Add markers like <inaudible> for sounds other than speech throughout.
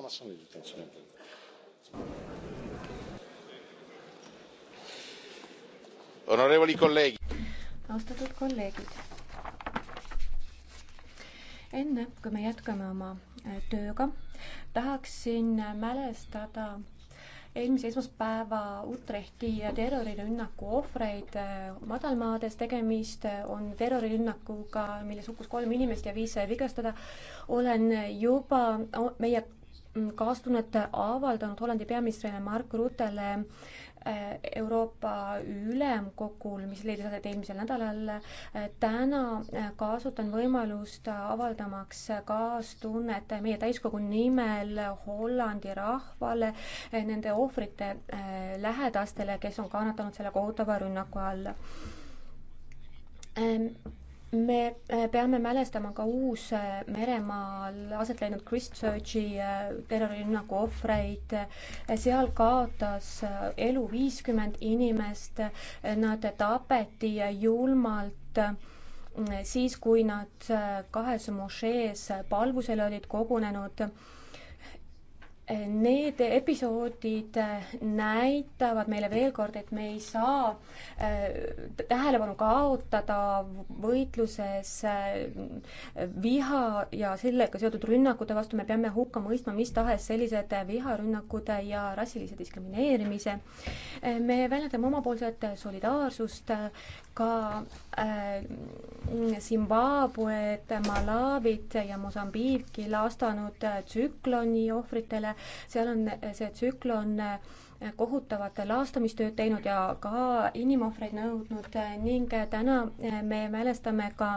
ma sono di detenzione onorevoli kolleegid austatud kolleegid enne kui me jätkame oma äh, tööga tahaksin äh, mälestada eelmise esmaspäeva Utrechti äh, terrorirünnaku ohvreid madalmaades. tegemist on terrorirünnakuga, milles hukkus kolm inimest ja viis sai vigastada. olen juba meie kaastunnet avaldanud Hollandi peaministrile Mark Ruttele äh, Euroopa Ülemkogul, mis leidis aset eelmisel nädalal. Äh, täna äh, kasutan võimalust avaldamaks kaastunnet meie täiskogu nimel Hollandi rahvale, nende ohvrite lähedastele, kes on kannatanud selle kohutava rünnaku all me äh, peame mälestama ka Uus-Meremaal äh, aset leidnud Christchurchi äh, terrorirünnaku ohvreid. seal kaotas elu viiskümmend inimest, nad tapeti julmalt siis, kui nad kahes mošees palvusele olid kogunenud Need episoodid näitavad meile veel kord, et me ei saa äh, tähelepanu kaotada võitluses äh, viha ja sellega seotud rünnakute vastu, me peame hukka mõistma mis tahes sellised viharünnakud ja rassilise diskrimineerimise. Äh, me väljendame omapoolset solidaarsust ka äh, Zimbabwed, Malawit ja Mosambiiki lastanud äh, tsükloni ohvritele. seal on äh, see tsüklon kohutavat laastamistööd teinud ja ka inimohvreid nõudnud ning täna me mälestame ka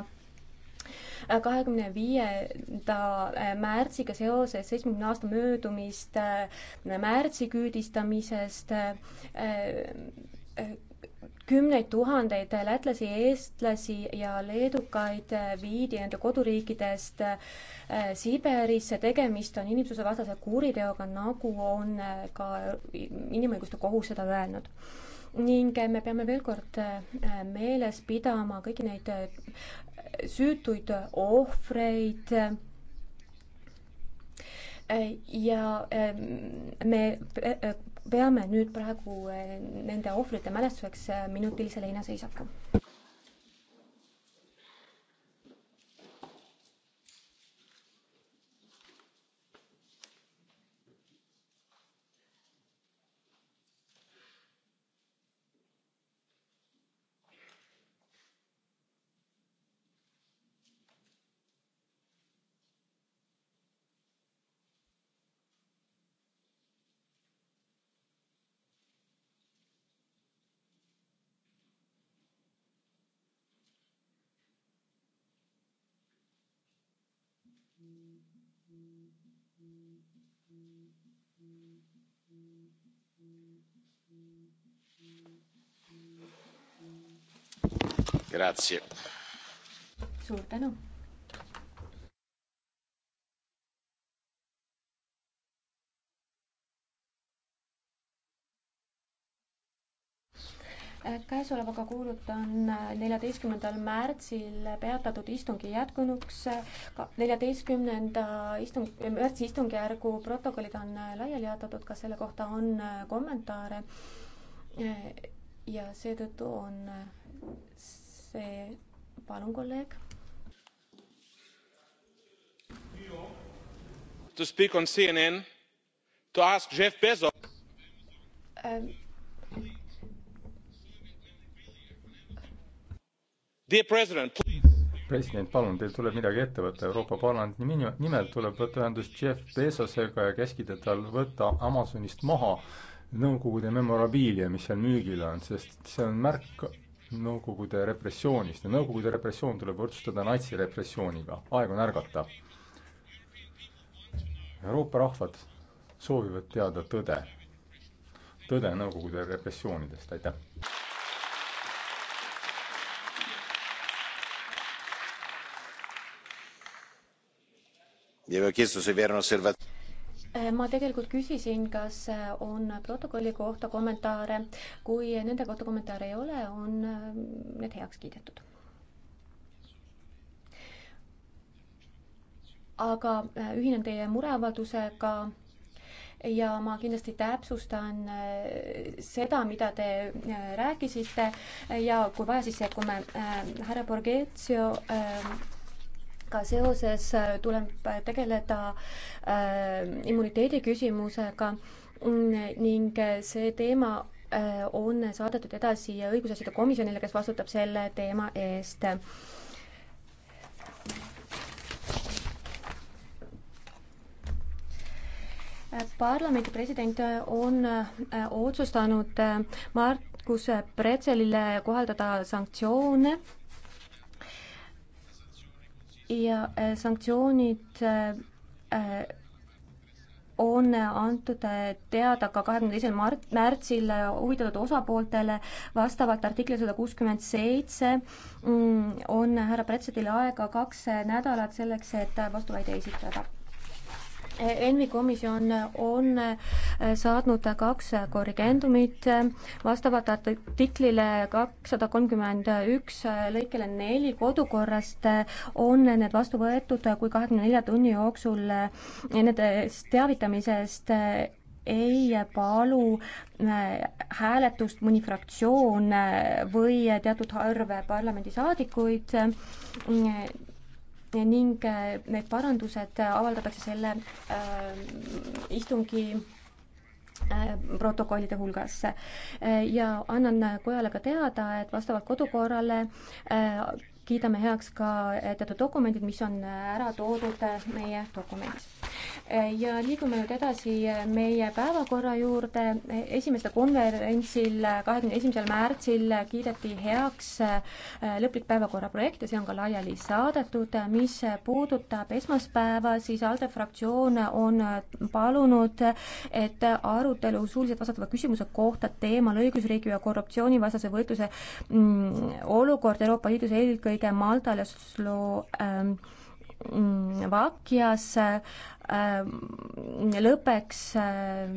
kahekümne viienda märtsiga seoses seitsmekümne aasta möödumist märtsiküüdistamisest kümneid tuhandeid lätlasi, eestlasi ja leedukaid viidi nende koduriikidest äh, Siberisse, tegemist on inimsusevastase kuriteoga, nagu on äh, ka Inimõiguste Kohus seda öelnud ning äh, me peame veel kord meeles pidama kõiki neid süütuid ohvreid. ja me peame nüüd praegu eh, nende ohvrite mälestuseks eh, minutilise leinaseisaku. suur tänu! käesolevaga kuulutan äh, neljateistkümnendal märtsil peatatud istungi jätkunuks. neljateistkümnenda istung, äh, märtsi istungjärgu protokollid on äh, laiali jaotatud, kas selle kohta on kommentaare? ja seetõttu on see, palun, kolleeg. To speak on CNN to ask Jeff Bezos. Um, president, palun, teil tuleb midagi ette võtta, Euroopa Parlamendi nimel tuleb võtta ühendust Jeff Bezosega ja käskida tal võtta Amazonist maha Nõukogude memorabiilia, mis seal müügil on, sest see on märk Nõukogude repressioonist ja Nõukogude repressioon tuleb võrdsustada natsirepressiooniga, aeg on ärgata. Euroopa rahvad soovivad teada tõde, tõde Nõukogude repressioonidest, aitäh! Eh, ma tegelikult küsisin, kas eh, on protokolli kohta kommentaare. kui nende kohta kommentaare ei ole, on eh, need heaks kiidetud. aga ühinen teie mureavaldusega ja ma kindlasti täpsustan seda, mida te rääkisite ja kui vaja, siis sekkume. härra Borghezio sellega seoses äh, tuleb tegeleda äh, immuniteedi küsimusega ning äh, see teema on saadetud edasi õigusasjade komisjonile, kes vastutab selle teema eest. parlamendi president on otsustanud Markus Pretzelile kohaldada sanktsioone ja äh, sanktsioonid äh, äh, on antud teada ka kahekümne teisel mart-, märtsil huvitatud osapooltele, vastavalt artikli sada kuuskümmend seitse mm, on härra Pretsedil aega kaks nädalat selleks, et vastuväide esitada ENMi komisjon on äh, saatnud kaks korrigendumit äh, vastavalt artiklile kakssada kolmkümmend üks äh, lõikele neli kodukorrast on need vastu võetud, kui kahekümne nelja tunni jooksul nendest teavitamisest ei palu hääletust mõni fraktsioon või teatud arv parlamendisaadikuid ning äh, need parandused avaldatakse selle äh, istungi äh, protokollide hulgas. ja annan kojale ka teada, et vastavalt kodukorrale kiidame heaks ka eh, teatud dokumendid, mis on eh, ära toodud eh, meie dokumendis. ja liigume nüüd edasi meie päevakorra juurde. esimeste konverentsil kahekümne esimesel märtsil kiideti heaks lõplik päevakorra projekt ja see on ka laiali saadetud. mis puudutab esmaspäeva, siis ALDE fraktsioon on palunud, et arutelu suuliselt vastatava küsimuse kohta teemal õigusriigi ja korruptsioonivastase võitluse mm, olukord Euroopa Liidus eelkõige eelkõige Maltal ja Slo- ähm, mm, Vakias ähm, lõpeks ähm,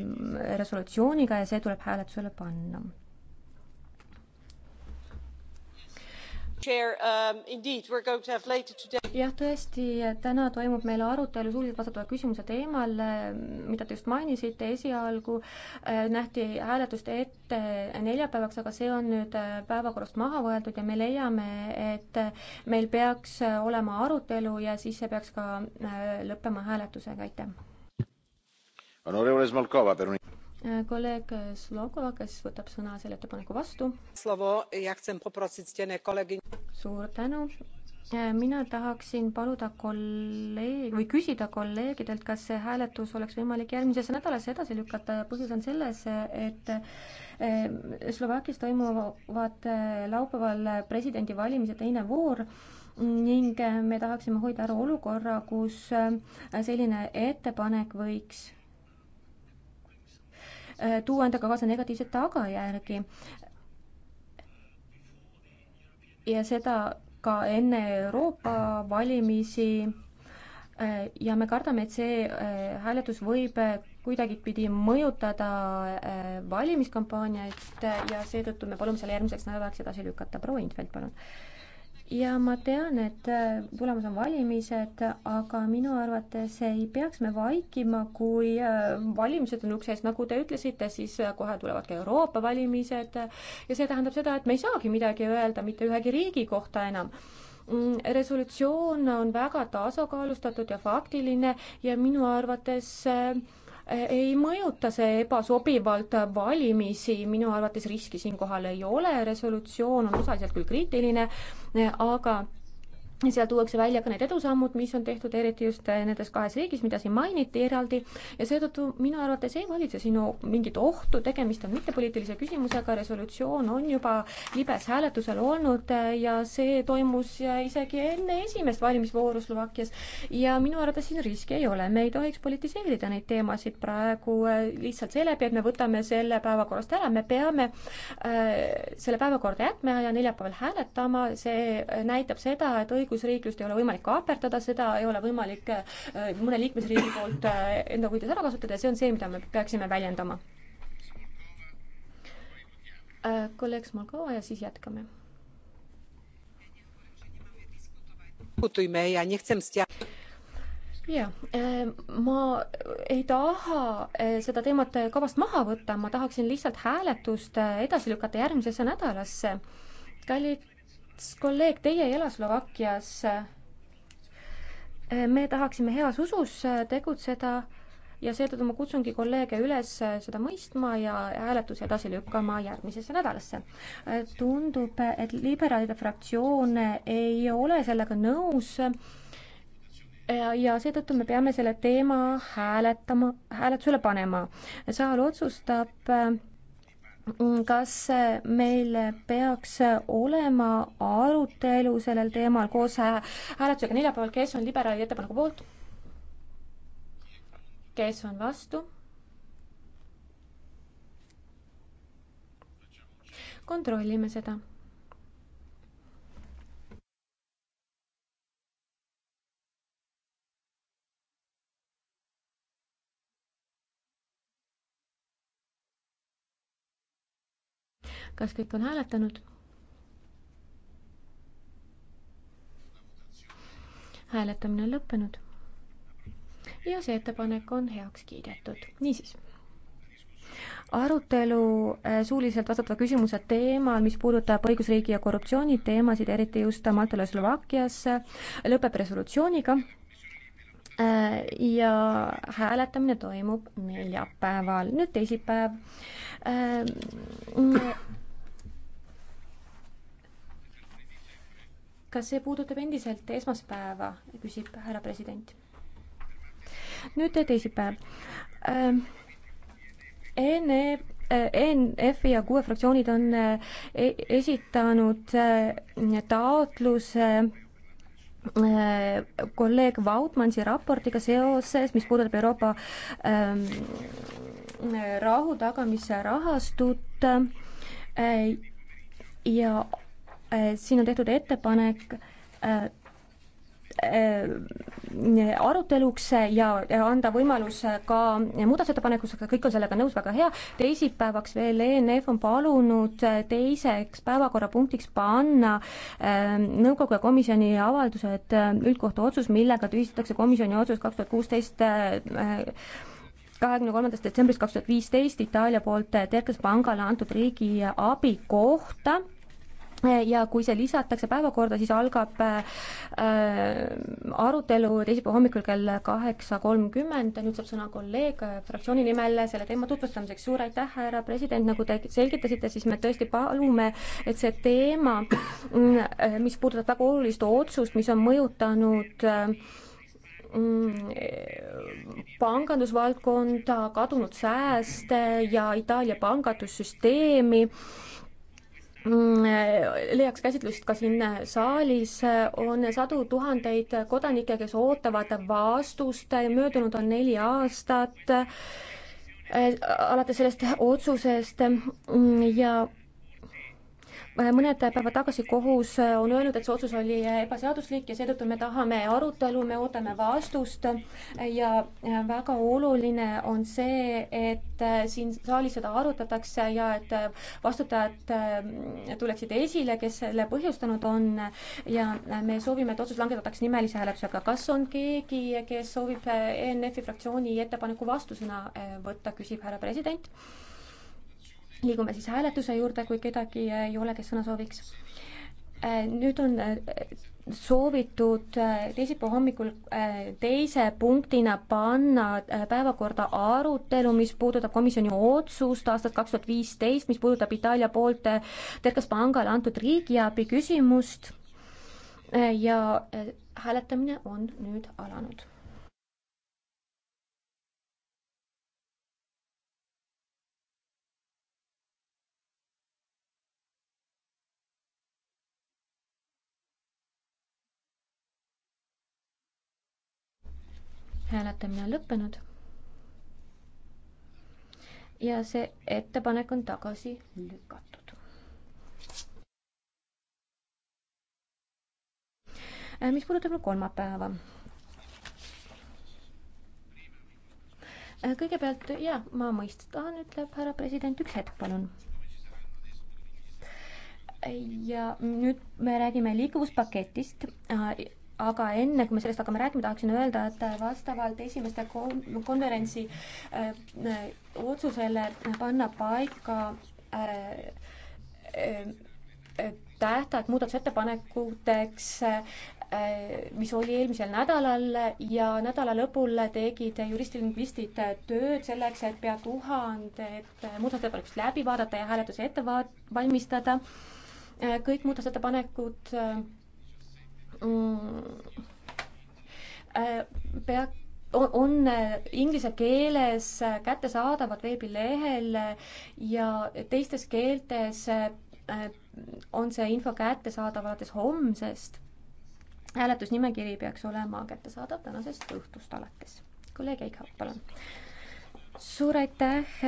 resolutsiooniga ja see tuleb hääletusele panna Um, jah, tõesti, täna toimub meil arutelu suuliselt vastatava küsimuse teemal, äh, mida te just mainisite, esialgu äh, nähti hääletust ette neljapäevaks, aga see on nüüd äh, päevakorrast maha võetud ja me leiame, et meil peaks olema arutelu ja siis see peaks ka lõppema hääletusega, aitäh kolleeg Slogo, kes võtab sõna selle ettepaneku vastu. suur tänu mina tahaksin paluda kolleeg- või küsida kolleegidelt, kas see hääletus oleks võimalik järgmisesse nädalasse edasi lükata ja põhjus on selles, et eh, Slovakkias toimuvad eh, laupäeval presidendivalimise teine voor ning eh, me tahaksime hoida ära olukorra, kus selline ettepanek võiks Äh, tuua endaga kaasa negatiivseid tagajärgi. ja seda ka enne Euroopa valimisi. Äh, ja me kardame, et see äh, hääletus võib kuidagipidi mõjutada valimiskampaaniaid ja seetõttu me palume selle järgmiseks nädalaks edasi lükata. proua Infeld, palun ja ma tean, et äh, tulemas on valimised, aga minu arvates ei peaks me vaikima, kui äh, valimised on ukse ees, nagu te ütlesite, siis äh, kohe tulevad ka Euroopa valimised ja see tähendab seda, et me ei saagi midagi öelda mitte ühegi riigi kohta enam mm, resolutsioon on väga tasakaalustatud ja faktiline ja minu arvates äh, ei mõjuta see ebasobivalt valimisi, minu arvates riski siinkohal ei ole, resolutsioon on osaliselt küll kriitiline, aga seal tuuakse välja ka need edusammud, mis on tehtud eriti just äh, nendes kahes riigis, mida siin mainiti eraldi, ja seetõttu minu arvates ei valitse siin mingit ohtu, tegemist on mittepoliitilise küsimusega, resolutsioon on juba libes hääletusel olnud äh, ja see toimus äh, isegi enne esimest valimisvooru Slovakkias. ja minu arvates siin riski ei ole, me ei tohiks politiseerida neid teemasid praegu lihtsalt seeläbi, et me võtame selle päevakorrast ära, me peame äh, selle päevakorda jätma ja neljapäeval hääletama, see näitab seda, et õigus õigusriiklust, ei ole võimalik kaaperdada, seda ei ole võimalik äh, mõne liikmesriigi poolt äh, enda huvides ära kasutada ja see on see, mida me peaksime väljendama. Äh, kolleeg Smolkova ja siis jätkame. ja nechcem stia- jaa, ma ei taha seda teemat kavast maha võtta, ma tahaksin lihtsalt hääletust edasi lükata järgmisesse nädalasse. kallid kolleeg, teie ei ela Slovakkias. me tahaksime heas usus tegutseda ja seetõttu ma kutsungi kolleege üles seda mõistma ja hääletusi edasi lükkama järgmisesse nädalasse. tundub, et liberaalide fraktsioon ei ole sellega nõus. ja seetõttu me peame selle teema hääletama, hääletusele panema. saal otsustab kas meil peaks olema arutelu sellel teemal koos hääletusega neljapäeval, kes on liberaali ettepaneku poolt? kes on vastu? kontrollime seda kas kõik on hääletanud? hääletamine on lõppenud ja see ettepanek on heaks kiidetud. niisiis, arutelu äh, suuliselt vastutava küsimuse teemal, mis puudutab õigusriigi ja korruptsiooni teemasid, eriti just Maltal ja Slovakkias, lõpeb resolutsiooniga äh, ja hääletamine toimub neljapäeval, nüüd teisipäev äh, kas see puudutab endiselt esmaspäeva, küsib härra president. nüüd teisipäev ähm,. ENE ENF-i äh, ja kuue fraktsioonid on äh, e-, esitanud äh, taotluse kolleeg Vautmansi raportiga seoses, mis puudutab Euroopa ähm, rahu tagamise rahastut ja Äh, siin on tehtud ettepanek äh, äh, aruteluks ja anda võimalus ka muudatusettepanekuks, aga kõik on sellega nõus, väga hea. teisipäevaks veel ENF on palunud teiseks päevakorrapunktiks panna nõukogu ja komisjoni avaldused, üldkohtu otsus, millega tühistatakse komisjoni otsus kaks tuhat kuusteist kahekümne kolmandast detsembrist kaks tuhat viisteist Itaalia poolt Terkes pangale antud riigiabi kohta ja kui see lisatakse päevakorda, siis algab äh, arutelu teisipäeva hommikul kell kaheksa kolmkümmend, nüüd saab sõna kolleeg äh, fraktsiooni nimel selle teema tutvustamiseks, suur aitäh, härra president, nagu te selgitasite, siis me tõesti palume, et see teema, mm, äh, mis puudutab väga olulist otsust, mis on mõjutanud äh, mm, pangandusvaldkonda, kadunud sääste ja Itaalia pangandussüsteemi äh,, Mm, leiaks käsitlust ka siin saalis, on sadu tuhandeid kodanikke, kes ootavad vastust, möödunud on neli aastat eh, alates sellest otsusest mm, ja Äh, mõned päevad tagasi kohus äh, on öelnud, et see otsus oli äh, ebaseaduslik ja seetõttu me tahame arutelu, me ootame vastust ja väga oluline on see, et siin saalis seda arutatakse ja et vastutajad tuleksid esile, kes selle põhjustanud on ja me soovime, et otsus langetataks nimelise hääletusega. kas on keegi, kes soovib ENF-i fraktsiooni ettepaneku vastusõna võtta, küsib härra president liigume siis hääletuse juurde, kui kedagi äh, ei ole, kes sõna sooviks. Äh, nüüd on äh, soovitud teisipäeva hommikul teise punktina panna päevakorda arutelu, mis puudutab komisjoni otsust aastast kaks tuhat viisteist, mis puudutab Itaalia poolt Terkas pangale antud riigiabi küsimust. ja hääletamine on nüüd alanud hääletamine on lõppenud. ja see ettepanek on tagasi lükatud. Äh, mis puudutab nüüd kolmapäeva. Äh, kõigepealt ja ma mõistan, ütleb härra president, üks hetk, palun. Äh, ja nüüd me räägime liikuvuspaketist aga enne, kui me sellest hakkame rääkima, tahaksin öelda, et vastavalt esimeste konverentsi äh, otsusele panna paika äh, äh, tähtaeg muudatusettepanekuteks, mis oli eelmisel nädalal ja nädala lõpul tegid juristilingvistid tööd selleks, et pea tuhanded muudatusettepanekust läbi vaadata ja hääletuse ette valmistada. kõik muudatusettepanekud Mm. Äh, pea-, on äh, inglise keeles äh, kättesaadavad veebilehel ja teistes keeltes on see info kättesaadav alates homsest. hääletusnimekiri peaks olema kättesaadav tänasest õhtust alates. kolleeg Eikhaug, palun suur aitäh,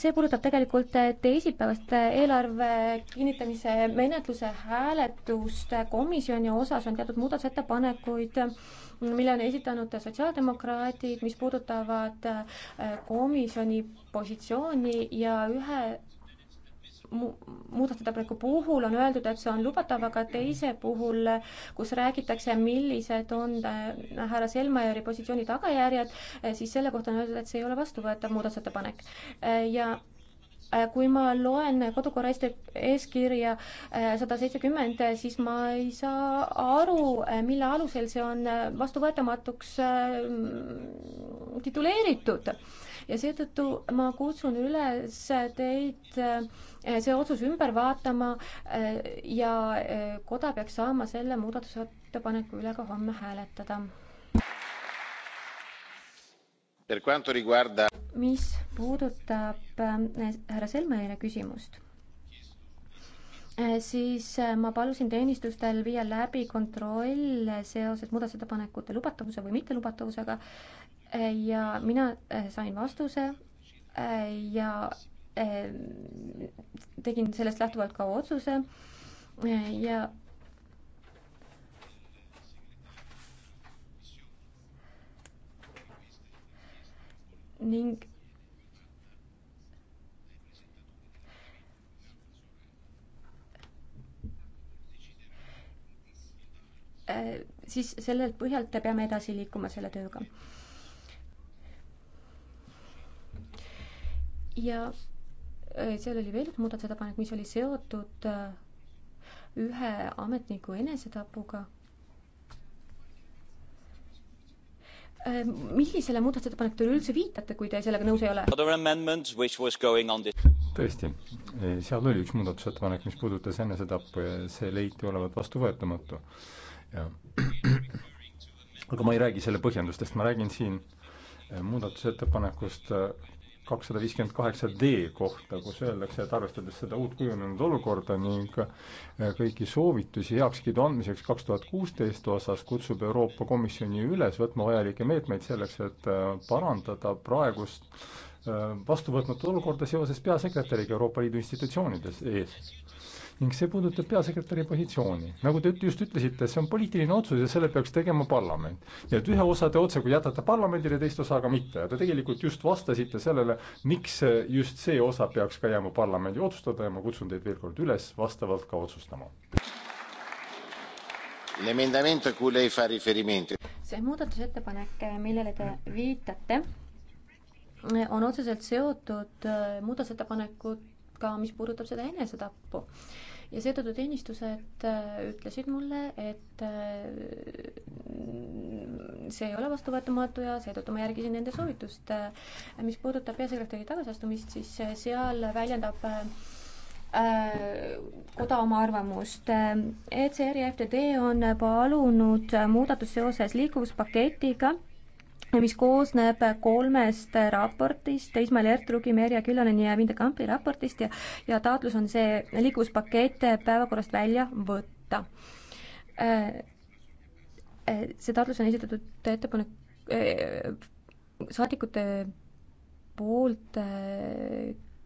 see puudutab tegelikult teisipäevast eelarve kinnitamise menetluse hääletust. komisjoni osas on teatud muudatusettepanekuid, mille on esitanud sotsiaaldemokraadid, mis puudutavad komisjoni positsiooni ja ühe muudatusettepaneku puhul on öeldud, et see on lubatav, aga teise puhul, kus räägitakse, millised on äh, härra Selmajärvi positsiooni tagajärjed, äh, siis selle kohta on öeldud, et see ei ole vastuvõetav muudatusettepanek. Äh, ja kui ma loen kodukorra eeskirja sada seitsekümmend, siis ma ei saa aru, mille alusel see on vastuvõetamatuks tituleeritud ja seetõttu ma kutsun üles teid eh, see otsus ümber vaatama eh, ja eh, koda peaks saama selle muudatusettepaneku üle ka homme hääletada. Riguarda... mis puudutab härra Selmeri küsimust siis ma palusin teenistustel viia läbi kontroll seoses muudatusettepanekute lubatavuse või mittelubatavusega ja mina äh, sain vastuse äh, ja äh, tegin sellest lähtuvalt ka otsuse ja ning siis sellelt põhjalt peame edasi liikuma selle tööga ja äh, seal oli veel üks muudatusettepanek, mis oli seotud äh, ühe ametniku enesetapuga. Äh, millisele muudatusettepanekule te üldse viitate, kui te sellega nõus ei ole? tõesti, e, seal oli üks muudatusettepanek, mis puudutas enesetappu ja see leiti olevat vastuvõetamatu. <clears throat> aga ma ei räägi selle põhjendustest, ma räägin siin e, muudatusettepanekust kakssada viiskümmend kaheksa D kohta, kus öeldakse, et arvestades seda uut kujunenud olukorda ning äh, kõiki soovitusi heakskiidu andmiseks kaks tuhat kuusteist osas, kutsub Euroopa Komisjoni üles võtma vajalikke meetmeid selleks, et äh, parandada praegust äh, vastu võtmata olukorda seoses peasekretäriga Euroopa Liidu institutsioonides ees ning see puudutab peasekretäri positsiooni. nagu te just ütlesite, see on poliitiline otsus ja selle peaks tegema parlament. nii et ühe osa te otsekui jätate parlamendile, teist osa aga mitte ja te tegelikult just vastasite sellele, miks just see osa peaks ka jääma parlamendi otsustada ja ma kutsun teid veel kord üles vastavalt ka otsustama. see muudatusettepanek, millele te viitate, on otseselt seotud äh, muudatusettepanekut ka, mis puudutab seda enesetappu. ja seetõttu teenistused äh, ütlesid mulle, et äh, see ei ole vastuvõetamatu ja seetõttu ma järgisin nende soovitust. Äh, mis puudutab peasekretäri tagasiastumist, siis seal väljendab koda oma arvamust. ECR ja FTD on palunud muudatus seoses liikuvuspaketiga mis koosneb kolmest raportist, Ismail Ertugi, Merje Küllaneni ja Vinda Kampi raportist ja, ja taotlus on see liikluspakett päevakorrast välja võtta. Äh, äh, see taotlus on esitatud ettepanek äh, saadikute poolt,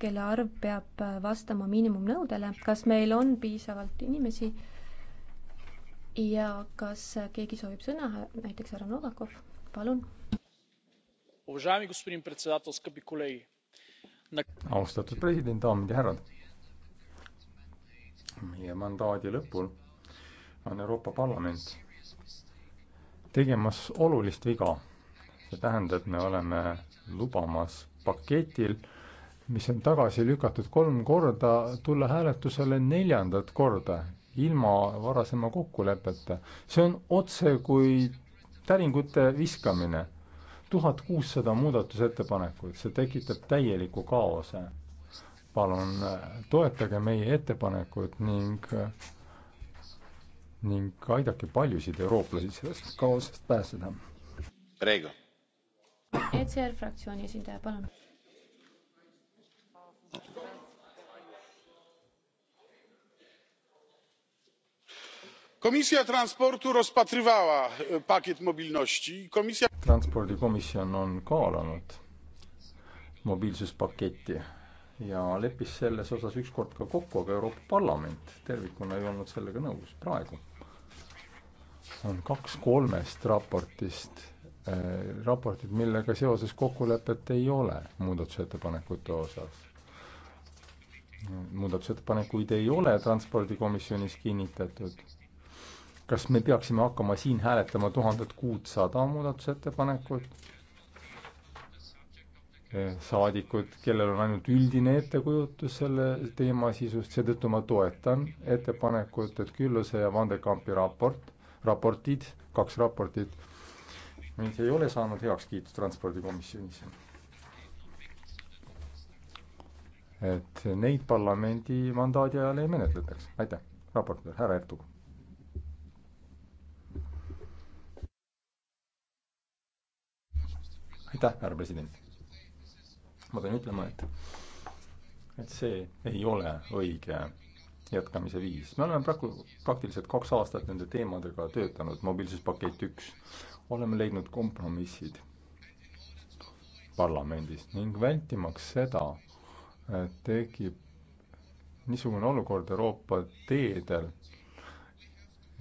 kelle arv peab vastama miinimumnõudele, kas meil on piisavalt inimesi ja kas keegi soovib sõna, näiteks härra Novakov, palun austatud president, daamid ja härrad. meie mandaadi lõpul on Euroopa Parlament tegemas olulist viga. see tähendab, me oleme lubamas paketil, mis on tagasi lükatud kolm korda, tulla hääletusele neljandat korda ilma varasema kokkuleppeta. see on otse kui täringute viskamine tuhat kuussada muudatusettepanekut, see tekitab täieliku kaose. palun toetage meie ettepanekut ning, ning aidake paljusid eurooplasi sellest kaosest pääseda. ECR fraktsiooni esindaja, palun komisja transpordi rozpatrywała e, pakiet mobilności i komisja. transpordikomisjon on kaalunud mobiilsuspaketti ja leppis selles osas ükskord ka kokku, aga Euroopa Parlament tervikuna ei olnud sellega nõus. praegu on kaks kolmest raportist äh,, raportid, millega seoses kokkulepet ei ole muudatusettepanekute osas. muudatusettepanekuid ei ole transpordikomisjonis kinnitatud kas me peaksime hakkama siin hääletama tuhandet kuutsada muudatusettepanekut? saadikud, kellel on ainult üldine ettekujutus selle teema sisust, seetõttu ma toetan ettepanekut, et Küllase ja Vandekampi raport, raportid, kaks raportit, mis ei ole saanud heakskiitu Transpordikomisjonis. et neid parlamendi mandaadi ajal ei menetletaks. aitäh, raportöör härra Ertug aitäh, härra president. ma pean ütlema, et, et see ei ole õige jätkamise viis. me oleme praegu praktiliselt kaks aastat nende teemadega töötanud, mobiilsuspakett üks, oleme leidnud kompromissid parlamendis ning vältimaks seda, tekib niisugune olukord Euroopa teedel,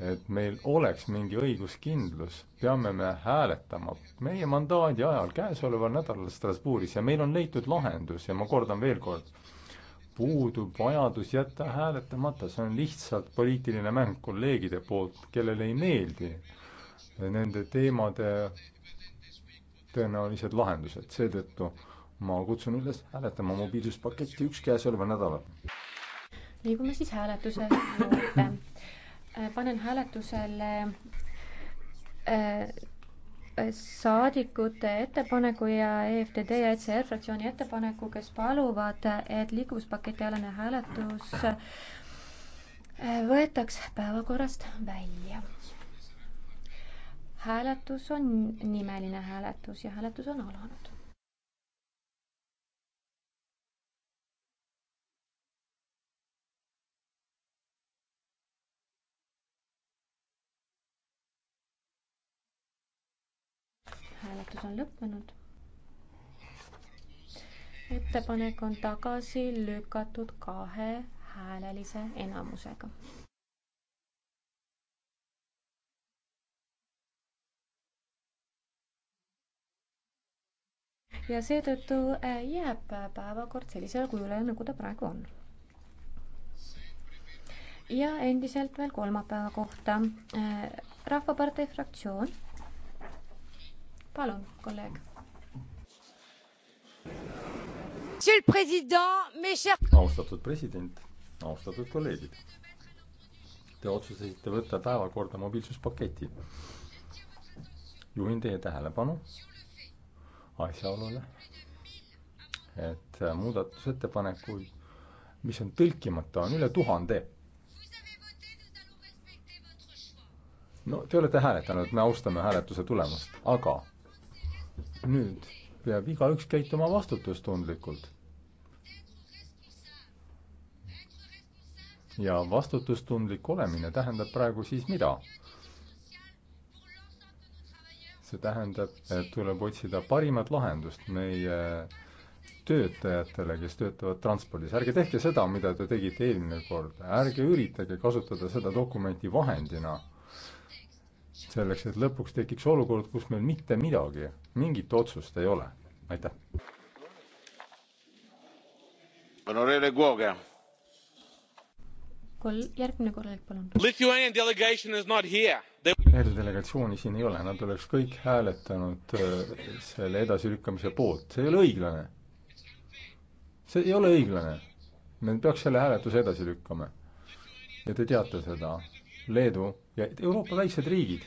et meil oleks mingi õiguskindlus, peame me hääletama meie mandaadi ajal käesoleval nädalal Strasbourgis ja meil on leitud lahendus ja ma kordan veel kord, puudub vajadus jätta hääletamata, see on lihtsalt poliitiline mäng kolleegide poolt, kellele ei meeldi nende teemade tõenäolised lahendused, seetõttu ma kutsun üles hääletama mobiilsuspaketti üks käesoleval nädalal. liigume siis hääletuse juurde Äh, panen hääletusele äh, saadikute ettepaneku ja EFTD ja ECR fraktsiooni ettepaneku, kes paluvad, et liikuvuspaketi alane hääletus äh, võetaks päevakorrast välja. hääletus on nimeline hääletus ja hääletus on alanud hääletus on lõppenud. ettepanek on tagasi lükatud kahehäälelise enamusega. ja seetõttu äh, jääb päevakord sellisele kujule, nagu ta praegu on ja endiselt veel kolmapäeva kohta. Äh, rahvapartei fraktsioon palun, kolleeg. austatud president, austatud kolleegid. Te otsustasite võtta päevakorda mobiilsuspaketi. juhin teie tähelepanu asjaolule, et muudatusettepanekuid, mis on tõlkimata, on üle tuhande no te olete hääletanud, me austame hääletuse tulemust, aga nüüd peab igaüks käituma vastutustundlikult. ja vastutustundlik olemine tähendab praegu siis mida? see tähendab, et tuleb otsida parimat lahendust meie töötajatele, kes töötavad transpordis, ärge tehke seda, mida te tegite eelmine kord, ärge üritage kasutada seda dokumenti vahendina selleks, et lõpuks tekiks olukord, kus meil mitte midagi, mingit otsust ei ole. aitäh. kol-, järgmine kolleeg, palun. Lithuanian delegation is not here They.... Leedu delegatsiooni siin ei ole, nad oleks kõik hääletanud äh, selle edasilükkamise poolt, see ei ole õiglane. see ei ole õiglane. me peaks selle hääletuse edasi lükkama. ja te teate seda Leedu ja Euroopa väiksed riigid.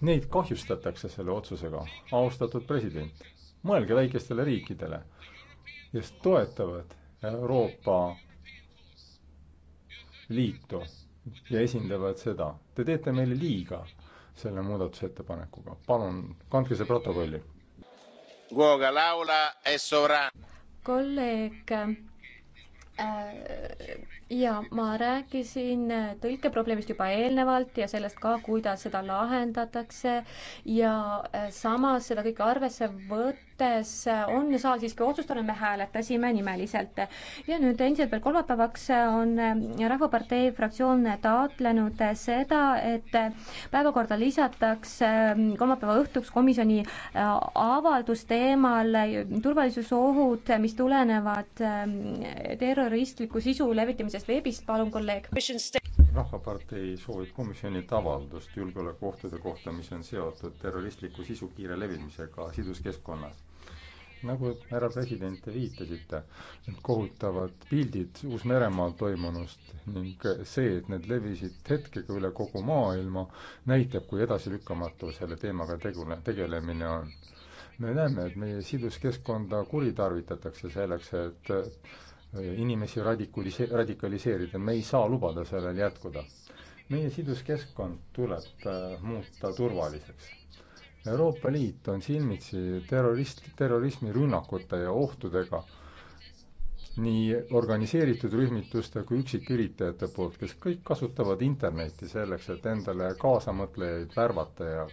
Neid kahjustatakse selle otsusega, austatud president. mõelge väikestele riikidele, kes toetavad Euroopa Liitu ja esindavad seda. Te teete meile liiga selle muudatusettepanekuga. palun, kandke see protokolli. kolleeg äh, ja ma rääkisin tõlkeprobleemist juba eelnevalt ja sellest ka, kuidas seda lahendatakse ja äh, samas seda kõike arvesse võttes äh, on saal siiski otsustanud, me hääletasime nimeliselt. ja nüüd endiselt veel kolmapäevaks on äh, Rahvapartei fraktsioon taotlenud seda, et päevakorda lisatakse ähm, kolmapäeva õhtuks komisjoni avaldus teemal turvalisusohud, mis tulenevad ähm, terroristliku sisu levitamisest sellest veebist, palun, kolleeg. rahvapartei soovib komisjonilt avaldust julgeolekuohtude kohta, mis on seotud terroristliku sisu kiire levimisega siduskeskkonnas nagu härra president, te viitasite, need kohutavad pildid Uus-Meremaal toimunust ning see, et need levisid hetkega üle kogu maailma, näitab, kui edasilükkamatu selle teemaga tegule, tegelemine on. me näeme, et meie siduskeskkonda kuritarvitatakse selleks, et Äh, inimesi radikalise-, radikaliseerida, me ei saa lubada sellel jätkuda. meie siduskeskkond tuleb äh, muuta turvaliseks. Euroopa Liit on silmitsi terrorist, terrorismirünnakute ja ohtudega nii organiseeritud rühmituste kui üksiküritajate poolt, kes kõik kasutavad Internetti selleks, et endale kaasamõtlejaid värvata ja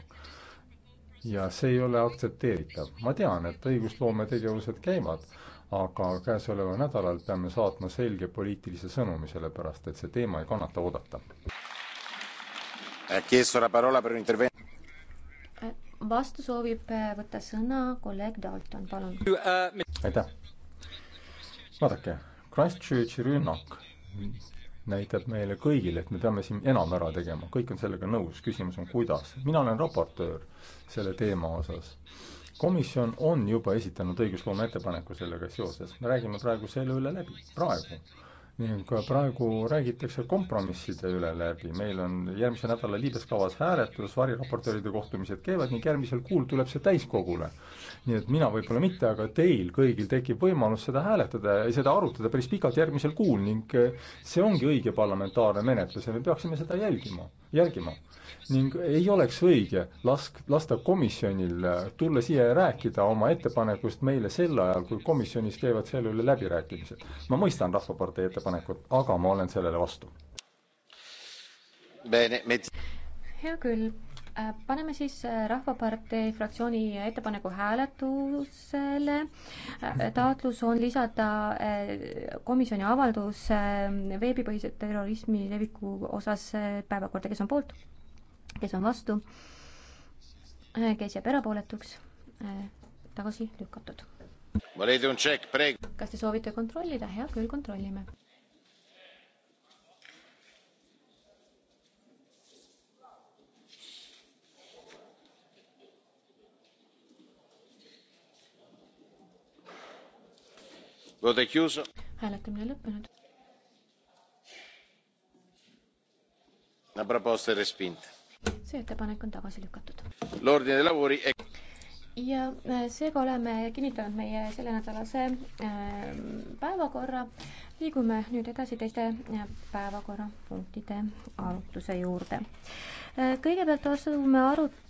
ja see ei ole aktsepteeritav. ma tean, et õigusloometegevused käivad, aga käesoleval nädalal peame saatma selge poliitilise sõnumi, sellepärast et see teema ei kannata oodata. vastu soovib eh, võtta sõna kolleeg Dalton, palun. aitäh. vaadake, Christchurchi rünnak näitab meile kõigile, et me peame siin enam ära tegema, kõik on sellega nõus, küsimus on kuidas. mina olen raportöör selle teema osas komisjon on juba esitanud õigusloome ettepaneku sellega seoses, me räägime praegu selle üle läbi, praegu. ning praegu räägitakse kompromisside üle läbi, meil on järgmise nädala liides kavas hääletus, variraportööride kohtumised käivad ning järgmisel kuul tuleb see täiskogule. nii et mina võib-olla mitte, aga teil kõigil tekib võimalus seda hääletada ja seda arutada päris pikalt järgmisel kuul ning see ongi õige parlamentaarne menetlus ja me peaksime seda jälgima järgima. ning ei oleks õige lask-, lasta komisjonil äh, tulla siia ja rääkida oma ettepanekust meile sel ajal, kui komisjonis käivad selle üle läbirääkimised. ma mõistan Rahvapartei ettepanekut, aga ma olen sellele vastu. hea küll Äh, paneme siis äh, Rahvapartei fraktsiooni ettepaneku hääletusele. Äh, taotlus on lisada komisjoni avaldus veebipõhise terrorismi leviku osas päevakorda, kes on poolt, kes on vastu, kes jääb erapooletuks, tagasi lükatud. kas te soovite kontrollida, hea küll, kontrollime hääletamine lõppenud. see ettepanek on tagasi lükatud. ja äh, seega oleme kinnitanud meie sellenädalase ähm, päevakorra. liigume nüüd edasi teiste äh, päevakorrapunktide arutluse juurde. Äh, kõigepealt asume arut-,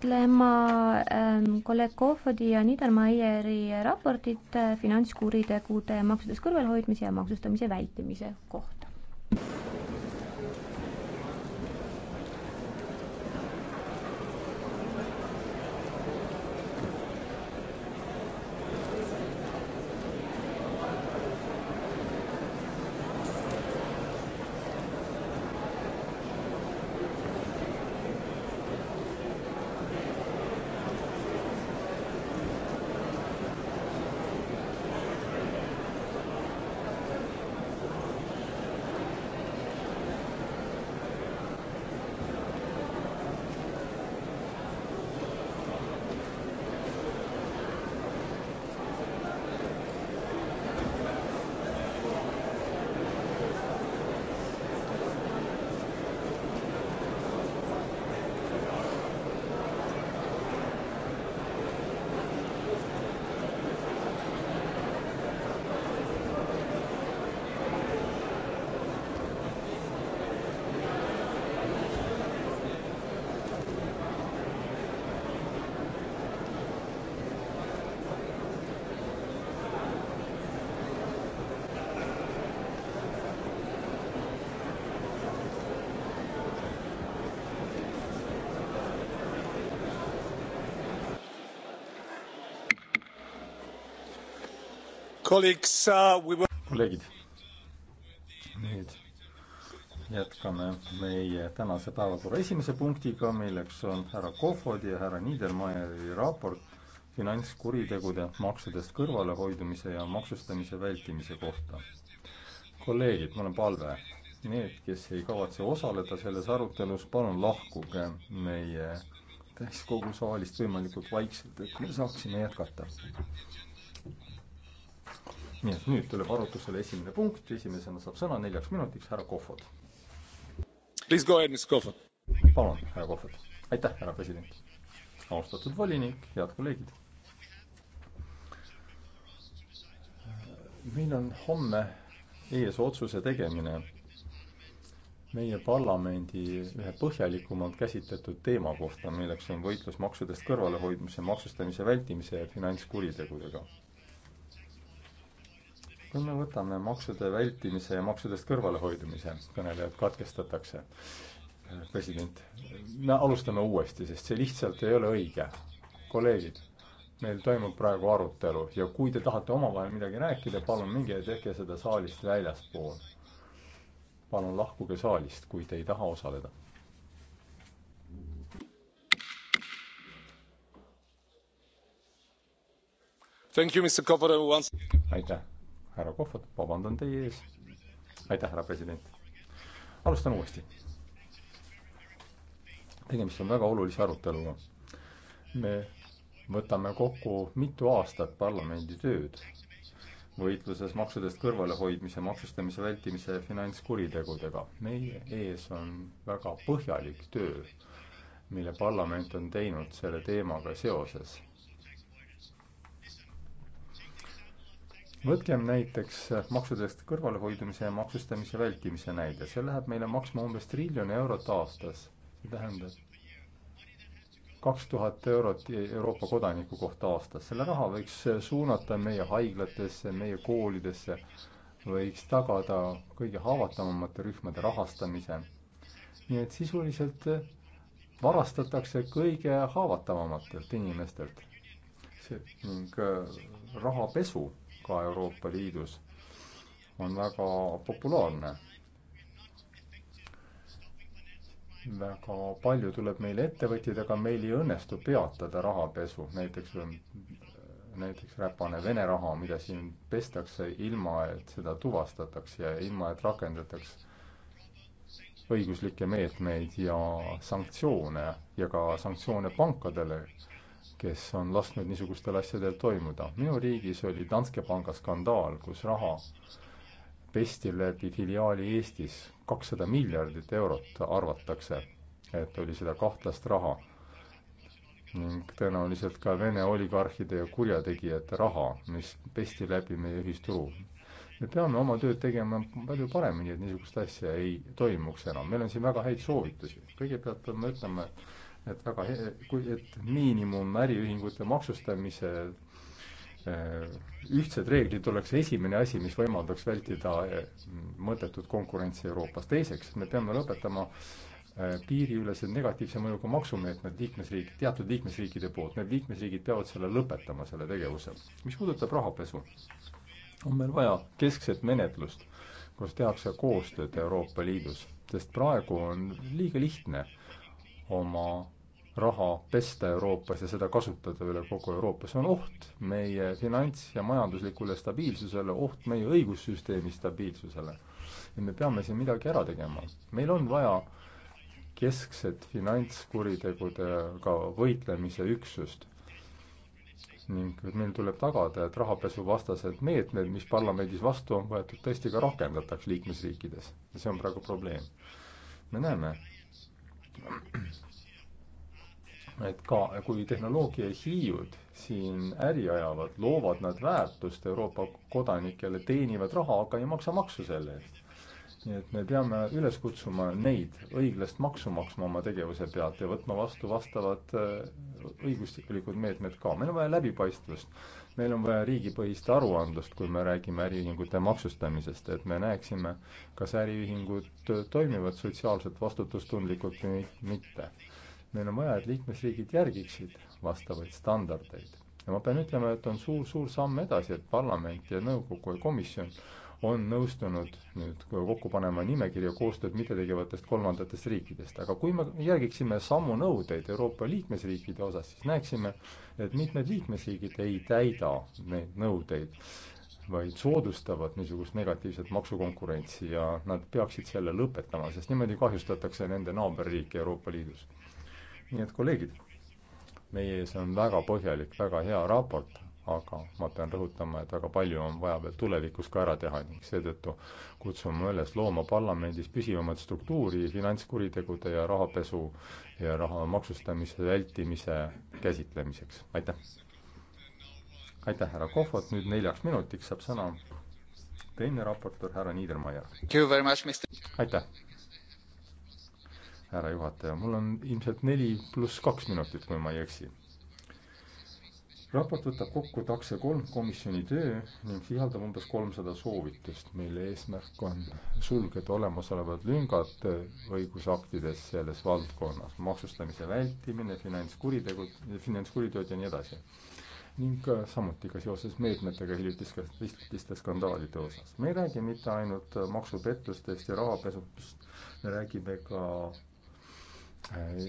käsitlema ähm, kolleeg Kohvodi ja Niedermayeri raportit äh, finantskuritegude maksudest kõrvalhoidmise ja maksustamise vältimise kohta. Uh, kolleegid, nüüd jätkame meie tänase päevakorra esimese punktiga, milleks on härra Kohvodi ja härra Niedermayeri raport finantskuritegude maksudest kõrvalehoidumise ja maksustamise vältimise kohta. kolleegid, mul on palve, need, kes ei kavatse osaleda selles arutelus, palun lahkuge meie täiskogu saalist võimalikult vaikselt, et me saaksime jätkata nii et nüüd tuleb arutusele esimene punkt, esimesena saab sõna neljaks minutiks härra Kohvod. palun, härra Kohvod. aitäh, härra president. austatud volinik, head kolleegid. meil on homme ees otsuse tegemine meie parlamendi ühe põhjalikumalt käsitletud teema kohta, milleks on võitlus maksudest kõrvalehoidmise, maksustamise vältimise ja finantskuritegudega kui me võtame maksude vältimise ja maksudest kõrvalehoidumise, kõnelejad katkestatakse, äh, president, me alustame uuesti, sest see lihtsalt ei ole õige. kolleegid, meil toimub praegu arutelu ja kui te tahate omavahel midagi rääkida, palun minge ja tehke seda saalist väljaspool. palun lahkuge saalist, kui te ei taha osaleda You, aitäh härra Kohvat, vabandan teie ees. aitäh, härra president. alustan uuesti. tegemist on väga olulise aruteluga. me võtame kokku mitu aastat parlamendi tööd võitluses maksudest kõrvalehoidmise, maksustamise vältimise ja finantskuritegudega. meie ees on väga põhjalik töö, mille parlament on teinud selle teemaga seoses võtkem näiteks äh, maksudest kõrvalehoidumise ja maksustamise vältimise näide. see läheb meile maksma umbes triljon eurot aastas. see tähendab kaks tuhat eurot e-, Euroopa kodaniku kohta aastas. selle raha võiks äh, suunata meie haiglatesse, meie koolidesse, võiks tagada kõige haavatavamate rühmade rahastamise. nii et sisuliselt äh, varastatakse kõige haavatavamatelt inimestelt. see ning rahapesu ka Euroopa Liidus on väga populaarne. väga palju tuleb meile ettevõtjaid, aga meil ei õnnestu peatada rahapesu, näiteks näiteks räpane Vene raha, mida siin pestakse ilma, et seda tuvastataks ja ilma, et rakendataks õiguslikke meetmeid ja sanktsioone ja ka sanktsioone pankadele, kes on lasknud niisugustel asjadel toimuda. minu riigis oli Danske panga skandaal, kus raha pesti läbi filiaali Eestis, kakssada miljardit eurot arvatakse, et oli seda kahtlast raha. ning tõenäoliselt ka Vene oligarhide ja kurjategijate raha, mis pesti läbi meie ühisturu. me peame oma tööd tegema palju paremini, et niisugust asja ei toimuks enam. meil on siin väga häid soovitusi. kõigepealt peame ütlema, et et väga, et miinimum äriühingute maksustamise äh, ühtsed reeglid oleks esimene asi, mis võimaldaks vältida äh, mõttetut konkurentsi Euroopas. teiseks, me peame lõpetama äh, piiriülesed negatiivse mõjuga maksumeetmed liikmesriik, teatud liikmesriikide poolt, need liikmesriigid peavad selle lõpetama, selle tegevuse. mis puudutab rahapesu, on meil vaja keskset menetlust, kus tehakse koostööd Euroopa Liidus, sest praegu on liiga lihtne oma raha pesta Euroopas ja seda kasutada üle kogu Euroopa. see on oht meie finants- ja majanduslikule stabiilsusele, oht meie õigussüsteemi stabiilsusele. ja me peame siin midagi ära tegema. meil on vaja keskset finantskuritegudega võitlemise üksust. ning meil tuleb tagada, et rahapesuvastased meetmed, mis parlamendis vastu on võetud, tõesti ka rakendataks liikmesriikides. ja see on praegu probleem. me näeme, et ka, kui tehnoloogia hiiud siin äri ajavad, loovad nad väärtust Euroopa kodanikele, teenivad raha, aga ei maksa maksu selle eest. nii et me peame üles kutsuma neid õiglast maksu maksma oma tegevuse pealt ja võtma vastu vastavad õiguslikud meetmed ka. meil on vaja läbipaistvust meil on vaja riigipõhist aruandlust, kui me räägime äriühingute maksustamisest, et me näeksime, kas äriühingud toimivad sotsiaalselt vastutustundlikult või mitte. meil on vaja, et liikmesriigid järgiksid vastavaid standardeid. ja ma pean ütlema, et on suur-suur samm edasi, et parlament ja nõukogu ja komisjon on nõustunud nüüd kokku panema nimekirja koostööd mittetegevatest kolmandatest riikidest. aga kui me järgiksime samu nõudeid Euroopa liikmesriikide osas, siis näeksime, et mitmed liikmesriigid ei täida neid nõudeid, vaid soodustavad niisugust negatiivset maksukonkurentsi ja nad peaksid selle lõpetama, sest niimoodi kahjustatakse nende naaberriike Euroopa Liidus. nii et kolleegid, meie ees on väga põhjalik, väga hea raport, aga ma pean rõhutama, et väga palju on vaja veel tulevikus ka ära teha ning seetõttu kutsume üles looma parlamendis püsivamat struktuuri finantskuritegude ja rahapesu ja raha maksustamise vältimise käsitlemiseks, aitäh. aitäh, härra Kohvat, nüüd neljaks minutiks saab sõna teine raportöör, härra Niedermayer. aitäh, härra juhataja, mul on ilmselt neli pluss kaks minutit, kui ma ei eksi raport võtab kokku taxe 3 komisjoni töö ning sisaldab umbes 300 soovitust mille eesmärk on sulgeda olemasolevad lüngad õigusaktides selles valdkonnas maksustamise vältimine finantskuritegud finantskuriteod ja nii edasi ning samuti ka seoses meetmetega hiljutiste hiljutiste skandaalide osas me ei räägi mitte ainult maksupettustest ja rahapesust me räägime ka äh,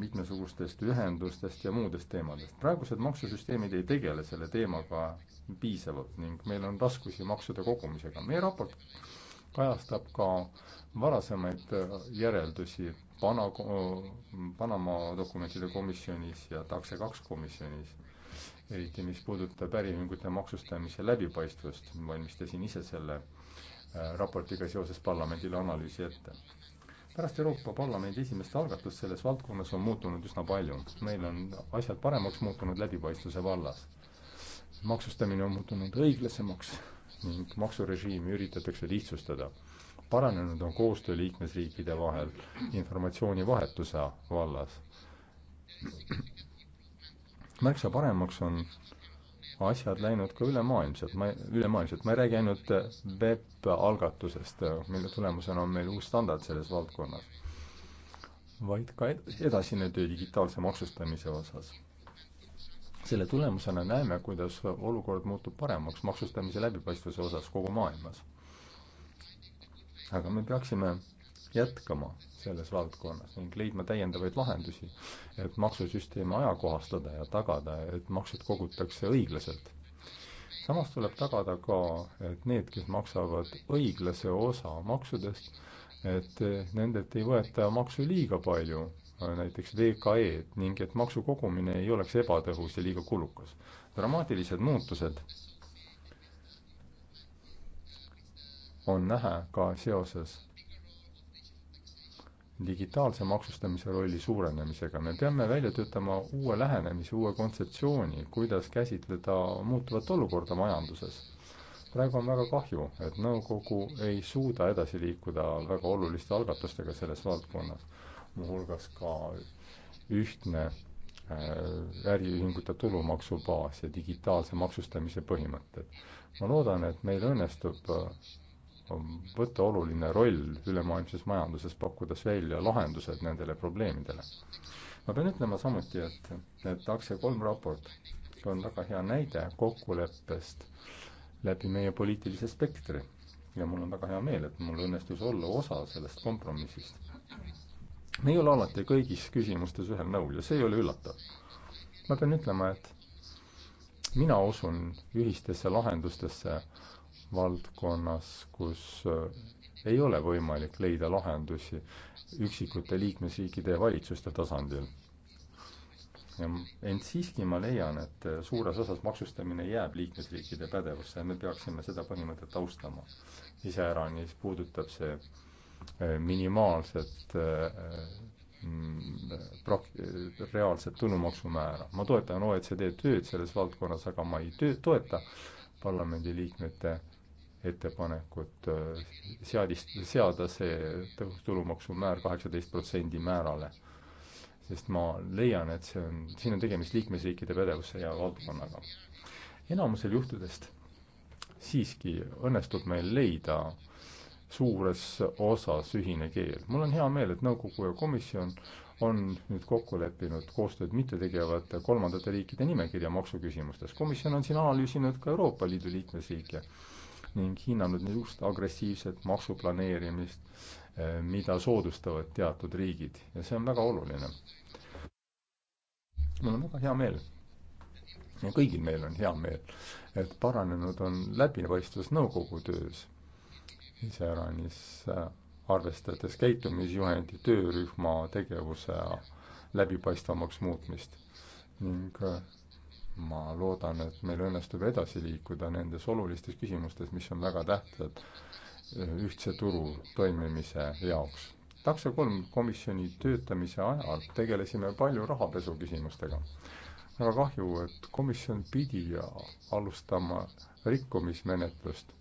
mitmesugustest ühendustest ja muudest teemadest. praegused maksusüsteemid ei tegele selle teemaga piisavalt ning meil on raskusi maksude kogumisega. meie raport kajastab ka varasemaid järeldusi Pana-, Panama dokumentide komisjonis ja Takse kaks komisjonis, eriti mis puudutab äriühingute maksustamise läbipaistvust, valmistasin ise selle äh, raportiga seoses parlamendile analüüsi ette pärast Euroopa Parlamendi esimest algatust selles valdkonnas on muutunud üsna palju. meil on asjad paremaks muutunud läbipaistvuse vallas. maksustamine on muutunud õiglasemaks ning maksurežiimi üritatakse lihtsustada. paranenud on koostöö liikmesriikide vahel informatsioonivahetuse vallas. märksa paremaks on asjad läinud ka ülemaailmselt, ma, ülemaailmselt, ma ei räägi ainult web-algatusest, äh, äh, mille tulemusena on meil uus standard selles valdkonnas, vaid ka edasine töö digitaalse maksustamise osas. selle tulemusena näeme, kuidas olukord muutub paremaks maksustamise läbipaistvuse osas kogu maailmas. aga me peaksime jätkama selles valdkonnas ning leidma täiendavaid lahendusi, et maksusüsteemi ajakohastada ja tagada, et maksud kogutakse õiglaselt. samas tuleb tagada ka, et need, kes maksavad õiglase osa maksudest, et nendelt ei võeta maksu liiga palju, näiteks VKE-d, ning et maksu kogumine ei oleks ebatõhus ja liiga kulukas. dramaatilised muutused on näha ka seoses digitaalse maksustamise rolli suurenemisega. me peame välja töötama uue lähenemise, uue kontseptsiooni, kuidas käsitleda muutuvat olukorda majanduses. praegu on väga kahju, et nõukogu ei suuda edasi liikuda väga oluliste algatustega selles valdkonnas, muuhulgas ka ühtne äh, äriühingute tulumaksubaas ja digitaalse maksustamise põhimõtted. ma loodan, et meil õnnestub äh, võtta oluline roll ülemaailmses majanduses, pakkudes välja lahendused nendele probleemidele. ma pean ütlema samuti, et, et aktsia kolm raport on väga hea näide kokkuleppest läbi meie poliitilise spektri. ja mul on väga hea meel, et mul õnnestus olla osa sellest kompromissist. me ei ole alati kõigis küsimustes ühel nõul ja see ei ole üllatav. ma pean ütlema, et mina usun ühistesse lahendustesse äh, valdkonnas, kus äh, ei ole võimalik leida lahendusi üksikute liikmesriikide ja valitsuste tasandil. ent siiski ma leian, et äh, suures osas maksustamine jääb liikmesriikide pädevusse ja me peaksime seda põhimõtet austama. iseäranis puudutab see äh, minimaalset mm, prak-, reaalset tulumaksumäära. ma toetan OECD tööd selles valdkonnas, aga ma ei töö, toeta parlamendiliikmete ettepanekut äh, seadist, seada see tulumaksumäär kaheksateist protsendi määrale. sest ma leian, et see on, siin on tegemist liikmesriikide pädevuse ja valdkonnaga. enamusel juhtudest siiski õnnestub meil leida suures osas ühine keel. mul on hea meel, et nõukogu ja komisjon on nüüd kokku leppinud koostööd mittetegevate kolmandate riikide nimekirja maksuküsimustes. komisjon on siin analüüsinud ka Euroopa Liidu liikmesriike ning hinnanud niisugust agressiivset maksuplaneerimist, eh, mida soodustavad teatud riigid ja see on väga oluline. mul on väga hea meel ja kõigil meil on hea meel, et paranenud on läbipaistvus nõukogu töös, iseäranis eh, arvestades käitumisjuhendi töörühma tegevuse läbipaistvamaks muutmist ning eh, ma loodan, et meil õnnestub edasi liikuda nendes olulistes küsimustes, mis on väga tähtsad eh, ühtse turu toimimise jaoks. takso kolm komisjoni töötamise ajal tegelesime palju rahapesu küsimustega. väga kahju, et komisjon pidi alustama rikkumismenetlust.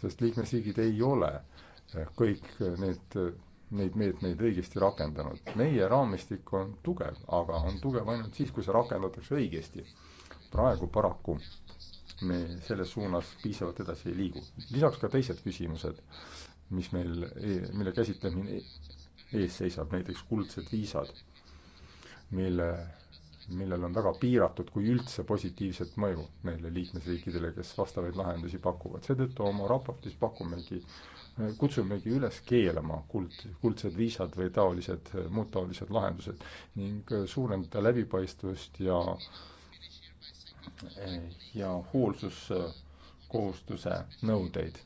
sest liikmesriigid ei ole eh, kõik need neid meetmeid õigesti rakendanud. meie raamistik on tugev, aga on tugev ainult siis, kui see rakendatakse õigesti. praegu paraku me selles suunas piisavalt edasi ei liigu. lisaks ka teised küsimused, mis meil, e, mille käsitlemine e, ees seisab, näiteks kuldsed viisad, mille, millel on väga piiratud, kui üldse positiivset mõju neile liikmesriikidele, kes vastavaid lahendusi pakuvad. seetõttu oma raportis pakumegi äh, kutsumegi üles keelama kuld, kuldsed viisad või taolised, muud taolised lahendused ning äh, suurendada läbipaistvust ja, äh, ja hoolsuskohustuse nõudeid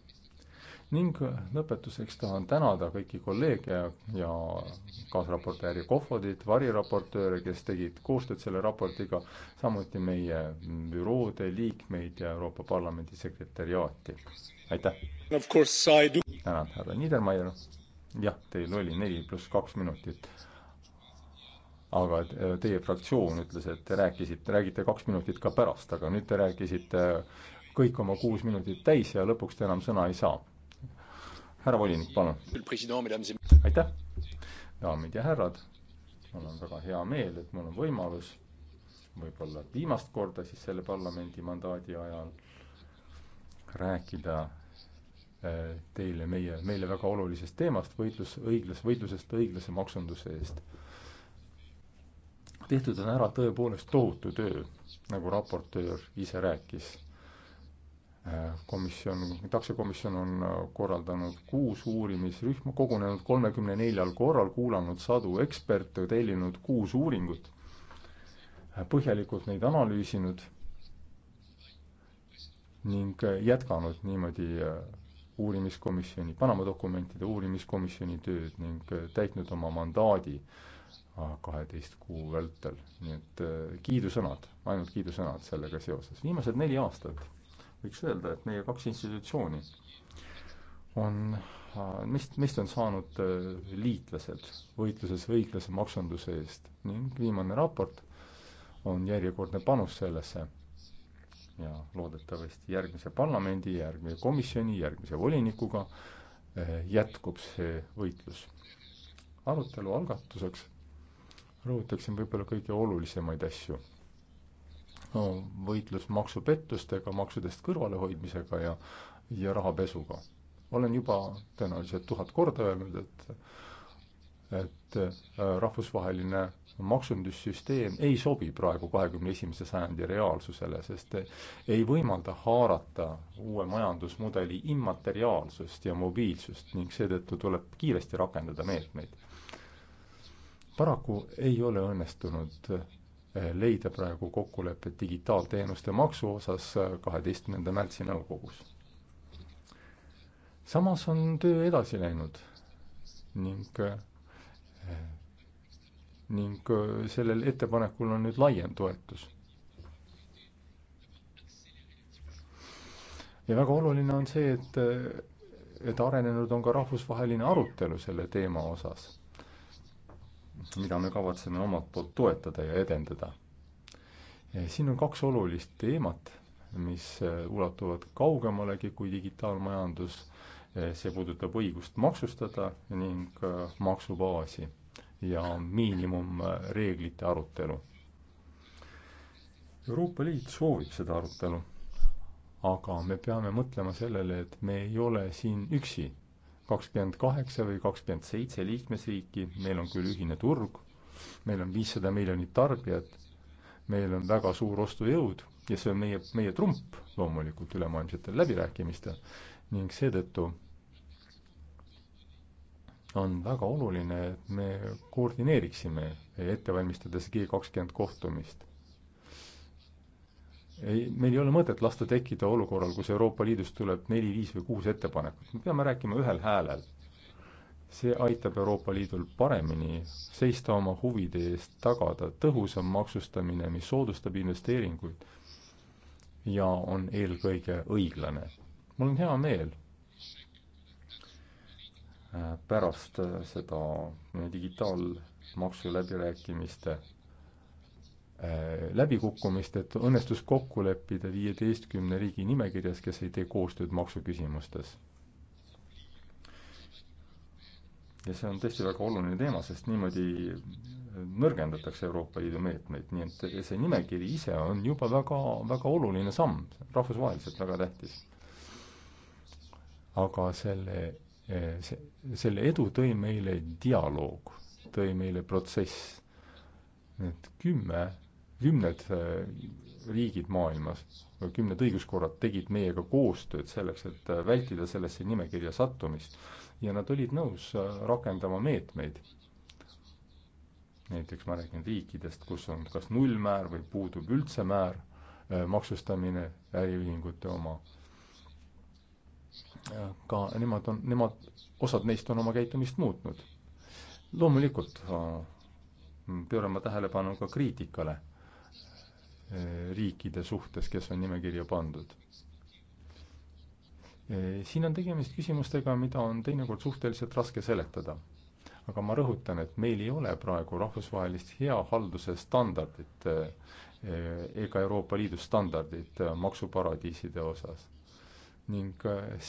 ning lõpetuseks tahan tänada kõiki kolleege ja kaasraportööri Kohvodit, variraportööre, kes tegid koostööd selle raportiga, samuti meie büroode liikmeid ja Euroopa Parlamendi sekretäriaati. aitäh! tänan, härra Niedermayer. jah, teil oli neli pluss kaks minutit. aga äh, teie fraktsioon ütles, et te rääkisite, räägite kaks minutit ka pärast, aga nüüd te rääkisite kõik oma kuus minutit täis ja lõpuks te enam sõna ei saa härra volinik, palun. aitäh, daamid ja härrad. mul on väga hea meel, et mul on võimalus võib-olla viimast korda siis selle parlamendi mandaadi ajal rääkida eh, teile meie, meile väga olulisest teemast, võitlus, õiglus, võitlusest õiglase maksunduse eest. tehtud on ära tõepoolest tohutu töö, nagu raportöör ise rääkis komisjon, taksokomisjon on äh, korraldanud kuus uurimisrühma, kogunenud kolmekümne neljal korral, kuulanud sadu eksperte, tellinud kuus uuringut, äh, põhjalikult neid analüüsinud ning äh, jätkanud niimoodi uurimiskomisjoni, Panama dokumentide uurimiskomisjoni tööd ning täitnud oma mandaadi kaheteist kuu vältel. nii et kiidusõnad, ainult kiidusõnad sellega seoses. viimased neli aastat võiks öelda, et meie kaks institutsiooni on, neist, äh, neist on saanud äh, liitlased võitluses õiglase maksunduse eest ning viimane raport on järjekordne panus sellesse ja loodetavasti järgmise parlamendi, järgmise komisjoni, järgmise volinikuga äh, jätkub see võitlus. arutelu algatuseks rõhutaksin võib-olla kõige olulisemaid asju no võitlus maksupettustega, maksudest kõrvalehoidmisega ja, ja rahapesuga. olen juba tõenäoliselt tuhat korda öelnud, et et äh, rahvusvaheline maksundussüsteem ei sobi praegu kahekümne esimese sajandi reaalsusele, sest äh, ei võimalda haarata uue majandusmudeli immateriaalsust ja mobiilsust ning seetõttu tuleb kiiresti rakendada meetmeid paraku ei ole õnnestunud äh, Äh, leida praegu kokkulepet digitaalteenuste maksu osas äh, kaheteistkümnenda märtsi nõukogus. samas on töö edasi läinud ning äh, ning sellel ettepanekul on nüüd laiem toetus. ja väga oluline on see, et, et arenenud on ka rahvusvaheline arutelu selle teema osas mida me kavatseme omalt poolt toetada ja edendada. Eh, siin on kaks olulist teemat, mis eh, ulatuvad kaugemalegi kui digitaalmajandus, eh, see puudutab õigust maksustada ning maksubaasi ja miinimumreeglite arutelu. Euroopa Liit soovib seda arutelu, aga me peame mõtlema sellele, et me ei ole siin üksi kakskümmend kaheksa või kakskümmend seitse liikmesriiki, meil on küll ühine turg, meil on viissada miljonit tarbijat, meil on väga suur ostujõud ja see on meie, meie trump loomulikult ülemaailmsetel läbirääkimistel ning seetõttu on väga oluline, et me koordineeriksime, ette valmistades G kakskümmend kohtumist ei, meil ei ole mõtet lasta tekkida olukorral, kus Euroopa Liidust tuleb neli, viis või kuus ettepanekut, me peame rääkima ühel häälel. see aitab Euroopa Liidul paremini seista oma huvide eest, tagada tõhusam maksustamine, mis soodustab investeeringuid ja on eelkõige õiglane. mul on hea meel äh, pärast äh, seda äh, digitaalmaksu läbirääkimiste Äh, läbikukkumist, et õnnestus kokku leppida viieteistkümne riigi nimekirjas, kes ei tee koostööd maksuküsimustes. ja see on tõesti väga oluline teema, sest niimoodi nõrgendatakse Euroopa Liidu meetmeid, nii et see nimekiri ise on juba väga, väga oluline samm, rahvusvaheliselt väga tähtis. aga selle, eh, see, selle edu tõi meile dialoog, tõi meile protsess, need kümme kümned äh, riigid maailmas, kümned õiguskorrad tegid meiega koostööd selleks, et äh, vältida sellesse nimekirja sattumist. ja nad olid nõus äh, rakendama meetmeid. näiteks ma räägin riikidest, kus on kas nullmäär või puudub üldse määr, maksustamine, äriühingute oma. ka nemad on, nemad, osad neist on oma käitumist muutnud. loomulikult pöörama tähelepanu ka kriitikale Eh, riikide suhtes, kes on nimekirja pandud. Eh, siin on tegemist küsimustega, mida on teinekord suhteliselt raske seletada. aga ma rõhutan, et meil ei ole praegu rahvusvahelist hea halduse standardit eh, ega Euroopa Liidu standardit maksuparadiiside osas. ning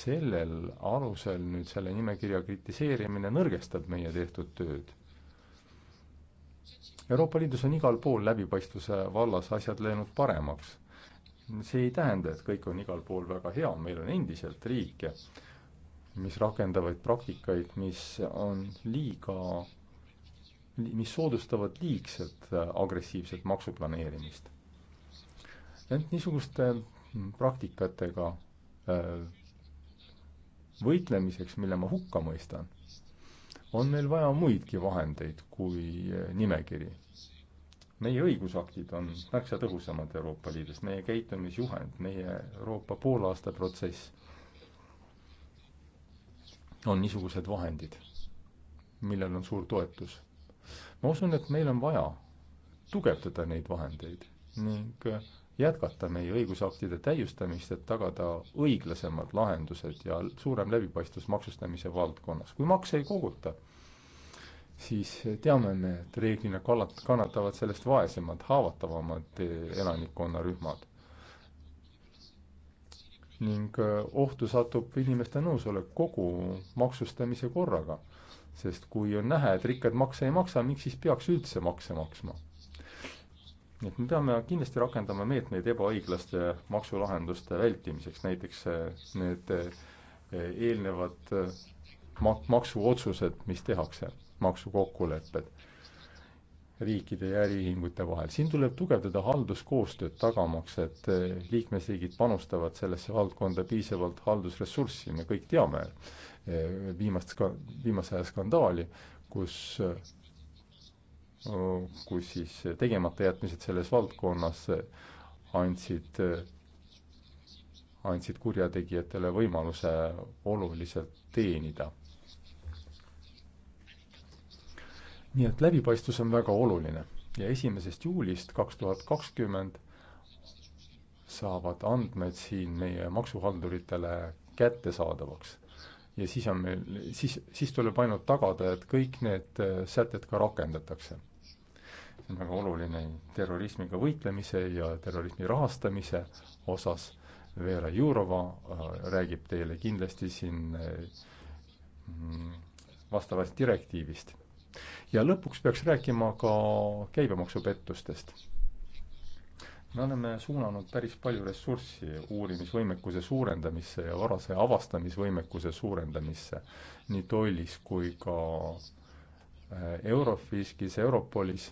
sellel alusel nüüd selle nimekirja kritiseerimine nõrgestab meie tehtud tööd Euroopa Liidus on igal pool läbipaistvuse vallas asjad läinud paremaks. see ei tähenda, et kõik on igal pool väga hea, meil on endiselt riike, mis rakendavad praktikaid, mis on liiga, mis soodustavad liigset agressiivset maksuplaneerimist. ent niisuguste praktikatega äh, võitlemiseks, mille ma hukka mõistan on meil vaja muidki vahendeid kui eh, nimekiri. meie õigusaktid on märksa tõhusamad Euroopa Liidus, meie käitumisjuhend, meie Euroopa poolaasta protsess on niisugused vahendid, millel on suur toetus. ma usun, et meil on vaja tugevdada neid vahendeid ning eh, jätkata meie õigusaktide täiustamist, et tagada õiglasemad lahendused ja suurem läbipaistvus maksustamise valdkonnas. kui makse ei koguta, siis teame me, et reeglina kallat-, kannatavad sellest vaesemad, haavatavamad elanikkonnarühmad. ning äh, ohtu satub inimeste nõusolek kogu maksustamise korraga. sest kui on näha, et rikkad makse ei maksa, miks siis peaks üldse makse maksma? nii et me peame kindlasti rakendama meetmeid ebaõiglaste maksulahenduste vältimiseks, näiteks eh, need eh, eelnevad eh, mak-, maksuotsused, mis tehakse, maksukokkulepped riikide ja äriühingute vahel. siin tuleb tugevdada halduskoostööd, tagamaks, et liikmesriigid panustavad sellesse valdkonda piisavalt haldusressurssi, me kõik teame viimast ska-, viimase aja skandaali, kus kus siis tegematajätmised selles valdkonnas andsid, andsid kurjategijatele võimaluse oluliselt teenida. nii et läbipaistvus on väga oluline ja esimesest juulist kaks tuhat kakskümmend saavad andmed siin meie maksuhalduritele kättesaadavaks. ja siis on meil, siis, siis tuleb ainult tagada, et kõik need sätted ka rakendatakse see on väga oluline terrorismiga võitlemise ja terrorismi rahastamise osas. Vera Jurova äh, räägib teile kindlasti siin äh, vastavast direktiivist. ja lõpuks peaks rääkima ka käibemaksupettustest. me oleme suunanud päris palju ressurssi uurimisvõimekuse suurendamisse ja varase avastamisvõimekuse suurendamisse nii tollis kui ka äh, Eurofiskis, Europolis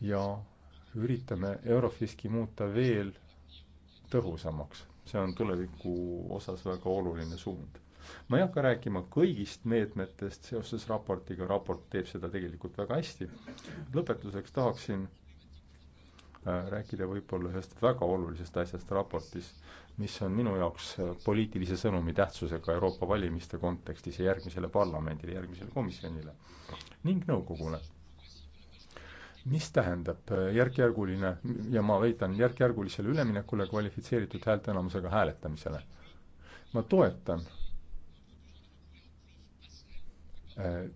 ja üritame Eurofiski muuta veel tõhusamaks. see on tuleviku osas väga oluline suund. ma ei hakka rääkima kõigist meetmetest seoses raportiga, raport teeb seda tegelikult väga hästi. lõpetuseks tahaksin äh, rääkida võib-olla ühest väga olulisest asjast raportis, mis on minu jaoks äh, poliitilise sõnumi tähtsusega Euroopa valimiste kontekstis ja järgmisele parlamendile, järgmisele komisjonile ning nõukogule mis tähendab äh, järk-järguline ja ma väidan järk-järgulisele üleminekule kvalifitseeritud häälteenamusega hääletamisele. ma toetan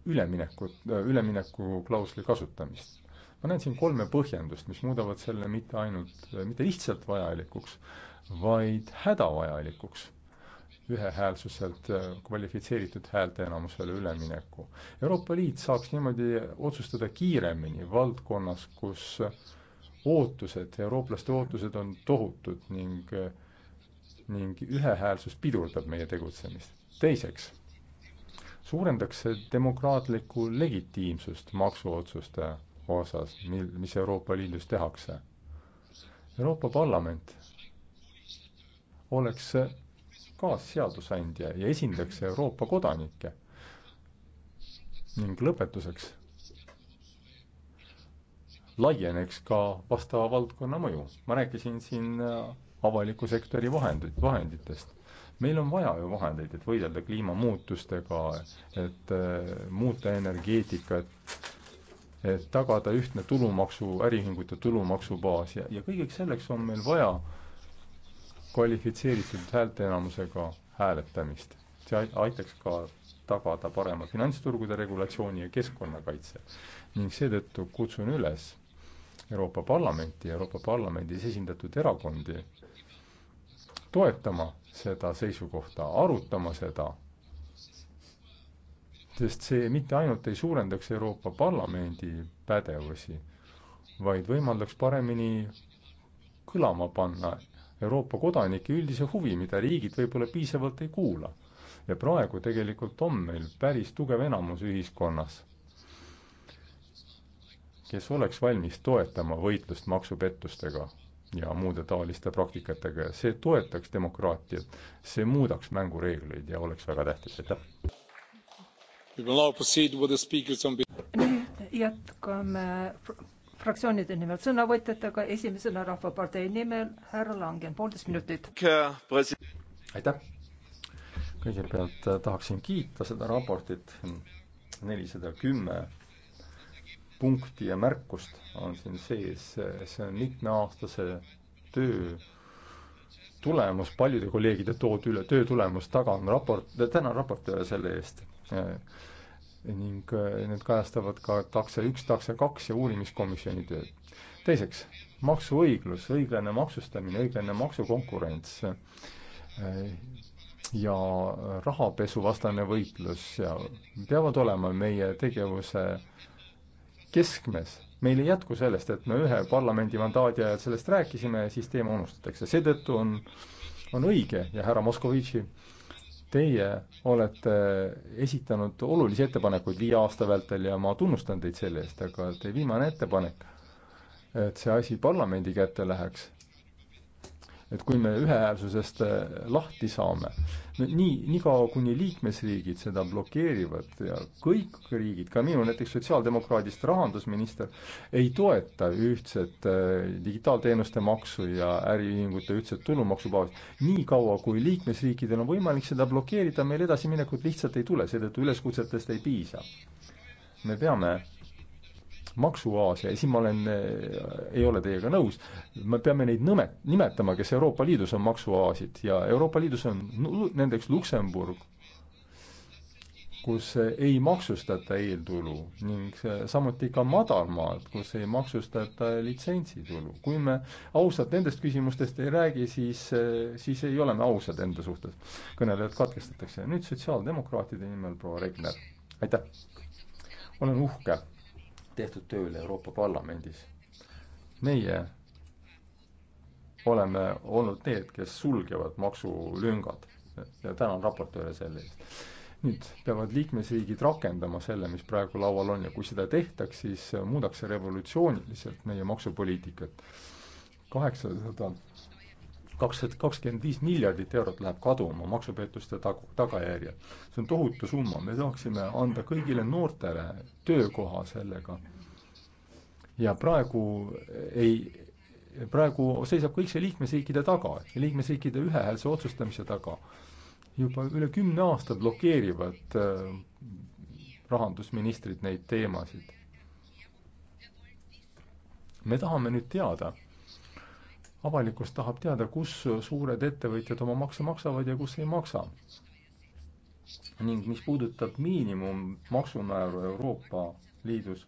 üleminekut, äh, üleminekuklausli äh, kasutamist. ma näen siin kolme põhjendust, mis muudavad selle mitte ainult, mitte lihtsalt vajalikuks, vaid hädavajalikuks ühehäälsuselt äh, kvalifitseeritud häälteenamusele ülemineku. Euroopa Liit saaks niimoodi otsustada kiiremini valdkonnas, kus ootused, eurooplaste ootused on tohutud ning, ning ühehäälsus pidurdab meie tegutsemist. teiseks, suurendaks see demokraatlikku legitiimsust maksuotsuste osas, mil, mis Euroopa Liidus tehakse. Euroopa Parlament oleks kaasseadusandja ja esindaks Euroopa kodanikke. ning lõpetuseks laieneks ka vastava valdkonna mõju. ma rääkisin siin äh, avaliku sektori vahendid, vahenditest meil on vaja ju vahendeid, et võidelda kliimamuutustega, et äh, muuta energeetikat, et tagada ühtne tulumaksu, äriühingute tulumaksubaas ja, ja kõigeks selleks on meil vaja äh, kvalifitseeritud häälteenamusega hääletamist. see aitaks ka tagada parema finantsturgude regulatsiooni ja keskkonnakaitse ning seetõttu kutsun üles Euroopa Parlamenti ja Euroopa Parlamendis esindatud erakondi toetama seda seisukohta, arutama seda, sest see mitte ainult ei suurendaks Euroopa Parlamendi pädevusi, vaid võimaldaks paremini kõlama panna Euroopa kodanike üldise huvi, mida riigid võib-olla piisavalt ei kuula. ja praegu tegelikult on meil päris tugev enamus ühiskonnas, kes oleks valmis toetama võitlust maksupettustega ja muude taoliste praktikatega ja see toetaks demokraatiat, see muudaks mängureegleid ja oleks väga tähtis, aitäh! nüüd jätkame fraktsioonide nimel sõnavõtjatega, esimesena Rahvapartei nimel härra Langen, poolteist minutit. aitäh! kõigepealt äh, tahaksin kiita seda raportit, nelisada kümme punkti ja märkust on siin sees, see on mitmeaastase töö tulemus, paljude kolleegide toodud üle, töö tulemus taga on raport, tänan raportööre selle eest äh, ning eh, need kajastavad ka takse üks, takse kaks ja uurimiskomisjoni tööd. teiseks, maksuõiglus, õiglane maksustamine, õiglane maksukonkurents eh, ja rahapesuvastane võitlus ja peavad olema meie tegevuse keskmes. meil ei jätku sellest, et me ühe parlamendi mandaadi ajal sellest rääkisime ja siis teema unustatakse, seetõttu on, on õige ja härra Moskovitši äh, Teie olete esitanud olulisi ettepanekuid viie aasta vältel ja ma tunnustan teid selle eest, aga teie viimane ettepanek, et see asi parlamendi kätte läheks, et kui me ühehäälsusest eh, lahti saame, nii, niikaua kuni liikmesriigid seda blokeerivad ja kõik riigid, ka minu näiteks sotsiaaldemokraadist rahandusminister, ei toeta ühtset eh, digitaalteenuste maksu ja äriühingute ühtset tulumaksubaasi, niikaua kui liikmesriikidel on võimalik seda blokeerida, meil edasiminekut lihtsalt ei tule, seetõttu üleskutsetest ei piisa. me peame maksuaasia ja siin ma olen, äh, ei ole teiega nõus, me peame neid nõme, nimetama, kes Euroopa Liidus on maksuaasid ja Euroopa Liidus on nendeks Luksemburg, kus äh, ei maksustata eeltulu ning äh, samuti ka madalmaad, kus ei maksustata litsentsitulu. kui me ausalt nendest küsimustest ei räägi, siis, siis ei ole me ausad enda suhtes. kõnelejad katkestatakse. nüüd sotsiaaldemokraatide nimel proua Regner, aitäh! olen uhke tehtud tööle Euroopa Parlamendis. meie oleme olnud need, kes sulgevad maksulüngad ja tänan raportööre selle eest. nüüd peavad liikmesriigid rakendama selle, mis praegu laual on ja kui seda tehtaks, siis muudaks see revolutsiooniliselt meie maksupoliitikat. kaheksasada kakssada kakskümmend viis miljardit eurot läheb kaduma maksupettuste tagu, tagajärjel. see on tohutu summa, me saaksime anda kõigile noortele töökoha sellega. ja praegu ei, praegu seisab kõik see liikmesriikide taga, liikmesriikide ühehäälse otsustamise taga. juba üle kümne aasta blokeerivad äh, rahandusministrid neid teemasid. me tahame nüüd teada avalikkus tahab teada, kus suured ettevõtjad oma makse maksavad ja kus ei maksa. ning mis puudutab miinimummaksumäära Euroopa Liidus,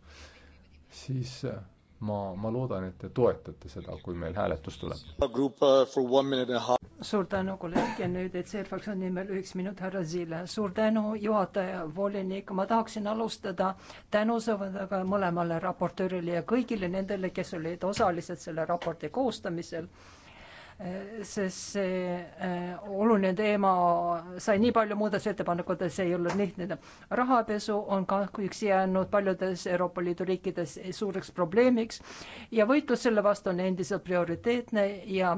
siis ma, ma loodan, et te toetate seda, kui meil hääletus tuleb. Uh, suur tänu, kolleeg ja nüüd ETC fraktsiooni nimel üks minut härra Zile. suur tänu, juhataja, volinik, ma tahaksin alustada tänusõnadega mõlemale raportöörile ja kõigile nendele, kes olid osalised selle raporti koostamisel sest see äh, oluline teema sai nii palju muudatusettepanekute, see ei olnud lihtne. rahapesu on kahjuks jäänud paljudes Euroopa Liidu riikides suureks probleemiks ja võitlus selle vastu on endiselt prioriteetne ja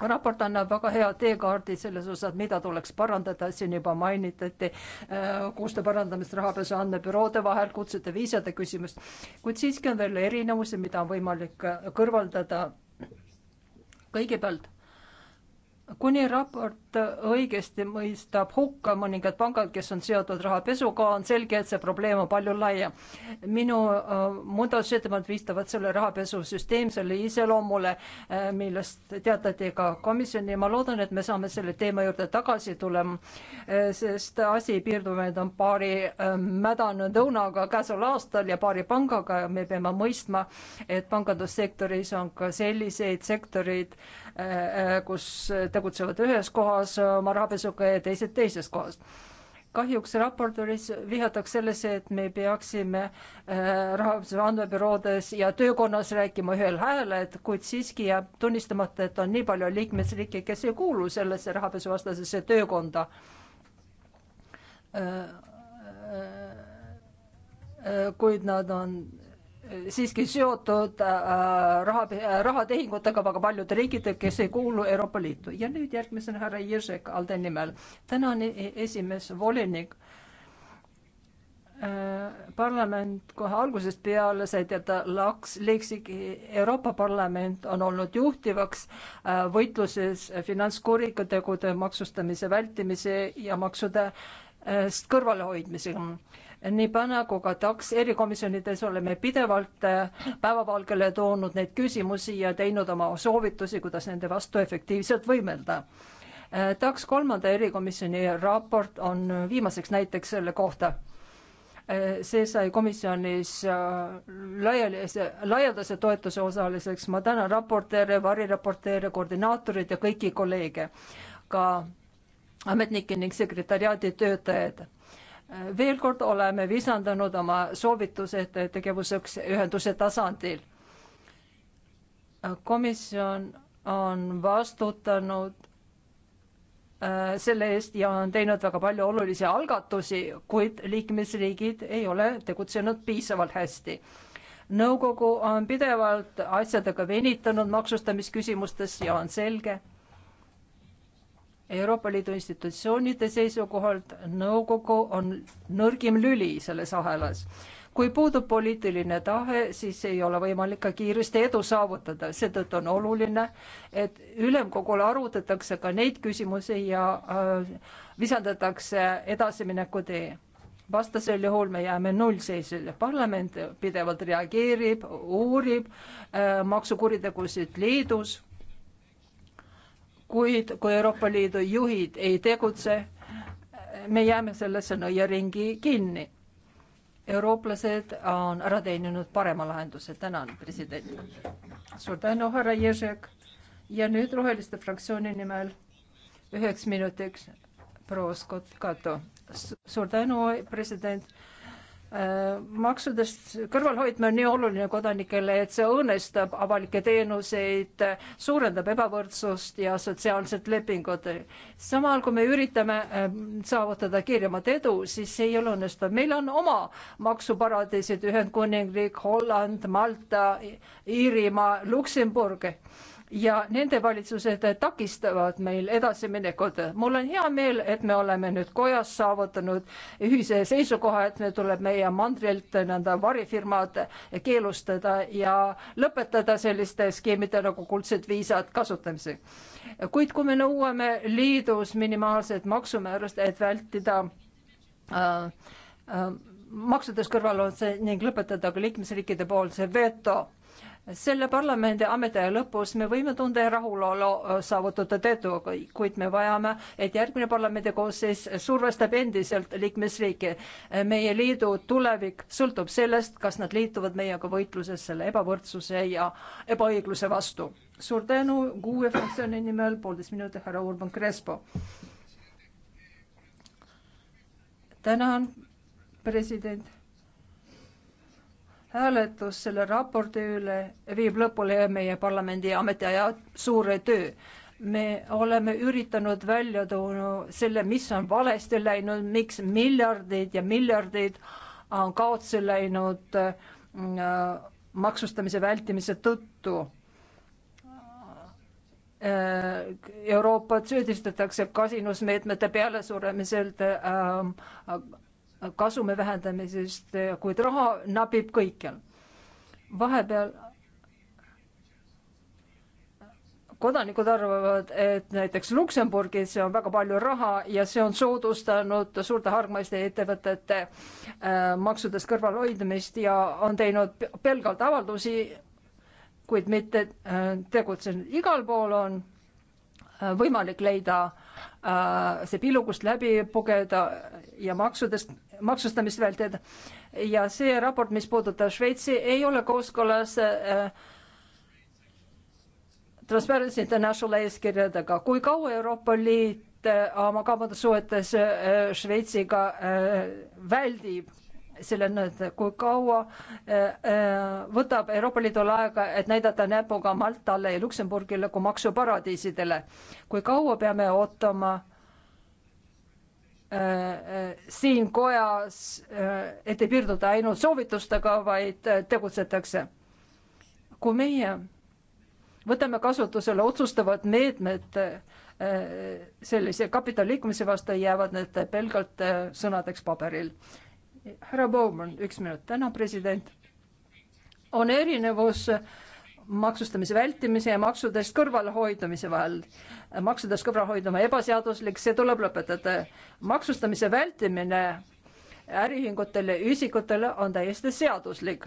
raport annab väga hea teekaardi selles osas, mida tuleks parandada, siin juba mainitati äh, koostöö parandamist rahapesu andmebüroode vahel, kutsete viisade küsimust, kuid siiski on veel erinevusi, mida on võimalik kõrvaldada kõigepealt kuni raport õigesti mõistab hukka mõningad pangad, kes on seotud rahapesuga, on selge, et see probleem on palju laiem. minu äh, muudatusettepanekud viitavad selle rahapesu süsteemsele iseloomule äh,, millest teatati ka komisjoni ja ma loodan, et me saame selle teema juurde tagasi tulema äh,, sest asi ei piirdu vaid on paari äh, mädanenud õunaga käesoleval aastal ja paari pangaga ja me peame mõistma, et pangandussektoris on ka selliseid sektoreid äh,, kus tegutsevad ühes kohas oma rahapesuga ja teised teises kohas kahjuks raportööris vihatakse sellesse, et me peaksime äh, rahapesu andmebüroodes ja töökonnas rääkima ühel häälel, et kuid siiski jääb tunnistamata, et on nii palju liikmesriike, kes ei kuulu sellesse rahapesuvastasesse töökonda. Äh, äh, kuid nad on siiski seotud äh, äh, raha, äh, rahatehingutega väga paljude riikidega, kes ei kuulu Euroopa Liitu. ja nüüd järgmisena härra Ježek Alde nimel. tänane e-, esimees volinik parlament kohe algusest peale sai teada laks, leiksigi Euroopa Parlament on olnud juhtivaks võitluses finantskuritegude maksustamise vältimise ja maksude kõrvalehoidmisega nii PANA kui ka TAKS erikomisjonides oleme pidevalt äh, päevavalgele toonud neid küsimusi ja teinud oma soovitusi, kuidas nende vastu efektiivselt võimelda. Äh, TAKS kolmanda erikomisjoni raport on viimaseks näiteks selle kohta äh, see sai komisjonis laiali, laialdase toetuse osaliseks. ma tänan raportööre, variraportööre, koordinaatorid ja kõiki kolleege, ka ametnikke ning sekretäriaadi töötajaid veel kord oleme visandanud oma soovitused tegevuseks ühenduse tasandil. komisjon on vastutanud äh, selle eest ja on teinud väga palju olulisi algatusi, kuid liikmesriigid ei ole tegutsenud piisavalt hästi. nõukogu on pidevalt asjadega venitanud maksustamisküsimustes ja on selge, Euroopa Liidu institutsioonide seisukohalt nõukogu on nõrgim lüli selles ahelas. kui puudub poliitiline tahe, siis ei ole võimalik ka kiiresti edu saavutada, seetõttu on oluline, et ülemkogul arutatakse ka neid küsimusi ja äh, visandatakse edasimineku tee vastasel juhul me jääme nullseisule. parlament pidevalt reageerib, uurib äh, maksukuritegusid Leedus kuid kui Euroopa Liidu juhid ei tegutse, me jääme sellesse nõiaringi kinni. eurooplased on ära teeninud parema lahenduse, tänan, president. suur tänu, härra Ježek. ja nüüd Roheliste fraktsiooni nimel üheks minutiks proua Scott Cato. suur tänu, president Äh, maksudest kõrvalhoidmine on nii oluline kodanikele, et see õõnestab avalikke teenuseid, suurendab ebavõrdsust ja sotsiaalset lepingut. samal kui me üritame äh, saavutada kiiremat edu, siis see ei ole õnnestunud. meil on oma maksuparadiisid, Ühendkuningriik, Holland, Malta, Iirimaa, Luksemburg ja nende valitsused takistavad meil edasiminekut. mul on hea meel, et me oleme nüüd kojas saavutanud ühise seisukoha, et meil tuleb meie mandrilt nõnda varifirmad keelustada ja lõpetada selliste skeemide nagu kuldsed viisad kasutamise. kuid kui me nõuame liidus minimaalset maksumäärast, et vältida äh, äh, maksudest kõrvalotse ning lõpetada ka liikmesriikide poolse veto selle parlamendi ametiaja lõpus me võime tunda rahulolu äh, saavutatud eduga, kuid me vajame, et järgmine parlamendi koosseis survestab endiselt liikmesriike. meie liidu tulevik sõltub sellest, kas nad liituvad meiega võitluses selle ebavõrdsuse ja ebaõigluse vastu. suur tänu, kuue fraktsiooni nimel poolteist minutit, härra Urban Crespo. tänan, president hääletus selle raporti üle viib lõpule meie parlamendi ametiaja suure töö. me oleme üritanud välja tuua selle, mis on valesti läinud, miks miljardid ja miljardid on kaotsi läinud äh, maksustamise vältimise tõttu äh, Euroopat süüdistatakse kasinusmeetmete pealesuremiselt ähm,, kasumi vähendamisest, kuid raha napib kõikjal. vahepeal kodanikud arvavad, et näiteks Luksemburgis on väga palju raha ja see on soodustanud suurte hargmaiste ettevõtete äh, maksudest kõrvalhoidmist ja on teinud pelgalt avaldusi, kuid mitte äh, tegutsenud. igal pool on äh, võimalik leida see pilukust läbi pugeda ja maksudest maksustamisvälted ja see raport, mis puudutab Šveitsi, ei ole kooskõlas äh, Transparency International eeskirjadega, kui kaua Euroopa Liit äh, oma kaubandussuhetes äh, Šveitsiga väldib selle nüüd, kui kaua võtab Euroopa Liidul aega, et näidata näpuga Maltale ja Luksemburgile kui maksuparadiisidele. kui kaua peame ootama Äh, äh, siin kojas, äh, et ei piirduda ainult soovitustega, vaid tegutsetakse. kui meie võtame kasutusele otsustavad meetmed sellise kapitali liikumise vastu, jäävad need pelgalt sõnadeks paberil. härra Bowman, üks minut, täna president. on erinevus äh, maksustamise vältimise ja maksudest kõrvalhoidumise vahel. maksudest kõrvalhoidumine ebaseaduslik, see tuleb lõpetada. maksustamise vältimine äriühingutele, isikutele on täiesti seaduslik.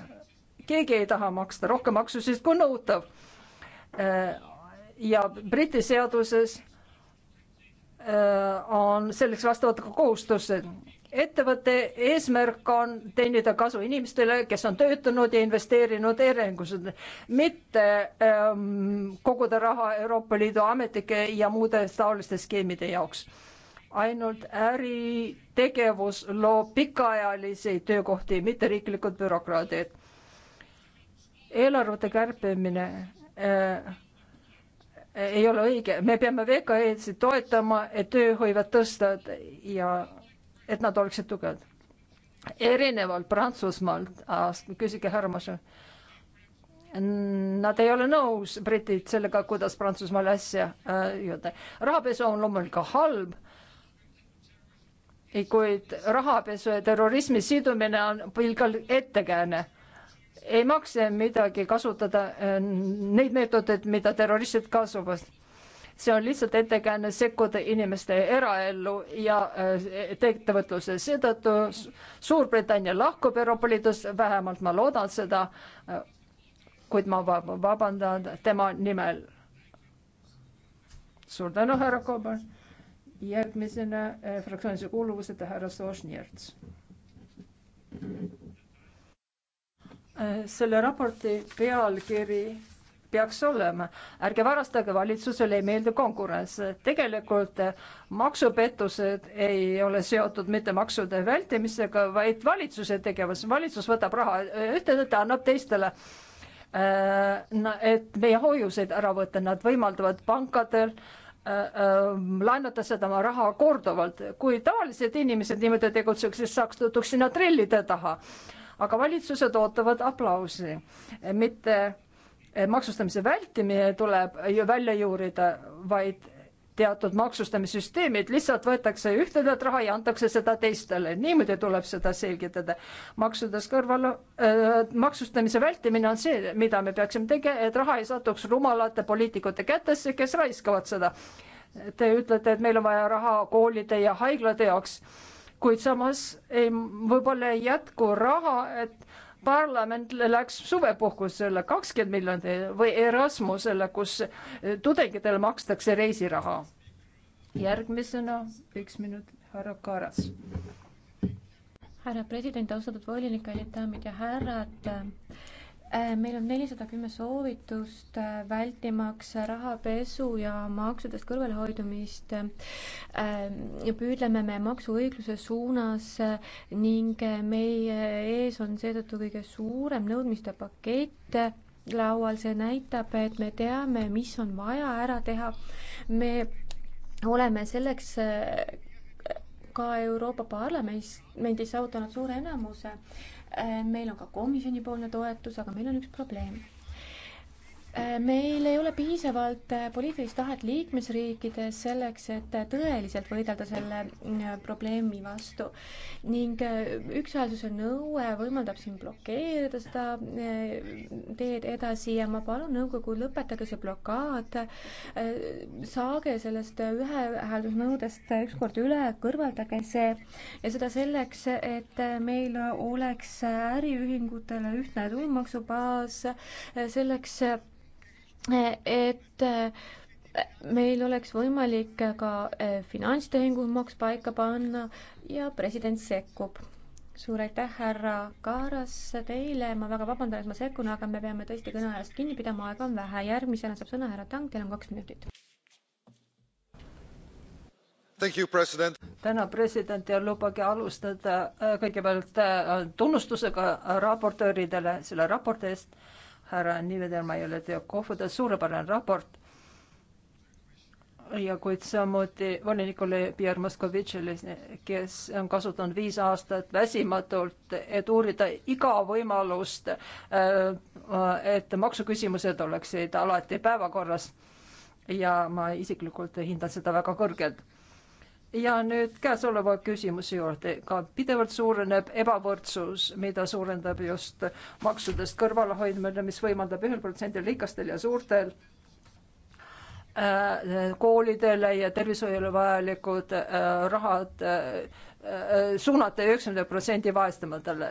keegi ei taha maksta rohkem maksusid kui nõutav. ja Briti seaduses äh, on selleks vastavad kohustused ettevõtte eesmärk on teenida kasu inimestele, kes on töötanud ja investeerinud arengusse, mitte ähm, koguda raha Euroopa Liidu ametnike ja muude taoliste skeemide jaoks. ainult äritegevus loob pikaajalisi töökohti, mitte riiklikud bürokraadid. eelarvete kärpimine äh, ei ole õige, me peame VKE-sid toetama, et tööhõivet tõsta ja et nad oleksid tugevad. erinevalt Prantsusmaalt, küsige härra Maša, nad ei ole nõus, britid, sellega, kuidas Prantsusmaal asja äh,, rahapesu on loomulikult halb kuid rahapesu ja terrorismi sidumine on pilgalt ettekääne. ei maksa midagi kasutada äh, neid meetodeid, mida terroristid kasutavad see on lihtsalt ettekäänne sekkuda inimeste eraellu ja äh, ettevõtluse, seetõttu Suurbritannia lahkub Euroopa Liidust, vähemalt ma loodan seda, äh, kuid ma vabandan tema nimel. suur tänu, härra Kobar. järgmisena äh, fraktsioonilise kuuluvuseta härra Sošnjärts selle raporti pealkiri peaks olema. ärge varastage, valitsusele ei meeldi konkurents. tegelikult maksupettused ei ole seotud mitte maksude vältimisega, vaid valitsuse tegevus. valitsus võtab raha ühtedelt, annab teistele äh, et meie hoiuseid ära võtta, nad võimaldavad pankadel äh, äh, laenata seda oma raha korduvalt. kui tavalised inimesed niimoodi tegutseks, siis saaks, tutuks sinna trellide taha. aga valitsused ootavad aplausi, mitte maksustamise vältimine tuleb ju välja juurida, vaid teatud maksustamissüsteemid lihtsalt võetakse ühtedelt raha ja antakse seda teistele, niimoodi tuleb seda selgitada. maksudest kõrval äh,, maksustamise vältimine on see, mida me peaksime tegema, et raha ei satuks rumalate poliitikute kätesse, kes raiskavad seda. Te ütlete, et meil on vaja raha koolide ja haiglate jaoks, kuid samas ei, võib-olla ei jätku raha, et parlament läks suvepuhkusele kakskümmend miljonit või Erasmusele, kus tudengitele makstakse reisiraha. järgmisena üks minut, härra Karas. härra president, austatud volinik, daamid ja härrad Äh, meil on nelisada kümme soovitust äh, vältimaks rahapesu ja maksudest kõrvalehoidumist. Äh, püüdleme me maksuõigluse suunas ning meie ees on seetõttu kõige suurem nõudmiste pakett laual, see näitab, et me teame, mis on vaja ära teha. me oleme selleks ka Euroopa Parlamendis saavutanud suure enamuse Äh, meil on ka komisjonipoolne toetus, aga meil on üks probleem Äh, meil ei ole piisavalt äh, poliitilist tahet liikmesriikides selleks, et äh, tõeliselt võidelda selle probleemi vastu ning ükshäälsuse nõue võimaldab siin blokeerida seda teed edasi ja ma palun nõukogu, lõpetage see blokaad. saage sellest ühehäälsusnõudest ükskord üle, kõrvaldage see ja seda selleks, et meil oleks äriühingutele ühtne tulumaksubaas selleks et äh, meil oleks võimalik ka äh, finantstehingumaks paika panna ja president sekkub. suur aitäh, härra Kaaras, teile, ma väga vabandan, et ma sekkun, aga me peame tõesti kõneajast kinni pidama, aega on vähe, järgmisena saab sõna härra Tang, teil on kaks minutit. You, president. täna president ja lubage alustada äh, kõigepealt tunnustusega raportööridele selle raporti eest härra Nivedelmaiule Teokovile, suurepärane raport. ja kuid samuti volinikule Pierre Moskovitšile, kes on kasutanud viis aastat väsimatult, et uurida iga võimalust, äh, et maksuküsimused oleksid alati päevakorras. ja ma isiklikult hindan seda väga kõrgelt ja nüüd käesoleva küsimuse juurde, ka pidevalt suureneb ebavõrdsus, mida suurendab just maksudest kõrvalehoidmine, mis võimaldab ühel protsendil rikastel ja suurtel äh, koolidele ja tervishoiule vajalikud äh, rahad äh, suunata üheksakümne protsendi vaestematele.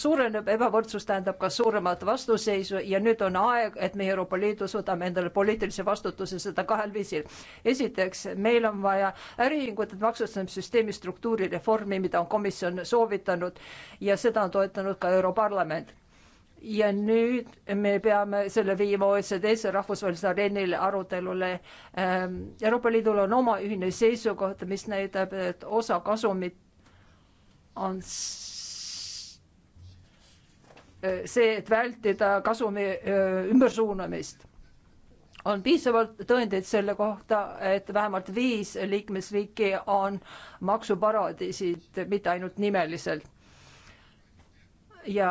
suureneb ebavõrdsus, tähendab ka suuremat vastuseisu ja nüüd on aeg, et me Euroopa Liidus võtame endale poliitilise vastutuse seda kahel viisil. esiteks, meil on vaja äriühingute maksustamissüsteemi struktuurireformi, mida on komisjon soovitanud ja seda on toetanud ka Europarlament ja nüüd me peame selle viima OECD-sse rahvusvahelisele areenile arutelule. Ähm, Euroopa Liidul on oma ühine seisukoht, mis näitab, et osa kasumit on äh, see, et vältida kasumi äh, ümbersuunamist. on piisavalt tõendeid selle kohta, et vähemalt viis liikmesriiki on maksuparadiisid, mitte ainult nimeliselt. ja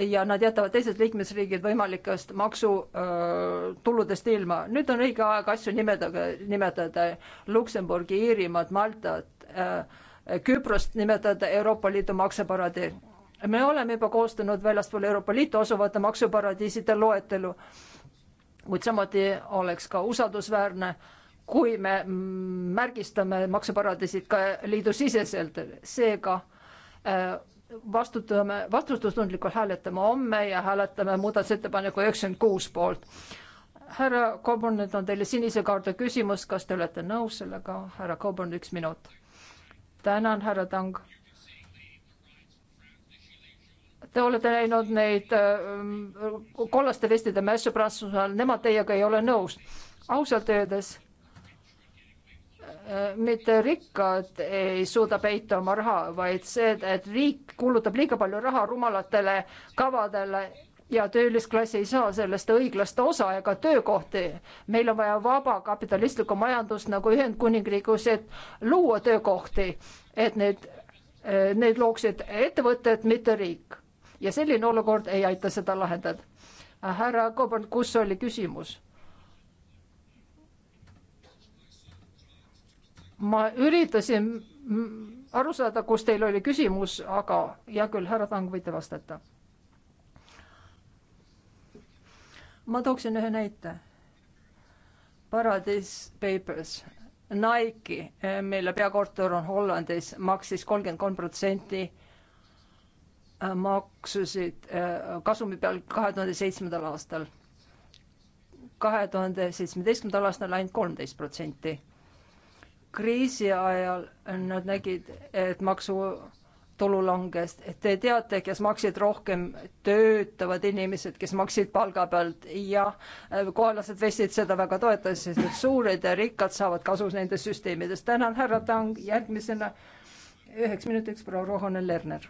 ja nad jätavad teised liikmesriigid võimalikest maksutuludest äh, ilma. nüüd on õige aeg asju nimedada, nimetada Luksemburgi, Iirimaad, Maltat äh,, Küprost nimetada Euroopa Liidu makseparadi. me oleme juba koostanud väljaspool Euroopa Liitu asuvate maksuparadiiside loetelu, kuid samuti oleks ka usaldusväärne kui me märgistame makseparadiisid ka liidusiseselt, seega äh, vastutame, vastutustundlikult hääletame homme ja hääletame muudatusettepaneku üheksakümmend kuus poolt. härra Coburn, nüüd on teile sinise kaardi küsimus, kas te olete nõus sellega? härra Coburn, üks minut tänan, härra Tang. Te olete näinud neid ähm, kollaste vestide mässu Prantsusmaal, nemad teiega ei ole nõus. ausalt öeldes äh, mitte rikkad ei suuda peita oma raha, vaid see, et riik kulutab liiga palju raha rumalatele kavadele ja töölisklass ei saa sellest õiglast osa ega töökohti. meil on vaja vaba kapitalistlikku majandust nagu Ühendkuningriigis, et luua töökohti, et need, need looksid ettevõtted, mitte riik. ja selline olukord ei aita seda lahendada. härra Koban, kus oli küsimus? ma üritasin aru saada, kus teil oli küsimus, aga hea küll, härra Tang, võite vastata ma tooksin ühe näite. Paradise Papers, Nike, eh, mille peakorter on Hollandis, maksis kolmkümmend kolm protsenti eh, maksusid eh, kasumi peal kahe tuhande seitsmendal aastal. kahe tuhande seitsmeteistkümnendal aastal ainult kolmteist protsenti. kriisi ajal nad nägid, et maksu tululangest, te teate, kes maksid rohkem, töötavad inimesed, kes maksid palga pealt ja äh, kohalased vestid seda väga toetasid, sest suured ja rikkad saavad kasu nendest süsteemidest. tänan, härra Tang, järgmisena üheks minutiks proua Rohonen Lerner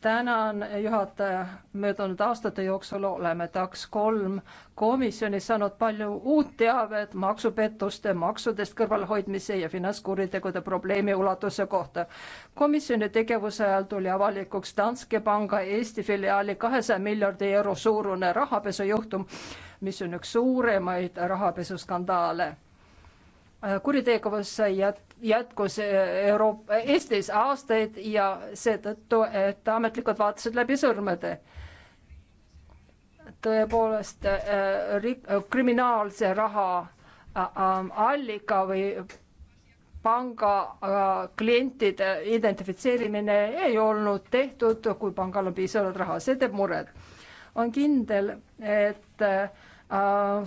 tänan, juhataja. möödunud aastate jooksul oleme TAKS kolm komisjonis saanud palju uut teavet maksupettuste, maksudest kõrvalhoidmise ja finantskuritegude probleemi ulatuse kohta. komisjoni tegevuse ajal tuli avalikuks Danske panga Eesti filiaali kahesaja miljardi euro suurune rahapesujuhtum, mis on üks suuremaid rahapesuskandaale Äh, kuritegevus jät-, jätkus äh, Euroopa, Eestis aastaid ja seetõttu, et ametlikud vaatasid läbi sõrmede. tõepoolest äh, ri-, kriminaalse raha äh, äh, allika või panga äh, klientide identifitseerimine ei olnud tehtud, kui pangal on piisavalt raha, see teeb muret. on kindel, et äh,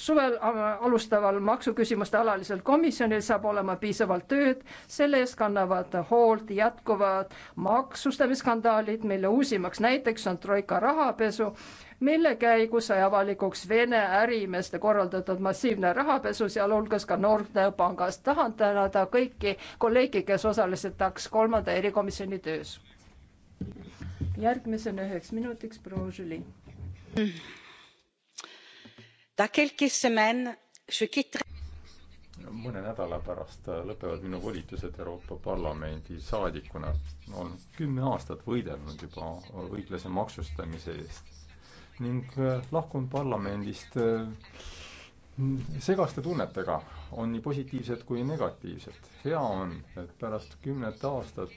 suvel äh, alustaval maksuküsimuste alalisel komisjonil saab olema piisavalt tööd, selle eest kannavad hoolt jätkuvad maksustamisskandaalid, mille uusimaks näiteks on troika rahapesu, mille käigus sai avalikuks Vene ärimeeste korraldatud massiivne rahapesu, sealhulgas ka Nordea pangas. tahan tänada kõiki kolleege, kes osalesid TAKS kolmanda erikomisjoni töös. järgmisena üheks minutiks proua Žüli mõne nädala pärast äh, lõpevad minu volitused Euroopa Parlamendi saadikuna. olen kümme aastat võidelnud juba äh, õiglase maksustamise eest ning äh, lahkun parlamendist segaste tunnetega, on nii positiivsed kui negatiivsed. hea on, et pärast kümnet aastat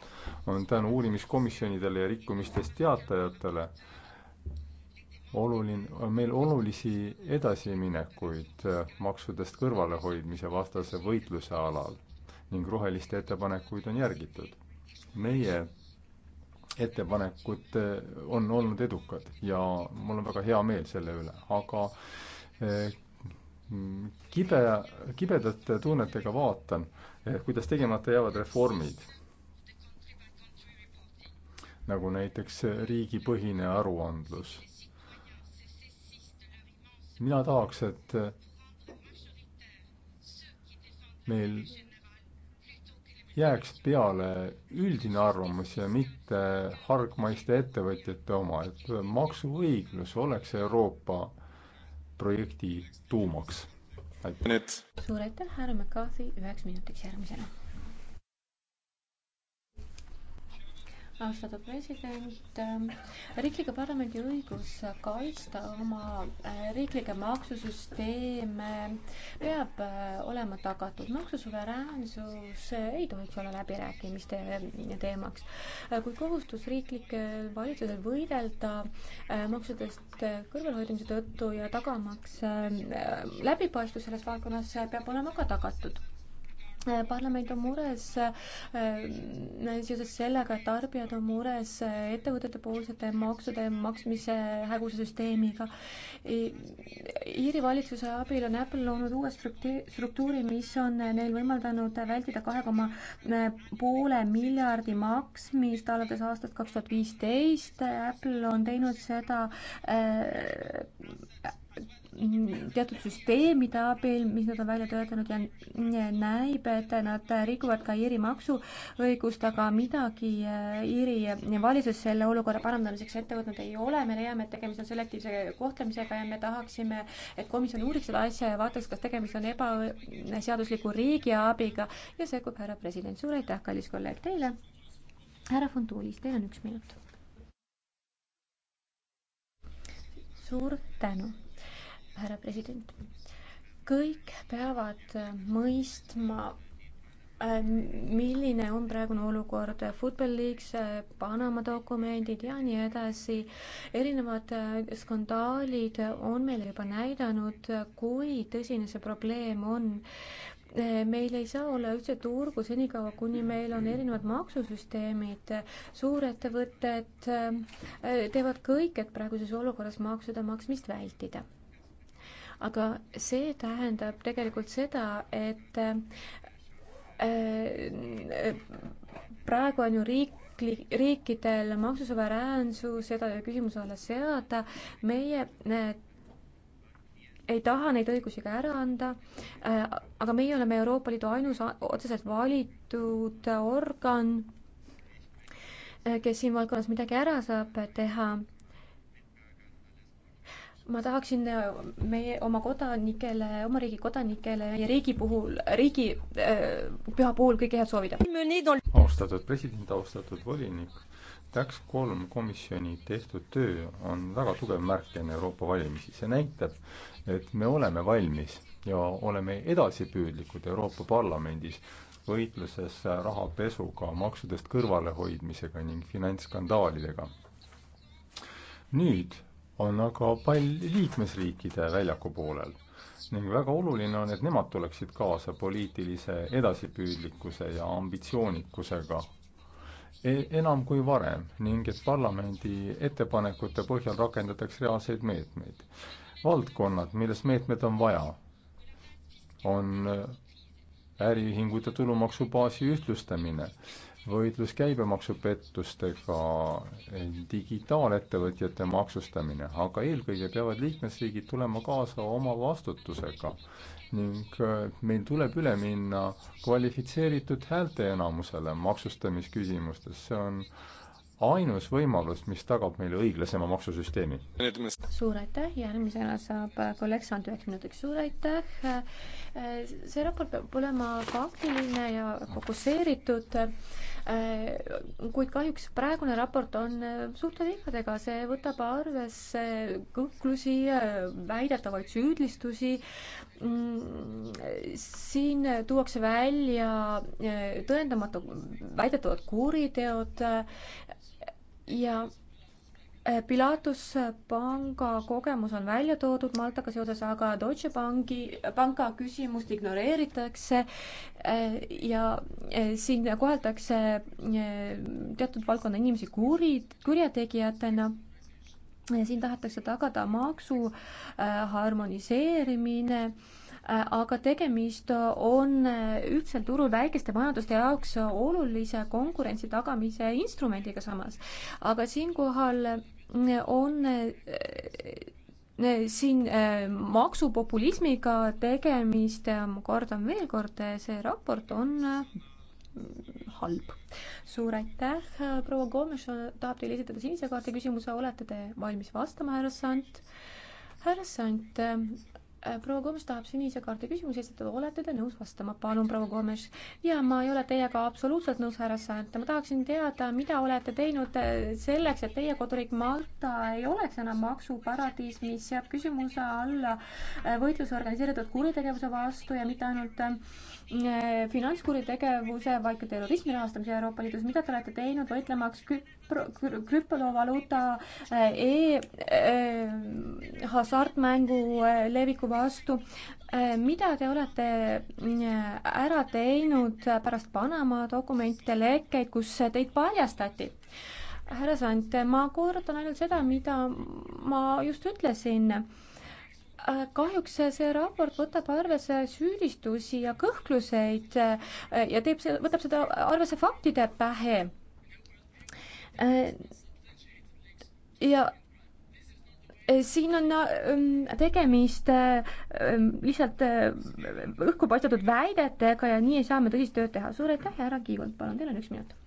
on tänu uurimiskomisjonidele ja rikkumistest teatajatele äh, oluline, on meil olulisi edasiminekuid äh, maksudest kõrvalehoidmise vastase võitluse alal ning roheliste ettepanekuid on järgitud. meie ettepanekud äh, on olnud edukad ja mul on väga hea meel selle üle, aga äh, kibe, kibedate tunnetega vaatan, kuidas tegemata jäävad reformid. nagu näiteks riigipõhine aruandlus mina tahaks, et meil jääks peale üldine arvamus ja mitte hargmaiste ettevõtjate oma, et maksuõiglus oleks Euroopa projekti tuumaks. suur aitäh, härra McCarthy, üheks minutiks järgmisena austatud president. Ähm, riikliku parlamendi õigus kaitsta oma äh, riiklikke maksusüsteeme peab äh, olema tagatud. maksusuveräänsus äh, ei tohiks olla läbirääkimiste teemaks, kuid kohustus riiklikel valitsusel võidelda maksudest kõrvalhoidmise tõttu ja tagamaks läbipaistvus selles valdkonnas peab olema ka tagatud parlament on mures äh, seoses sellega, et tarbijad on mures ettevõtete poolsete maksude maksmise häguse süsteemiga. Iiri valitsuse abil on Apple loonud uue struktuuri, mis on neil võimaldanud vältida kahe koma äh, poole miljardi maksmist alates aastast kaks tuhat viisteist. Apple on teinud seda äh, teatud süsteemide abil, mis nad on välja töötanud ja näib, et nad rikuvad ka Iiri maksuõigust, aga midagi äh, Iiri valitsus selle olukorra parandamiseks ette võtnud ei ole. me leiame, et tegemist on selektiivse kohtlemisega ja me tahaksime, et komisjon uuriks seda asja ja vaataks, kas tegemist on ebaseadusliku riigiabiga ja sekkub härra president. suur aitäh, kallis kolleeg, teile. härra Funtulis, teil on üks minut. suur tänu härra president. kõik peavad mõistma, äh, milline on praegune olukord, Football Leagues, äh, Panama dokumendid ja nii edasi, erinevad äh, skandaalid on meile juba näidanud, kui tõsine see probleem on meil ei saa olla üldse turgu senikaua, kuni meil on erinevad maksusüsteemid, suurettevõtted teevad kõik, et praeguses olukorras maksude maksmist vältida aga see tähendab tegelikult seda, et äh, praegu on ju riik riikidel maksusuveräänsus, seda ei ole küsimuse alla seada, meie äh, ei taha neid õigusi ka ära anda, äh, aga meie oleme Euroopa Liidu ainus otseselt valitud organ, kes siin valdkonnas midagi ära saab teha ma tahaksin äh, meie oma kodanikele, oma riigi kodanikele ja riigi puhul, riigi äh, püha puhul kõike head soovida. austatud president, austatud volinik, DAX kolm komisjoni tehtud töö on väga tugev märk enne Euroopa valimisi, see näitab, et me oleme valmis ja oleme edasipüüdlikud Euroopa Parlamendis võitluses rahapesuga, maksudest kõrvalehoidmisega ning finantsskandaalidega. nüüd on aga pall liikmesriikide väljaku poolel ning väga oluline on, et nemad tuleksid kaasa poliitilise edasipüüdlikkuse ja ambitsioonikusega e, enam kui varem ning et parlamendi ettepanekute põhjal rakendataks reaalseid meetmeid. valdkonnad, milles meetmed on vaja, on äh, äriühingute tulumaksubaasi ühtlustamine võitlus käibemaksupettustega, digitaalettevõtjate maksustamine, aga eelkõige peavad liikmesriigid tulema kaasa oma vastutusega ning äh, meil tuleb üle minna kvalifitseeritud häälteenamusele maksustamisküsimustes, see on ainus võimalus, mis tagab meile õiglasema maksusüsteemi. suur aitäh, järgmisena saab kolleeg Sand üheks minutiks, suur aitäh. Äh, see raport peab olema faktiline ja fokusseeritud Äh, kuid kahjuks praegune raport on äh, suurte vigadega, see võtab arvesse kõhklusi, äh, väidetavaid süüdlistusi. Mm, siin tuuakse välja tõendamatu, väidetavad kuriteod ja Äh, Pilatus äh, panga kogemus on välja toodud Maltaga seoses, aga Deutsche Banki, äh, panga küsimust ignoreeritakse ja siin koheldakse teatud valdkonna inimesi kuri, kurjategijatena. siin tahetakse tagada maksu harmoniseerimine Äh, aga tegemist äh, on äh, ühtsel turul väikeste majanduste jaoks olulise konkurentsi tagamise instrumendiga samas. aga siinkohal on siin maksupopulismiga tegemist, ma kordan veel kord, see raport on halb. suur aitäh, proua Gomes tahab teile esitada sinise kaardi küsimuse, olete te valmis vastama, härra Sant? härra Sant, Äh, proua Gomes tahab sinise kaardi küsimusi esitada, olete te nõus vastama, palun, proua Gomes? ja ma ei ole teiega absoluutselt nõus, härra Sant, ma tahaksin teada, mida olete teinud äh, selleks, et teie koduriik Malta ei oleks enam maksuparadiis, mis seab küsimuse alla äh, võitluse organiseeritud kuritegevuse vastu ja mitte ainult Äh, finantskuritegevuse, vaid ka terrorismi rahastamise Euroopa Liidus, mida te olete teinud võitlemaks krüpro, krüptovaluuta äh, e, e hasartmängu leviku vastu. mida te olete ära teinud pärast Panama dokumentide lekkeid, kus teid paljastati? härra Sant, ma kordan ainult seda, mida ma just ütlesin Äh, kahjuks see raport võtab arvesse süüdistusi ja kõhkluseid äh, ja teeb, võtab seda arvesse faktide pähe. Äh, ja siin on ähm, tegemist ähm, lihtsalt õhku paisatud väidetega ja nii ei saa me tõsist tööd teha. suur aitäh ja härra Kiigult, palun, teil on üks minut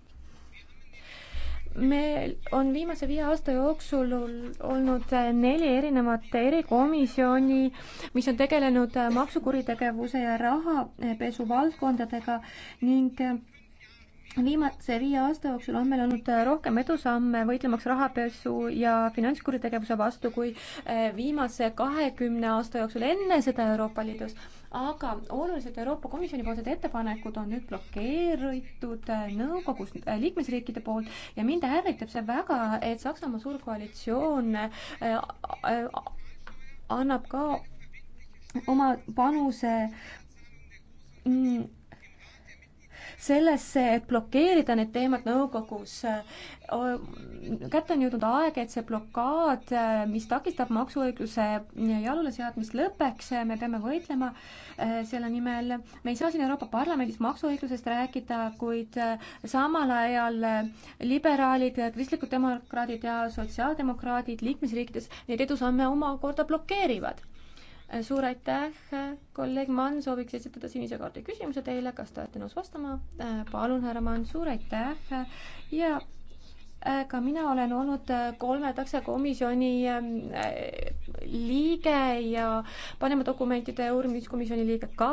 meil on viimase viie aasta jooksul olnud neli erinevat erikomisjoni, mis on tegelenud maksukuritegevuse ja rahapesu valdkondadega ning viimase viie aasta jooksul on meil olnud rohkem edusamme võitlemaks rahapesu ja finantskuritegevuse vastu kui viimase kahekümne aasta jooksul enne seda Euroopa Liidus aga olulised Euroopa Komisjoni poolsed ettepanekud on nüüd blokeeritud äh, nõukogus äh, liikmesriikide poolt ja mind ärritab see väga, et Saksamaa suur koalitsioon äh, annab ka oma panuse mm, sellesse, et blokeerida need teemad nõukogus. kätte on jõudnud aeg, et see blokaad, mis takistab maksuõigluse jaluleseadmist, lõpeks, me peame võitlema eh, selle nimel. me ei saa siin Euroopa Parlamendis maksuõiglusest rääkida, kuid eh, samal ajal eh, liberaalid, kristlikud demokraadid ja sotsiaaldemokraadid liikmesriikides neid edusamme omakorda blokeerivad suur aitäh, kolleeg Mann sooviks esitada sinise kaardi küsimuse teile, kas te olete nõus vastama? Äh, palun, härra Mann, suur aitäh ja äh, ka mina olen olnud äh, kolme taksokomisjoni ähm, liige ja Panema dokumentide uurimiskomisjoni liige ka.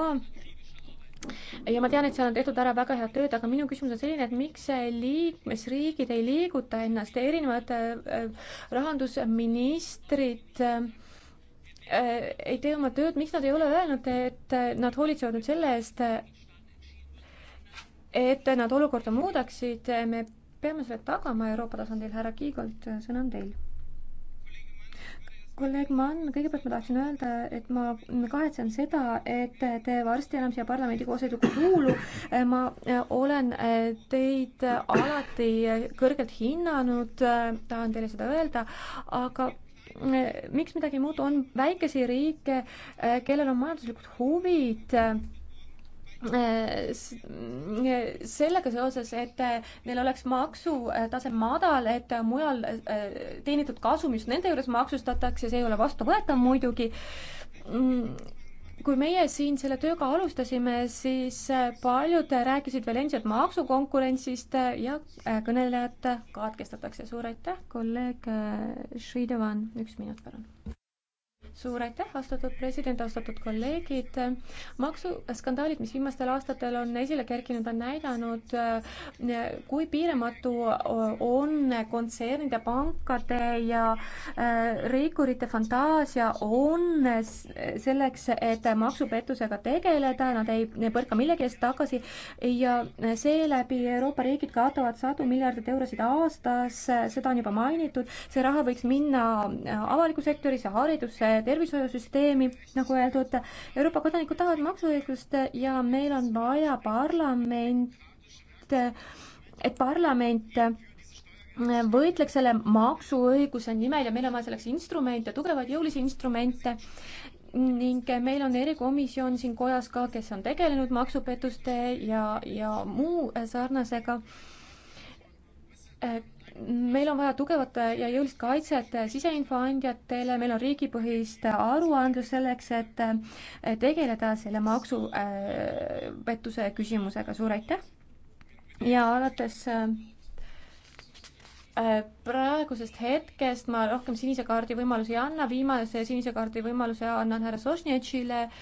ja ma tean, et seal on tehtud ära väga head tööd, aga minu küsimus on selline, et miks liikmesriigid ei liiguta ennast, erinevad rahandusministrid äh, Äh, ei tee oma tööd, miks nad ei ole öelnud, et äh, nad hoolitsevad nüüd selle eest, et nad olukorda muudaksid, me peame selle tagama Euroopa tasandil, härra Kiigolt, sõna on teil. kolleeg Mann, kõigepealt ma tahtsin öelda, et ma kahetsen seda, et te varsti enam siia parlamendi koosseisu ei kuulu. ma olen äh, teid alati kõrgelt hinnanud, tahan teile seda öelda, aga miks midagi ei muutu, on väikesi riike, äh, kellel on majanduslikud huvid äh, äh, sellega seoses, et neil oleks maksutase madal, et mujal teenitud kasumist nende juures maksustatakse, see ei ole vastuvõetav muidugi mm, kui meie siin selle tööga alustasime, siis äh, paljud äh, rääkisid veel endiselt maksukonkurentsist äh, ja kõnelejad katkestatakse. suur aitäh, kolleeg Šridevan, üks minut, palun suur aitäh, austatud president, austatud kolleegid. maksuskandaalid, mis viimastel aastatel on esile kerkinud, on näidanud, kui piiramatu on kontsernide, pankade ja äh, rikkurite fantaasia on selleks, et maksupettusega tegeleda, nad ei põrka millegi eest tagasi ja seeläbi Euroopa riigid kaotavad sadu miljardeid eurosid aastas, seda on juba mainitud, see raha võiks minna äh, avalikku sektorisse, haridusse, tervishoiusüsteemi, nagu öeldud. Euroopa kodanikud tahavad maksuõiglust ja meil on vaja parlament, et parlament võitleks selle maksuõiguse nimel ja meil on vaja selleks instrumente, tugevaid jõulisi instrumente ning meil on erikomisjon siin kojas ka, kes on tegelenud maksupettuste ja, ja muu sarnasega meil on vaja tugevat ja jõulist kaitset siseinfoandjatele, meil on riigipõhist aruandlust selleks, et tegeleda selle maksupettuse küsimusega, suur aitäh! ja alates äh, praegusest hetkest ma rohkem sinise kaardi võimalusi ei anna, viimase sinise kaardi võimaluse annan härra Sosnetšile äh,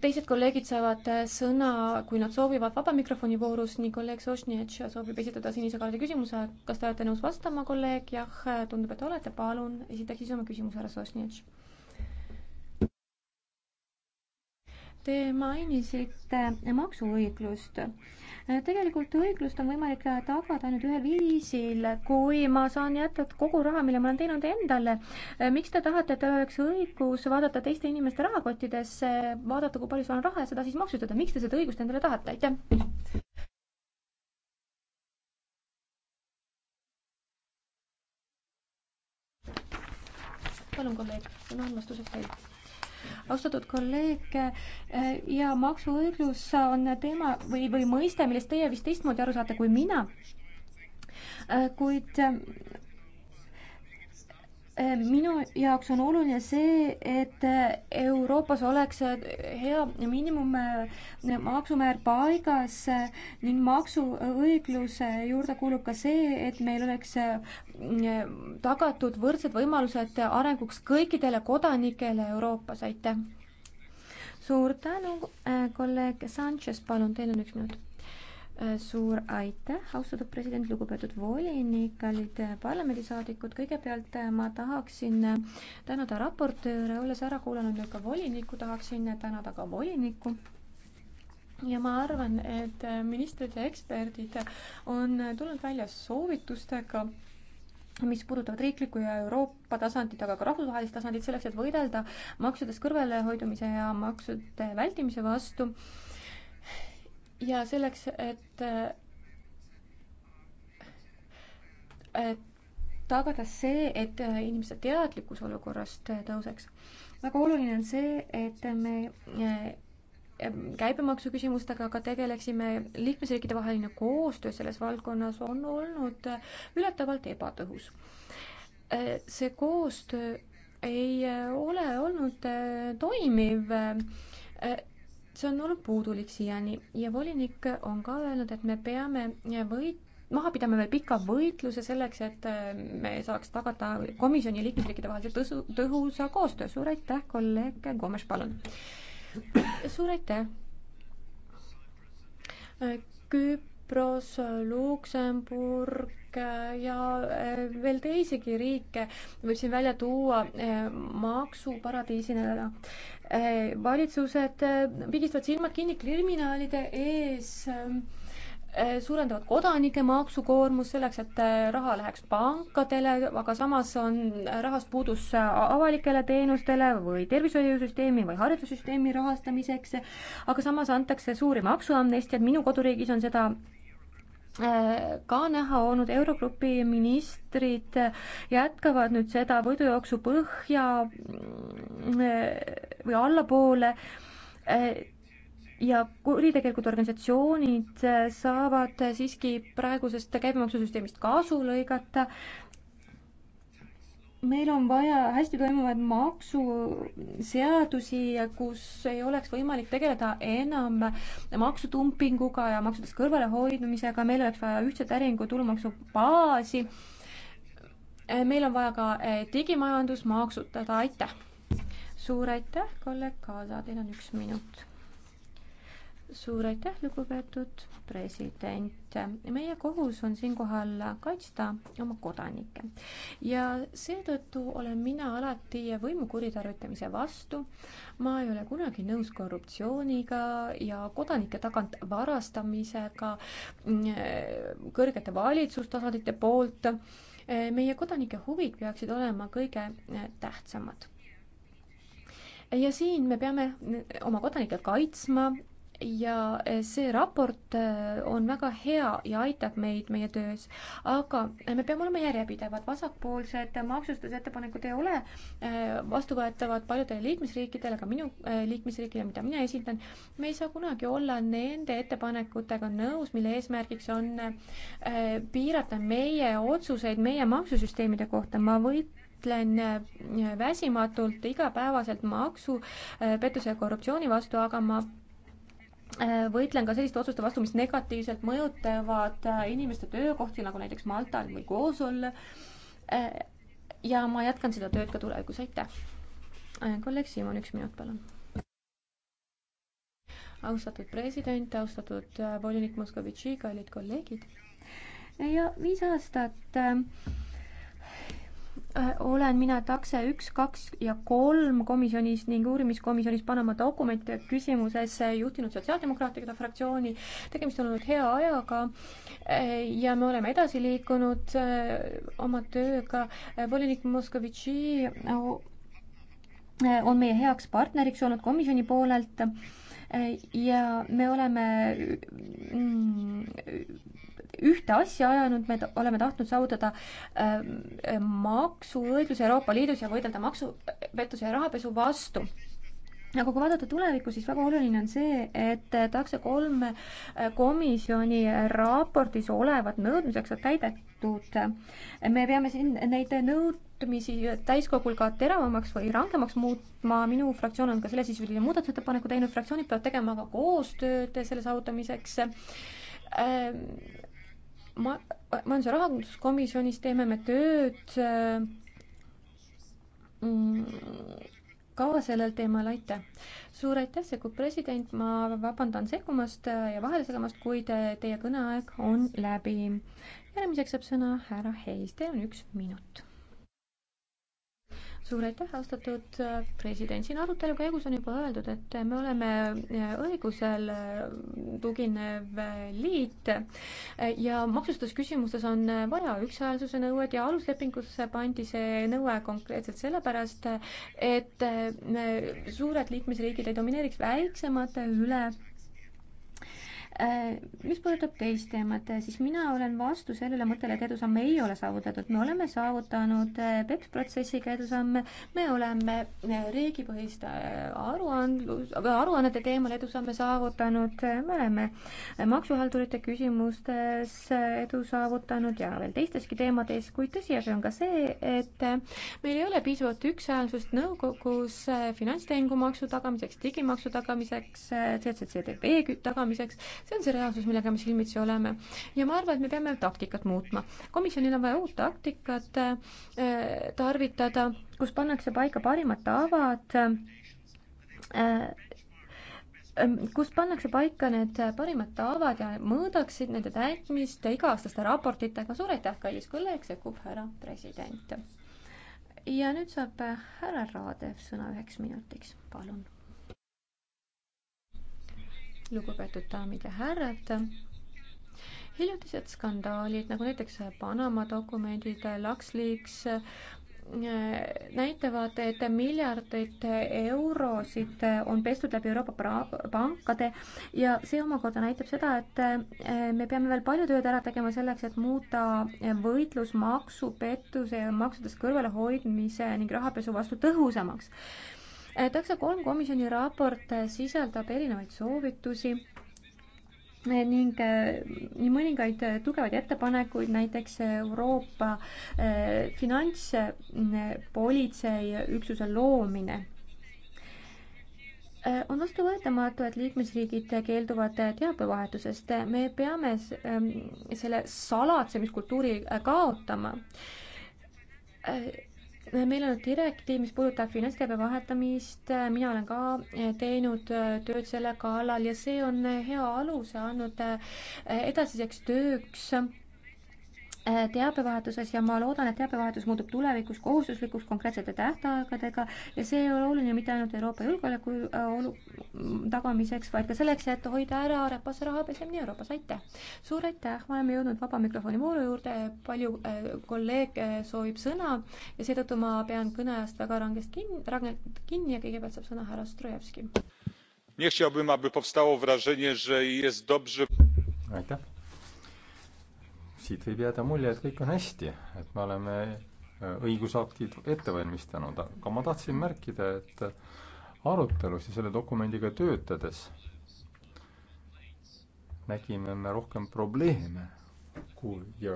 teised kolleegid saavad äh, sõna, kui nad soovivad, vaba mikrofoni voorus ning kolleeg Sošnitš soovib esitada sinise kaardi küsimuse. kas te olete nõus vastama, kolleeg? jah, äh, tundub, et olete. palun, esitage siis oma küsimuse, härra Sošnitš. Te mainisite äh, maksuõiglust tegelikult õiglust on võimalik tagada ainult ühel viisil, kui ma saan jätta kogu raha, mille ma olen teinud endale. Eh, miks te tahate, et teil oleks õigus vaadata teiste inimeste rahakottidesse, vaadata, kui palju sul on raha ja seda siis maksustada, miks te seda õigust endale tahate, aitäh? palun, kolleeg, sõna on vastuseks teil austatud kolleeg, eh, ja maksuõiglus on teema või, või mõiste, millest teie vist teistmoodi aru saate kui mina, eh, kuid eh, Ehm, minu jaoks on oluline see, et eh, Euroopas oleks eh, hea miinimummaksumäär eh, paigas ning maksuõigluse juurde kuulub ka see, et meil oleks tagatud võrdsed võimalused arenguks kõikidele kodanikele Euroopas, aitäh! suur tänu, kolleeg Sanchez, palun, teil on üks minut Äh, suur aitäh, austatud president, lugupeetud volinik, kallid äh, parlamendisaadikud, kõigepealt äh, ma tahaksin tänada raportööre, olles ära kuulanud nüüd ka volinikku, tahaksin tänada ka volinikku. ja ma arvan, et ministrid ja eksperdid on tulnud välja soovitustega, mis puudutavad riiklikku ja Euroopa tasandit, aga ka rahvusvahelist tasandit, selleks et võidelda maksudest kõrvalehoidumise ja maksude vältimise vastu ja selleks, et, et tagada see, et inimeste teadlikkus olukorrast tõuseks. väga oluline on see, et me eh, käibemaksu küsimustega ka tegeleksime, liikmesriikide vaheline koostöö selles valdkonnas on olnud üllatavalt ebatõhus. Eh, see koostöö ei ole olnud eh, toimiv see on olnud puudulik siiani ja volinik on ka öelnud, et me peame võit-, maha pidama veel pika võitluse selleks, et äh, me saaks tagada komisjoni liikmesriikide vahelise tõsu, tõhusa koostöö. suur aitäh, kolleeg Gomes, palun. suur aitäh. Äh, Küpros, Luksemburg, Äh, ja äh, veel teisigi riike võib siin välja tuua äh, maksuparadiisidena. valitsused pigistavad silmad kinni kriminaalide ees suurendavad kodanike maksukoormust selleks, et raha läheks pankadele, aga samas on rahast puudus avalikele teenustele või tervishoiusüsteemi või haridussüsteemi rahastamiseks. aga samas antakse suuri maksuamnestiaid, minu koduriigis on seda ka näha olnud, Eurogrupi ministrid jätkavad nüüd seda võidujooksu põhja mm, või allapoole ja kuritegelikud organisatsioonid saavad siiski praegusest käibemaksusüsteemist kasu lõigata meil on vaja hästi toimuvaid maksuseadusi, kus ei oleks võimalik tegeleda enam maksutumpinguga ja maksudest kõrvalehoidmisega, meil oleks vaja ühtset äringu tulumaksubaasi. meil on vaja ka eh, digimajandus maksutada, aitäh. suur aitäh, kolleeg Kaasa, teil on üks minut suur aitäh, lugupeetud president. meie kohus on siinkohal kaitsta oma kodanikke ja seetõttu olen mina alati võimu kuritarvitamise vastu. ma ei ole kunagi nõus korruptsiooniga ja kodanike tagant varastamisega mm, kõrgete valitsustasandite poolt. meie kodanike huvid peaksid olema kõige eh, tähtsamad ja siin me peame mm, oma kodanikke kaitsma ja eh, see raport eh, on väga hea ja aitab meid meie töös, aga eh, me peame olema järjepidevad, vasakpoolsed maksustusettepanekud ei ole vastuvõetavad paljudele liikmesriikidele, ka minu liikmesriigile, mida mina esindan. me ei saa kunagi olla nende ettepanekutega nõus, mille eesmärgiks on piirata meie otsuseid meie maksusüsteemide kohta, ma võin võitlen väsimatult igapäevaselt maksupettuse ja korruptsiooni vastu, aga ma Äh, võitlen ka selliste otsuste vastu, mis negatiivselt mõjutavad äh, inimeste töökohti, nagu näiteks Maltal või Koosul. Äh, ja ma jätkan seda tööd ka tulevikus, aitäh. kolleeg Siimon, üks minut, palun. austatud president, austatud volinik Moskovitši, kallid kolleegid. ja viis aastat äh, Äh, olen mina takse üks, kaks ja kolm komisjonis ning uurimiskomisjonis Panama dokumentide küsimuses juhtinud Sotsiaaldemokraatide fraktsiooni. tegemist on olnud hea ajaga äh, ja me oleme edasi liikunud äh, oma tööga. volinik Moskovitši on meie heaks partneriks olnud komisjoni poolelt ja me oleme mm, ühte asja ajanud, me oleme tahtnud saavutada ähm, äh, maksuõigluse Euroopa Liidus ja võidelda maksupettuse ja rahapesu vastu aga kui vaadata tulevikku, siis väga oluline on see, et takse kolm äh, komisjoni raportis olevad nõudmised saab täidetud. me peame siin neid nõudmisi täiskogul ka teravamaks või rangemaks muutma, minu fraktsioon on ka sellesisulise muudatusettepaneku teinud, fraktsioonid peavad tegema ka koostööd selle saavutamiseks ähm, ma-, majandus- ja rahanduskomisjonis teeme me tööd äh, mm, ka sellel teemal, aitäh. suur aitäh, sekkub president, ma vabandan sekkumast ja vahele segamast, kuid teie kõneaeg on läbi. järgmiseks saab sõna härra Heis, teil on üks minut suur aitäh, austatud äh, president, siin arutelu käigus on juba öeldud, et me oleme äh, õigusel äh, tuginev liit ja maksustusküsimustes on vaja ükshäälsuse nõuet ja aluslepingusse pandi see nõue konkreetselt sellepärast, et suured liikmesriigid ei domineeriks väiksemate üle Äh, mis puudutab teist teemat, äh, siis mina olen vastu sellele mõttele, et edusamme ei ole saavutatud. me oleme saavutanud BEPS äh, protsessiga edusamme, me oleme riigipõhiste aruandlus, aruannete teemal edusamme saavutanud, me oleme maksuhaldurite küsimustes edu saavutanud ja veel teisteski teemades, kuid tõsiasi on ka see, et meil ei ole piisavalt ükshäälsust nõukogus finantstehingumaksu tagamiseks, digimaksu tagamiseks, CCCTB tagamiseks see on see reaalsus, millega me silmitsi oleme. ja ma arvan, et me peame taktikat muutma. komisjonil on vaja uut taktikat äh, tarvitada, kus pannakse paika parimad tavad äh,, kus pannakse paika need parimad tavad ja mõõdaksid nende täitmist iga-aastaste raportitega. suur aitäh, kallis kolleeg, sekkub härra president. ja nüüd saab härra Raadev sõna üheks minutiks, palun lugupeetud daamid ja härrad hiljutised skandaalid nagu näiteks Panama dokumendid, LuxLeaks äh, näitavad, et miljardeid eurosid on pestud läbi Euroopa pankade ja see omakorda näitab seda, et äh, me peame veel palju tööd ära tegema selleks, et muuta võitlus maksupettuse ja maksudest kõrvalehoidmise ning rahapesu vastu tõhusamaks takso kolm komisjoni raport sisaldab erinevaid soovitusi ning äh, nii mõningaid tugevaid ettepanekuid, näiteks Euroopa äh, finantspolitseiüksuse loomine. Äh, on vastuvõetamatu, et liikmesriigid keelduvad teabevahetusest, me peame ähm, selle salatsemiskultuuri kaotama meil on direktiiv, mis puudutab finantsteabe vahetamist, mina olen ka teinud tööd selle kallal ja see on hea aluse andnud edasiseks tööks Äh, teabevahetuses ja ma loodan, et teabevahetus muutub tulevikus kohustuslikuks konkreetsete tähtaegadega ja see ei ole oluline mitte ainult Euroopa julgeoleku äh, olu-, tagamiseks, vaid ka selleks, et hoida ära räpase raha pesemine Euroopas, aitäh! suur aitäh, me oleme jõudnud vaba mikrofoni vooru juurde, palju äh, kolleege äh, soovib sõna ja seetõttu ma pean kõneajast väga rangest kin-, rangelt kinni ja kõigepealt saab sõna härra Strojevski. nie chciałbym, aby powstało wrażenie, że jest dobrze. Aitäh siit võib jääda mulje, et kõik on hästi, et me oleme äh, õigusaktid ette valmistanud, aga ma tahtsin märkida, et äh, arutelus ja selle dokumendiga töötades nägime me rohkem probleeme kui, ja,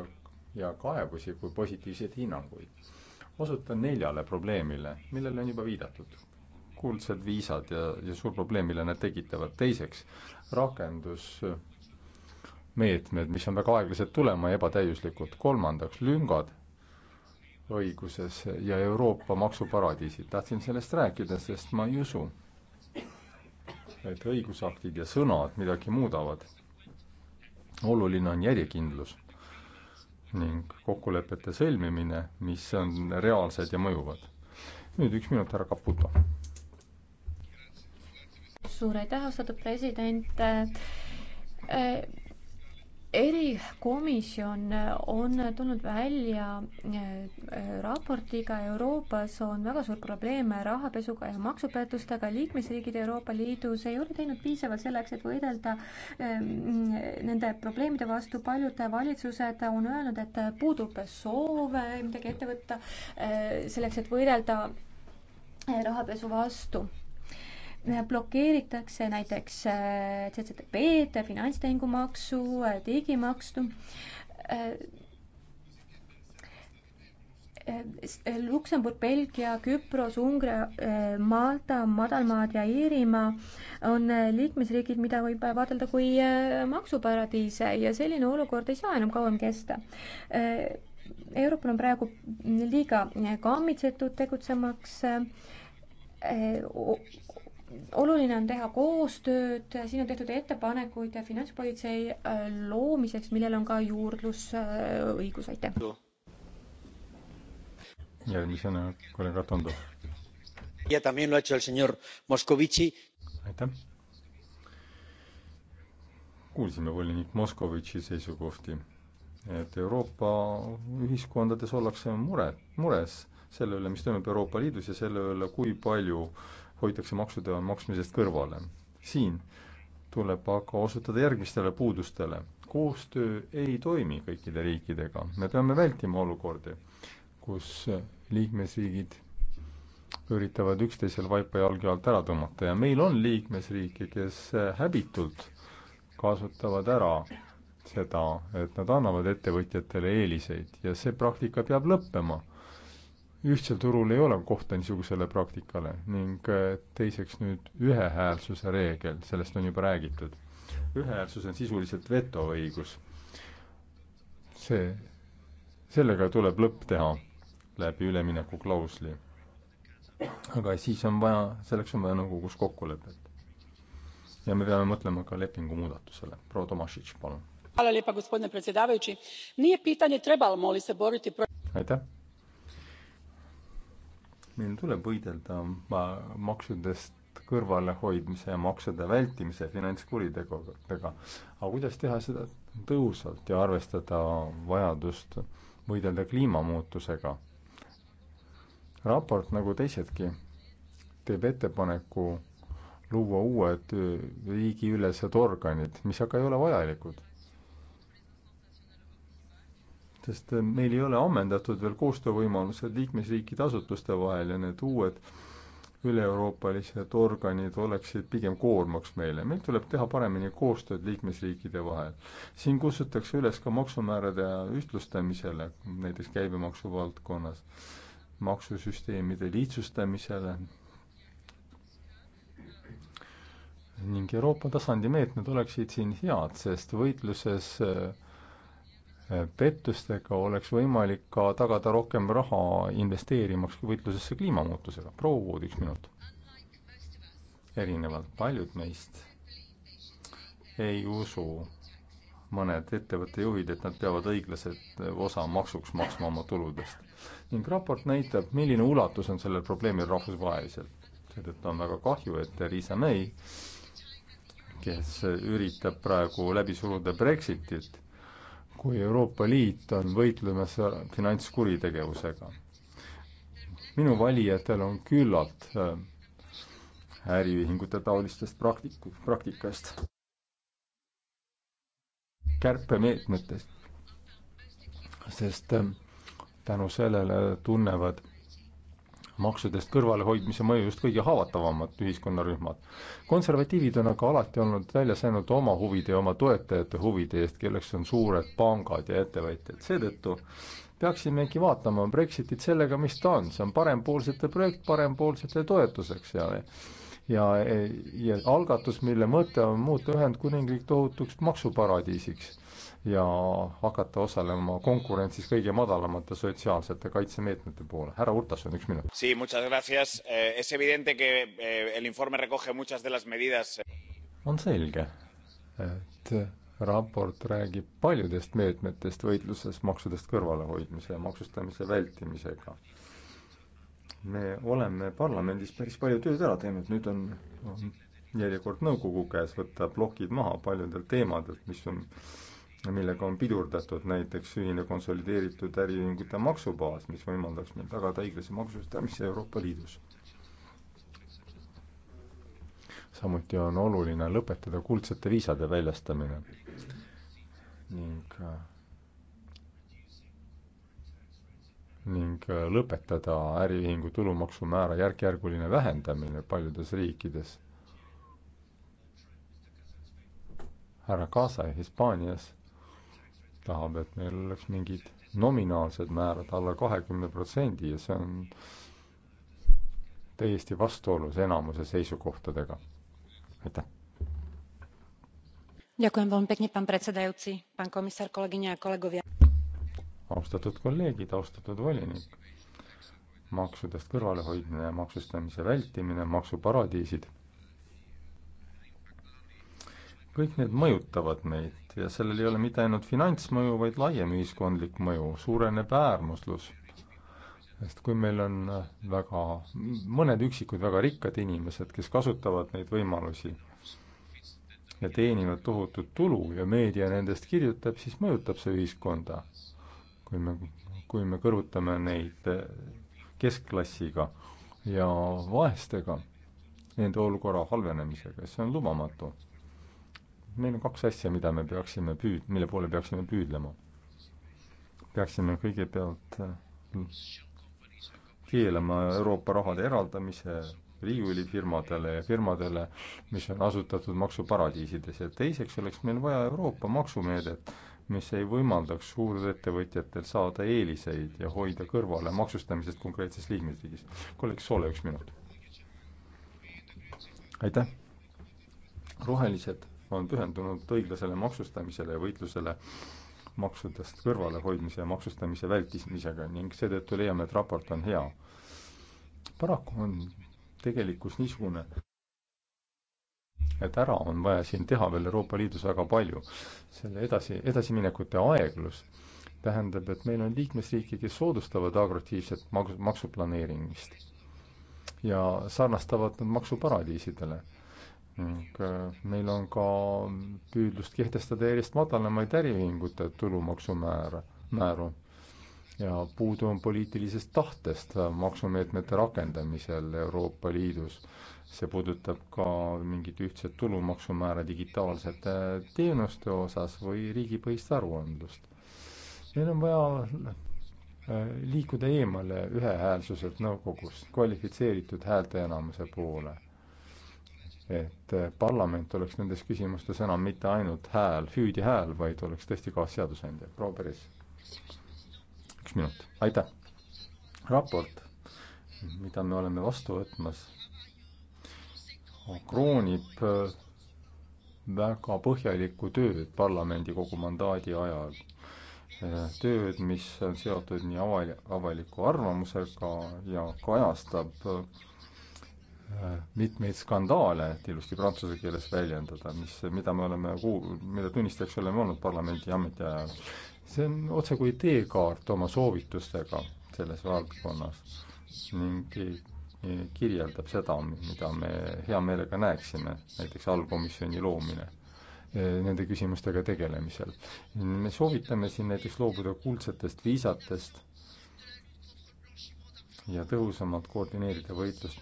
ja kaebusi kui positiivseid hinnanguid. osutan neljale probleemile, millele on juba viidatud. kuldsed viisad ja, ja suur probleem, mille nad tekitavad. teiseks, rakendus äh, meetmed, mis on väga aeglaselt tulema ja ebatäiuslikud. kolmandaks, lüngad õiguses ja Euroopa maksuparadiisid. tahtsin sellest rääkida, sest ma ei usu, et õigusaktid ja sõnad midagi muudavad. oluline on järjekindlus ning kokkulepete sõlmimine, mis on reaalsed ja mõjuvad. nüüd üks minut, härra Caputo. suur aitäh, austatud president äh, erikomisjon on tulnud välja äh, raportiga, Euroopas on väga suur probleem rahapesuga ja maksupettustega, liikmesriigid Euroopa Liidus ei ole teinud piisavalt selleks, et võidelda ähm, nende probleemide vastu, paljud valitsused on öelnud, et puudub soov äh, midagi ette võtta äh, selleks, et võidelda rahapesu vastu blokeeritakse näiteks CCTV-d, äh, finantstehingumaksu, äh, digimaksu äh, Luksemburg, Belgia, Küpros, Ungari, Malta, Madalmaad ja Iirimaa on liikmesriigid, mida võib vaadelda kui maksuparadiise ja selline olukord ei saa enam kauem kesta. Euroopal on praegu liiga kammitsetud tegutsemaks oluline on teha koostööd, siin on tehtud ettepanekuid finantspolitsei äh, loomiseks, millel on ka juurdlusõigus, aitäh. ja lisana kolleeg Atondo. aitäh. kuulsime volinik Moskovitši seisukohti, et Euroopa ühiskondades ollakse mure, mures selle üle, mis toimub Euroopa Liidus ja selle üle, kui palju äh, hoitakse maksude maksmisest kõrvale. siin tuleb aga osutada järgmistele puudustele. koostöö ei toimi kõikide riikidega, me peame vältima olukordi, kus liikmesriigid üritavad üksteisel vaipa jalge alt ära tõmmata ja meil on liikmesriike, kes häbitult kasutavad ära seda, et nad annavad ettevõtjatele eeliseid ja see praktika peab lõppema ühtsel turul ei ole kohta niisugusele praktikale ning äh, teiseks nüüd ühehäälsuse reegel, sellest on juba räägitud. ühehäälsus on sisuliselt vetoõigus. see, sellega tuleb lõpp teha läbi üleminekuklausli. aga siis on vaja, selleks on vaja nõukogus kokkulepet. ja me peame mõtlema ka lepingu muudatusele. proua Tomašitš, palun. aitäh meil tuleb võidelda maksudest kõrvalehoidmise ja maksude vältimise finantskuritegudega. aga kuidas teha seda tõhusalt ja arvestada vajadust võidelda kliimamuutusega? raport, nagu teisedki, teeb ettepaneku luua uued riigiülesed organid, mis aga ei ole vajalikud sest äh, meil ei ole ammendatud veel koostöövõimalused liikmesriikide asutuste vahel ja need uued üle-euroopalised organid oleksid pigem koormaks meile. meil tuleb teha paremini koostööd liikmesriikide vahel. siin kutsutakse üles ka maksumäärade ühtlustamisele, näiteks käibemaksu valdkonnas, maksusüsteemide lihtsustamisele ning Euroopa tasandi meetmed oleksid siin head, sest võitluses äh, pettustega oleks võimalik ka tagada rohkem raha investeerimaks võitlusesse kliimamuutusega. proua Vood, üks minut. erinevalt paljud meist ei usu mõned ettevõtte juhid, et nad peavad õiglaselt osa maksuks maksma oma tuludest. ning raport näitab, milline ulatus on sellel probleemil rahvusvaheliselt. seetõttu on väga kahju, et Theresa May, kes üritab praegu läbi suruda Brexitit, kui Euroopa Liit on võitlemas finantskuritegevusega. minu valijatel on küllalt äh, äriühingute taolistest praktik-, praktikast, kärpemeetmetest, sest äh, tänu sellele tunnevad maksudest kõrvalehoidmise mõju just kõige haavatavamad ühiskonnarühmad. konservatiivid on aga alati olnud väljas ainult oma huvide ja oma toetajate huvide eest, kelleks on suured pangad ja ettevõtjad, seetõttu peaksimegi vaatama Brexitit sellega, mis ta on, see on parempoolsete projekt parempoolsete toetuseks ja ja, ja algatus, mille mõte on muuta Ühendkuningriik tohutuks maksuparadiisiks ja hakata osalema konkurentsis kõige madalamate sotsiaalsete kaitsemeetmete poole. härra Urtasun, üks minut. Sí, muchas gracias. Eh, es evidente que eh, el informe recoge muchas de las medidas. on selge, et raport räägib paljudest meetmetest võitluses maksudest kõrvalehoidmise ja maksustamise vältimisega. me oleme parlamendis päris palju tööd ära teinud, nüüd on, on järjekord nõukogu käes võtta plokid maha paljudelt teemadelt, mis on millega on pidurdatud näiteks ühine konsolideeritud äriühingute maksubaas, mis võimaldaks meil tagada õiglase maksustamise Euroopa Liidus. samuti on oluline lõpetada kuldsete viisade väljastamine ning ning lõpetada äriühingu tulumaksumäära järk-järguline vähendamine paljudes riikides. härra Kaasa Hispaanias tahab, et meil oleks mingid nominaalsed määrad alla kahekümne protsendi ja see on täiesti vastuolus enamuse seisukohtadega. aitäh. austatud kolleegid, austatud volinik, maksudest kõrvalehoidmine ja maksustamise vältimine, maksuparadiisid kõik need mõjutavad meid ja sellel ei ole mitte ainult finantsmõju, vaid laiem ühiskondlik mõju, suureneb äärmuslus. sest kui meil on väga, mõned üksikud väga rikkad inimesed, kes kasutavad neid võimalusi ja teenivad tohutut tulu ja meedia nendest kirjutab, siis mõjutab see ühiskonda. kui me, kui me kõrvutame neid keskklassiga ja vaestega, nende olukorra halvenemisega, see on lubamatu meil on kaks asja, mida me peaksime püüd-, mille poole peaksime püüdlema. peaksime kõigepealt äh, keelama Euroopa rahade eraldamise riiulifirmadele ja firmadele, mis on asutatud maksuparadiisides ja teiseks oleks meil vaja Euroopa maksumeedet, mis ei võimaldaks suurettevõtjatel saada eeliseid ja hoida kõrvale maksustamisest konkreetses liikmesriigis. kolleeg Soole, üks minut. aitäh. rohelised on pühendunud õiglasele maksustamisele ja võitlusele maksudest kõrvalehoidmise ja maksustamise vältimisega ning seetõttu leiame, et raport on hea. paraku on tegelikkus niisugune, et ära on vaja siin teha veel Euroopa Liidus väga palju. selle edasi, edasiminekute aeglus tähendab, et meil on liikmesriike, kes soodustavad agressiivset maksu, maksuplaneerimist ja sarnastavad nad maksuparadiisidele ning äh, meil on ka püüdlust kehtestada järjest madalamaid äriühingute tulumaksumäära, määru. ja puudu on poliitilisest tahtest äh, maksumeetmete rakendamisel Euroopa Liidus. see puudutab ka mingit ühtset tulumaksumäära digitaalsete äh, teenuste osas või riigipõhist aruandlust. meil on vaja liikuda eemale ühehäälsuselt nõukogus kvalifitseeritud häälteenamuse poole et eh, parlament oleks nendes küsimustes enam mitte ainult hääl, hüüdi hääl, vaid oleks tõesti kaasseadusandja. proua Peres. üks minut, aitäh. raport, mida me oleme vastu võtmas, kroonib eh, väga põhjalikku tööd parlamendi kogu mandaadi ajal eh, tööd, mis on seotud nii aval-, avaliku arvamusega ja kajastab ka mitmeid skandaale, et ilusti prantsuse keeles väljendada, mis, mida me oleme kuul-, mille tunnistajaks oleme olnud parlamendi ametiajal. see on otsekui teekaart oma soovitustega selles valdkonnas ning kirjeldab seda, mida me hea meelega näeksime, näiteks allkomisjoni loomine eh, nende küsimustega tegelemisel. me soovitame siin näiteks loobuda kuldsetest viisatest ja tõhusamalt koordineerida võitlust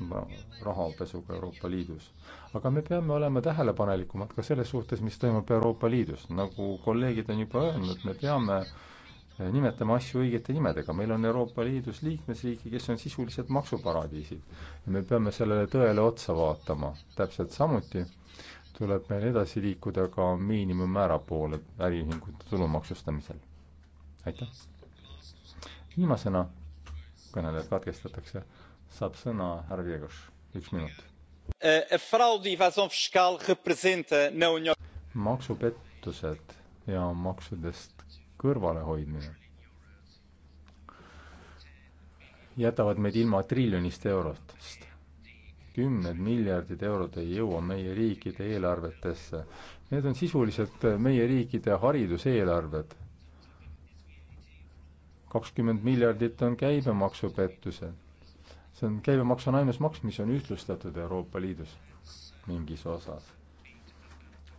rahapesuga Euroopa Liidus. aga me peame olema tähelepanelikumad ka selles suhtes, mis toimub Euroopa Liidus. nagu kolleegid on juba öelnud, me peame eh, nimetama asju õigete nimedega. meil on Euroopa Liidus liikmesriike, kes on sisuliselt maksuparadiisid. ja me peame sellele tõele otsa vaatama. täpselt samuti tuleb meil edasi liikuda ka miinimummäära poole äriühingute tulumaksustamisel. aitäh! viimasena kõnelejad katkestatakse, saab sõna härra Viegas, üks minut. E maksupettused ja maksudest kõrvalehoidmine jätavad meid ilma triljonist eurotest. kümned miljardid eurod ei jõua meie riikide eelarvetesse. Need on sisuliselt meie riikide hariduseelarved kakskümmend miljardit on käibemaksupettused. see on, käibemaks on ainus maks, mis on ühtlustatud Euroopa Liidus mingis osas.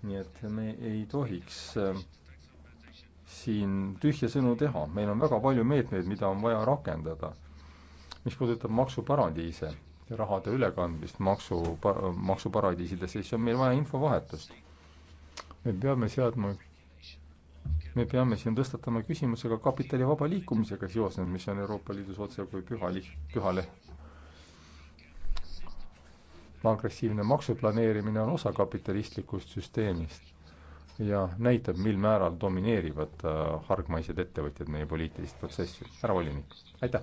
nii et me ei tohiks äh, siin tühje sõnu teha, meil on väga palju meetmeid, mida on vaja rakendada. mis puudutab maksuparadiise ja rahade ülekandmist maksu, maksuparadiisidesse, siis on meil vaja infovahetust. me peame seadma me peame siin tõstatama küsimusega kapitali vaba liikumisega seoses, mis on Euroopa Liidus otse kui püha liht, püha leht. agressiivne maksuplaneerimine on osa kapitalistlikust süsteemist ja näitab, mil määral domineerivad äh, hargmaised ettevõtjad meie poliitilist protsessi. härra volinik, aitäh!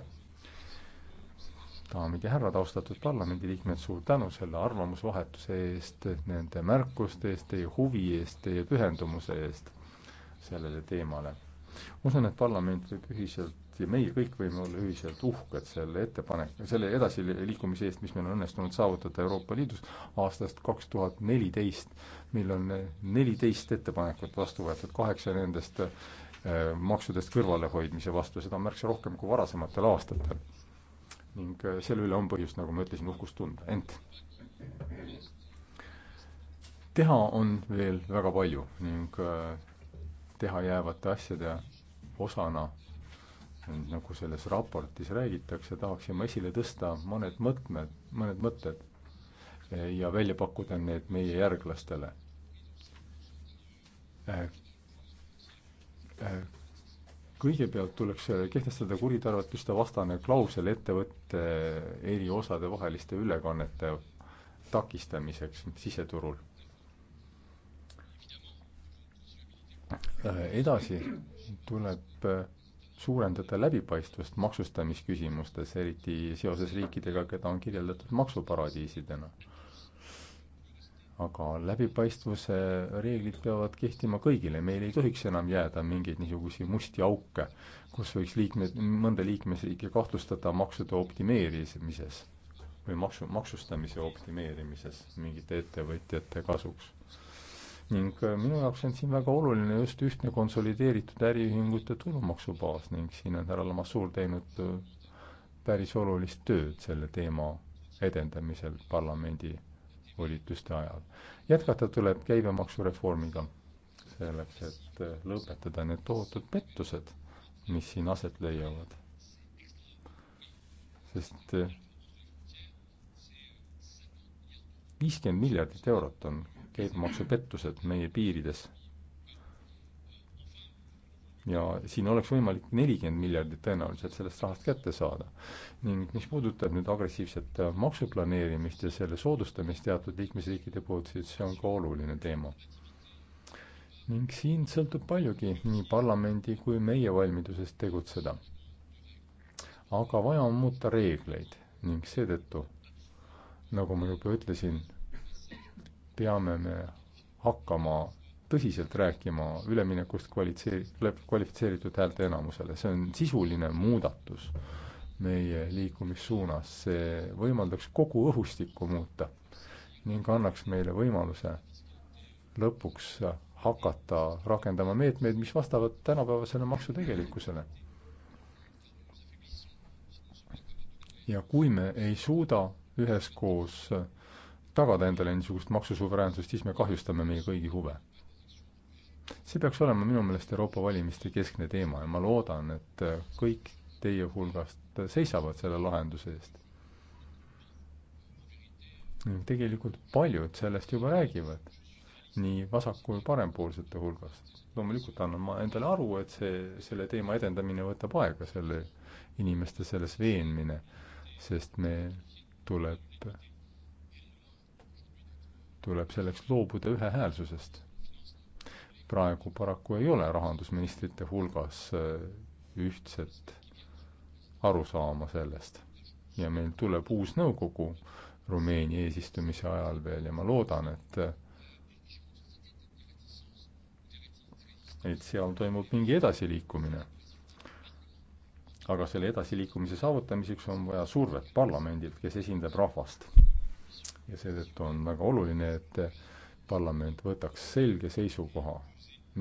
daamid ja härrad, austatud parlamendiliikmed, suur tänu selle arvamusvahetuse eest, nende märkuste eest, teie huvi eest, teie pühendumuse eest sellele teemale. usun, et parlament võib ühiselt ja meie kõik võime olla ühiselt uhked selle ettepaneku, selle edasiliikumise eest, mis meil on õnnestunud saavutada Euroopa Liidus aastast kaks tuhat neliteist, mil on neliteist ettepanekut vastu võetud, kaheksa nendest äh, maksudest kõrvalehoidmise vastu, seda on märksa rohkem kui varasematel aastatel. ning äh, selle üle on põhjust, nagu ma ütlesin, uhkust tunda, ent teha on veel väga palju ning äh, teha jäävate asjade osana, nagu selles raportis räägitakse, tahaksime esile tõsta mõned mõtmed, mõned mõtted ja välja pakkuda need meie järglastele. kõigepealt tuleks kehtestada kuritarvituste vastane klausel ettevõtte eri osade vaheliste ülekannete takistamiseks siseturul Äh, edasi tuleb äh, suurendada läbipaistvust maksustamisküsimustes, eriti seoses riikidega, keda on kirjeldatud maksuparadiisidena. aga läbipaistvuse reeglid peavad kehtima kõigile, meil ei tohiks enam jääda mingeid niisuguseid musti auke, kus võiks liikmed, mõnda liikmesriiki kahtlustada maksude optimeerimises või maksu, maksustamise optimeerimises mingite ettevõtjate kasuks ning äh, minu jaoks on siin väga oluline just ühtne konsolideeritud äriühingute tulumaksubaas ning siin on härra Lamassoor teinud äh, päris olulist tööd selle teema edendamisel parlamendi volituste ajal. jätkata tuleb käibemaksureformiga, selleks et äh, lõpetada need tohutud pettused, mis siin aset leiavad. sest viiskümmend miljardit eurot on käibemaksupettused meie piirides. ja siin oleks võimalik nelikümmend miljardit tõenäoliselt sellest rahast kätte saada. ning mis puudutab nüüd agressiivset maksuplaneerimist ja selle soodustamist teatud liikmesriikide poolt, siis see on ka oluline teema ning siin sõltub paljugi nii parlamendi kui meie valmidusest tegutseda. aga vaja on muuta reegleid ning seetõttu, nagu ma juba ütlesin, peame me hakkama tõsiselt rääkima üleminekust kvalitsee-, kvalifitseeritud häälteenamusele, see on sisuline muudatus meie liikumissuunas, see võimaldaks kogu õhustikku muuta ning annaks meile võimaluse lõpuks hakata rakendama meetmeid, mis vastavad tänapäevasele maksu tegelikkusele. ja kui me ei suuda üheskoos tagada endale niisugust maksusuveräänsust, siis me kahjustame meie kõigi huve. see peaks olema minu meelest Euroopa valimiste keskne teema ja ma loodan, et kõik teie hulgast seisavad selle lahenduse eest. tegelikult paljud sellest juba räägivad, nii vasak- kui parempoolsete hulgast. loomulikult annan ma endale aru, et see, selle teema edendamine võtab aega, selle inimeste selles veenmine, sest me tuleb tuleb selleks loobuda ühehäälsusest. praegu paraku ei ole rahandusministrite hulgas äh, ühtset arusaama sellest. ja meil tuleb uus nõukogu Rumeenia eesistumise ajal veel ja ma loodan, et äh, et seal toimub mingi edasiliikumine. aga selle edasiliikumise saavutamiseks on vaja survet parlamendilt, kes esindab rahvast ja seetõttu on väga oluline, et parlament võtaks selge seisukoha,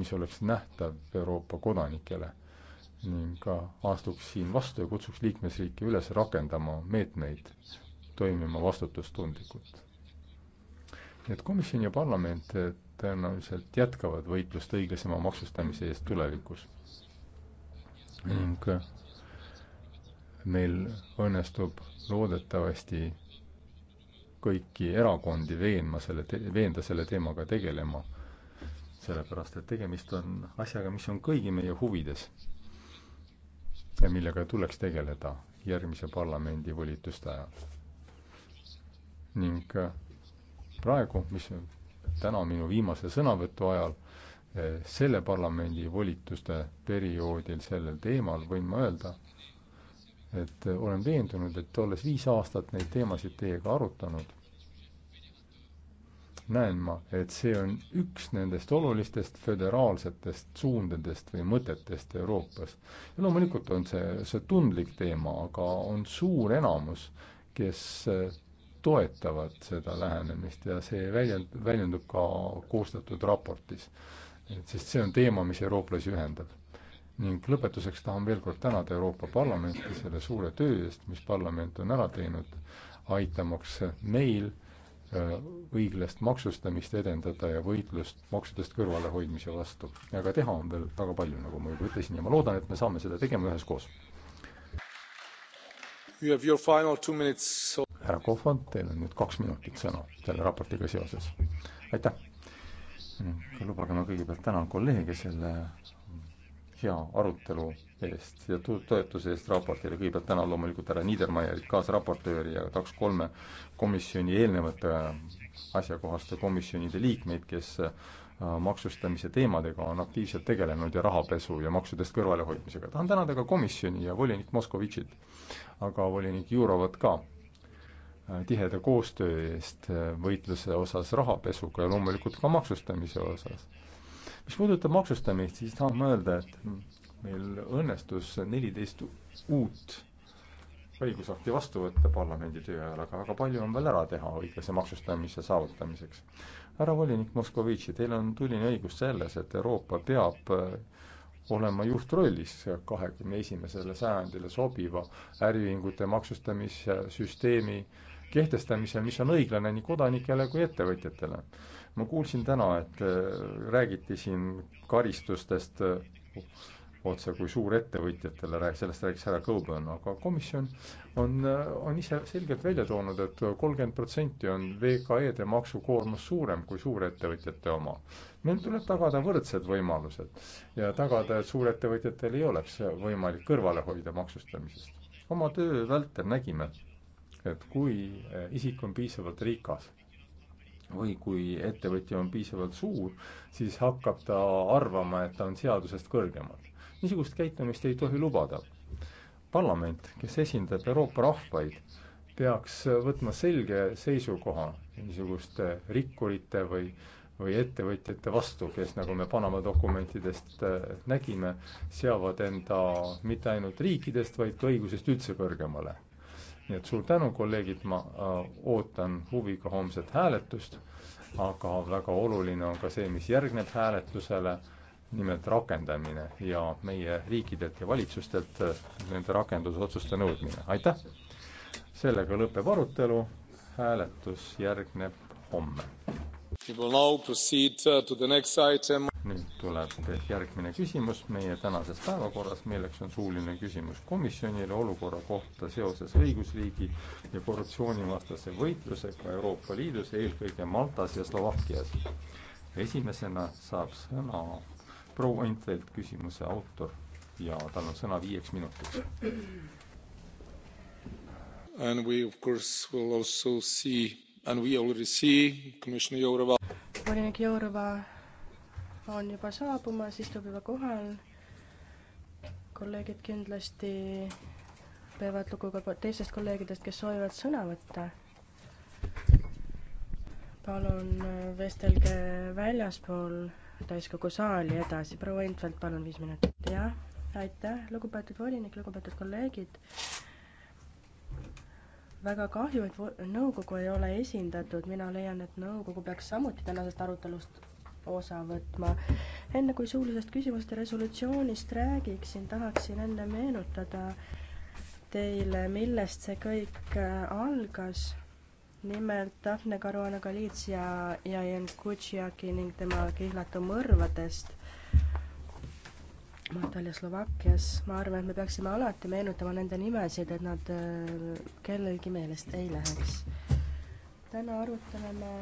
mis oleks nähtav Euroopa kodanikele ning ka astuks siin vastu ja kutsuks liikmesriike üles rakendama meetmeid, toimima vastutustundlikult. nii et komisjon ja parlament tõenäoliselt jätkavad võitlust õiglasema maksustamise eest tulevikus. ning meil õnnestub loodetavasti kõiki erakondi veenma selle, veenda selle teemaga tegelema. sellepärast, et tegemist on asjaga, mis on kõigi meie huvides ja millega tuleks tegeleda järgmise parlamendi volituste ajal. ning äh, praegu, mis on täna minu viimase sõnavõtu ajal, äh, selle parlamendi volituste perioodil sellel teemal võin ma öelda, et äh, olen veendunud, et olles viis aastat neid teemasid teiega arutanud, näen ma, et see on üks nendest olulistest föderaalsetest suundadest või mõtetest Euroopas. ja loomulikult on see, see tundlik teema, aga on suur enamus, kes äh, toetavad seda lähenemist ja see väljend, väljendub ka koostatud raportis. et sest see on teema, mis eurooplasi ühendab ning lõpetuseks tahan veel kord tänada Euroopa Parlamenti selle suure töö eest, mis parlament on ära teinud, aitamaks meil äh, õiglast maksustamist edendada ja võitlust maksudest kõrvalehoidmise vastu. aga teha on veel väga palju, nagu ma juba ütlesin, ja ma loodan, et me saame seda tegema üheskoos. härra Kohvan, teil on nüüd kaks minutit sõna selle raportiga seoses. aitäh! lubage, ma kõigepealt tänan kolleege selle hea arutelu eest ja toetuse eest raportile. kõigepealt tänan loomulikult härra Niedermayerit, kaasraportööri ja kaks kolme komisjoni eelnevate asjakohaste komisjonide liikmeid, kes äh, maksustamise teemadega on aktiivselt tegelenud ja rahapesu ja maksudest kõrvalehoidmisega. tahan tänada ka komisjoni ja volinik Moskovitšit, aga volinik Jurovat ka äh, tiheda koostöö eest äh, võitluse osas rahapesuga ja loomulikult ka maksustamise osas mis puudutab maksustamist, siis tahan ma öelda, et meil õnnestus neliteist uut õigusakti vastu võtta parlamendi töö ajal, aga väga palju on veel ära teha õiglase maksustamise saavutamiseks. härra volinik Moskovitši, teil on tuline õigus selles, et Euroopa peab äh, olema juhtrollis kahekümne esimesele sajandile sobiva äriühingute maksustamise süsteemi äh, kehtestamisel, mis on õiglane nii kodanikele kui ettevõtjatele. ma kuulsin täna, et äh, räägiti siin karistustest äh, otse kui suurettevõtjatele, sellest rääkis härra Kõuben, aga komisjon on, äh, on ise selgelt välja toonud et, et kolmkümmend protsenti on VKE-de maksukoormus suurem kui suurettevõtjate oma. meil tuleb tagada võrdsed võimalused ja tagada, et suurettevõtjatel ei oleks võimalik kõrvale hoida maksustamisest. oma töö vältel nägime, et kui eh, isik on piisavalt rikas või kui ettevõtja on piisavalt suur, siis hakkab ta arvama, et ta on seadusest kõrgemal. niisugust käitumist ei tohi lubada. parlament, kes esindab Euroopa rahvaid, peaks võtma selge seisukoha niisuguste rikkurite või või ettevõtjate vastu, kes, nagu me Panama dokumentidest eh, nägime, seavad enda mitte ainult riikidest, vaid ka õigusest üldse kõrgemale nii et suur tänu, kolleegid, ma äh, ootan huviga homset hääletust, aga väga oluline on ka see, mis järgneb hääletusele, nimelt rakendamine ja meie riikidelt ja valitsustelt äh, nende rakendusotsuste nõudmine, aitäh! sellega lõpeb arutelu, hääletus järgneb homme. We will now proceed uh, to the next item nüüd tuleb järgmine küsimus meie tänases päevakorras, milleks on suuline küsimus komisjonile olukorra kohta seoses õigusriigi ja korruptsioonivastase võitlusega Euroopa Liidus, eelkõige Maltas ja Slovakkias. esimesena saab sõna proua Intvelt, küsimuse autor ja tal on sõna viieks minutiks. And we of course will also see and we already see Commissioner Jourova. volinik Jourova on juba saabumas, istub juba kohal. kolleegid kindlasti peavad lugu ka teistest kolleegidest, kes soovivad sõna võtta. palun äh, vestelge väljaspool täiskogu saali edasi, proua Intvelt, palun viis minutit. jah, aitäh, lugupeetud volinik, lugupeetud kolleegid. väga kahju, et nõukogu ei ole esindatud, mina leian, et nõukogu peaks samuti tänasest arutelust osa võtma. enne kui suulisest küsimuste resolutsioonist räägiksin, tahaksin enne meenutada teile, millest see kõik äh, algas. nimelt Daphne Caruana Galizia ja Jan Kutšiaki ning tema kihlatu mõrvadest Maltal ja Slovakkias. ma arvan, et me peaksime alati meenutama nende nimesid, et nad äh, kellelgi meelest ei läheks. täna arutame me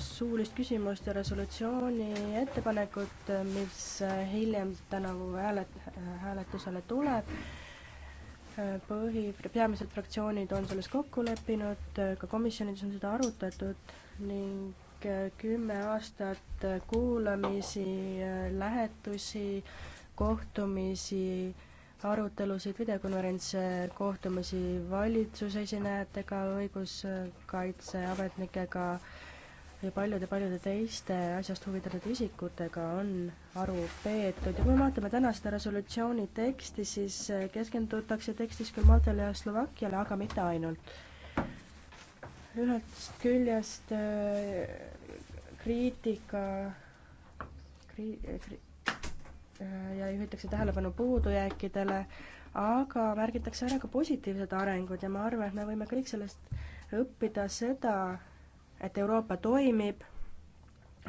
suulist küsimust ja resolutsiooni ettepanekut, mis hiljem tänavu häälet-, hääletusele tuleb. põhi, peamised fraktsioonid on selles kokku leppinud, ka komisjonides on seda arutatud ning kümme aastat kuulamisi, lähetusi, kohtumisi, arutelusid, videokonverentse, kohtumisi valitsuse esinejatega, õiguskaitseametnikega ja paljude-paljude teiste asjast huvitatud isikutega on aru peetud ja kui me vaatame tänast resolutsiooni teksti, siis eh, keskendutakse tekstis küll Maltale ja Slovakkiale, aga mitte ainult. ühest küljest eh, kriitika kri, kri, ja juhitakse tähelepanu puudujääkidele, aga märgitakse ära ka positiivsed arengud ja ma arvan, et me võime kõik sellest õppida seda, et Euroopa toimib,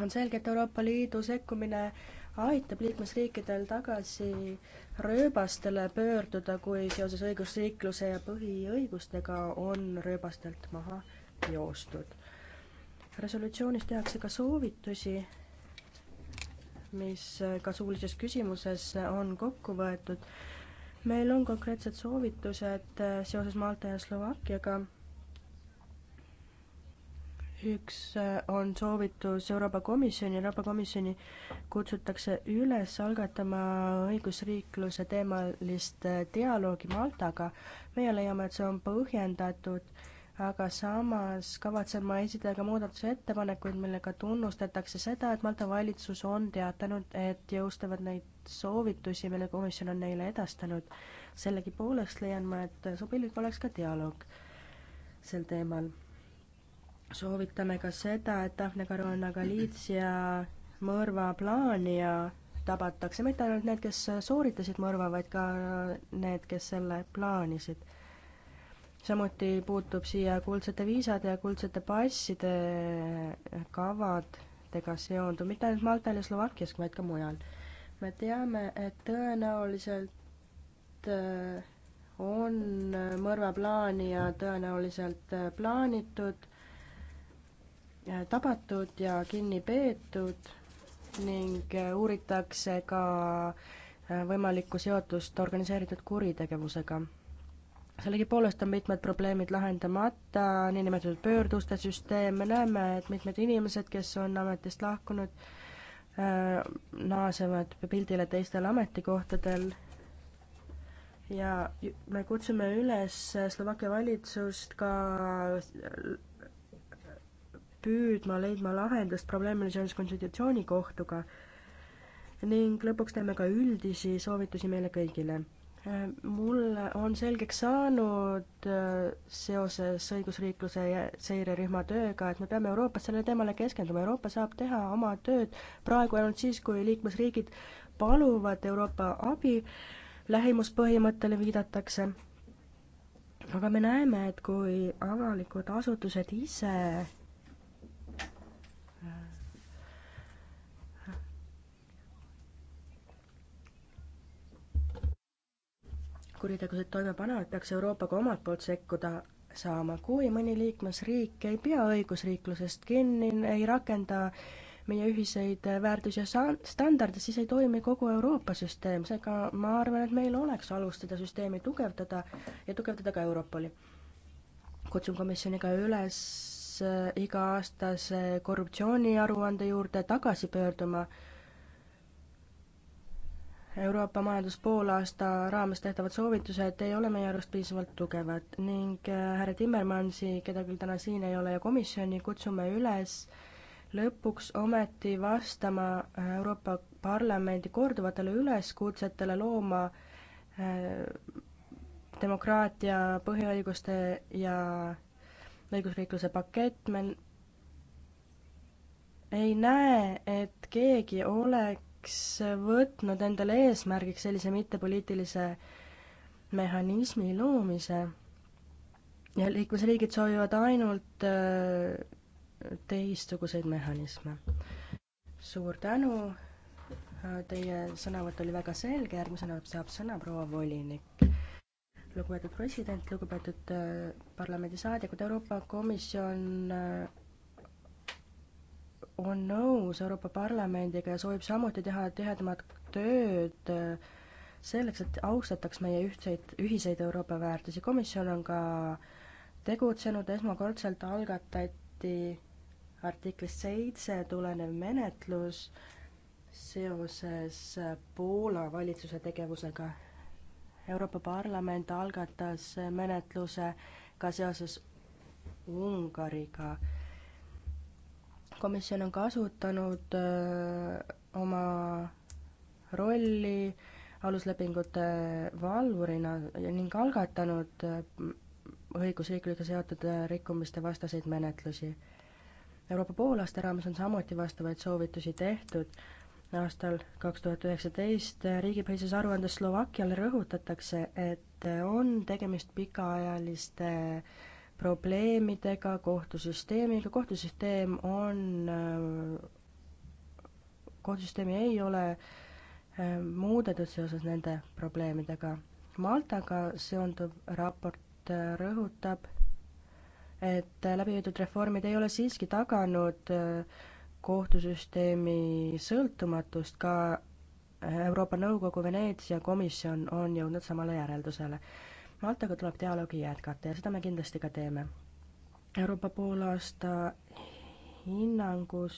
on selge, et Euroopa Liidu sekkumine aitab liikmesriikidel tagasi rööbastele pöörduda, kui seoses õigusriikluse ja põhiõigustega on rööbastelt maha joostud. resolutsioonis tehakse ka soovitusi, mis ka suulises küsimuses on kokku võetud. meil on konkreetsed soovitused seoses Malta ja Slovakkiaga üks äh, on soovitus Euroopa Komisjoni, Euroopa Komisjoni kutsutakse üles algatama õigusriikluse teemalist äh, dialoogi Maltaga. meie leiame, et see on põhjendatud, aga samas kavatsen ma esitada ka muudatusettepanekuid, millega tunnustatakse seda, et Malta valitsus on teatanud, et jõustavad neid soovitusi, mille komisjon on neile edastanud. sellegipoolest leian ma, et sobilik oleks ka dialoog sel teemal soovitame ka seda, et Daphne Caruana Galizia mõrvaplaanija tabatakse, mitte ainult need, kes sooritasid mõrva, vaid ka need, kes selle plaanisid. samuti puutub siia kuldsete viisade ja kuldsete passide kavadega seonduv, mitte ainult Maltal ja Slovakkias, vaid ka mujal. me teame, et tõenäoliselt äh, on mõrvaplaanija tõenäoliselt äh, plaanitud tabatud ja kinni peetud ning äh, uuritakse ka äh, võimalikku seotust organiseeritud kuritegevusega. sellegipoolest on mitmed probleemid lahendamata, niinimetatud pöörduste süsteem, me näeme, et mitmed inimesed, kes on ametist lahkunud, äh, naasevad pildile teistel ametikohtadel ja me kutsume üles Slovakkia valitsust ka püüdma leidma lahendust probleemile seoses konstitutsioonikohtuga ning lõpuks teeme ka üldisi soovitusi meile kõigile. Äh, mulle on selgeks saanud äh, seoses õigusriikluse seirerühma tööga, et me peame Euroopas sellele teemale keskenduma, Euroopa saab teha oma tööd praegu ainult siis, kui liikmesriigid paluvad Euroopa abi, lähimuspõhimõttele viidatakse aga me näeme, et kui avalikud asutused ise kuritegusid toime panevad, peaks Euroopa ka omalt poolt sekkuda saama. kui mõni liikmesriik ei pea õigusriiklusest kinni, ei rakenda meie ühiseid väärtusi ja standarde, siis ei toimi kogu Euroopa süsteem, seega ma arvan, et meil oleks alust seda süsteemi tugevdada ja tugevdada ka Europoli. kutsun komisjoni ka üles iga-aastase korruptsiooniaruande juurde tagasi pöörduma Euroopa majanduspoolaasta raames tehtavad soovitused ei ole meie arust piisavalt tugevad ning äh, härra Timmermansi, keda küll täna siin ei ole, ja komisjoni kutsume üles lõpuks ometi vastama äh, Euroopa Parlamendi korduvatele üleskutsetele looma äh, demokraatia, põhiõiguste ja õigusriikluse pakett, me ei näe, et keegi oleks oleks võtnud endale eesmärgiks sellise mittepoliitilise mehhanismi loomise ja liikmesriigid soovivad ainult äh, teistsuguseid mehhanisme. suur tänu, teie sõnavõtt oli väga selge, järgmisena saab sõna proua volinik. lugupeetud president, lugupeetud äh, parlamendisaadikud, Euroopa Komisjon äh, on nõus Euroopa Parlamendiga ja soovib samuti teha tihedamat tööd äh, selleks, et austataks meie ühtseid, ühiseid Euroopa väärtusi. komisjon on ka tegutsenud, esmakordselt algatati artiklist seitse tulenev menetlus seoses äh, Poola valitsuse tegevusega. Euroopa Parlament algatas menetluse ka seoses Ungariga komisjon on kasutanud öö, äh, oma rolli aluslepingute valvurina ning algatanud äh, õigusriiklusega seotud äh, rikkumiste vastaseid menetlusi. Euroopa poolaasta raames on samuti vastavaid soovitusi tehtud. aastal kaks tuhat üheksateist riigipõhises aruandes Slovakkiale rõhutatakse, et on tegemist pikaajaliste probleemidega kohtusüsteemiga, kohtusüsteem on, kohtusüsteemi ei ole äh, muudetud seoses nende probleemidega. Maltaga seonduv raport äh, rõhutab, et äh, läbi viidud reformid ei ole siiski taganud kohtusüsteemi sõltumatust, ka Euroopa Nõukogu Veneetsia komisjon on jõudnud samale järeldusele. Maltaga tuleb dialoogi jätkata ja seda me kindlasti ka teeme. Euroopa poolaasta hinnangus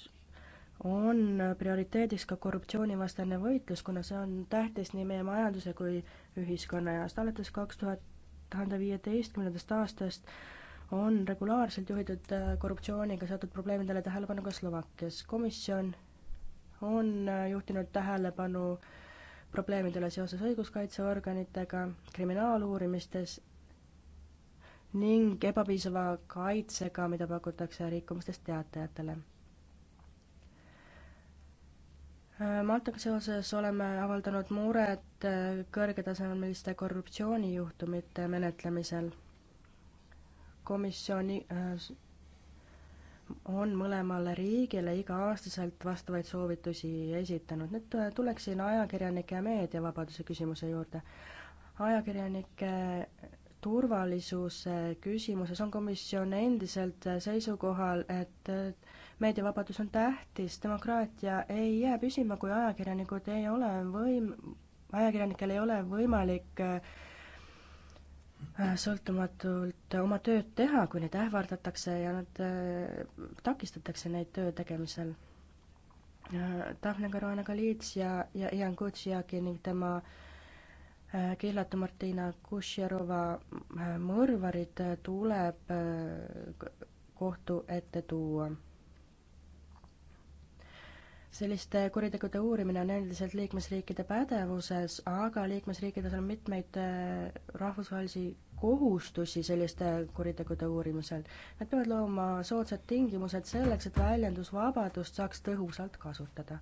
on prioriteediks ka korruptsioonivastane võitlus, kuna see on tähtis nii meie majanduse kui ühiskonna jaoks. alates kaks tuhat tuhande viieteistkümnendast aastast on regulaarselt juhitud äh, korruptsiooniga seotud probleemidele tähelepanu ka Slovakkias. komisjon on äh, juhtinud tähelepanu äh, probleemidele seoses õiguskaitseorganitega, kriminaaluurimistes ning ebapiisava kaitsega, mida pakutakse rikkumistest teatajatele. Maltaga seoses oleme avaldanud muret kõrgetasemeliste korruptsioonijuhtumite menetlemisel. komisjoni äh, on mõlemale riigile iga-aastaselt vastavaid soovitusi esitanud. nüüd äh, tuleksin ajakirjanike ja meediavabaduse küsimuse juurde. ajakirjanike turvalisuse küsimuses on komisjon endiselt seisukohal, et äh, meediavabadus on tähtis, demokraatia ei jää püsima, kui ajakirjanikud ei ole võim-, ajakirjanikel ei ole võimalik äh, Äh, sõltumatult oma tööd teha, kui neid ähvardatakse ja nad äh,, takistatakse neid töö tegemisel äh,. Daphne Caruana Galizia ja, ja Ian Kutsiaki ning tema äh, kihlatu Martina Kušjerova äh, mõrvarid äh, tuleb kohtu ette tuua selliste kuritegude uurimine on endiselt liikmesriikide pädevuses, aga liikmesriikides on mitmeid äh, rahvusvahelisi kohustusi selliste kuritegude uurimisel. Nad peavad looma soodsad tingimused selleks, et väljendusvabadust saaks tõhusalt kasutada.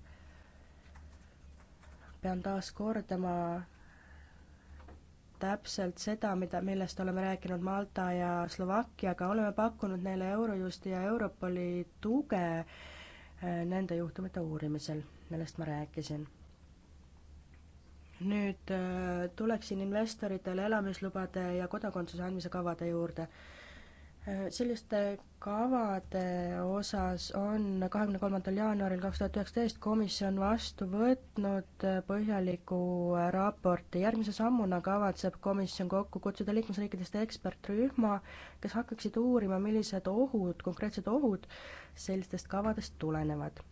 pean taas kordama täpselt seda, mida, millest oleme rääkinud Malta ja Slovakkiaga, oleme pakkunud neile Eurojusti ja Europoli tuge Äh, nende juhtumite uurimisel, millest ma rääkisin. nüüd äh, tuleksin investoritele elamislubade ja kodakondsuse andmise kavade juurde Äh, selliste kavade osas on kahekümne kolmandal jaanuaril kaks tuhat üheksateist komisjon vastu võtnud äh, põhjaliku äh, raporti. järgmise sammuna kavatseb komisjon kokku kutsuda liikmesriikidest ekspertrühma, kes hakkaksid uurima, millised ohud, konkreetsed ohud sellistest kavadest tulenevad.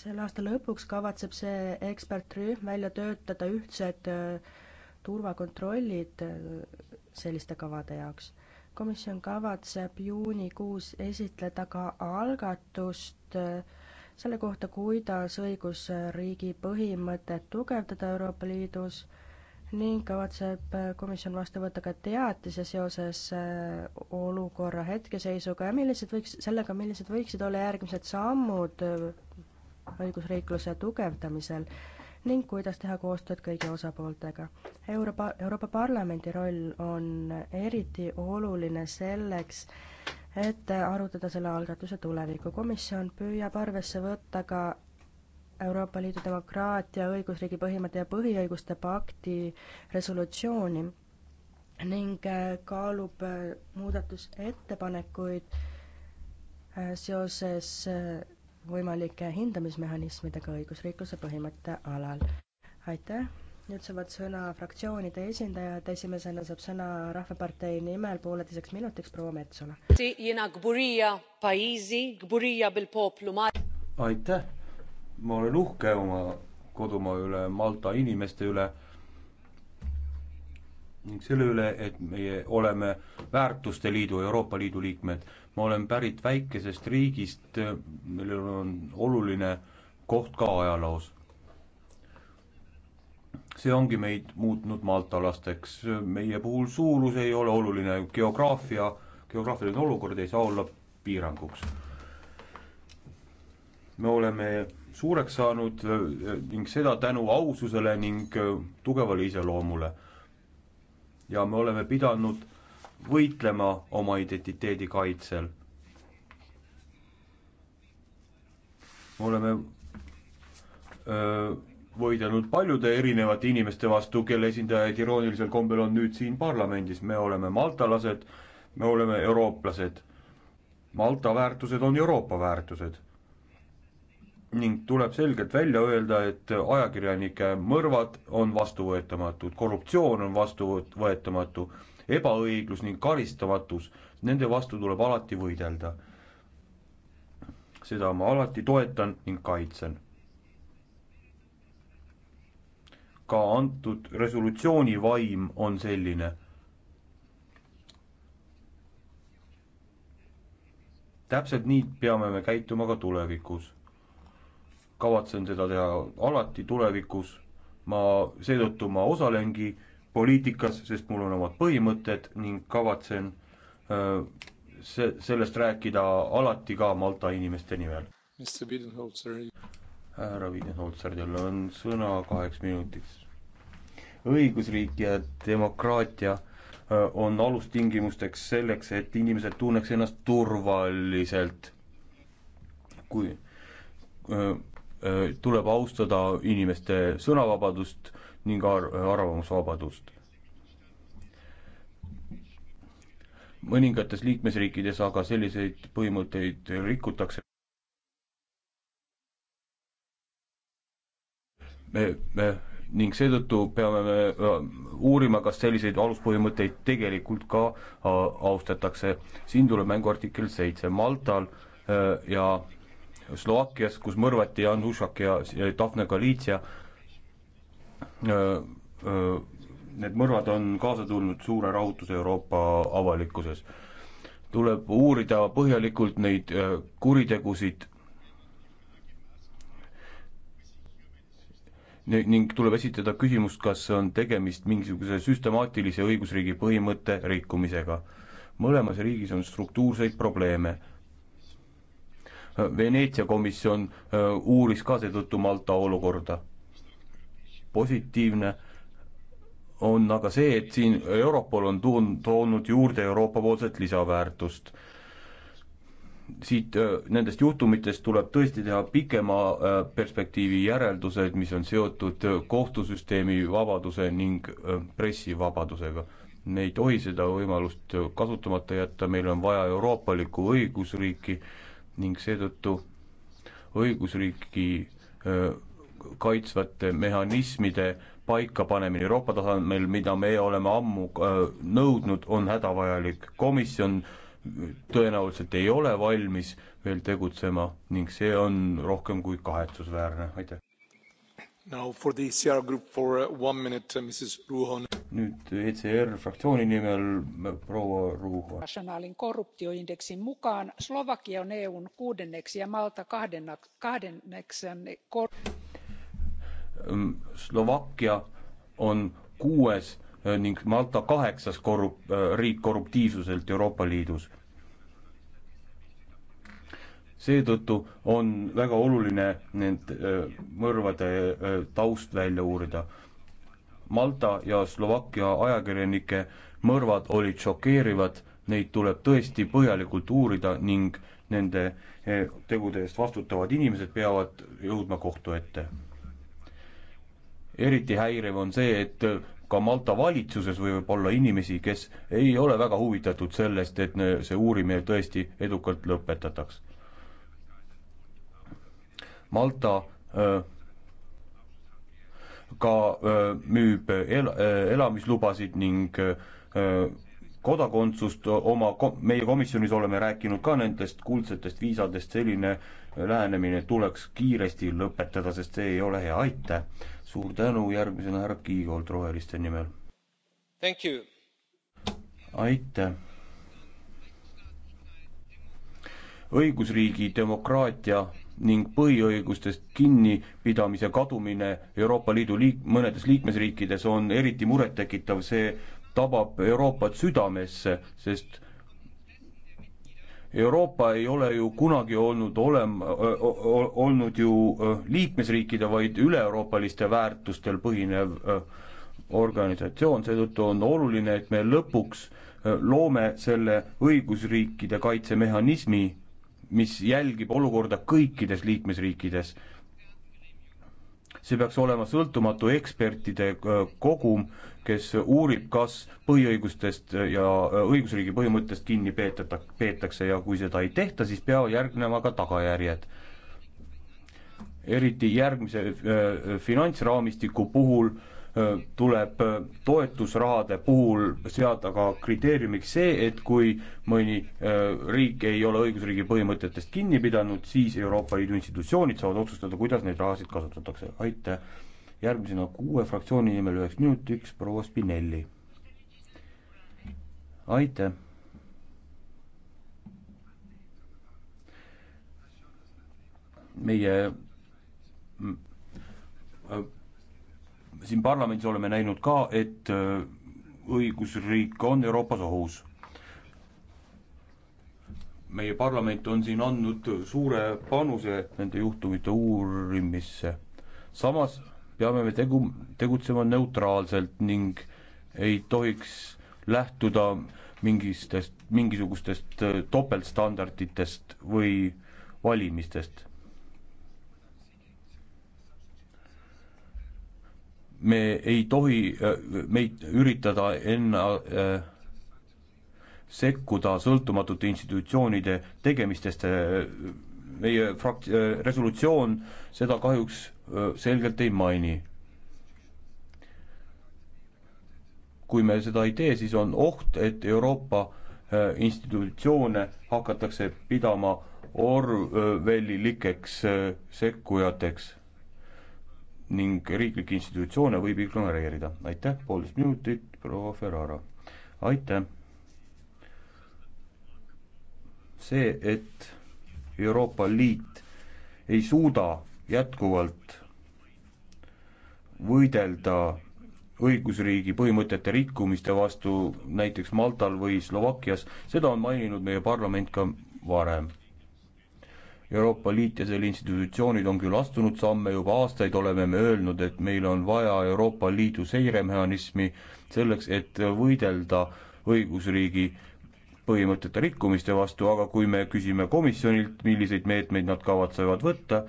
selle aasta lõpuks kavatseb see ekspertrühm välja töötada ühtsed turvakontrollid selliste kavade jaoks. komisjon kavatseb juunikuus esitleda ka algatust äh, selle kohta, kuidas õigusriigi põhimõtet tugevdada Euroopa Liidus ning kavatseb äh, komisjon vastu võtta ka teatise seoses äh, olukorra hetkeseisuga ja millised võiks, sellega, millised võiksid olla järgmised sammud õigusriikluse tugevdamisel ning kuidas teha koostööd kõigi osapooltega. Euroopa, Euroopa Parlamendi roll on eriti oluline selleks, et arutada selle algatuse tulevikku. komisjon püüab arvesse võtta ka Euroopa Liidu demokraatia, õigusriigi põhimõtte ja põhiõiguste pakti resolutsiooni ning kaalub muudatusettepanekuid seoses võimalike hindamismehhanismidega õigusriikluse põhimõtte alal. aitäh, nüüd saavad sõna fraktsioonide esindajad, esimesena saab sõna Rahvapartei nimel pooleteiseks minutiks proua Metsola. aitäh, ma olen uhke oma kodumaa üle, Malta inimeste üle ning selle üle, et meie oleme väärtuste liidu, Euroopa Liidu liikmed ma olen pärit väikesest riigist, millel on oluline koht ka ajaloos. see ongi meid muutnud maltalasteks, meie puhul suurus ei ole oluline, geograafia, geograafiline olukord ei saa olla piiranguks. me oleme suureks saanud eh, ning seda tänu aususele ning eh, tugevale iseloomule. ja me oleme pidanud võitlema oma identiteedi kaitsel. me oleme öö, võidelnud paljude erinevate inimeste vastu, kelle esindajaid iroonilisel kombel on nüüd siin parlamendis, me oleme maltalased, me oleme eurooplased. Malta väärtused on Euroopa väärtused. ning tuleb selgelt välja öelda, et ajakirjanike mõrvad on vastuvõetamatud, korruptsioon on vastuvõetamatu ebaõiglus ning karistamatus, nende vastu tuleb alati võidelda. seda ma alati toetan ning kaitsen. ka antud resolutsiooni vaim on selline täpselt nii peame me käituma ka tulevikus. kavatsen seda teha alati tulevikus, ma, seetõttu ma osalengi poliitikas, sest mul on omad põhimõtted ning kavatsen öö, see, sellest rääkida alati ka Malta inimeste nimel. härra Wiedenholzer, teil on sõna kaheks minutiks. õigusriik ja demokraatia öö, on alustingimusteks selleks, et inimesed tunneks ennast turvaliselt. kui öö, tuleb austada inimeste sõnavabadust ning ar-, arvamusvabadust. mõningates liikmesriikides aga selliseid põhimõtteid rikutakse. me, me ning seetõttu peame me äh, uurima, kas selliseid aluspõhimõtteid tegelikult ka äh, austatakse. siin tuleb mängu artikkel seitse Maltal äh, ja Slovakkias, kus mõrvati Jan Hušak ja Daphne Galizia Äh, äh, need mõrvad on kaasa tulnud suure rahutuse Euroopa avalikkuses. tuleb uurida põhjalikult neid äh, kuritegusid ning tuleb esitada küsimus, kas on tegemist mingisuguse süstemaatilise õigusriigi põhimõtte rikkumisega. mõlemas riigis on struktuurseid probleeme. Veneetsia komisjon uuris ka seetõttu Malta olukorda positiivne on aga see, et siin Europol on tuun-, toonud juurde Euroopa-poolset lisaväärtust. siit äh, nendest juhtumitest tuleb tõesti teha pikema äh, perspektiivi järeldused, mis on seotud äh, kohtusüsteemi vabaduse ning pressivabadusega. me ei tohi seda võimalust kasutamata jätta, meil on vaja euroopalikku õigusriiki ning seetõttu õigusriiki öö, kaitsvate mehhanismide paikapanemine Euroopa tasemel, mida me oleme ammu äh, nõudnud, on hädavajalik. komisjon tõenäoliselt ei ole valmis veel tegutsema ning see on rohkem kui kahetsusväärne, aitäh. E uh, minute, uh, nüüd ECR fraktsiooni nimel äh, proua Ruuho. nationaalin korruptioindeksin mukaan Slovakkia on EUn kuudenneksi ja Malta kahdenneksi. Ehm, Slovakkia on kuues eh, ning Malta kaheksas korrup-, eh, riik korruptiivsuselt Euroopa Liidus. seetõttu on väga oluline nende eh, mõrvade taust välja uurida. Malta ja Slovakkia ajakirjanike mõrvad olid šokeerivad, neid tuleb tõesti põhjalikult uurida ning nende tegude eest vastutavad inimesed peavad jõudma kohtu ette eriti häiriv on see, et ka Malta valitsuses võib olla inimesi, kes ei ole väga huvitatud sellest, et see uurimine tõesti edukalt lõpetataks. Malta öö, ka öö, müüb el-, elamislubasid ning öö, kodakondsust oma kom-, meie komisjonis oleme rääkinud ka nendest kuldsetest viisadest, selline lähenemine tuleks kiiresti lõpetada, sest see ei ole hea, aitäh! suur tänu, järgmisena härra Kiigolt Roheliste nimel. aitäh! õigusriigi, demokraatia ning põhiõigustest kinnipidamise kadumine Euroopa Liidu liik-, mõnedes liikmesriikides on eriti murettekitav, see tabab Euroopat südamesse, sest Euroopa ei ole ju kunagi olnud olem-, olnud ju liikmesriikide, vaid üle-euroopaliste väärtustel põhinev organisatsioon, seetõttu on oluline, et me lõpuks loome selle õigusriikide kaitsemehhanismi, mis jälgib olukorda kõikides liikmesriikides see peaks olema sõltumatu ekspertide äh, kogum, kes uurib, kas põhiõigustest ja äh, õigusriigi põhimõttest kinni peeteta, peetakse ja kui seda ei tehta, siis peavad järgnema ka tagajärjed. eriti järgmise äh, finantsraamistiku puhul äh, tuleb toetusrahade puhul seada ka kriteeriumiks see, et kui mõni riik ei ole õigusriigi põhimõtetest kinni pidanud, siis Euroopa Liidu institutsioonid saavad otsustada, kuidas neid rahasid kasutatakse. aitäh! järgmisena kuue fraktsiooni nimel üheks minutiks proua Spinelli. aitäh! meie siin parlamendis oleme näinud ka, et äh, õigusriik on Euroopas ohus. meie parlament on siin andnud suure panuse nende juhtumite uurimisse. samas peame me tegu, tegutsema neutraalselt ning ei tohiks lähtuda mingistest, mingisugustest äh, topeltstandarditest või valimistest me ei tohi meid üritada enna äh, sekkuda sõltumatute institutsioonide tegemistest äh,. meie frakt- äh,, resolutsioon seda kahjuks äh, selgelt ei maini. kui me seda ei tee, siis on oht, et Euroopa äh, institutsioone hakatakse pidama Orwellilikeks äh, sekkujateks ning riiklikke institutsioone võib ignoreerida. aitäh, poolteist minutit, proua Ferrara. aitäh. see, et Euroopa Liit ei suuda jätkuvalt võidelda õigusriigi põhimõtete rikkumiste vastu näiteks Maltal või Slovakkias, seda on maininud meie parlament ka varem Euroopa Liit ja selle institutsioonid on küll astunud samme, juba aastaid oleme me öelnud, et meil on vaja Euroopa Liidu seiremehhanismi selleks, et võidelda õigusriigi põhimõtete rikkumiste vastu, aga kui me küsime komisjonilt, milliseid meetmeid nad kavatsevad võtta,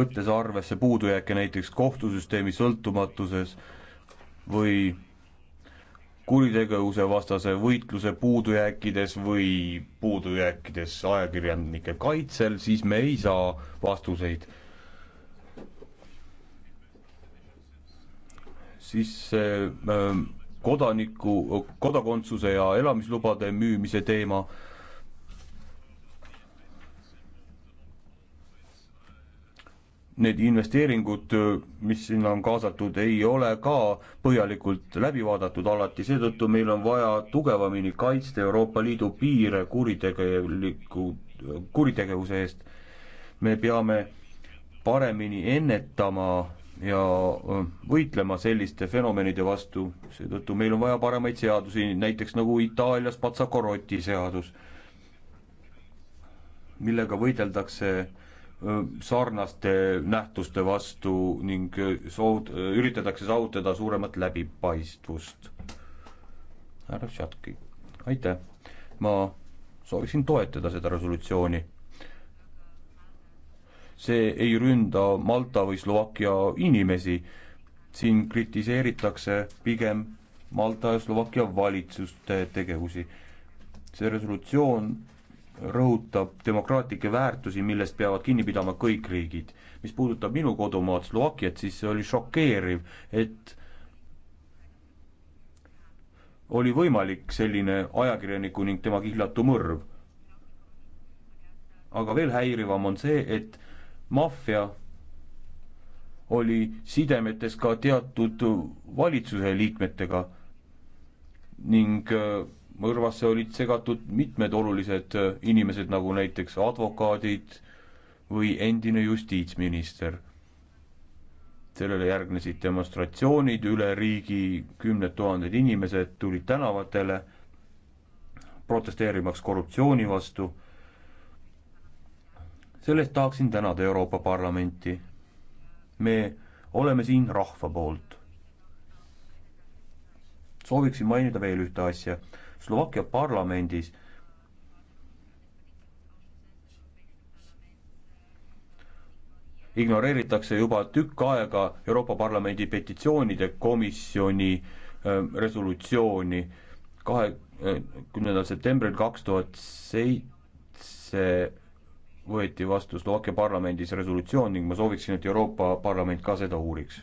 võttes arvesse puudujääke näiteks kohtusüsteemi sõltumatuses või kuritegevuse vastase võitluse puudujääkides või puudujääkides ajakirjanike kaitsel, siis me ei saa vastuseid. siis see äh, äh, kodaniku, kodakondsuse ja elamislubade müümise teema need investeeringud, äh, mis sinna on kaasatud, ei ole ka põhjalikult läbi vaadatud alati, seetõttu meil on vaja tugevamini kaitsta Euroopa Liidu piire kuritegeliku, kuritegevuse eest. me peame paremini ennetama ja äh, võitlema selliste fenomenide vastu, seetõttu meil on vaja paremaid seadusi, näiteks nagu Itaalias Pazzacoroti seadus, millega võideldakse äh, sarnaste nähtuste vastu ning soov-, üritatakse saavutada suuremat läbipaistvust. härra Šatki, aitäh. ma sooviksin toetada seda resolutsiooni. see ei ründa Malta või Slovakkia inimesi, siin kritiseeritakse pigem Malta ja Slovakkia valitsuste tegevusi. see resolutsioon rõhutab demokraatlikke väärtusi, millest peavad kinni pidama kõik riigid. mis puudutab minu kodumaad Slovakkiat, siis see oli šokeeriv, et oli võimalik selline ajakirjaniku ning tema kihlatu mõrv. aga veel häirivam on see, et maffia oli sidemetes ka teatud valitsuse liikmetega ning äh, mõrvasse olid segatud mitmed olulised äh, inimesed, nagu näiteks advokaadid või endine justiitsminister. sellele järgnesid demonstratsioonid üle riigi, kümned tuhanded inimesed tulid tänavatele protesteerimaks korruptsiooni vastu. sellest tahaksin tänada Euroopa Parlamenti. me oleme siin rahva poolt. sooviksin mainida veel ühte asja Slovakkia parlamendis ignoreeritakse juba tükk aega Euroopa Parlamendi petitsioonide komisjoni resolutsiooni kahekümnendal septembril kaks tuhat seitse võeti vastu Slovakkia parlamendis resolutsioon ning ma sooviksin, et Euroopa Parlament ka seda uuriks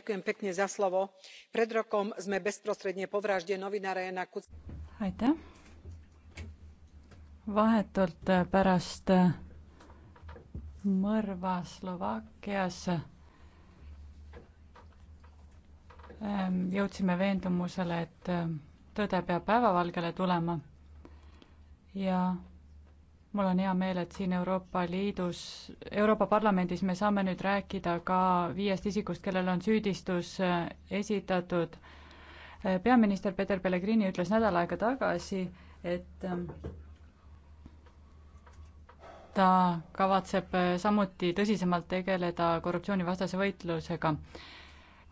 pani predsjedavajuća pred rokom sme bezprostredne po vraždi novinara jana kuciaka. vahetult eh, pärast eh, mõrva slovakkias eh, jõudsime veendumusele et tõde peab päevavalgele tulema ja mul on hea meel, et siin Euroopa Liidus, Euroopa Parlamendis me saame nüüd rääkida ka viiest isikust, kellel on süüdistus eh, esitatud. Eh, peaminister Peter Pellegrini ütles nädal aega tagasi, et eh, ta kavatseb samuti tõsisemalt tegeleda korruptsioonivastase võitlusega.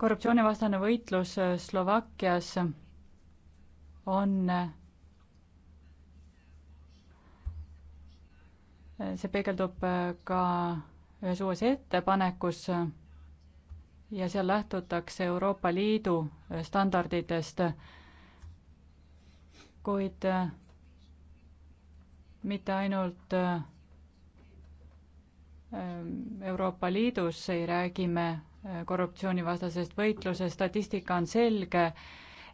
korruptsioonivastane võitlus Slovakkias on see peegeldub äh, ka ühes uues ettepanekus ja seal lähtutakse Euroopa Liidu äh, standarditest, kuid äh, mitte ainult Euroopa Liidus ei räägi me korruptsioonivastasest võitlusest, statistika on selge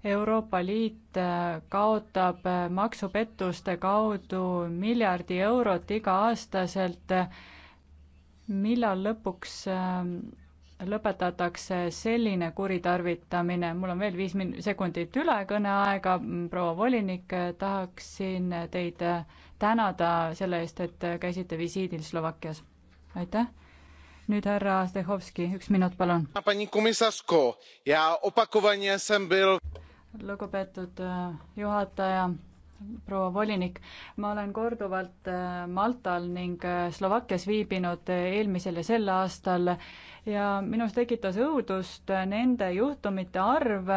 Euroopa Liit äh, kaotab äh, maksupettuste kaudu miljardi eurot iga-aastaselt. millal lõpuks ähm, lõpetatakse selline kuritarvitamine, mul on veel viis min-, sekundit üle kõneaega, proua volinik, tahaksin teid äh, tänada selle eest, et käisite visiidil Slovakkias. aitäh! nüüd härra Zdechovski, üks minut, palun lugupeetud äh, juhataja, proua volinik, ma olen korduvalt äh, Maltal ning äh, Slovakkias viibinud eelmisel ja sel aastal ja minus tekitas õudust nende juhtumite arv,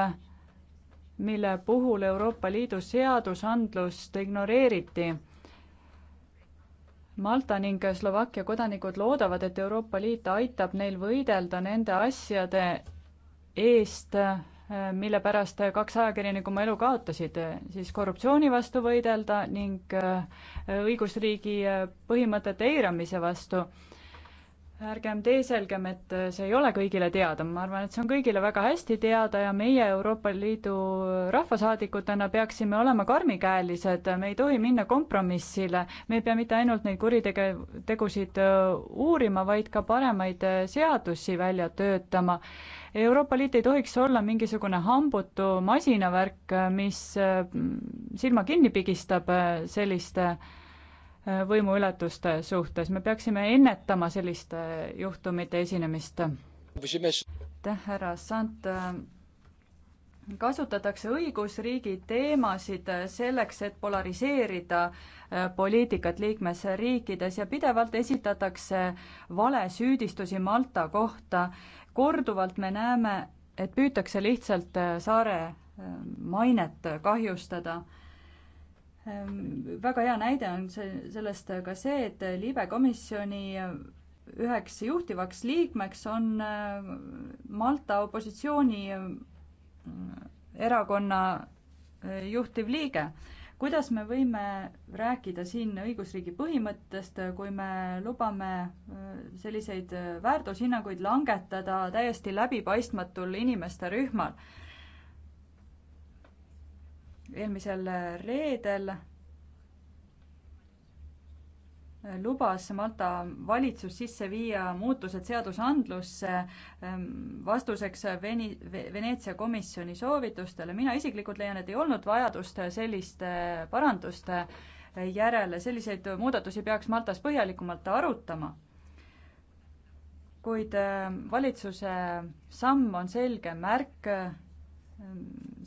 mille puhul Euroopa Liidu seadusandlust ignoreeriti Malta ning Slovakkia kodanikud loodavad, et Euroopa Liit aitab neil võidelda nende asjade eest, mille pärast kaks ajakirjanikku oma elu kaotasid, siis korruptsiooni vastu võidelda ning äh, õigusriigi äh, põhimõtete eiramise vastu. ärgem teeselgem, et äh, see ei ole kõigile teada, ma arvan, et see on kõigile väga hästi teada ja meie Euroopa Liidu rahvasaadikutena peaksime olema karmikäelised, me ei tohi minna kompromissile, me ei pea mitte ainult neid kuritege-, tegusid uurima, vaid ka paremaid seadusi välja töötama Euroopa Liit ei tohiks olla mingisugune hambutu masinavärk, mis mm, silma kinni pigistab äh, selliste äh, võimuületuste suhtes, me peaksime ennetama selliste äh, juhtumite esinemist. aitäh, härra Sant kasutatakse õigusriigi teemasid selleks, et polariseerida poliitikat liikmesriikides ja pidevalt esitatakse valesüüdistusi Malta kohta korduvalt me näeme, et püütakse lihtsalt äh, saare äh, mainet äh, kahjustada. Ähm, väga hea näide on see, sellest ka see, et liibe komisjoni üheks juhtivaks liikmeks on Malta opositsiooni erakonna juhtivliige kuidas me võime rääkida siin õigusriigi põhimõttest, kui me lubame äh, selliseid äh, väärtushinnanguid langetada täiesti läbipaistmatul inimeste rühmal? eelmisel reedel lubas Malta valitsus sisse viia muutused seadusandlusse ehm, vastuseks Veni-, Veneetsia komisjoni soovitustele. mina isiklikult leian, et ei olnud vajadust selliste ehm, paranduste ehm, järele, selliseid muudatusi peaks Maltas põhjalikumalt arutama. kuid valitsuse samm on selge märk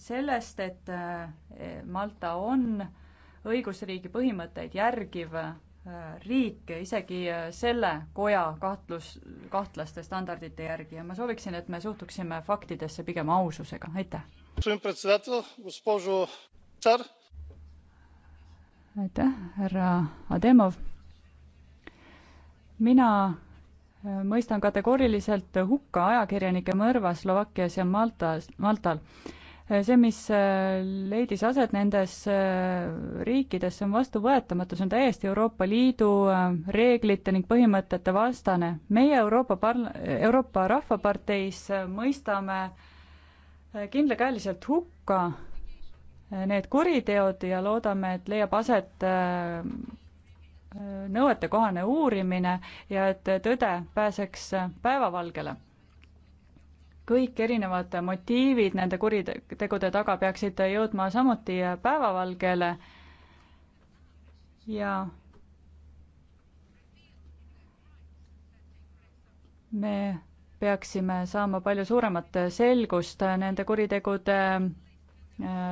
sellest, et Malta on õigusriigi põhimõtteid järgiv riike isegi äh, selle koja kahtlus, kahtlaste standardite järgi ja ma sooviksin, et me suhtuksime faktidesse pigem aususega, aitäh. aitäh, härra Ademov. mina äh, mõistan kategooriliselt hukka ajakirjanike mõrva Slovakkias ja Maltas, Maltal see, mis äh, leidis aset nendes äh, riikides, see on vastuvõetamatu, see on täiesti Euroopa Liidu äh, reeglite ning põhimõtete vastane. meie Euroopa parl-, Euroopa Rahvaparteis mõistame kindlakäeliselt hukka need kuriteod ja loodame, et leiab aset nõuetekohane uurimine ja et tõde pääseks päevavalgele kõik erinevad motiivid nende kuritegude taga peaksid jõudma samuti päevavalgele ja me peaksime saama palju suuremat selgust nende kuritegude äh,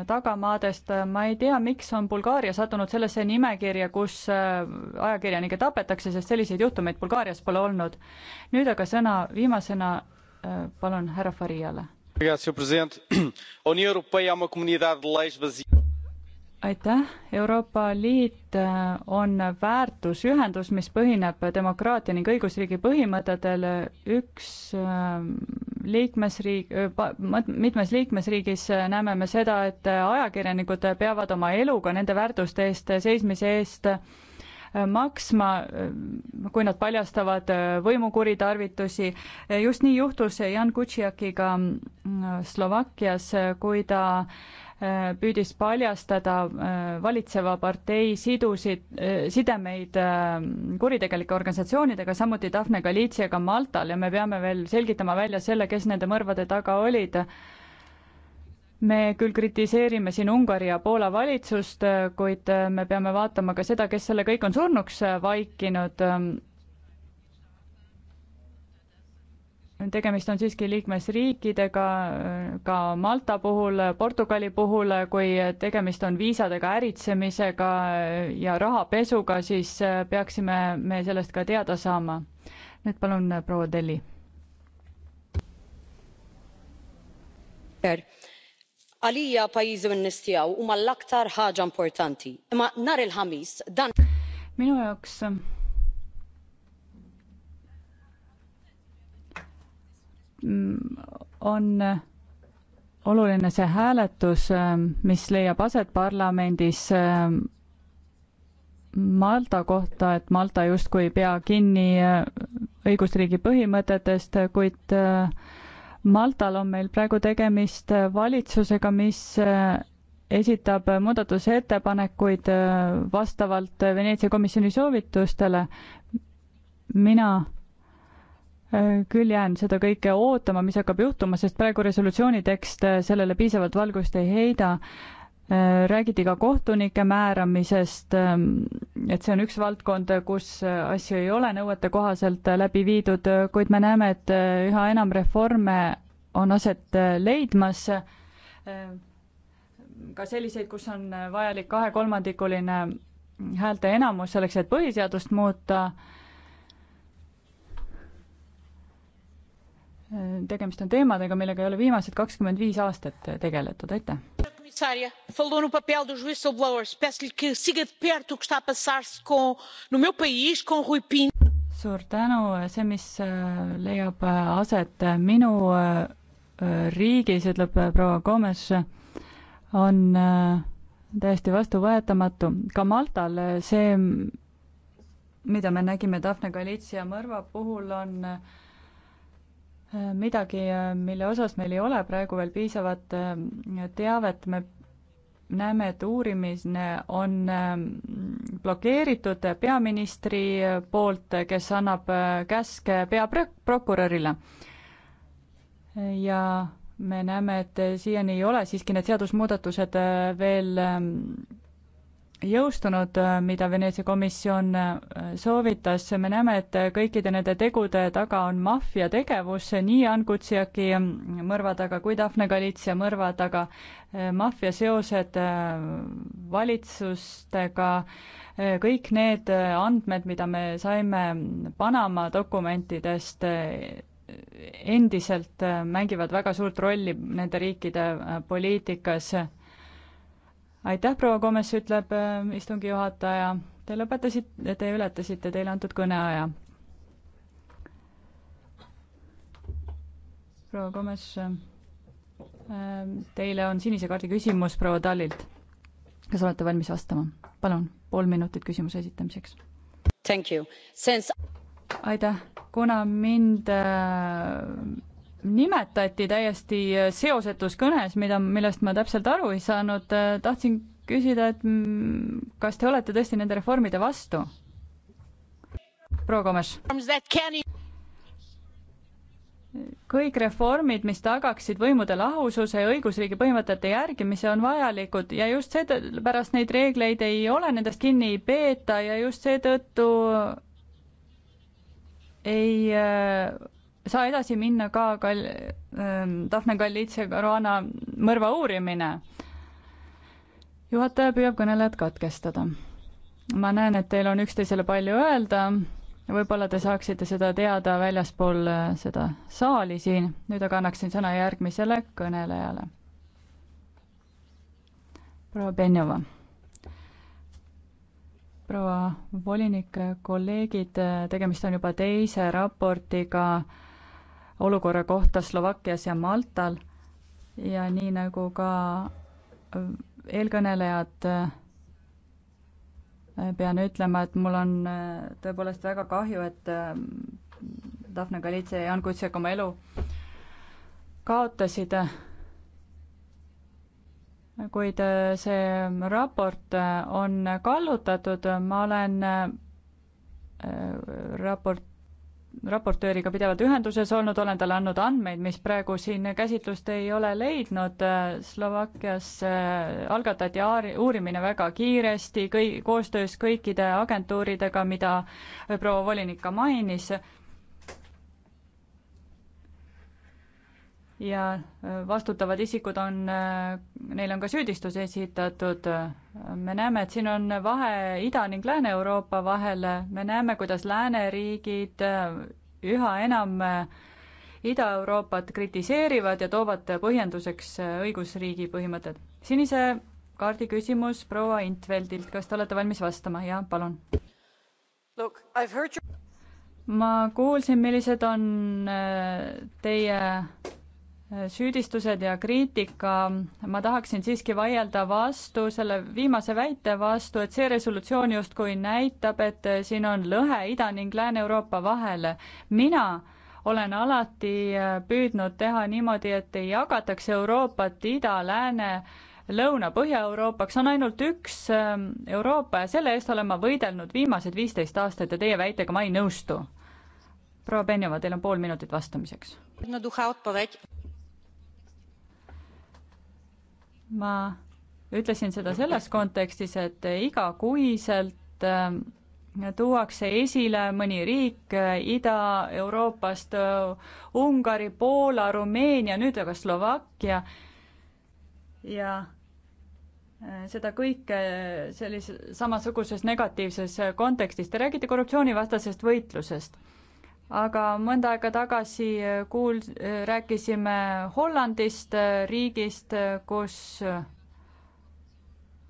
tagamaadest, ma ei tea, miks on Bulgaaria sattunud sellesse nimekirja, kus äh, ajakirjanikke tapetakse, sest selliseid juhtumeid Bulgaarias pole olnud. nüüd aga sõna viimasena Eh, palun härra Farijale. aitäh, Euroopa Liit eh, on väärtusühendus, mis põhineb demokraatia ning õigusriigi põhimõtetel. üks eh, liikmesriik, mitmes liikmesriigis näeme me seda, et ajakirjanikud peavad oma eluga nende väärtuste eest seismise eest Äh, maksma, äh, kui nad paljastavad äh, võimu kuritarvitusi. just nii juhtus Jan Kutšiakiga mm, Slovakkias, kui ta püüdis paljastada valitseva partei sidusid, sidemeid kuritegelike organisatsioonidega, samuti Daphne Galiziaga Maltal ja me peame veel selgitama välja selle, kes nende mõrvade taga olid me küll kritiseerime siin Ungari ja Poola valitsust, kuid me peame vaatama ka seda, kes selle kõik on surnuks vaikinud. tegemist on siiski liikmesriikidega, ka Malta puhul, Portugali puhul, kui tegemist on viisadega äritsemisega ja rahapesuga, siis peaksime me sellest ka teada saama. nüüd palun proua Telli għalija pajjiżi min-nies tiegħu huma l-aktar ħaġa importanti imma nhar il-ħamis dan. minu jaoks mm, on eh, oluline see hääletus, eh, mis leiab aset parlamendis eh, Malta kohta, et Malta justkui ei pea kinni õigusriigi põhimõtetest, kuid Maltal on meil praegu tegemist valitsusega, mis äh, esitab muudatusettepanekuid äh, vastavalt Veneetsia komisjoni soovitustele. mina äh, küll jään seda kõike ootama, mis hakkab juhtuma, sest praegu resolutsiooni tekst sellele piisavalt valgust ei heida räägiti ka kohtunike määramisest, et see on üks valdkond, kus asju ei ole nõuetekohaselt läbi viidud, kuid me näeme, et üha enam reforme on aset leidmas, ka selliseid, kus on vajalik kahekolmandikuline häälte enamus selleks, et põhiseadust muuta, tegemist on teemadega, millega ei ole viimased kakskümmend viis aastat tegeletud, aitäh! comissária falou no papel dos whistleblowers. peço lhe que siga de perto o que está a passar se com, no meu país com Rui Pinto. suur tänu, see, mis äh, leiab äh, aset minu äh, riigis, ütleb proua Gomes, on täiesti vastuvõetamatu. ka Maltal see, mida me nägime Daphne Galizia mõrva puhul, on äh, midagi, mille osas meil ei ole praegu veel piisavat äh, teavet, me näeme, et uurimine on äh, blokeeritud peaministri poolt, kes annab äh, käske peaprokurörile. ja me näeme, et siiani ei ole siiski need seadusmuudatused veel jõustunud, äh, mida Veneetsia komisjon äh, soovitas, me näeme, et äh, kõikide nende tegude taga on maffia tegevus, nii Jan Kutsiaki mõrva taga kui Daphne Galizia mõrva taga, maffia seosed valitsustega, kõik need andmed, mida me saime Panama dokumentidest, endiselt mängivad väga suurt rolli nende riikide poliitikas aitäh, proua Komes, ütleb äh, istungi juhataja. Te lõpetasite, te ületasite teile antud kõneaja. proua Komes, äh, teile on sinise kaardi küsimus proua Tallilt. kas olete valmis vastama? palun, pool minutit küsimuse esitamiseks. Since... aitäh, kuna mind äh, nimetati täiesti äh, seosetus kõnes, mida, millest ma täpselt aru ei saanud, äh, tahtsin küsida, et mm, kas te olete tõesti nende reformide vastu? proua Komes. kõik reformid, mis tagaksid võimude lahususe ja õigusriigi põhimõtete järgimise, on vajalikud ja just seepärast neid reegleid ei ole, nendest kinni ei peeta ja just seetõttu ei äh, saa edasi minna ka Kal-, ähm, Daphne Galitse Caruana mõrva uurimine. juhataja püüab kõnelejat katkestada. ma näen, et teil on üksteisele palju öelda, võib-olla te saaksite seda teada väljaspool äh, seda saali siin, nüüd aga annaksin sõna järgmisele kõnelejale. proua Benjova proua volinik, kolleegid, tegemist on juba teise raportiga olukorra kohta Slovakkias ja Maltal ja nii nagu ka äh, eelkõnelejad, äh, pean ütlema, et mul on äh, tõepoolest väga kahju, et Daphne Galitse ja Jan Kutsek oma elu kaotasid kuid see raport on kallutatud, ma olen raport raportööriga pidevalt ühenduses olnud, olen talle andnud andmeid, mis praegu siin käsitlust ei ole leidnud. Slovakkias äh, algatati aari, uurimine väga kiiresti, kõi-, koostöös kõikide agentuuridega, mida proua volinik ka mainis ja äh, vastutavad isikud on, äh, neile on ka süüdistus esitatud. me näeme, et siin on vahe Ida- ning Lääne-Euroopa vahel, me näeme, kuidas lääneriigid äh, üha enam Ida-Euroopat kritiseerivad ja toovad põhjenduseks õigusriigi põhimõtted. sinise kaardi küsimus proua Intveldilt, kas te olete valmis vastama? jaa, palun. ma kuulsin, millised on teie süüdistused ja kriitika, ma tahaksin siiski vaielda vastu selle viimase väite vastu, et see resolutsioon justkui näitab, et siin on lõhe Ida- ning Lääne-Euroopa vahel. mina olen alati äh, püüdnud teha niimoodi, et ei jagataks Euroopat ida, lääne, lõuna, Põhja-Euroopaks, on ainult üks ähm, Euroopa ja selle eest olen ma võidelnud viimased viisteist aastat ja teie väitega ma ei nõustu. proua Benjova, teil on pool minutit vastamiseks. ma ütlesin seda selles kontekstis, et igakuiselt äh, tuuakse esile mõni riik äh, Ida-Euroopast, äh, Ungari, Poola, Rumeenia, nüüd aga Slovakkia ja seda kõike sellises samasuguses negatiivses kontekstis. Te räägite korruptsioonivastasest võitlusest aga mõnda aega tagasi kuul-, rääkisime Hollandist, riigist, kus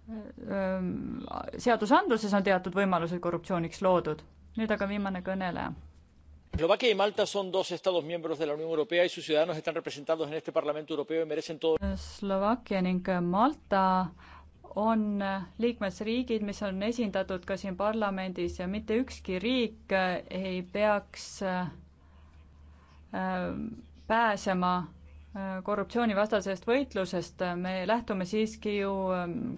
ähm, seadusandluses on teatud võimalused korruptsiooniks loodud. nüüd aga viimane kõneleja. Eslovaquia y Malta son dos Estados miembros de la Unión Europea y sus ciudadanos están representados en este Parlamento Europeo y merecen todo. Eslovaquia ning Malta on liikmesriigid, mis on esindatud ka siin parlamendis ja mitte ükski riik eh, ei peaks eh, pääsema eh, korruptsioonivastasest võitlusest, me lähtume siiski ju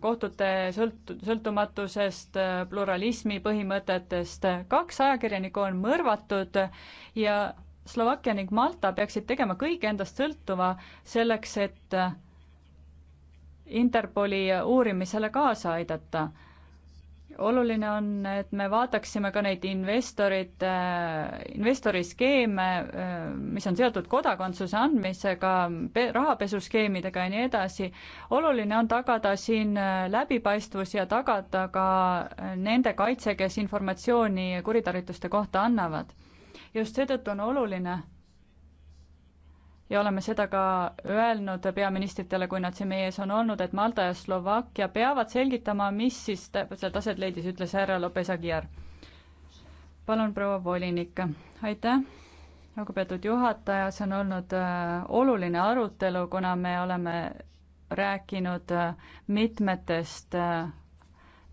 kohtute sõlt-, sõltumatusest, pluralismi põhimõtetest, kaks ajakirjanikku on mõrvatud ja Slovakkia ning Malta peaksid tegema kõik endast sõltuva selleks, et Interpoli uurimisele kaasa aidata. oluline on, et me vaataksime ka neid investorite, investoriskeeme, mis on seotud kodakondsuse andmisega, rahapesuskeemidega ja nii edasi. oluline on tagada siin läbipaistvus ja tagada ka nende kaitse, kes informatsiooni kuritarvituste kohta annavad. just seetõttu on oluline ja oleme seda ka öelnud peaministritele, kui nad siin meie ees on olnud, et Malta ja Slovakkia peavad selgitama, mis siis täpselt aset leidis, ütles härra Lopez Aguiar. palun, proua volinik, aitäh, lugupeetud juhataja, see on olnud äh, oluline arutelu, kuna me oleme rääkinud äh, mitmetest äh,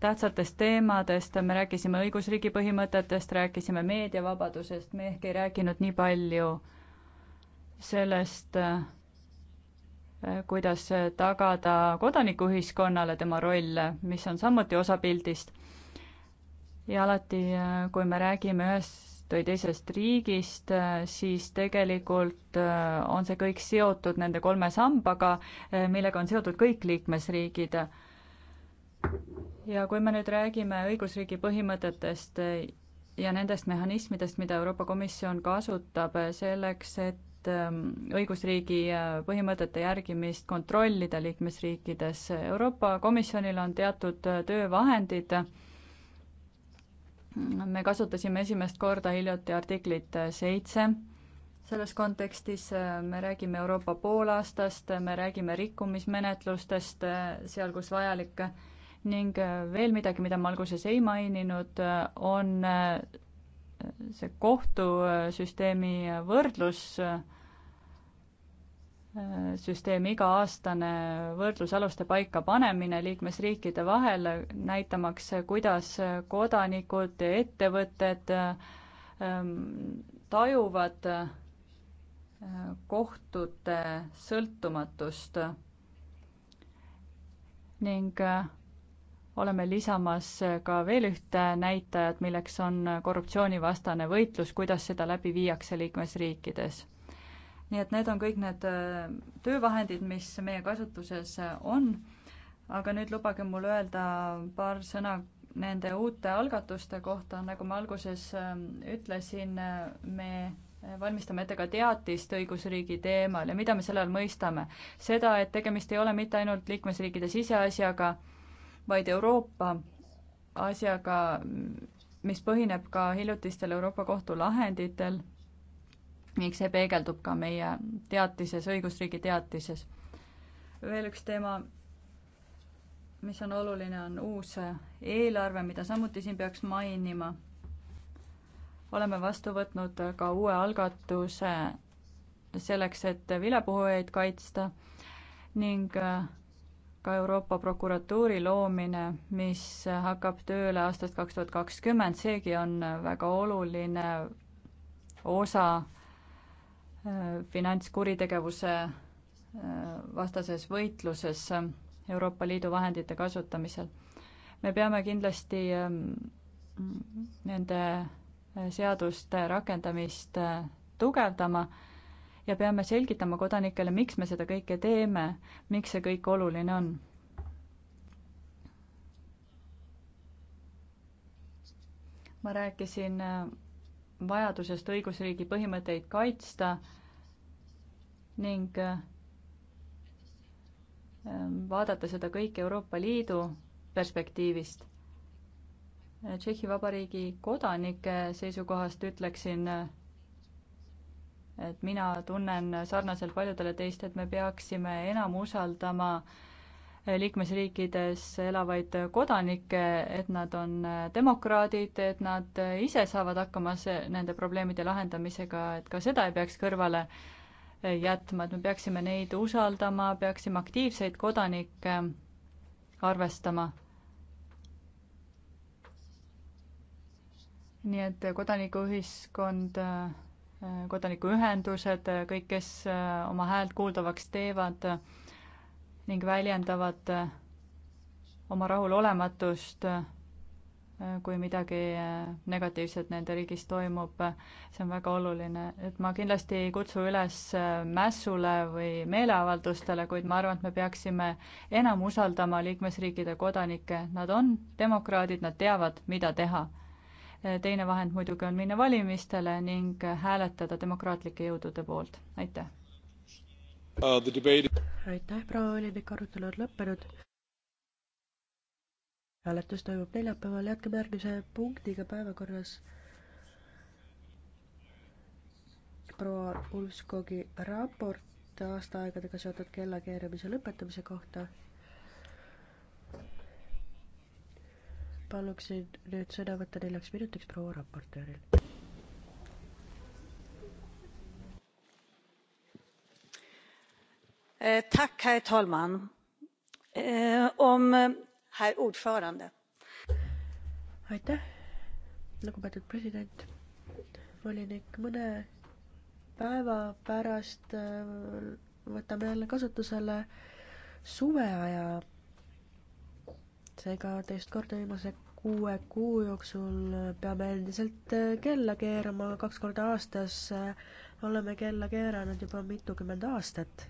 tähtsatest teemadest, me rääkisime õigusriigi põhimõtetest, rääkisime meediavabadusest, me ehk ei rääkinud nii palju äh, sellest, äh, kuidas tagada kodanikuühiskonnale tema roll, mis on samuti osa pildist. ja alati, äh, kui me räägime ühest või teisest riigist, äh, siis tegelikult on see kõik seotud nende kolme sambaga, millega on seotud kõik liikmesriigid. ja kui me nüüd räägime õigusriigi põhimõtetest ja nendest mehhanismidest, mida Euroopa Komisjon kasutab selleks, et et ähm, õigusriigi äh, põhimõtete järgimist kontrollida liikmesriikides. Euroopa Komisjonil on teatud äh, töövahendid. me kasutasime esimest korda hiljuti artiklit äh, seitse. selles kontekstis me räägime Euroopa poolaastast, me räägime rikkumismenetlustest seal, kus vajalik ning veel midagi, mida ma alguses ei maininud, on see kohtusüsteemi võrdlus, süsteemi iga-aastane võrdlusaluste paikapanemine liikmesriikide vahel, näitamaks, kuidas kodanikud ja ettevõtted ähm, tajuvad äh, kohtute sõltumatust ning äh, oleme lisamas ka veel ühte näitajat, milleks on korruptsioonivastane võitlus, kuidas seda läbi viiakse liikmesriikides. nii et need on kõik need äh, töövahendid, mis meie kasutuses äh, on, aga nüüd lubage mul öelda paar sõna nende uute algatuste kohta, nagu ma alguses äh, ütlesin, me valmistame ette ka teatist õigusriigi teemal ja mida me selle all mõistame? seda, et tegemist ei ole mitte ainult liikmesriikide siseasjaga, vaid Euroopa asjaga, mis põhineb ka hiljutistel Euroopa Kohtu lahenditel ning see peegeldub ka meie teatises, õigusriigi teatises. veel üks teema, mis on oluline, on uus eelarve, mida samuti siin peaks mainima. oleme vastu võtnud ka uue algatuse selleks, et vilepuhujaid kaitsta ning ka Euroopa prokuratuuri loomine, mis hakkab tööle aastast kaks tuhat kakskümmend, seegi on väga oluline osa äh, finantskuritegevuse äh, vastases võitluses Euroopa Liidu vahendite kasutamisel. me peame kindlasti ähm, nende äh, seaduste rakendamist tugevdama ja peame selgitama kodanikele, miks me seda kõike teeme, miks see kõik oluline on. ma rääkisin äh, vajadusest õigusriigi põhimõtteid kaitsta ning äh, vaadata seda kõike Euroopa Liidu perspektiivist. Tšehhi Vabariigi kodanike seisukohast ütleksin äh, et mina tunnen sarnaselt paljudele teist, et me peaksime enam usaldama liikmesriikides elavaid kodanikke, et nad on demokraadid, et nad ise saavad hakkama see, nende probleemide lahendamisega, et ka seda ei peaks kõrvale jätma, et me peaksime neid usaldama, peaksime aktiivseid kodanikke arvestama nii et kodanikuühiskond kodanikuühendused, kõik, kes äh, oma häält kuuldavaks teevad ning väljendavad äh, oma rahulolematust, äh, kui midagi negatiivset nende riigis toimub, see on väga oluline. et ma kindlasti ei kutsu üles mässule või meeleavaldustele, kuid ma arvan, et me peaksime enam usaldama liikmesriikide kodanikke, nad on demokraadid, nad teavad, mida teha Eh, teine vahend muidugi on minna valimistele ning eh, hääletada demokraatlike jõudude poolt, aitäh. Uh, aitäh, proua Olinik, arutelu on lõppenud. hääletus toimub neljapäeval, jätkame järgmise punktiga päevakorras. proua Ulfskogi raport aastaaegadega seotud kellakeeramise lõpetamise kohta paluksin nüüd sõna võtta neljaks minutiks proua raportööril. Eh, herr talman! Eh, om eh, herr ordförande. aitäh, lugupeetud president, volinik, mõne päeva pärast võtame jälle kasutusele suveaja seega teist korda viimase kuue kuu jooksul peame endiselt äh, kella keerama, kaks korda aastas äh, oleme kella keeranud juba mitukümmend aastat.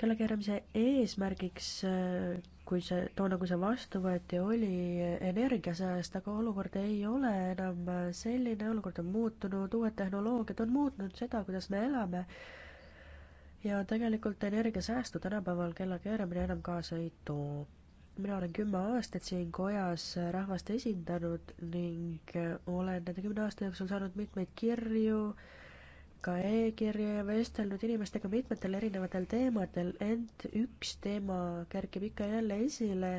kellakeeramise eesmärgiks, äh, kui see, toona, kui see vastu võeti, oli energiasääst, aga olukord ei ole enam selline, olukord on muutunud, uued tehnoloogiad on muutnud seda, kuidas me elame ja tegelikult energiasäästu tänapäeval kella keeramine enam kaasa ei too. mina olen kümme aastat siin kojas rahvast esindanud ning olen nende kümne aasta jooksul saanud mitmeid kirju, ka e-kirju ja vestelnud inimestega mitmetel erinevatel teemadel, ent üks teema kerkib ikka ja jälle esile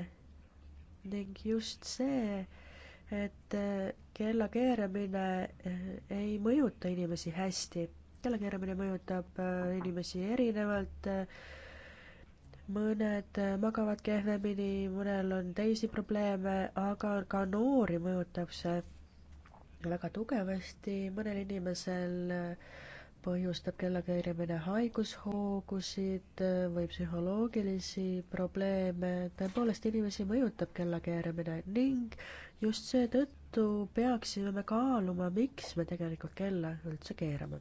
ning just see, et kella keeramine ei mõjuta inimesi hästi delegeerimine mõjutab äh, inimesi erinevalt, mõned äh, magavad kehvemini, mõnel on teisi probleeme, aga ka noori mõjutab see väga tugevasti, mõnel inimesel äh, põhjustab delegeerimine haigushoogusid või psühholoogilisi probleeme, tõepoolest inimesi mõjutab delegeerimine ning just seetõttu peaksime me kaaluma, miks me tegelikult kella üldse keerame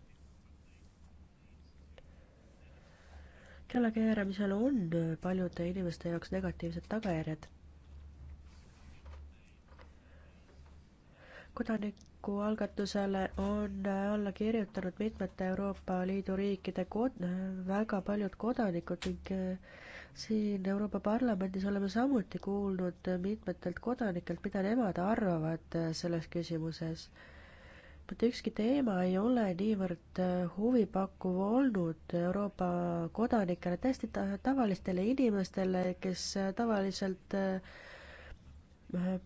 kellakeeramisel on paljude inimeste jaoks negatiivsed tagajärjed. kodanikualgatusele on alla kirjutanud mitmete Euroopa Liidu riikide kod-, väga paljud kodanikud ning eh, siin Euroopa Parlamendis oleme samuti kuulnud mitmetelt kodanikelt, mida nemad arvavad eh, selles küsimuses mitte ükski teema ei ole niivõrd äh, huvipakkuv olnud Euroopa kodanikele, täiesti tavalistele inimestele, kes äh, tavaliselt äh,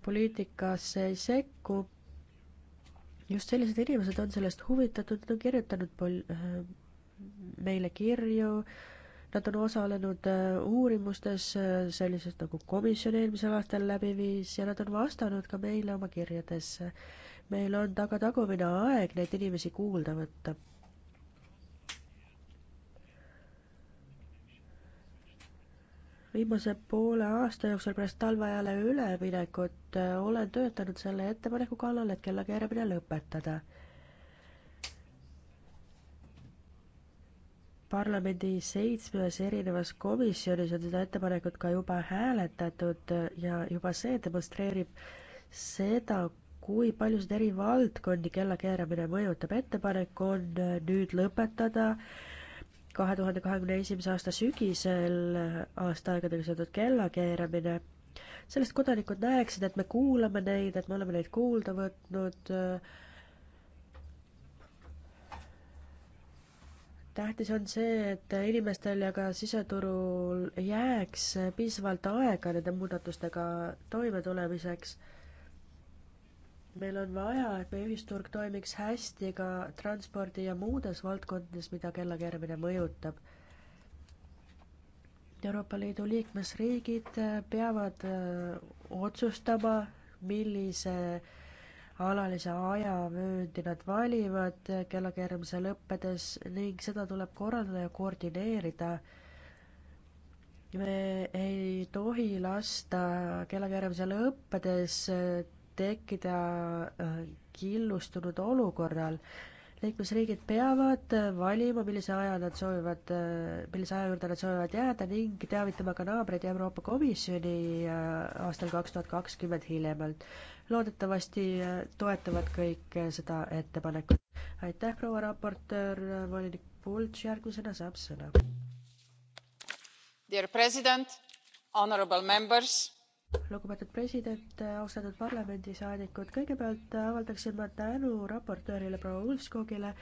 poliitikasse ei sekku. just sellised inimesed on sellest huvitatud, nad on kirjutanud pol-, meile kirju, nad on osalenud uurimustes sellises, nagu komisjon eelmisel aastal läbi viis ja nad on vastanud ka meile oma kirjadesse meil on aga tagumine aeg neid inimesi kuulda võtta. viimase poole aasta jooksul pärast talveajale üleminekut äh, olen töötanud selle ettepaneku kallal, et kellakeeramine lõpetada parlamendi seitsmes erinevas komisjonis on seda ettepanekut ka juba hääletatud ja juba see demonstreerib seda, kui paljusid eri valdkondi kellakeeramine mõjutab. ettepanek on äh, nüüd lõpetada kahe tuhande kahekümne esimese aasta sügisel äh, aastaaegadega seotud kellakeeramine. sellest kodanikud näeksid, et me kuulame neid, et me oleme neid kuulda võtnud. Äh. tähtis on see, et inimestel ja ka siseturul jääks piisavalt aega nende muudatustega toimetulemiseks meil on vaja, et meie ühisturg toimiks hästi ka transpordi ja muudes valdkondades, mida kellakeeramine mõjutab. Euroopa Liidu liikmesriigid äh, peavad öö, äh, otsustama, millise alalise ajavööndi nad valivad äh, kellakeeramise lõppedes ning seda tuleb korraldada ja koordineerida me ei tohi lasta kellakeeramise lõppedes tekkida äh, killustunud olukorral. liikmesriigid peavad äh, valima, millise aja nad soovivad, äh, millise aja juurde nad soovivad jääda ning teavitama ka naabreid ja Euroopa Komisjoni aastal kaks tuhat kakskümmend hiljemalt. loodetavasti toetavad kõik seda ettepanekut. aitäh, proua raportöör, volinik Pultš, järgmisena saab sõna. Dear president, honorable members lugupeetud president, austatud parlamendisaadikud, kõigepealt avaldaksin ma tänu raportöörile proua Ulfskogile,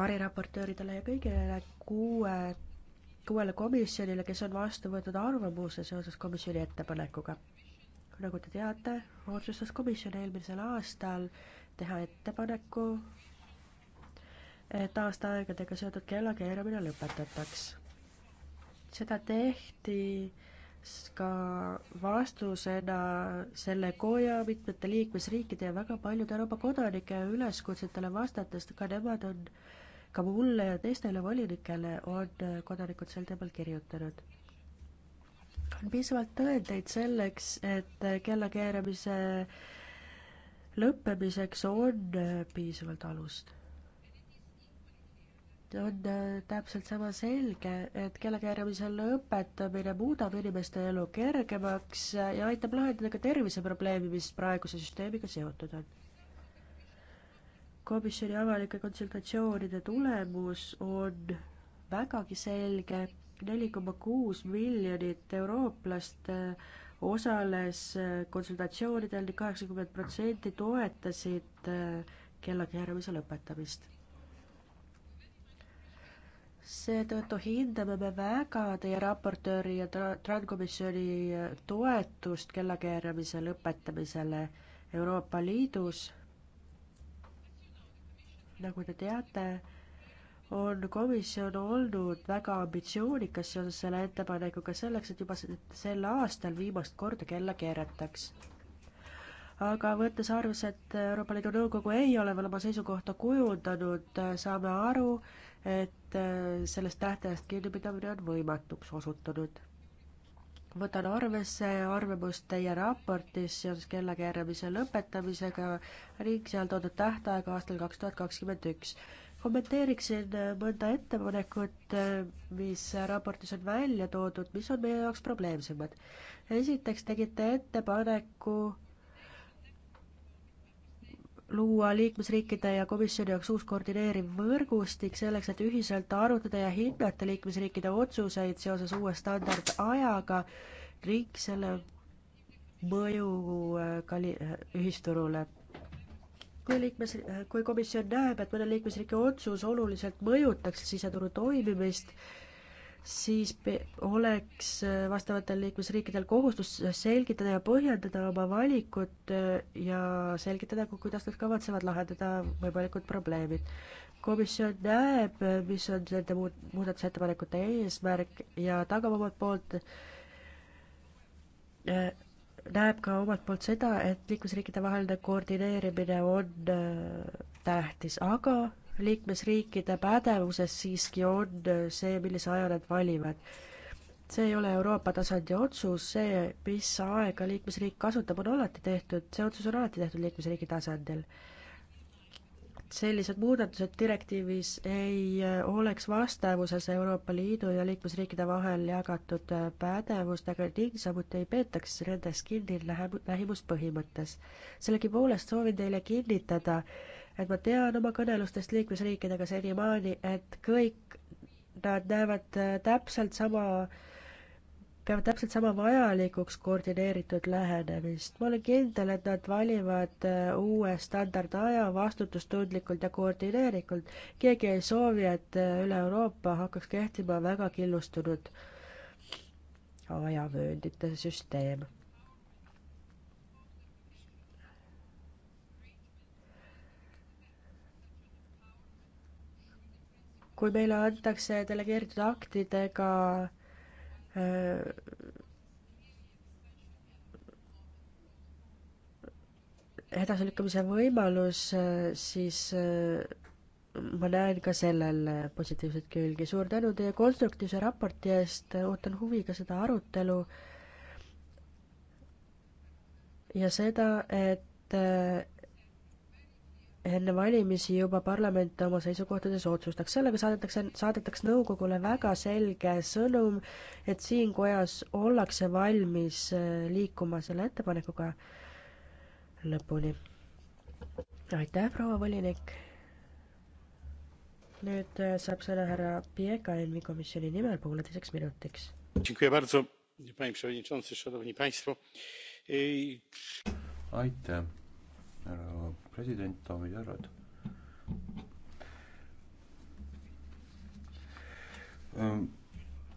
variraportööridele ja kõigile kuue, kuuele komisjonile, kes on vastu võetud arvamuse seoses komisjoni ettepanekuga. nagu te teate, otsustas komisjon eelmisel aastal teha ettepaneku, et aastaaegadega seotud kellakeeramine lõpetataks. seda tehti ka vastusena selle koja mitmete liikmesriikide ja väga paljude Euroopa kodanike üleskutsetele vastates, ka nemad on, ka mulle ja teistele volinikele on kodanikud sel teemal kirjutanud. on piisavalt tõendeid selleks, et kellakeeramise lõppemiseks on piisavalt alust on äh, täpselt sama selge, et keelekeeramise lõpetamine muudab inimeste elu kergemaks äh, ja aitab lahendada ka terviseprobleemi, mis praeguse süsteemiga seotud on. komisjoni avalike konsultatsioonide tulemus on vägagi selge, neli koma kuus miljonit eurooplast äh, osales konsultatsioonidel ning kaheksakümmend protsenti toetasid kellakeeramise lõpetamist seetõttu hindame me väga teie raportööri ja Transkomisjoni toetust kellakeeramise lõpetamisele Euroopa Liidus. nagu te teate, on komisjon olnud väga ambitsioonikas seoses selle ettepanekuga selleks, et juba sel aastal viimast korda kella keerataks. aga võttes arvesse, et Euroopa Liidu Nõukogu ei ole veel oma seisukohta kujundanud, saame aru, et äh, sellest tähtajast kinnipidamine on võimatuks osutunud. võtan arvesse arvamust teie raportis seoses kellakeeramise lõpetamisega ning seal toodud tähtaega aastal kaks tuhat kakskümmend üks kommenteeriksin äh, mõnda ettepanekut, äh, mis raportis on välja toodud, mis on meie jaoks probleemsemad. esiteks tegite ettepaneku luua liikmesriikide ja komisjoni jaoks uus koordineeriv võrgustik selleks, et ühiselt arutada ja hinnata liikmesriikide otsuseid seoses uue standardajaga ning selle mõjuga äh, äh, ühisturule. kui liikmes, äh, kui komisjon näeb, et mõne liikmesriigi otsus oluliselt mõjutaks siseturu toimimist, siis oleks äh, vastavatel liikmesriikidel kohustus selgitada ja põhjendada oma valikut äh, ja selgitada, kuidas nad kavatsevad lahendada võimalikud probleemid. komisjon näeb, mis on nende muud, muudatusettepanekute eesmärk ja tagab omalt poolt, äh, näeb ka omalt poolt seda, et liikmesriikide vaheline koordineerimine on tähtis, aga liikmesriikide pädevuses siiski on see, millise aja nad valivad. see ei ole Euroopa tasandi otsus, see, mis aega liikmesriik kasutab, on alati tehtud, see otsus on alati tehtud liikmesriigi tasandil. sellised muudatused direktiivis ei oleks vastavuses Euroopa Liidu ja liikmesriikide vahel jagatud pädevustega ning samuti ei peetaks nendest kinni lähimuspõhimõttes. sellegipoolest soovin teile kinnitada, et ma tean oma kõnelustest liikmesriikidega senimaani, et kõik nad näevad äh, täpselt sama, peavad täpselt sama vajalikuks koordineeritud lähenemist. ma olen kindel, et nad valivad äh, uue standardaja vastutustundlikult ja koordineerikult. keegi ei soovi, et äh, üle Euroopa hakkaks kehtima väga killustunud ajavööndite süsteem kui meile antakse delegeeritud aktidega äh, edasilükkamise võimalus, äh, siis äh, ma näen ka sellel positiivseid külgi. suur tänu teie konstruktiivse raporti eest, ootan huviga seda arutelu ja seda, et enne valimisi juba parlament oma seisukohtades otsustaks. sellega saadetakse, saadetaks nõukogule väga selge sõnum, et siin kojas ollakse valmis äh, liikuma selle ettepanekuga lõpuni. aitäh, proua volinik. nüüd äh, saab sõna härra Pieka ENMi komisjoni nimel pooleteiseks minutiks. aitäh härra president, daamid ja härrad. Äh,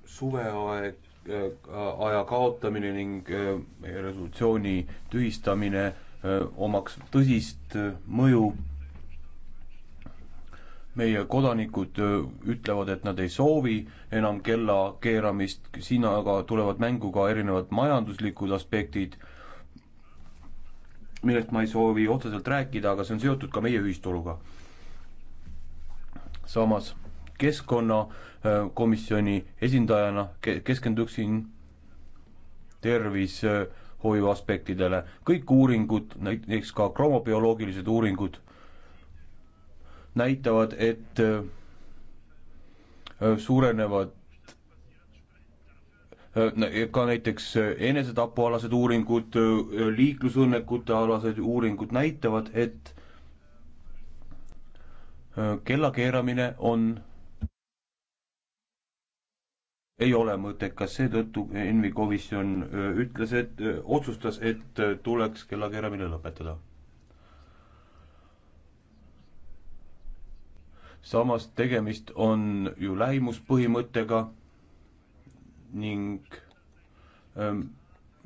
suveaeg, äh, aja kaotamine ning äh, resolutsiooni tühistamine omaks tõsist mõju. meie kodanikud ütlevad, et nad ei soovi enam kella keeramist, siin aga tulevad mängu ka erinevad majanduslikud aspektid millest ma ei soovi otseselt rääkida, aga see on seotud ka meie ühisturuga. samas keskkonnakomisjoni esindajana keskenduksin tervishoiu aspektidele, kõik uuringud, näiteks ka kromobioloogilised uuringud, näitavad, et äh, suurenevad ka näiteks enesetapualased uuringud, liiklusõnnekute alased uuringud näitavad, et kellakeeramine on, ei ole mõttekas, seetõttu ENVI komisjon ütles, et, otsustas, et tuleks kellakeeramine lõpetada. samas tegemist on ju lähimuspõhimõttega ning ähm,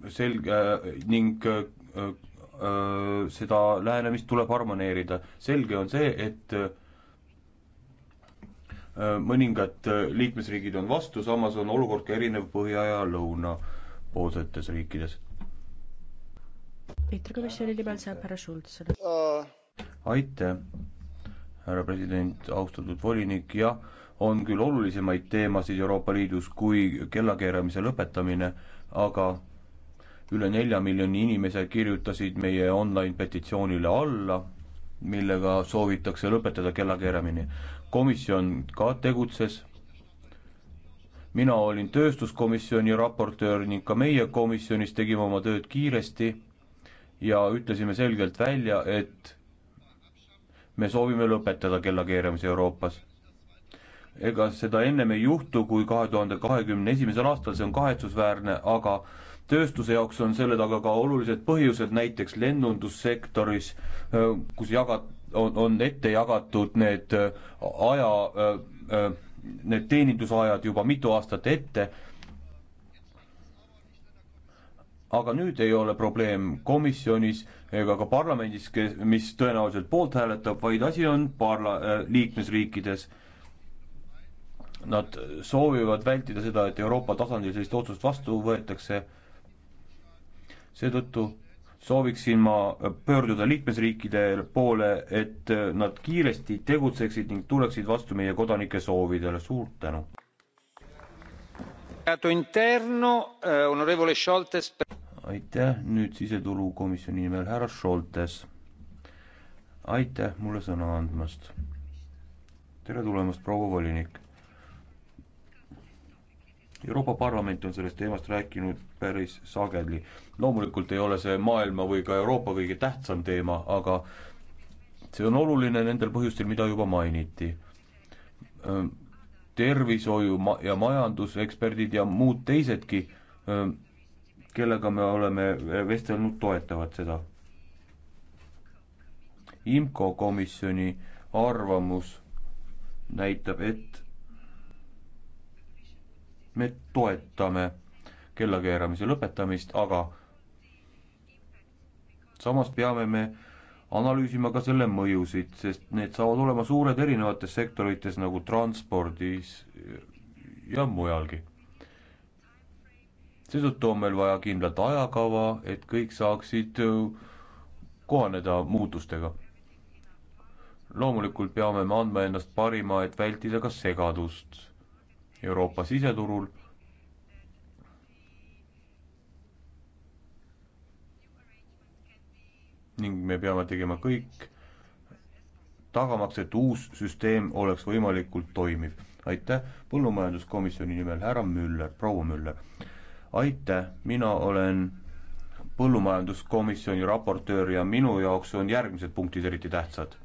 selge ning äh, äh, seda lähenemist tuleb harmoneerida. selge on see, et äh, mõningad liikmesriigid on vastu, samas on olukord ka erinev põhja ja lõuna poolsetes riikides. eetrikomisjoni nimel saab härra Schultz sõna. aitäh, härra president, austatud volinik, jah on küll olulisemaid teemasid Euroopa Liidus kui kellakeeramise lõpetamine, aga üle nelja miljoni inimese kirjutasid meie online petitsioonile alla, millega soovitakse lõpetada kellakeeramine. komisjon ka tegutses, mina olin tööstuskomisjoni raportöör ning ka meie komisjonis tegime oma tööd kiiresti ja ütlesime selgelt välja, et me soovime lõpetada kellakeeramise Euroopas ega seda ennem ei juhtu, kui kahe tuhande kahekümne esimesel aastal, see on kahetsusväärne, aga tööstuse jaoks on selle taga ka olulised põhjused, näiteks lennundussektoris, kus jaga-, on, on ette jagatud need aja, need teenindusajad juba mitu aastat ette, aga nüüd ei ole probleem komisjonis ega ka parlamendis, kes, mis tõenäoliselt poolt hääletab, vaid asi on parla-, liikmesriikides Nad soovivad vältida seda, et Euroopa tasandil sellist otsust vastu võetakse. seetõttu sooviksin ma pöörduda liikmesriikide poole, et nad kiiresti tegutseksid ning tuleksid vastu meie kodanike soovidele, suur tänu. Eh, aitäh, nüüd siseturukomisjoni nimel härra Šoltes. aitäh mulle sõna andmast. tere tulemast, proua volinik Euroopa Parlament on sellest teemast rääkinud päris sageli. loomulikult ei ole see maailma või ka Euroopa kõige tähtsam teema, aga see on oluline nendel põhjustel, mida juba mainiti. tervishoiu ma- ja majanduseksperdid ja muud teisedki, kellega me oleme vestelnud, toetavad seda. IMCO komisjoni arvamus näitab, et me toetame kellakeeramise lõpetamist, aga samas peame me analüüsima ka selle mõjusid, sest need saavad olema suured erinevates sektorites nagu transpordis ja mujalgi. seetõttu on meil vaja kindlat ajakava, et kõik saaksid kohaneda muutustega. loomulikult peame me andma endast parima, et vältida ka segadust Euroopa siseturul ning me peame tegema kõik, tagamaks, et uus süsteem oleks võimalikult toimiv. aitäh, põllumajanduskomisjoni nimel härra Müller, proua Müller. aitäh, mina olen põllumajanduskomisjoni raportöör ja minu jaoks on järgmised punktid eriti tähtsad.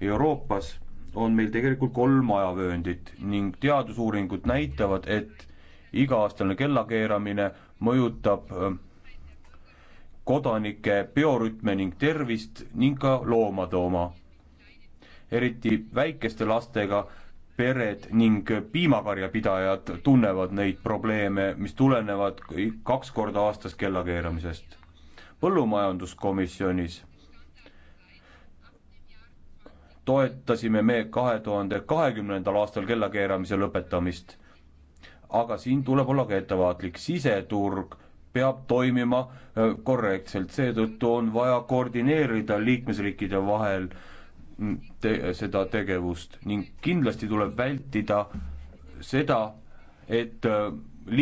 Euroopas on meil tegelikult kolm ajavööndit ning teadusuuringud näitavad, et iga-aastane kellakeeramine mõjutab äh, kodanike biorütme ning tervist ning ka loomade oma. eriti väikeste lastega pered ning piimakarjapidajad tunnevad neid probleeme, mis tulenevad kaks korda aastas kellakeeramisest. põllumajanduskomisjonis toetasime me kahe tuhande kahekümnendal aastal kellakeeramise lõpetamist. aga siin tuleb olla ka ettevaatlik, siseturg peab toimima äh, korrektselt, seetõttu on vaja koordineerida liikmesriikide vahel mm, te seda tegevust ning kindlasti tuleb vältida seda, et äh,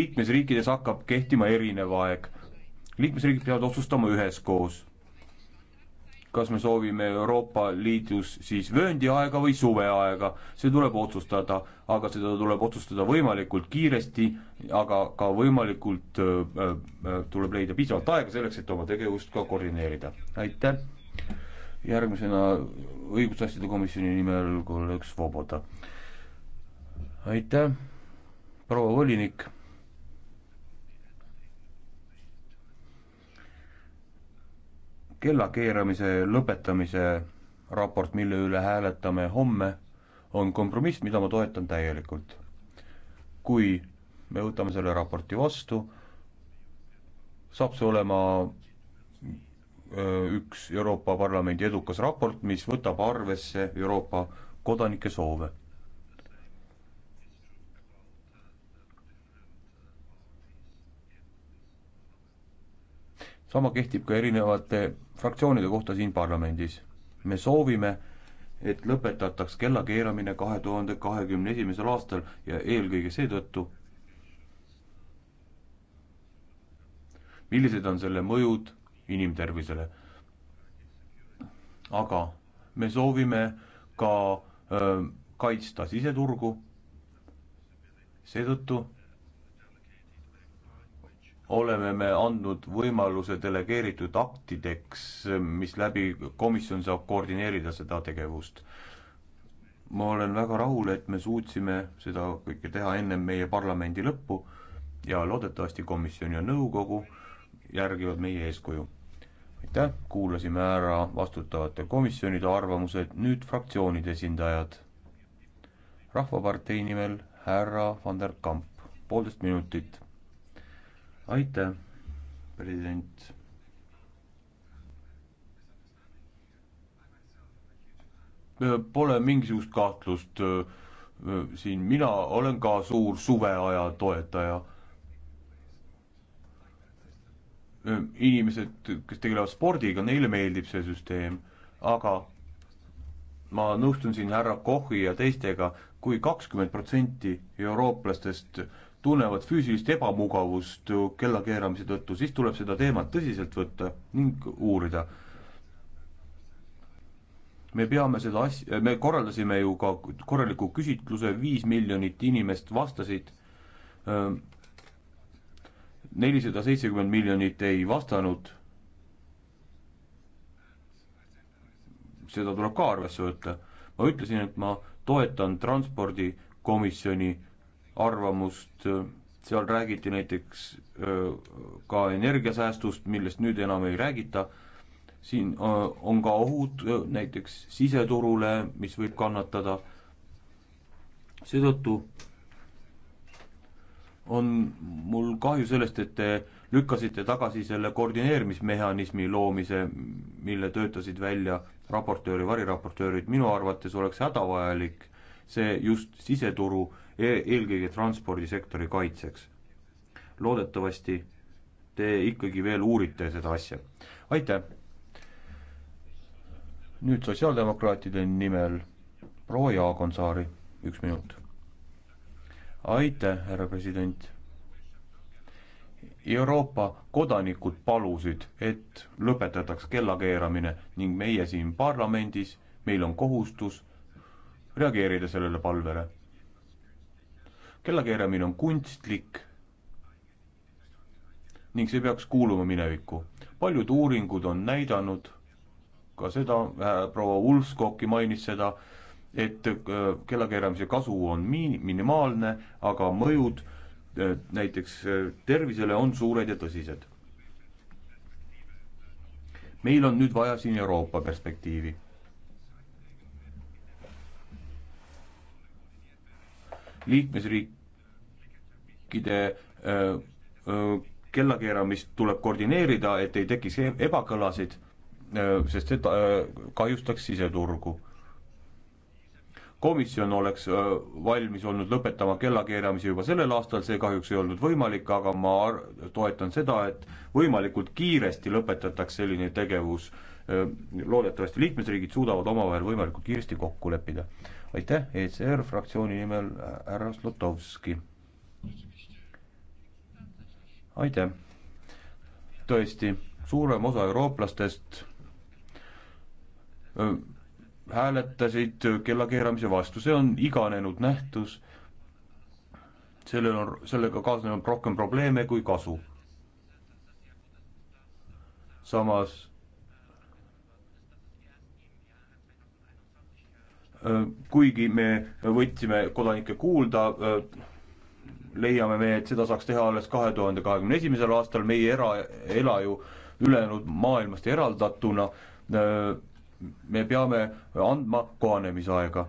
liikmesriikides hakkab kehtima erinev aeg. liikmesriigid peavad otsustama üheskoos kas me soovime Euroopa Liidus siis vööndiaega või suveaega, see tuleb otsustada, aga seda tuleb otsustada võimalikult kiiresti, aga ka võimalikult äh, äh tuleb leida piisavalt aega selleks, et oma tegevust ka koordineerida. aitäh! järgmisena õigusasjade komisjoni nimel kolleeg Svoboda. aitäh, proua volinik kellakeeramise lõpetamise raport, mille üle hääletame homme, on kompromiss, mida ma toetan täielikult. kui me võtame selle raporti vastu, saab see olema üks Euroopa Parlamendi edukas raport, mis võtab arvesse Euroopa kodanike soove sama kehtib ka erinevate fraktsioonide kohta siin parlamendis. me soovime, et lõpetataks kellakeeramine kahe tuhande kahekümne esimesel aastal ja eelkõige seetõttu, millised on selle mõjud inimtervisele. aga me soovime ka öö, kaitsta siseturgu, seetõttu oleme me andnud võimaluse delegeeritud aktideks, mis läbi komisjon saab koordineerida seda tegevust. ma olen väga rahul, et me suutsime seda kõike teha ennem meie parlamendi lõppu ja loodetavasti komisjon ja nõukogu järgivad meie eeskuju. aitäh, kuulasime ära vastutavate komisjonide arvamused, nüüd fraktsioonide esindajad. rahvapartei nimel härra Van der Kamp, poolteist minutit aitäh, president. Äh, pole mingisugust kahtlust äh, äh, siin, mina olen ka suur suveaja toetaja inimesed, kes tegelevad spordiga, neile meeldib see süsteem, aga ma nõustun siin härra Kochi ja teistega kui, kui kakskümmend protsenti eurooplastest tunnevad füüsilist ebamugavust kellakeeramise tõttu, siis tuleb seda teemat tõsiselt võtta ning uurida. me peame seda asja, me korraldasime ju ka korraliku küsitluse, viis miljonit inimest vastasid, nelisada seitsekümmend miljonit ei vastanud, seda tuleb ka arvesse võtta. ma ütlesin, et ma toetan transpordikomisjoni arvamust, seal räägiti näiteks ka energiasäästust, millest nüüd enam ei räägita, siin on ka ohud näiteks siseturule, mis võib kannatada, seetõttu on mul kahju sellest, et te lükkasite tagasi selle koordineerimismehhanismi loomise, mille töötasid välja raportöör ja variraportöörid, minu arvates oleks hädavajalik see just siseturu äh, E-, eelkõige transpordisektori kaitseks. loodetavasti te ikkagi veel uurite seda asja. aitäh! nüüd sotsiaaldemokraatide nimel proua Jaagonsaari, üks minut. aitäh, härra president! Euroopa kodanikud palusid, et lõpetataks kellakeeramine ning meie siin parlamendis, meil on kohustus reageerida sellele palvele kellakeeramine on kunstlik ning see peaks kuuluma minevikku. paljud uuringud on näidanud ka seda äh,, proua Ulfskoki mainis seda, et äh, kellakeeramise kasu on miin-, minimaalne, aga mõjud äh, näiteks äh, tervisele on suured ja tõsised. meil on nüüd vaja siin Euroopa perspektiivi liikmesriikide äh, äh, kellakeeramist tuleb koordineerida, et ei tekiks e-, ebakõlasid, äh, sest see kahjustaks siseturgu. komisjon oleks valmis olnud lõpetama kellakeeramise juba sellel aastal, see kahjuks ei olnud võimalik, aga ma toetan seda, et võimalikult kiiresti lõpetataks selline tegevus. loodetavasti liikmesriigid suudavad omavahel võimalikult kiiresti kokku leppida aitäh, ECR fraktsiooni nimel äh, härra Zlotovski. aitäh. tõesti, suurem osa eurooplastest öö, hääletasid kellakeeramise vastu, see on iganenud nähtus, sellel on, sellega kaasnenud rohkem probleeme kui kasu. samas Äh, kuigi me võtsime kodanikke kuulda, äh, leiame me, et seda saaks teha alles kahe tuhande kahekümne esimesel aastal, meie era, ela ju ülejäänud maailmast eraldatuna, äh, me peame andma kohanemisaega.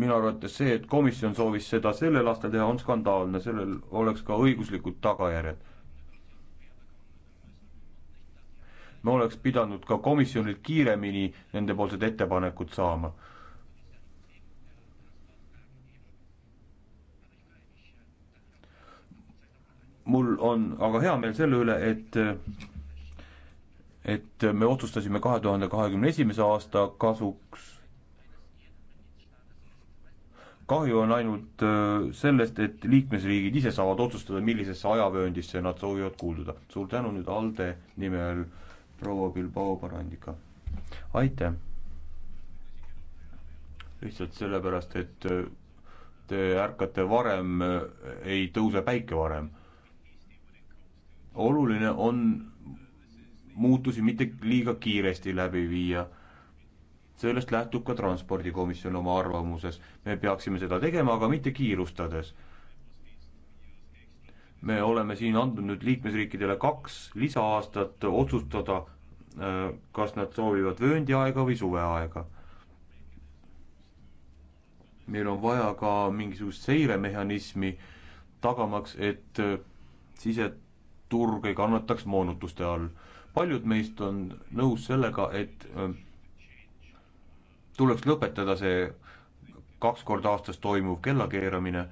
minu arvates see, et komisjon soovis seda sellel aastal teha, on skandaalne, sellel oleks ka õiguslikud tagajärjed me oleks pidanud ka komisjonilt kiiremini nendepoolsed ettepanekud saama. mul on aga hea meel selle üle, et et me otsustasime kahe tuhande kahekümne esimese aasta kasuks. kahju on ainult äh, sellest, et liikmesriigid ise saavad otsustada, millisesse ajavööndisse nad soovivad kuuluda. suur tänu nüüd ALDE nimel proua Bilbao Barandiga. aitäh! lihtsalt sellepärast, et äh, te ärkate varem, äh, ei tõuse päike varem. oluline on muutusi mitte liiga kiiresti läbi viia. sellest lähtub ka transpordikomisjon oma arvamuses. me peaksime seda tegema, aga mitte kiirustades me oleme siin andnud nüüd liikmesriikidele kaks lisaaastat otsustada, äh, kas nad soovivad vööndiaega või suveaega. meil on vaja ka mingisugust seiremehhanismi, tagamaks, et äh, siseturg ei kannataks moonutuste all. paljud meist on nõus sellega, et äh, tuleks lõpetada see kaks korda aastas toimuv kellakeeramine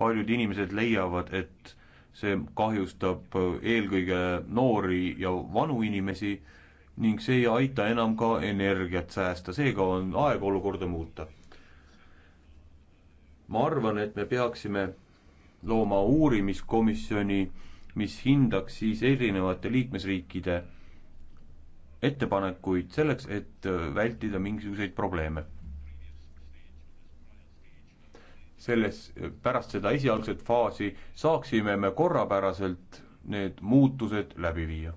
paljud inimesed leiavad, et see kahjustab eelkõige noori ja vanu inimesi ning see ei aita enam ka energiat säästa, seega on aeg olukorda muuta. ma arvan, et me peaksime looma uurimiskomisjoni, mis hindaks siis erinevate liikmesriikide ettepanekuid selleks, et vältida mingisuguseid probleeme selles, pärast seda esialgset faasi saaksime me korrapäraselt need muutused läbi viia.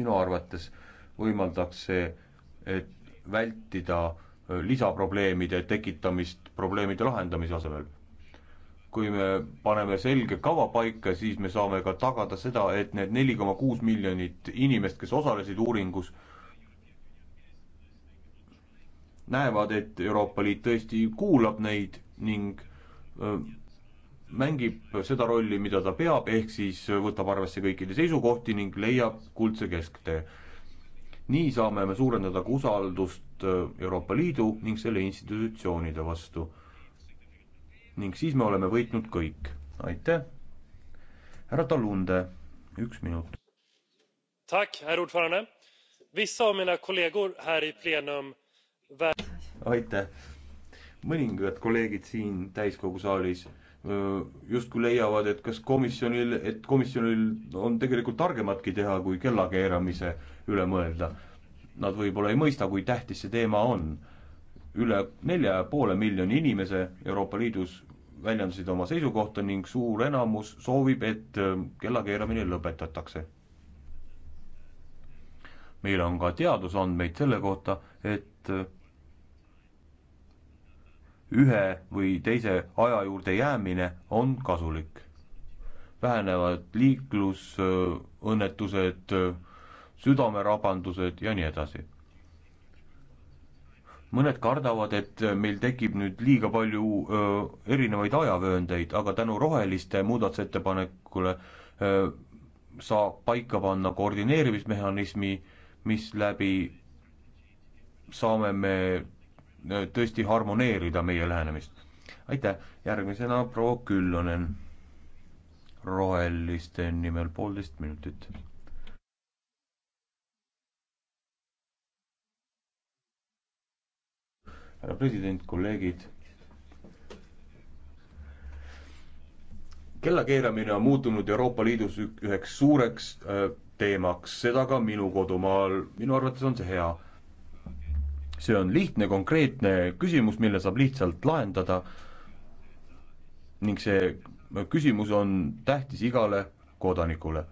minu arvates võimaldaks see, et vältida äh, lisaprobleemide tekitamist probleemide lahendamise asemel. kui me paneme selge kava paika, siis me saame ka tagada seda, et need neli koma kuus miljonit inimest, kes osalesid uuringus, näevad, et Euroopa Liit tõesti kuulab neid ning mängib seda rolli, mida ta peab, ehk siis võtab arvesse kõikide seisukohti ning leiab kuldse kesktee. nii saame me suurendada ka usaldust Euroopa Liidu ning selle institutsioonide vastu. ning siis me oleme võitnud kõik. aitäh! härra Talunde, üks minut aitäh! mõningad kolleegid siin täiskogu saalis justkui leiavad, et kas komisjonil, et komisjonil on tegelikult targematki teha, kui kella keeramise üle mõelda. Nad võib-olla ei mõista, kui tähtis see teema on. üle nelja ja poole miljoni inimese Euroopa Liidus väljendasid oma seisukohta ning suur enamus soovib, et kella keeramine lõpetatakse. meil on ka teadusandmeid selle kohta, et ühe või teise aja juurde jäämine on kasulik. vähenevad liiklusõnnetused, südamerabandused ja nii edasi. mõned kardavad, et meil tekib nüüd liiga palju öö, erinevaid ajavööndeid, aga tänu roheliste muudatusettepanekule öö, saab paika panna koordineerimismehhanismi, mis läbi saame me Äh, tõesti harmoneerida meie lähenemist. aitäh, järgmisena proua Küllonen roheliste nimel poolteist minutit. härra president, kolleegid. kellakeeramine on muutunud Euroopa Liidus üheks suureks äh, teemaks, seda ka minu kodumaal, minu arvates on see hea see on lihtne, konkreetne küsimus, mille saab lihtsalt lahendada ning see küsimus on tähtis igale kodanikule.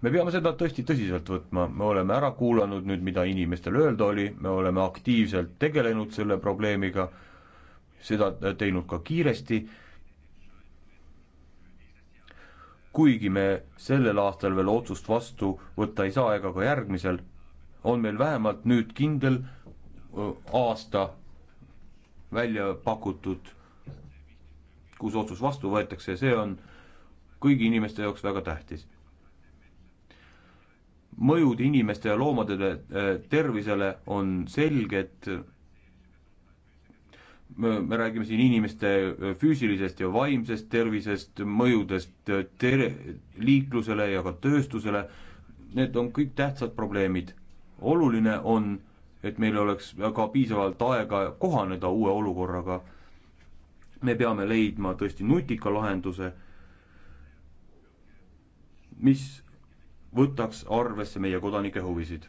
me peame seda tõesti tõsiselt võtma, me oleme ära kuulanud nüüd, mida inimestel öelda oli, me oleme aktiivselt tegelenud selle probleemiga, seda teinud ka kiiresti, kuigi me sellel aastal veel otsust vastu võtta ei saa ega ka järgmisel on meil vähemalt nüüd kindel aasta välja pakutud, kus otsus vastu võetakse ja see on kõigi inimeste jaoks väga tähtis. mõjud inimeste ja loomade tervisele on selged, me räägime siin inimeste füüsilisest ja vaimsest tervisest, mõjudest ter-, liiklusele ja ka tööstusele, need on kõik tähtsad probleemid oluline on, et meil oleks ka piisavalt aega kohaneda uue olukorraga. me peame leidma tõesti nutika lahenduse, mis võtaks arvesse meie kodanike huvisid.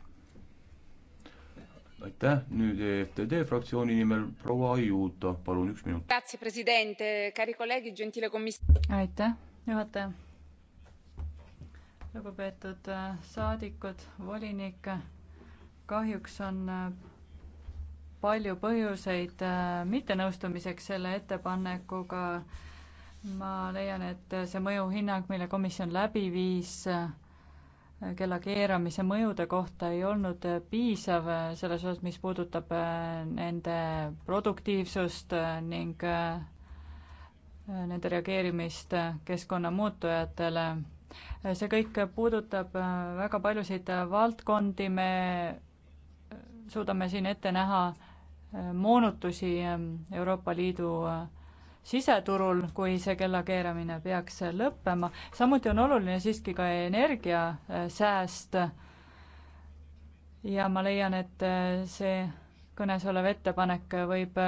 aitäh, nüüd EFTD fraktsiooni nimel proua Aiuta, palun üks minut. aitäh, juhataja. lugupeetud äh, saadikud, volinik kahjuks on äh, palju põhjuseid äh, mittenõustumiseks selle ettepanekuga. ma leian, et see mõjuhinnang, mille komisjon läbi viis äh, kella keeramise mõjude kohta ei olnud piisav selles osas, mis puudutab nende produktiivsust ning nende reageerimist keskkonnamuutujatele see kõik puudutab väga paljusid valdkondi, me suudame siin ette näha äh, moonutusi ähm, Euroopa Liidu äh, siseturul, kui see kellakeeramine peaks äh, lõppema. samuti on oluline siiski ka energiasääst. ja ma leian, et see kõnes olev ettepanek võib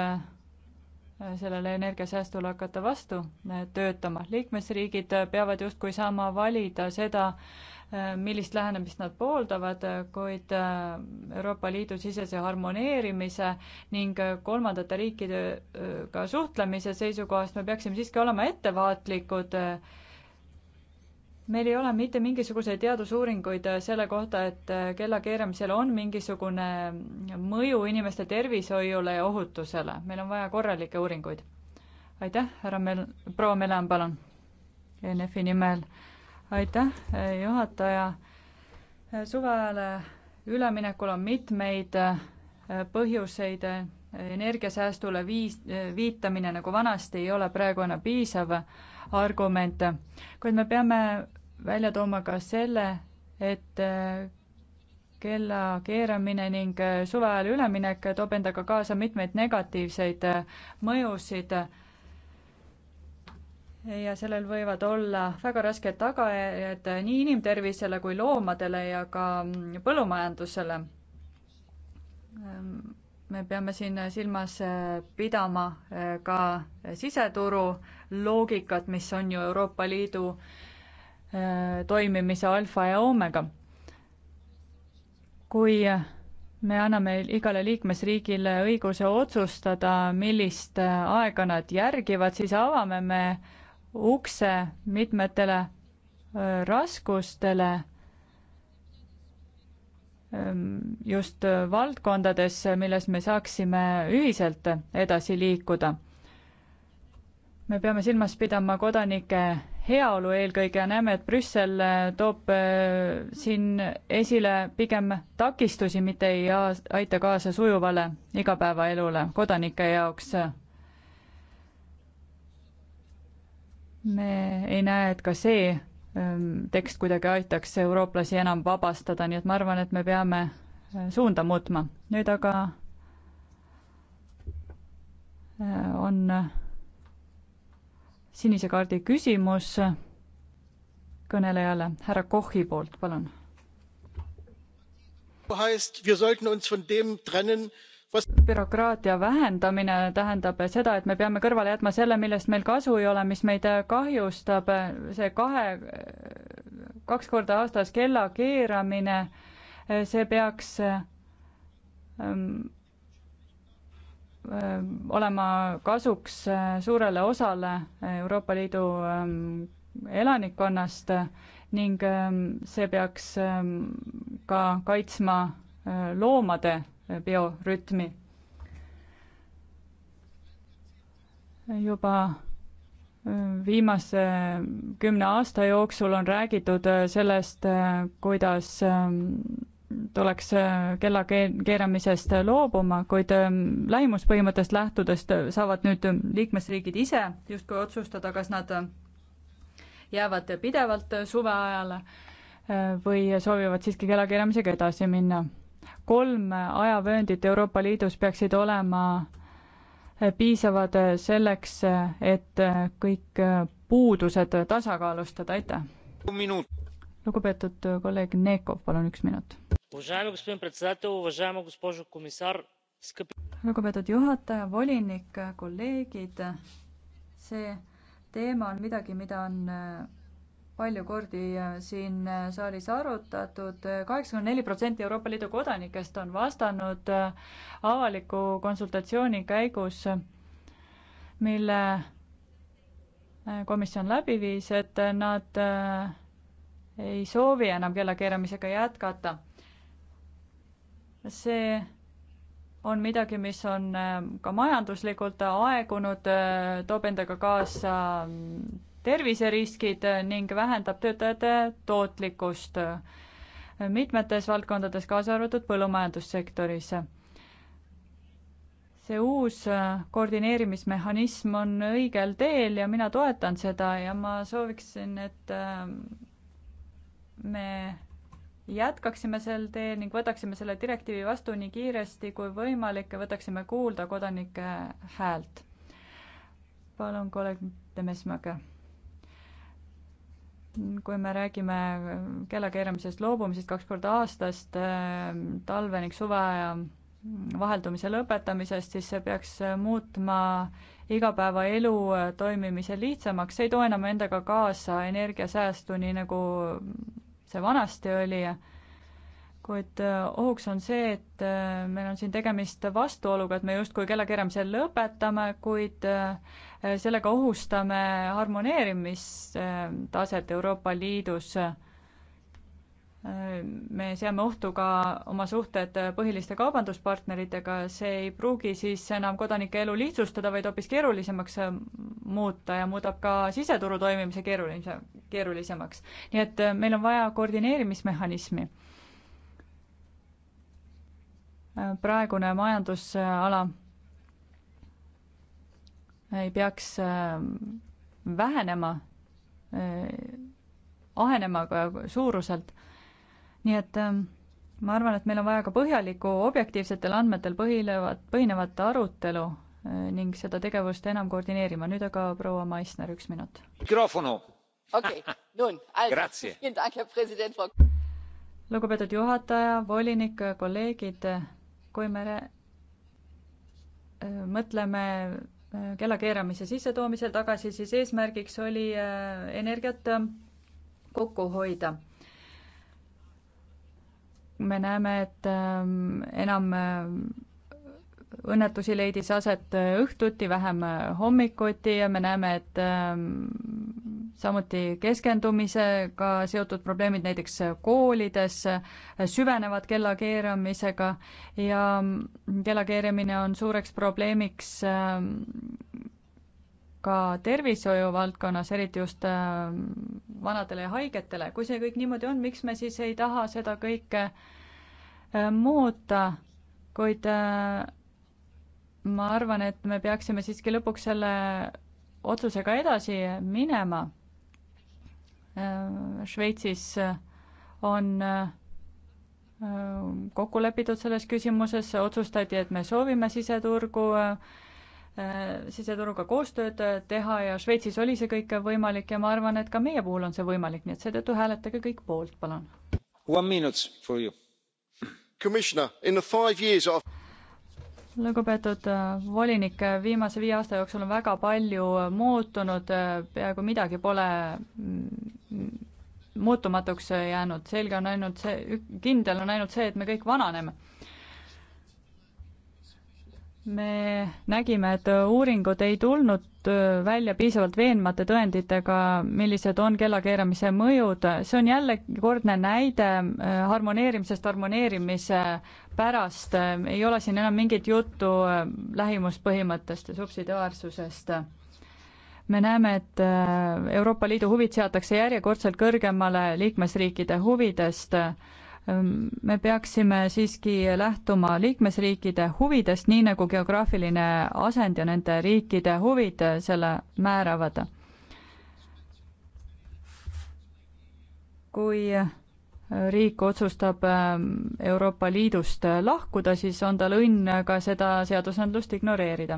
sellele energiasäästule hakata vastu töötama. liikmesriigid peavad justkui saama valida seda, Äh, millist lähenemist nad pooldavad, äh, kuid äh, Euroopa Liidu sisese harmoneerimise ning kolmandate riikidega suhtlemise seisukohast me peaksime siiski olema ettevaatlikud. meil ei ole mitte mingisuguseid teadusuuringuid selle kohta, et kellakeeramisel on mingisugune mõju inimeste tervishoiule ja ohutusele, meil on vaja korralikke uuringuid. aitäh, härra Mel-, proua Melan, palun, ENF-i nimel aitäh, eh, juhataja. Eh, suveajale üleminekul on mitmeid eh, põhjuseid, energiasäästule viis, viitamine nagu vanasti ei ole praegu enam piisav argument, kuid me peame välja tooma ka selle, et kella keeramine ning suveajale üleminek toob endaga kaasa mitmeid negatiivseid mõjusid ja sellel võivad olla väga rasked tagajärjed nii inimtervisele kui loomadele ja ka põllumajandusele. Ehm, me peame siin silmas pidama eh, ka siseturu loogikat, mis on ju Euroopa Liidu eh, toimimise alfa ja oomega. kui me anname igale liikmesriigile õiguse otsustada, millist eh, aega nad järgivad, siis avame me ukse mitmetele raskustele just valdkondades, milles me saaksime ühiselt edasi liikuda. me peame silmas pidama kodanike heaolu eelkõige ja näeme, et Brüssel äh, toob äh, siin esile pigem takistusi, mitte ei aita kaasa sujuvale igapäevaelule kodanike jaoks me ei näe, et ka see ähm, tekst kuidagi aitaks eurooplasi enam vabastada, nii et ma arvan, et me peame äh, suunda muutma. nüüd aga äh, on äh, sinise kaardi küsimus kõnelejale härra Kochi poolt, palun. heißt, wir sollten uns von dem trennen, bürokraatia vähendamine tähendab seda, et me peame kõrvale jätma selle, millest meil kasu ei ole, mis meid kahjustab, see kahe, kaks korda aastas kella keeramine, see peaks ähm, ähm olema kasuks suurele osale Euroopa Liidu ähm, elanikkonnast ning ähm, see peaks ka kaitsma äh, loomade biorütmi. juba äh, viimase kümne aasta jooksul on räägitud äh, sellest, äh, kuidas ähm, tuleks kella keeramisest loobuma, kuid ähm, lähimuspõhimõttest lähtudest saavad nüüd ähm, liikmesriigid ise justkui otsustada, kas nad jäävad pidevalt suveajale või soovivad siiski kella keeramisega edasi minna kolm ajavööndit Euroopa Liidus peaksid olema eh, piisavad eh, selleks, eh, et kõik puudused tasakaalustada, aitäh! lugupeetud kolleeg Neekov, palun üks minut. lugupeetud juhataja, volinik, kolleegid, see teema on midagi, mida on palju kordi äh, siin äh, saalis arutatud, kaheksakümmend neli protsenti Euroopa Liidu kodanikest on vastanud äh, avaliku konsultatsiooni käigus, mille komisjon läbi viis, et nad ei soovi enam kella keeramisega jätkata. see on midagi, mis on ka majanduslikult aegunud, toob endaga kaasa mm, terviseriskid ning vähendab töötajate tootlikkust mitmetes valdkondades, kaasa arvatud põllumajandussektoris. see uus koordineerimismehhanism on õigel teel ja mina toetan seda ja ma sooviksin, et me jätkaksime sel teel ning võtaksime selle direktiivi vastu nii kiiresti kui võimalik ja võtaksime kuulda kodanike häält. palun, kolleeg Demesmäge kui me räägime kellakeeramisest loobumisest kaks korda aastas, äh, talve ning suveaja vaheldumise lõpetamisest, siis see peaks muutma igapäevaelu toimimise lihtsamaks, see ei too enam endaga kaasa energiasäästu, nii nagu see vanasti oli kuid äh, ohuks on see, et äh, meil on siin tegemist vastuoluga, et me justkui kella keeramise lõpetame, kuid äh, sellega ohustame harmoneerimistaset Euroopa Liidus. me seame ohtu ka oma suhted põhiliste kaubanduspartneritega, see ei pruugi siis enam kodanike elu lihtsustada, vaid hoopis keerulisemaks muuta ja muudab ka siseturu toimimise keerulise, keerulisemaks. nii et meil on vaja koordineerimismehhanismi praegune majandusala ei peaks äh, vähenema, äh, ahenema ka suuruselt. nii et äh, ma arvan, et meil on vaja ka põhjalikku objektiivsetel andmetel põhinevat, põhinevat arutelu ning seda tegevust enam koordineerima. nüüd aga proua Maisner, üks minut. Okay. lugupeetud juhataja, volinik, kolleegid kui me äh, mõtleme äh, kellakeeramise sissetoomisel tagasi, siis eesmärgiks oli äh, energiat kokku hoida. me näeme, et enam õnnetusi leidis aset õhtuti, vähem hommikuti ja me näeme, et samuti keskendumisega seotud probleemid näiteks koolides süvenevad kellakeeramisega ja kellakeeramine on suureks probleemiks ähm, ka tervishoiu valdkonnas, eriti just ähm, vanadele ja haigetele. kui see kõik niimoodi on, miks me siis ei taha seda kõike äh, muuta, kuid äh, ma arvan, et me peaksime siiski lõpuks selle otsusega edasi minema Äh, Šveitsis äh, on äh, kokku lepitud selles küsimuses, otsustati, et me soovime siseturgu, siseturuga koostööd teha ja Šveitsis oli see kõik võimalik ja ma arvan, et ka meie puhul on see võimalik, nii et seetõttu hääletage kõik poolt, palun. Of lugupeetud äh, volinik, viimase viie aasta jooksul on väga palju äh, muutunud, äh, peaaegu midagi pole mm, muutumatuks jäänud, selge on ainult see, kindel on ainult see, et me kõik vananeme. me nägime, et uuringud ei tulnud välja piisavalt veenvate tõenditega, millised on kellakeeramise mõjud, see on jälle kordne näide harmoneerimisest harmoneerimise pärast ähm, ei ole siin enam mingit juttu ähm, lähimuspõhimõttest ja subsidiaarsusest. me näeme, et äh, Euroopa Liidu huvid seatakse järjekordselt kõrgemale liikmesriikide huvidest. Ähm, me peaksime siiski lähtuma liikmesriikide huvidest, nii nagu geograafiline asend ja nende riikide huvid selle määravad. kui riik otsustab ähm, Euroopa Liidust lahkuda, siis on tal õnn ka seda seadusandlust ignoreerida.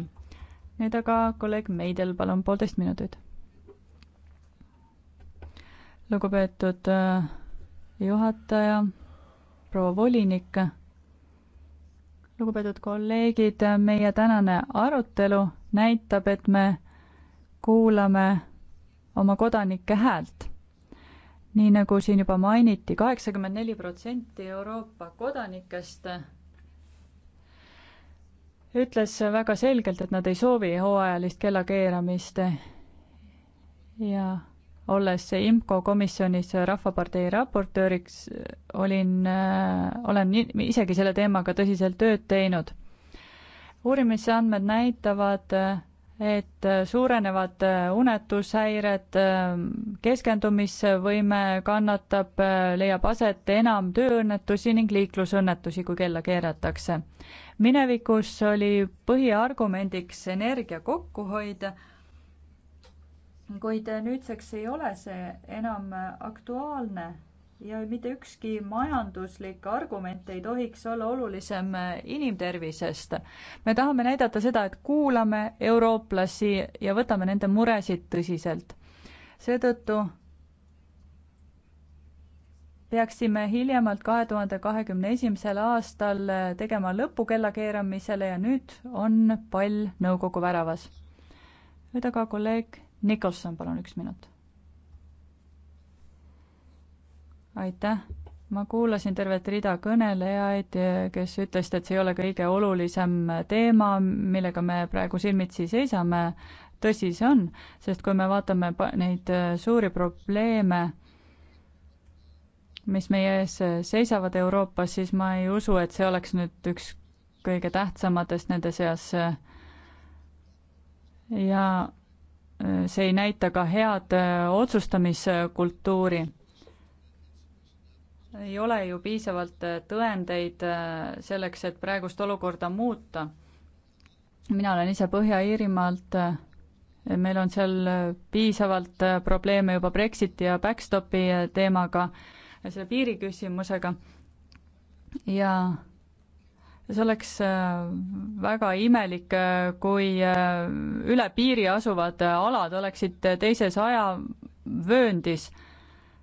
nüüd aga kolleeg Meidel, palun poolteist minutit. lugupeetud äh, juhataja, proua volinik, lugupeetud kolleegid, meie tänane arutelu näitab, et me kuulame oma kodanike häält nii nagu siin juba mainiti, kaheksakümmend neli protsenti Euroopa kodanikest ütles väga selgelt, et nad ei soovi hooajalist kellakeeramist ja olles IMCO komisjonis Rahvapartei raportööriks, olin, olen isegi selle teemaga tõsiselt tööd teinud. uurimisandmed näitavad, et äh, suurenevad äh, unetushäired, äh, keskendumisvõime kannatab, leiab aset enam tööõnnetusi ning liiklusõnnetusi, kui kella keeratakse. minevikus oli põhiargumendiks energia kokkuhoid, kuid nüüdseks ei ole see enam aktuaalne ja mitte ükski majanduslik argument ei tohiks olla olulisem inimtervisest. me tahame näidata seda, et kuulame eurooplasi ja võtame nende muresid tõsiselt. seetõttu peaksime hiljemalt kahe tuhande kahekümne esimesel aastal tegema lõpu kellakeeramisele ja nüüd on pall nõukogu väravas. nüüd aga kolleeg Nikolson, palun üks minut aitäh! ma kuulasin tervet rida kõnelejaid, kes ütlesid, et see ei ole kõige olulisem teema, millega me praegu silmitsi seisame. tõsi see on, sest kui me vaatame neid äh, suuri probleeme, mis meie ees seisavad Euroopas, siis ma ei usu, et see oleks nüüd üks kõige tähtsamatest nende seas. ja äh, see ei näita ka head äh, otsustamiskultuuri ei ole ju piisavalt äh, tõendeid äh, selleks, et praegust olukorda muuta. mina olen ise Põhja-Iirimaalt, äh, meil on seal piisavalt probleeme juba Brexiti ja backstopi teemaga, selle piiri küsimusega ja see oleks väga imelik, kui üle piiri asuvad alad oleksid teises ajavööndis.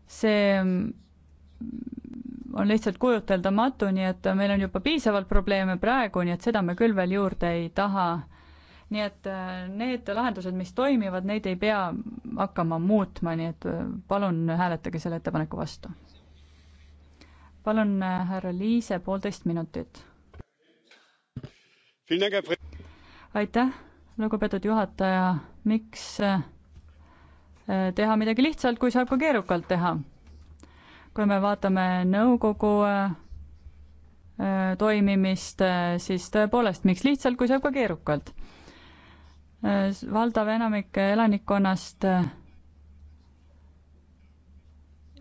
see mm, on lihtsalt kujuteldamatu, nii et meil on juba piisavalt probleeme praegu, nii et seda me küll veel juurde ei taha. nii et äh, need lahendused, mis toimivad, neid ei pea hakkama muutma, nii et äh, palun hääletage selle ettepaneku vastu. palun, äh, härra Liise, poolteist minutit. aitäh, lugupeetud juhataja, miks teha midagi lihtsalt, kui saab ka keerukalt teha kui me vaatame nõukogu äh, äh, toimimist, äh, siis tõepoolest, miks lihtsalt, kui saab ka keerukalt. valdav enamik elanikkonnast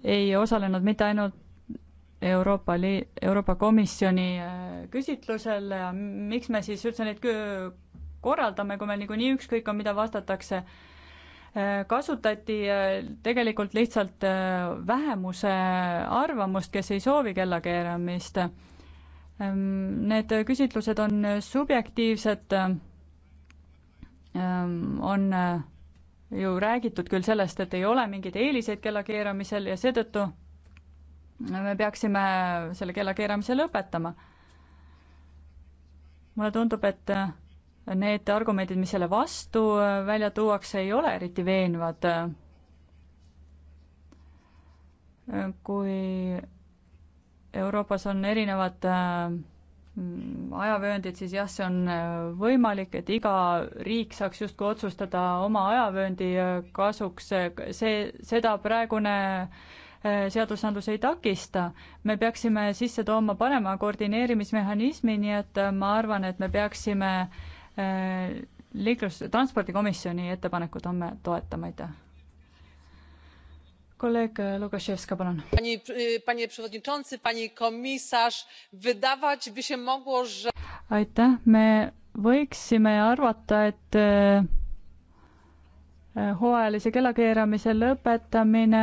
ei osalenud mitte ainult Euroopa Li-, Euroopa Komisjoni küsitlusel ja miks me siis üldse neid korraldame, kui meil niikuinii ükskõik on, mida vastatakse äh, kasutati äh, tegelikult lihtsalt äh, vähemuse arvamust, kes ei soovi kellakeeramist. Ähm, need küsitlused on subjektiivsed, ähm, on äh, ju räägitud küll sellest, et ei ole mingeid eeliseid kellakeeramisel ja seetõttu me peaksime selle kellakeeramise lõpetama. mulle tundub, et need argumendid, mis selle vastu äh, välja tuuakse, ei ole eriti veenvad. Äh, kui Euroopas on erinevad äh, mm, ajavööndid, siis jah, see on võimalik, et iga riik saaks justkui otsustada oma ajavööndi kasuks, see, seda praegune seadusandlus ei takista. me peaksime sisse tooma parema koordineerimismehhanismi, nii et ma arvan, et me peaksime äh, Äh, liiklus, transpordikomisjoni ettepanekut homme toetama, aitäh. kolleeg äh, Lukaševska, palun. Äh, aitäh, me võiksime arvata, et hooajalise kellakeeramise lõpetamine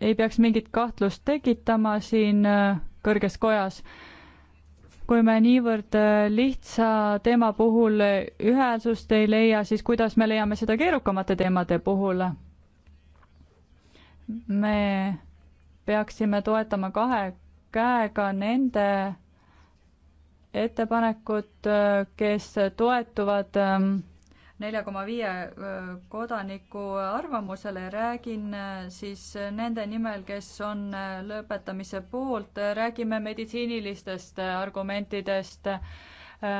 ei peaks mingit kahtlust tekitama siin kõrges kojas kui me niivõrd äh, lihtsa teema puhul ühesust ei leia, siis kuidas me leiame seda keerukamate teemade puhul? me peaksime toetama kahe käega nende ettepanekut, äh, kes toetuvad ähm, nelja koma viie äh, kodaniku arvamusele ja räägin äh, siis äh, nende nimel, kes on lõpetamise poolt, räägime meditsiinilistest argumentidest,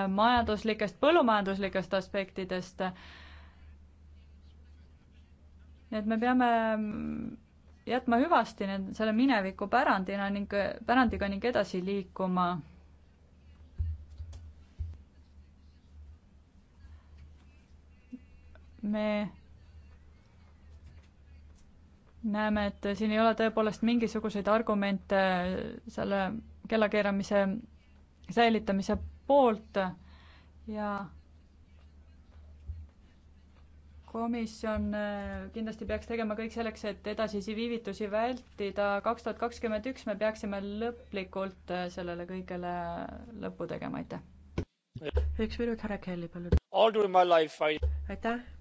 majanduslikest, põllumajanduslikest aspektidest. nii et me peame mm, jätma hüvasti need, selle mineviku pärandina ning, pärandiga ning edasi liikuma me näeme, et siin ei ole tõepoolest mingisuguseid argumente selle kellakeeramise säilitamise poolt ja komisjon äh, kindlasti peaks tegema kõik selleks, et edasisi viivitusi vältida. kaks tuhat kakskümmend üks me peaksime lõplikult äh, sellele kõigele lõpu tegema, aitäh. üks minut, härra Kelly, palun. aitäh,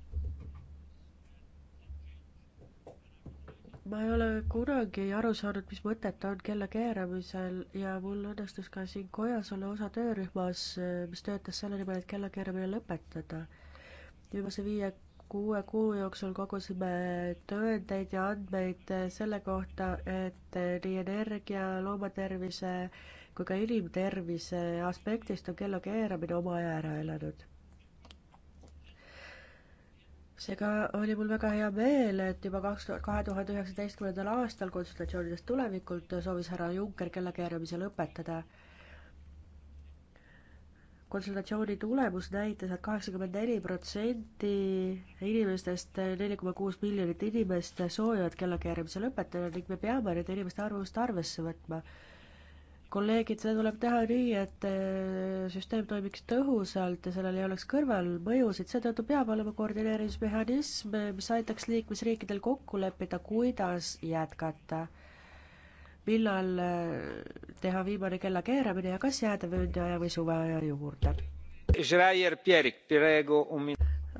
ma ei ole kunagi aru saanud, mis mõtet on kella keeramisel ja mul õnnestus ka siin kojas olla osa töörühmas, mis töötas selle nimel, et kella keeramine lõpetada. viimase viie kuue kuu jooksul kogusime tõendeid ja andmeid selle kohta, et nii energia, loomatervise kui ka inimtervise aspektist on kella keeramine oma aja ära elanud seega oli mul väga hea meel, et juba kaks tuhat, kahe tuhande üheksateistkümnendal aastal konsultatsioonidest tulevikult soovis härra Juncker kellakeeramise lõpetada. konsultatsiooni tulemus näitas et, et kaheksakümmend neli protsenti inimestest, neli koma kuus miljonit inimest soovivad kellakeeramise lõpetada ning me peame nende inimeste arvamust arvesse võtma kolleegid, seda tuleb teha nii, et äh, süsteem toimiks tõhusalt ja sellel ei oleks kõrvalmõjusid, seetõttu peab olema koordineerimismehhanism, mis aitaks liikmesriikidel kokku leppida, kuidas jätkata. millal äh, teha viimane kella keeramine ja kas jääda vööndiaja või suveaja juurde?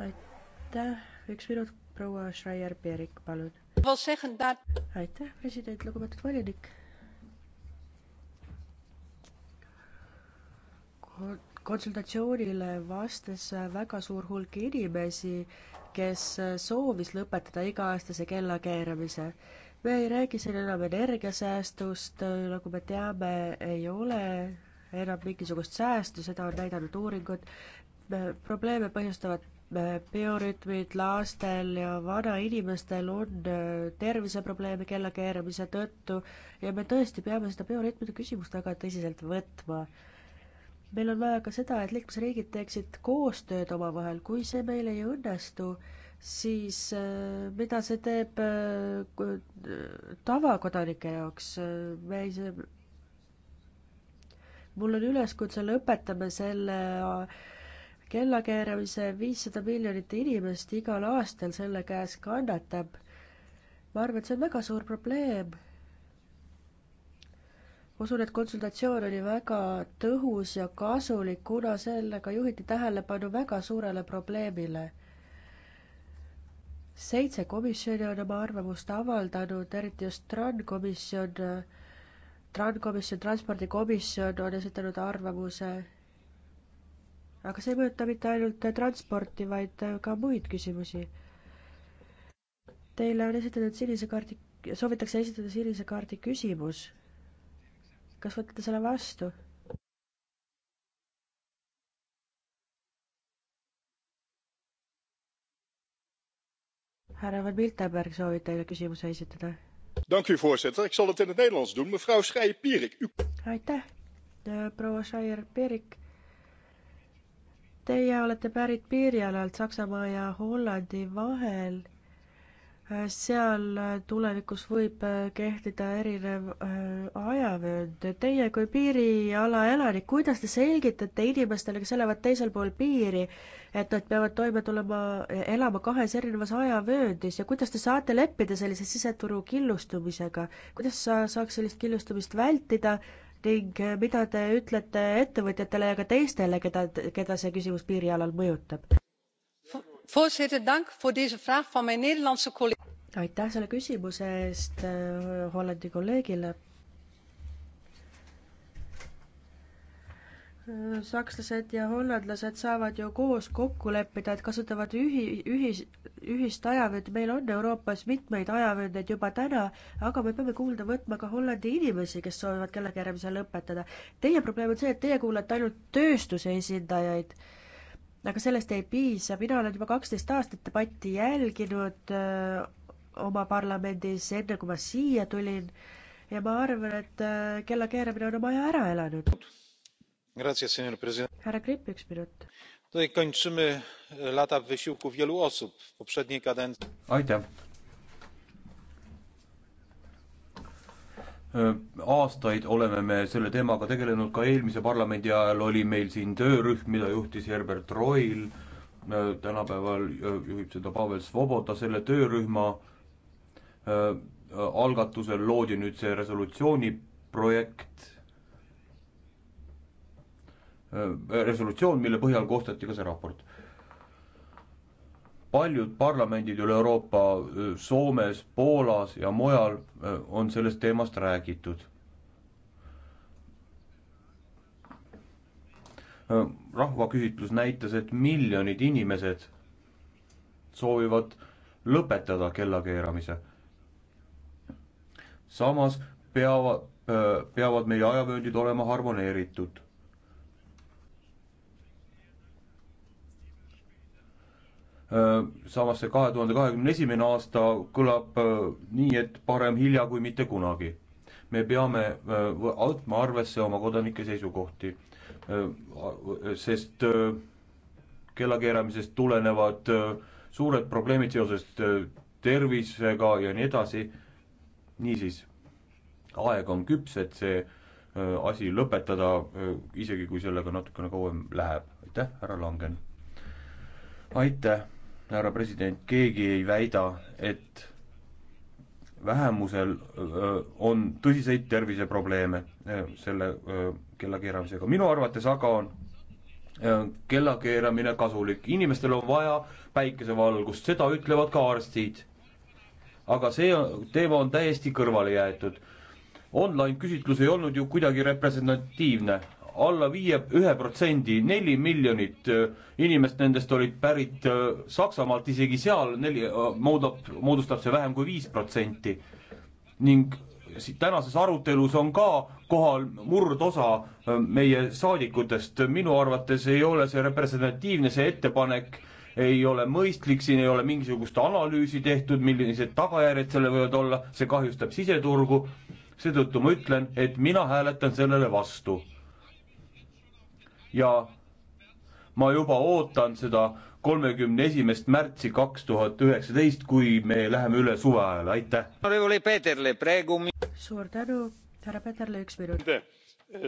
aitäh, üks minut, proua Schreier-Pierik, palun. aitäh, president, lugupeetud volinik konsultatsioonile vastas väga suur hulk inimesi, kes soovis lõpetada iga-aastase kellakeeramise. me ei räägi siin enam energiasäästust, nagu me teame, ei ole enam mingisugust säästu, seda on näidanud uuringud. probleeme põhjustavad biorütmid lastel ja vanainimestel on äh, terviseprobleeme kellakeeramise tõttu ja me tõesti peame seda biorütmide küsimust väga tõsiselt võtma meil on vaja ka seda, et liikmesriigid teeksid koostööd omavahel, kui see meil ei õnnestu, siis äh, mida see teeb äh, tavakodanike jaoks, äh, me ei see, mul on üleskutse, lõpetame selle kellakeeramise, viissada miljonit inimest igal aastal selle käes kannatab. ma arvan, et see on väga suur probleem usun, et konsultatsioon oli väga tõhus ja kasulik, kuna sellega juhiti tähelepanu väga suurele probleemile. seitse komisjoni on oma arvamust avaldanud, eriti just TRAN komisjon, TRAN komisjon, transpordikomisjon on esitanud arvamuse. aga see ei mõjuta mitte ainult transporti, vaid ka muid küsimusi. Teile on esitatud sinise kaardi, soovitakse esitada sinise kaardi küsimus kas võtate selle vastu? härra Van Miltenberg soovib teile küsimuse esitada. voorzitter, ik zal het in het Nederlands doen, mevrouw Schreier-Pierik. aitäh, äh, proua Schreier-Pierik. Teie olete pärit piirialalt Saksamaa ja Hollandi vahel Äh, seal äh, tulevikus võib äh, kehtida erinev ajavöönd. Teie kui piiriala elanik, kuidas te selgitate inimestele, kes elavad teisel pool piiri, et nad peavad toime tulema, elama kahes erinevas ajavööndis ja kuidas te saate leppida sellise siseturu killustumisega? kuidas sa saaks sellist killustumist vältida ning mida te ütlete ettevõtjatele ja ka teistele, keda, keda see küsimus piirialal mõjutab? voorzitter dank voor deze vraag van mijn nederlandse collega. aitäh selle küsimuse eest äh, Hollandi kolleegile. Äh, sakslased ja hollandlased saavad ju koos kokku leppida, et kasutavad ühi-, ühis, ühist ajavöönd, meil on Euroopas mitmeid ajavööndeid juba täna, aga me peame kuulda võtma ka Hollandi inimesi, kes soovivad kellegi järgmisel lõpetada. Teie probleem on see, et teie kuulate ainult tööstuse esindajaid aga sellest ei piisa, mina olen juba kaksteist aastat debatti jälginud öö, äh, oma parlamendis, enne kui ma siia tulin ja ma arvan, et öö, äh, kella keeramine on oma aja ära elanud. härra Gripp, üks minut. E, aitäh, aastaid oleme me selle teemaga tegelenud, ka eelmise parlamendi ajal oli meil siin töörühm, mida juhtis Herbert Roil, tänapäeval juhib seda Pavel Svoboda, selle töörühma algatusel loodi nüüd see resolutsiooni projekt, resolutsioon, mille põhjal koostati ka see raport paljud parlamendid üle Euroopa, Soomes, Poolas ja mujal on sellest teemast räägitud. rahvaküsitlus näitas, et miljonid inimesed soovivad lõpetada kellakeeramise. samas peavad, peavad meie ajavööndid olema harmoneeritud Äh, samas see kahe tuhande kahekümne esimene aasta kõlab äh, nii, et parem hilja kui mitte kunagi. me peame äh, võtma arvesse oma kodanike seisukohti, sest kellakeeramisest tulenevad suured probleemid seoses tervisega ja nii edasi. niisiis, aeg on küps, et see asi lõpetada, isegi kui sellega natukene kauem läheb. aitäh, härra Langen! aitäh! härra president, keegi ei väida, et vähemusel öö, on tõsiseid terviseprobleeme öö, selle öö, kellakeeramisega, minu arvates aga on kellakeeramine kasulik, inimestel on vaja päikesevalgust, seda ütlevad ka arstid. aga see teema on täiesti kõrvale jäetud. Online küsitlus ei olnud ju kuidagi representatiivne, alla viie, ühe protsendi, neli miljonit äh, inimest nendest olid pärit äh, Saksamaalt, isegi seal neli, äh, moodab, moodustab see vähem kui viis protsenti. ning tänases arutelus on ka kohal murdosa meie saadikutest, minu arvates ei ole see representatiivne, see ettepanek ei ole mõistlik, siin ei ole mingisugust analüüsi tehtud, millised tagajärjed sellel võivad olla, see kahjustab siseturgu, seetõttu ma ütlen, et mina hääletan sellele vastu ja ma juba ootan seda kolmekümne esimest märtsi kaks tuhat üheksateist, kui me läheme üle suveajale, aitäh! suur tänu, härra Peterle, üks minut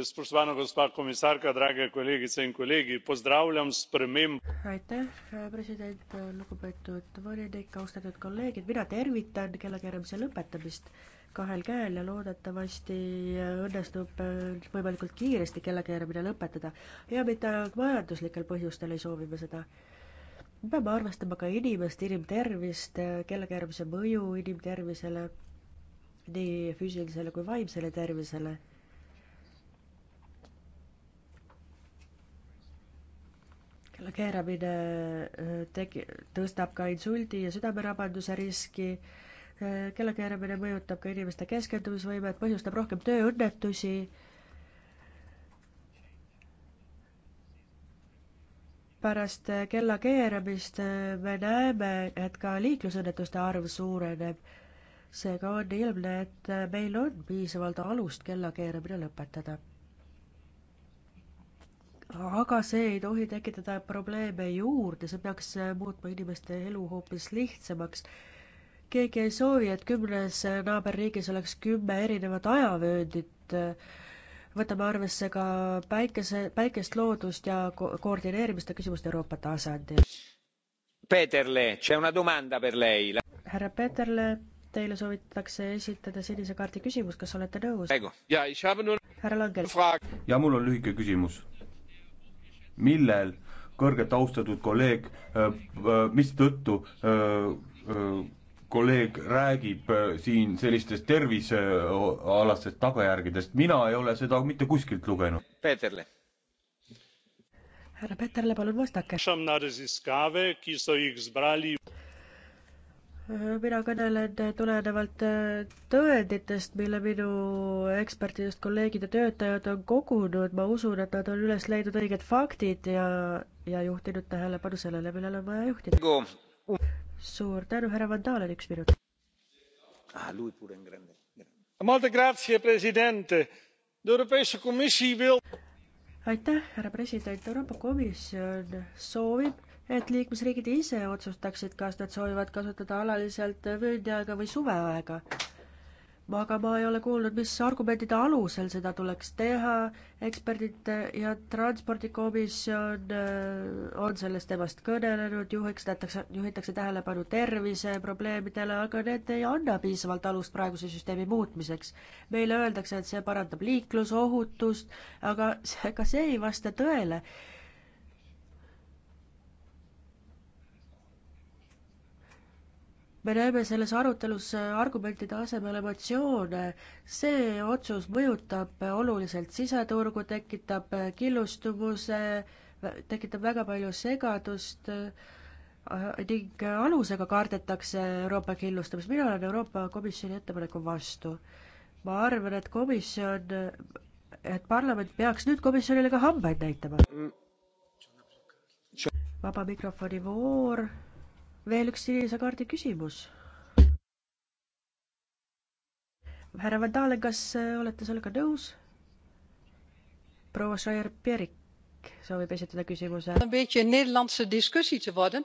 spoštovana gospa komisarka drage kolegice in kolegi pozdravljam spremembo. aitäh president lugupeetud volinik austatud kolleegid mina tervitan kellakeeramise lõpetamist kahel käel ja loodetavasti õnnestub äh, võimalikult kiiresti kellakeeramine lõpetada ja mitte ainult majanduslikel põhjustel ei soovi me seda me peame arvestama ka inimest inimtervist äh, kellakeeramise mõju inimtervisele nii füüsilisele kui vaimsele tervisele keeramine äh, tegi, tõstab ka insuldi ja südamerabanduse riski, äh, kellakeeramine mõjutab ka inimeste keskendumisvõimet, põhjustab rohkem tööõnnetusi pärast äh, kella keeramist me näeme, et ka liiklusõnnetuste arv suureneb. seega on ilmne, et meil on piisavalt alust kella keeramine lõpetada aga see ei tohi tekitada probleeme juurde, see peaks muutma inimeste elu hoopis lihtsamaks. keegi ei soovi, et kümnes naaberriigis oleks kümme erinevat ajavööndit. võtame arvesse ka päikese, päikest, loodust ja ko koordineerimiste küsimust Euroopa tasandil. Peterle, c'è una domanda per lei. härra Peterle, teile soovitakse esitada sinise kaardi küsimus, kas olete nõus? härra Langel. ja mul on lühike küsimus millel kõrgelt austatud kolleeg, äh, äh, mistõttu äh, kolleeg räägib siin sellistest tervisealastest tagajärgedest, mina ei ole seda mitte kuskilt lugenud. Peeterle. härra Peeterle, palun vastake mina kõnelen tulenevalt äh, tõenditest, mille minu ekspertidest kolleegid ja töötajad on kogunud, ma usun, et nad on üles leidnud õiged faktid ja, ja juhtinud tähelepanu sellele, millele on vaja juhtida. suur tänu, härra Van Dalen, üks minut. Ah, aitäh, härra president, Euroopa Komisjon soovib et liikmesriigid ise otsustaksid, kas nad soovivad kasutada alaliselt vööndiaega või suveaega. aga ma ei ole kuulnud, mis argumentide alusel seda tuleks teha, eksperdid ja transpordikomisjon äh, on sellest teemast kõnelenud, juhiks, juhitakse tähelepanu terviseprobleemidele, aga need ei anna piisavalt alust praeguse süsteemi muutmiseks. meile öeldakse, et see parandab liiklusohutust, aga see, ka see ei vasta tõele me näeme selles arutelus äh, argumentide asemel emotsioone. see otsus mõjutab oluliselt siseturgu, tekitab äh, killustumuse, tekitab väga palju segadust äh, ning alusega kardetakse Euroopa killustamist. mina olen Euroopa Komisjoni ettepaneku vastu. ma arvan, et komisjon, et parlament peaks nüüd komisjonile ka hambaid näitama. Mm. vaba mikrofoni voor veel üks sinise kaardi küsimus. härra Vandalen, kas äh, olete sellega nõus? proua Schreier-Pierik soovib esitada küsimuse. een beetje een Nederlandse discussie te worden.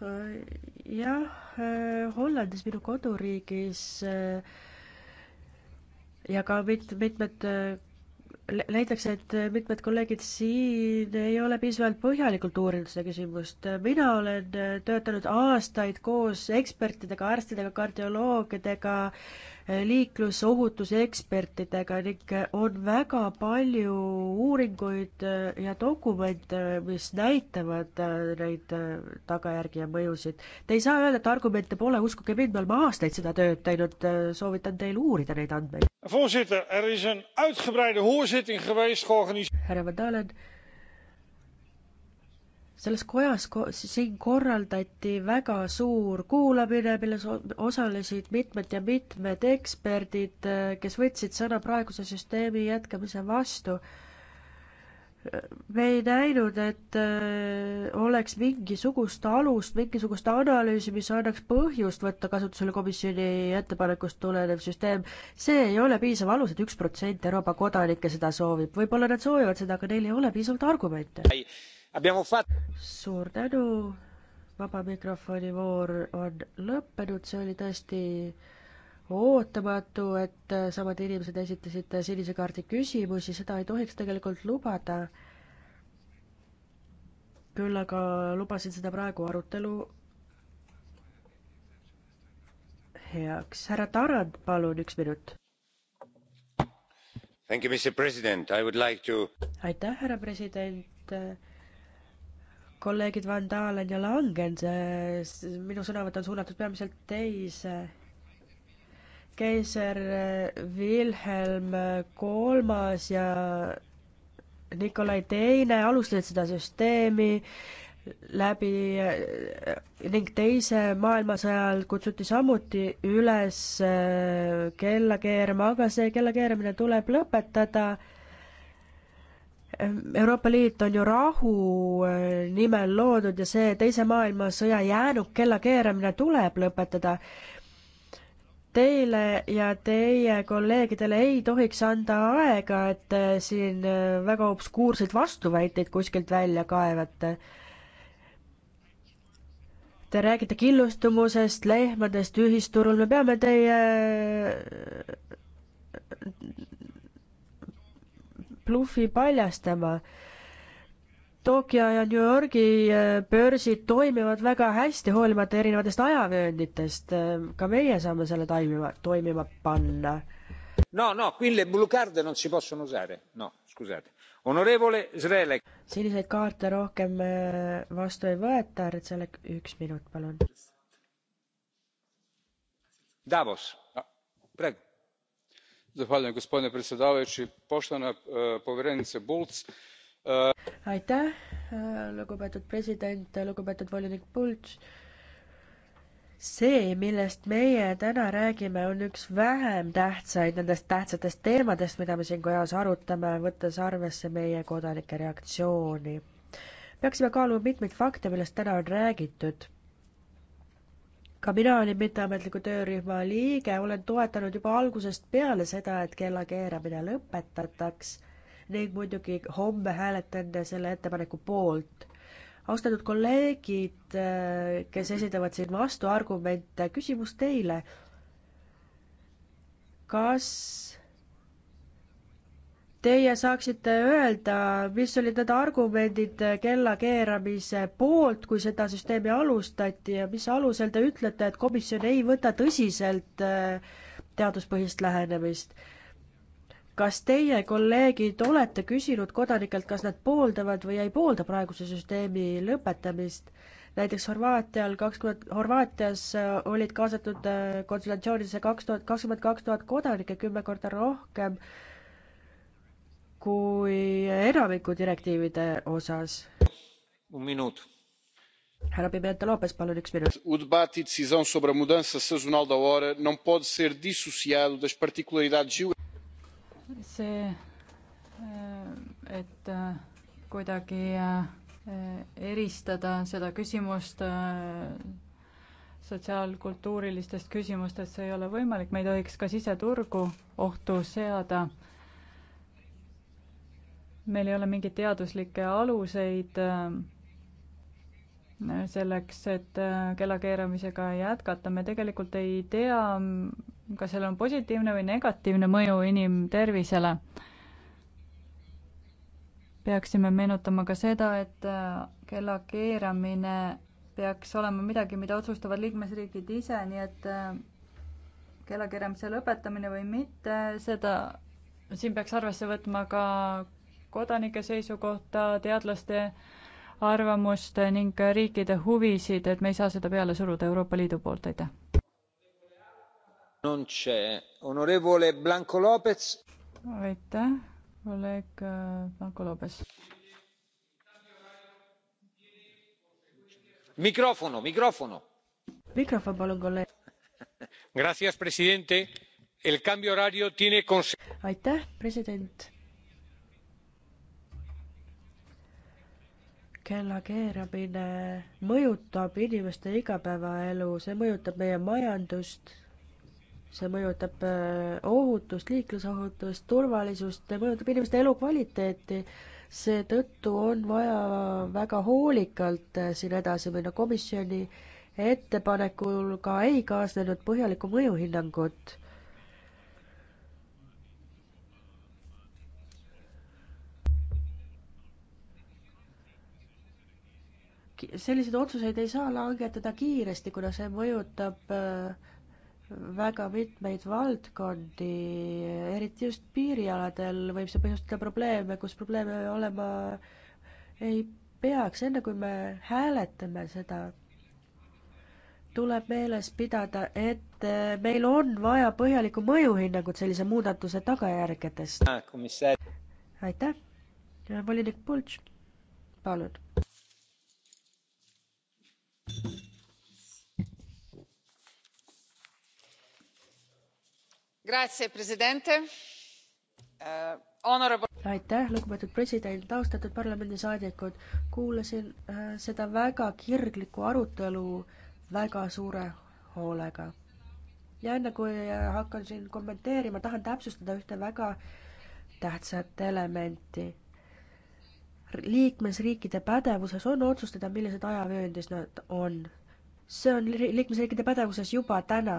Äh, jah, äh, Hollandis, minu koduriigis ja ka mit-, mitmed leitakse, et mitmed kolleegid siin ei ole piisavalt põhjalikult uurinud seda küsimust. mina olen töötanud aastaid koos ekspertidega, arstidega, kardioloogidega äh,, liiklusohutusekspertidega ning on väga palju uuringuid äh, ja dokumente, mis näitavad äh, neid äh, tagajärgi ja mõjusid. Te ei saa öelda, et argumente pole, uskuge mind, me oleme aastaid seda tööd teinud, soovitan teil uurida neid andmeid. Er härra Van Dalen selles kojas ko-, siin korraldati väga suur kuulamine, milles osalesid mitmed ja mitmed eksperdid, kes võtsid sõna praeguse süsteemi jätkamise vastu me ei näinud, et äh, oleks mingisugust alust, mingisugust analüüsi, mis annaks põhjust võtta kasutusele komisjoni ettepanekust tulenev süsteem. see ei ole piisav alus et, et üks protsent Euroopa kodanikke seda soovib, võib-olla nad soovivad seda, aga neil ei ole piisavalt argumente suur tänu, vaba mikrofoni voor on lõppenud, see oli tõesti ootamatu, et samad inimesed esitasid sinise kaardi küsimusi, seda ei tohiks tegelikult lubada. küll aga lubasin seda praegu arutelu heaks. härra Tarand, palun üks minut. You, like to... aitäh, härra president kolleegid Van Dalen ja Langen, eh, see, minu sõnavõtt on suunatud peamiselt teise keiser eh, Wilhelm Kolmas ja Nikolai Teine alustasid seda süsteemi läbi eh, ning teise maailmasõja ajal kutsuti samuti üles kella keerama, aga see kella keeramine tuleb lõpetada Euroopa Liit on ju rahu äh, nimel loodud ja see Teise maailmasõja jäänuk kellakeeramine tuleb lõpetada. Teile ja teie kolleegidele ei tohiks anda aega, et äh, siin äh, väga obskuurseid vastuväiteid kuskilt välja kaevate. Te räägite killustumusest, lehmadest, ühisturul, me peame teie blufi paljastama. Tokyo ja New Yorgi äh, börsid toimivad väga hästi, hoolimata erinevatest ajavöönditest. Äh, ka meie saame selle toimima, toimima panna. no, no, no, siniseid kaarte rohkem äh, vastu ei võeta, et selle üks minut, palun. Davos, praegu gospodine predsjedavajući poštovana e, povjerenice bulc. E, aitäh e, lugupeetud president lugupeetud volinik bulc! see millest meie täna räägime on üks vähem tähtsaid nendest tähtsatest teemadest mida me siin kojas arutame võttes arvesse meie kodanike reaktsiooni. peaksime kaaluma mitmeid fakte millest täna on räägitud ka mina olin mitteametliku töörühma liige, olen toetanud juba algusest peale seda, et kella keeramine lõpetataks ning muidugi homme hääletan selle ettepaneku poolt. austatud kolleegid, kes esindavad siin vastuargumente, küsimus teile. kas teie saaksite öelda, mis olid need argumendid kellakeeramise poolt, kui seda süsteemi alustati ja mis alusel te ütlete, et komisjon ei võta tõsiselt äh, teaduspõhist lähenemist? kas teie kolleegid olete küsinud kodanikelt, kas nad pooldavad või ei poolda praeguse süsteemi lõpetamist? näiteks Horvaatial kakskümmend, Horvaatias äh, olid kaasatud äh, konsultatsioonidesse kaks tuhat, kakskümmend kaks tuhat kodanikke, kümme korda rohkem äh, kui eraviku direktiivide osas. minut. härra Pimenta Lopes, palun üks minut. O debate e decisão sobre a mudança sazonal da hora não pode ser dissociado das particularidades geo-. see, eh, et eh, kuidagi eh, eristada seda küsimust sotsiaalkultuurilistest küsimustest, see ei ole võimalik, me ei tohiks ka siseturgu ohtu seada meil ei ole mingeid teaduslikke aluseid äh, selleks, et äh, kellakeeramisega jätkata, me tegelikult ei tea, kas sellel on positiivne või negatiivne mõju inimtervisele. peaksime meenutama ka seda, et äh, kellakeeramine peaks olema midagi, mida otsustavad liikmesriigid ise, nii et kellakeeramise lõpetamine või mitte, seda, siin peaks arvesse võtma ka kodanike seisukohta, teadlaste arvamust ning riikide huvisid, et me ei saa seda peale suruda Euroopa Liidu poolt, aitäh. aitäh, kolleeg äh, Blanco Lopez. Mikrofono, mikrofono. mikrofon palun, kolleeg. Gracias, presidente. El cambio horario tiene. aitäh, president kella keeramine mõjutab inimeste igapäevaelu, see mõjutab meie majandust, see mõjutab äh, ohutust, liiklusohutust, turvalisust, see mõjutab inimeste elukvaliteeti. seetõttu on vaja väga hoolikalt äh, siin edasi minna. komisjoni ettepanekul ka ei kaasnenud põhjalikku mõjuhinnangut selliseid otsuseid ei saa langetada kiiresti, kuna see mõjutab äh, väga mitmeid valdkondi, eriti just piirialadel võib see põhjustada probleeme, kus probleeme olema ei peaks, enne kui me hääletame seda, tuleb meeles pidada, et äh, meil on vaja põhjalikku mõjuhinnangut sellise muudatuse tagajärgedest. Äh, aitäh, volinik Pultš, palun. Eh, aitäh lugupeetud president austatud parlamendisaadikud kuulasin eh, seda väga kirglikku arutelu väga suure hoolega ja enne kui eh, hakkan siin kommenteerima tahan täpsustada ühte väga tähtsat elementi liikmesriikide pädevuses on otsustada, millises ajavööndis nad on. see on liikmesriikide pädevuses juba täna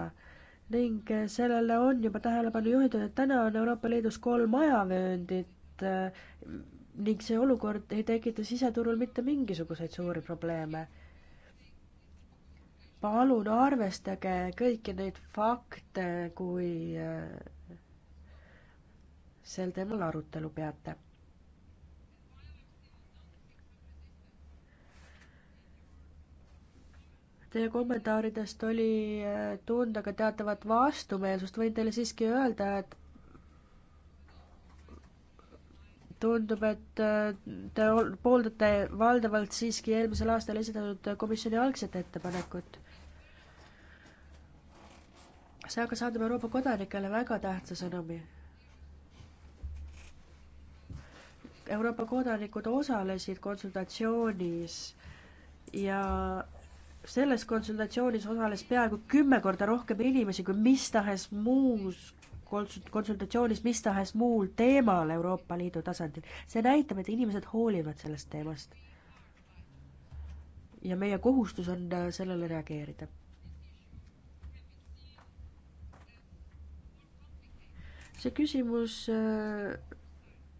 ning eh, sellele on juba tähelepanu juhitud, et täna on Euroopa Liidus kolm ajavööndit eh, ning see olukord ei tekita siseturul mitte mingisuguseid suuri probleeme. palun arvestage kõiki neid fakte, kui eh, sel teemal arutelu peate Teie kommentaaridest oli äh, tunda ka teatavat vastumeelsust, võin teile siiski öelda, et tundub, et äh, te pooldate valdavalt siiski eelmisel aastal esitatud komisjoni algset ettepanekut. see aga saadab Euroopa kodanikele väga tähtsa sõnumi. Euroopa kodanikud osalesid konsultatsioonis ja selles konsultatsioonis osales peaaegu kümme korda rohkem inimesi kui mis tahes muus konsultatsioonis mis tahes muul teemal Euroopa Liidu tasandil. see näitab, et inimesed hoolivad sellest teemast. ja meie kohustus on äh, sellele reageerida. see küsimus äh,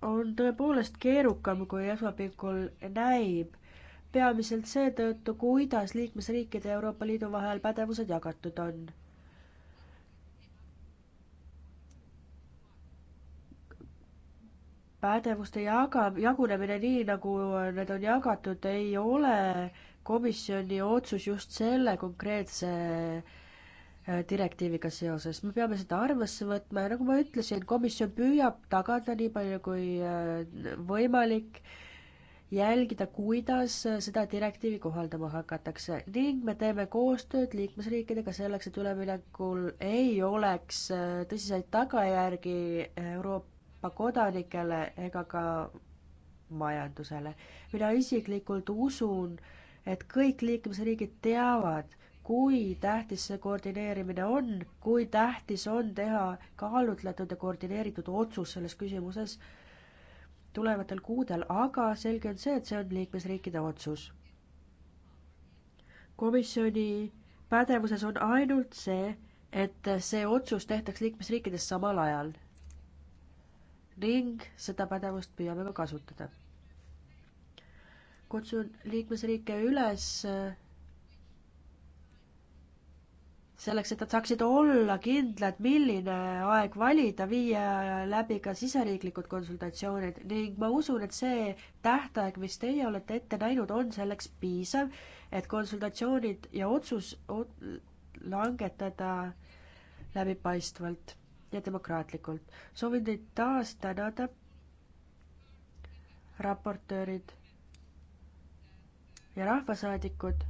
on tõepoolest keerukam, kui esmapilgul näib peamiselt seetõttu, kuidas liikmesriikide ja Euroopa Liidu vahel pädevused jagatud on. pädevuste jaga-, jagunemine nii, nagu need on jagatud, ei ole komisjoni otsus just selle konkreetse äh, direktiiviga seoses, me peame seda arvesse võtma ja nagu ma ütlesin, komisjon püüab tagada nii palju kui äh, võimalik äh, jälgida, kuidas seda direktiivi kohaldama hakatakse ning me teeme koostööd liikmesriikidega selleks, et üleminekul ei oleks äh, tõsiseid tagajärgi Euroopa kodanikele ega ka majandusele. mina isiklikult usun, et kõik liikmesriigid teavad, kui tähtis see koordineerimine on, kui tähtis on teha kaalutletud ja koordineeritud otsus selles küsimuses tulevatel kuudel, aga selge on see, et see on liikmesriikide otsus. komisjoni pädevuses on ainult see, et see otsus tehtaks liikmesriikides samal ajal. ning seda pädevust püüame ka kasutada. kutsun liikmesriike üles selleks, et nad saaksid olla kindlad, milline aeg valida, viia läbi ka siseriiklikud konsultatsioonid ning ma usun, et see tähtaeg, mis teie olete ette näinud, on selleks piisav, et konsultatsioonid ja otsus langetada läbipaistvalt ja demokraatlikult. soovin teid taas tänada, raportöörid ja rahvasaadikud,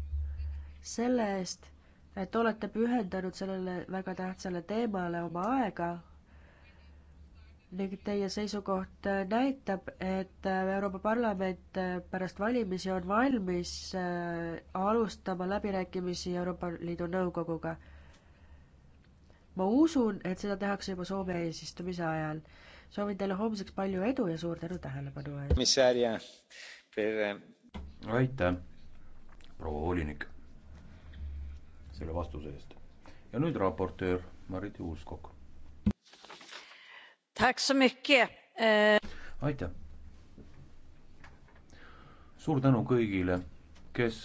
selle eest et olete pühendanud sellele väga tähtsale teemale oma aega ning teie seisukoht näitab, et Euroopa Parlament pärast valimisi on valmis äh, alustama läbirääkimisi Euroopa Liidu Nõukoguga. ma usun, et seda tehakse juba Soome eesistumise ajal. soovin teile homseks palju edu ja suur tänu tähelepanu eest. aitäh, proua volinik selle vastuse eest. ja nüüd raportöör Marit Juuskok. Eh. aitäh. suur tänu kõigile, kes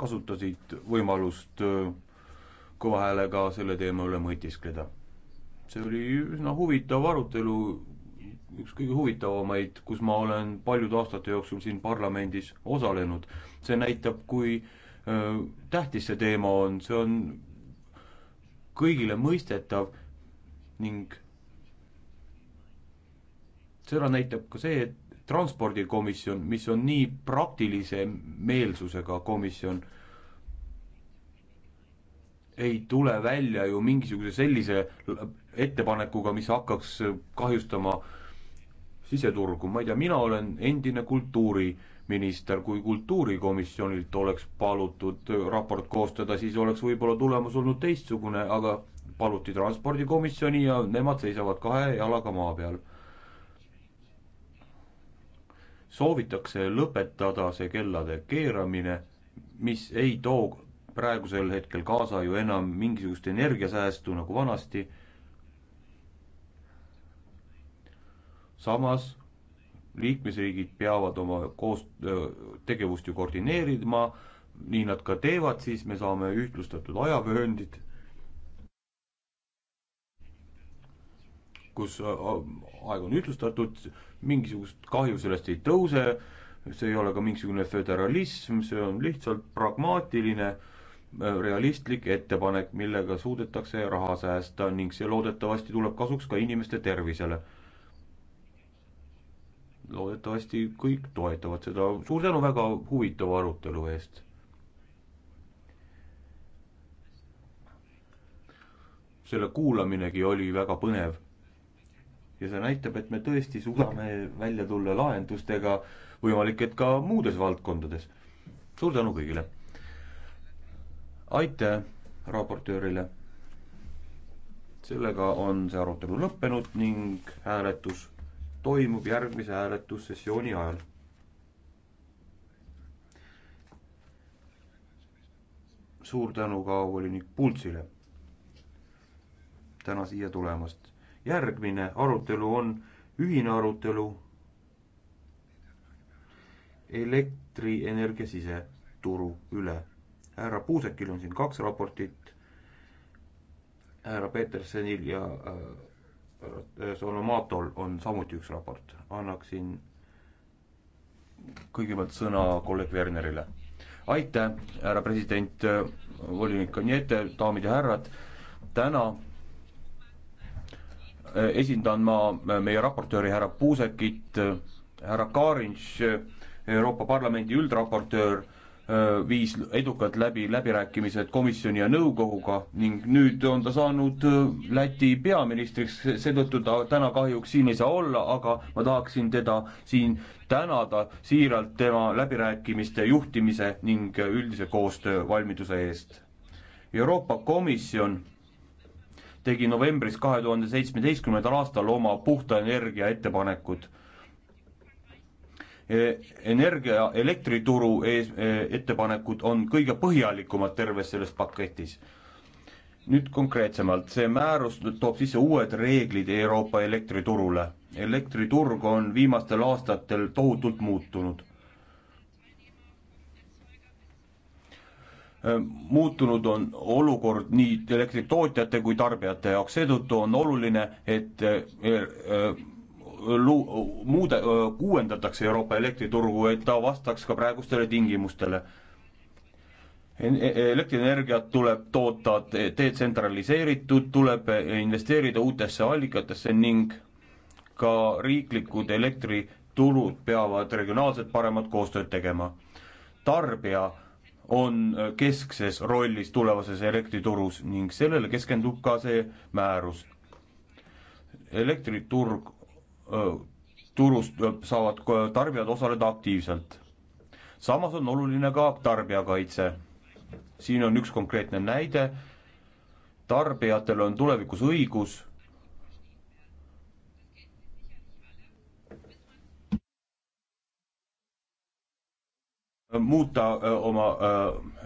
kasutasid võimalust eh, kõva häälega selle teema üle mõtiskleda. see oli üsna huvitav arutelu üks kõige huvitavamaid, kus ma olen paljude aastate jooksul siin parlamendis osalenud. see näitab, kui öö, tähtis see teema on, see on kõigile mõistetav ning seda näitab ka see, et transpordikomisjon, mis on nii praktilise meelsusega komisjon, ei tule välja ju mingisuguse sellise ettepanekuga, mis hakkaks kahjustama äh, siseturgu, ma ei tea, mina olen endine kultuuriminister, kui kultuurikomisjonilt oleks palutud raport koostada, siis oleks võib-olla tulemus olnud teistsugune, aga paluti transpordikomisjoni ja nemad seisavad kahe jalaga maa peal. soovitakse lõpetada see kellade keeramine, mis ei too praegusel hetkel kaasa ju enam mingisugust energiasäästu nagu vanasti samas liikmesriigid peavad oma koos, tegevust ju koordineerima, nii nad ka teevad, siis me saame ühtlustatud ajavööndid, kus aeg on ühtlustatud, mingisugust kahju sellest ei tõuse, see ei ole ka mingisugune föderalism, see on lihtsalt pragmaatiline, realistlik ettepanek, millega suudetakse raha säästa ning see loodetavasti tuleb kasuks ka inimeste tervisele loodetavasti kõik toetavad seda, suur tänu väga huvitava arutelu eest. selle kuulaminegi oli väga põnev. ja see näitab, et me tõesti suudame välja tulla lahendustega, võimalik, et ka muudes valdkondades. suur tänu kõigile. aitäh raportöörile. sellega on see arutelu lõppenud ning hääletus toimub järgmise hääletussessiooni ajal. suur tänu ka volinik Pultsile täna siia tulemast. järgmine arutelu on ühine arutelu elektrienergia siseturu üle. härra Puusekil on siin kaks raportit, härra Petersonil ja äh, Solomatol on samuti üks raport, annaksin kõigepealt sõna kolleeg Wernerile. aitäh, härra president, volinik Anijete, daamid ja härrad, täna esindan ma meie raportööri härra Puusekit, härra Karinš, Euroopa Parlamendi üldraportöör Äh, viis edukalt läbi läbirääkimised komisjoni ja nõukoguga ning nüüd on ta saanud äh, Läti peaministriks, seetõttu ta täna kahjuks siin ei saa olla, aga ma tahaksin teda siin tänada siiralt tema läbirääkimiste juhtimise ning äh, üldise koostöövalmiduse eest. Euroopa Komisjon tegi novembris kahe tuhande seitsmeteistkümnendal aastal oma puhta energia ettepanekud Eh, energia, elektrituru ees, eh, ettepanekud on kõige põhjalikumad terves selles paketis. nüüd konkreetsemalt, see määrus toob sisse uued reeglid Euroopa elektriturule. elektriturg on viimastel aastatel tohutult muutunud. Eh, muutunud on olukord nii elektritootjate kui tarbijate jaoks, seetõttu on oluline, et lu-, muude, uuendatakse Euroopa elektriturgu, et ta vastaks ka praegustele tingimustele. E-, elektrienergiat tuleb toota detsentraliseeritud, tuleb investeerida uutesse allikatesse ning ka riiklikud elektriturud peavad regionaalselt paremat koostööd tegema. tarbija on keskses rollis tulevases elektriturus ning sellele keskendub ka see määrus. elektriturg turust saavad tarbijad osaleda aktiivselt. samas on oluline ka tarbijakaitse. siin on üks konkreetne näide, tarbijatel on tulevikus õigus muuta oma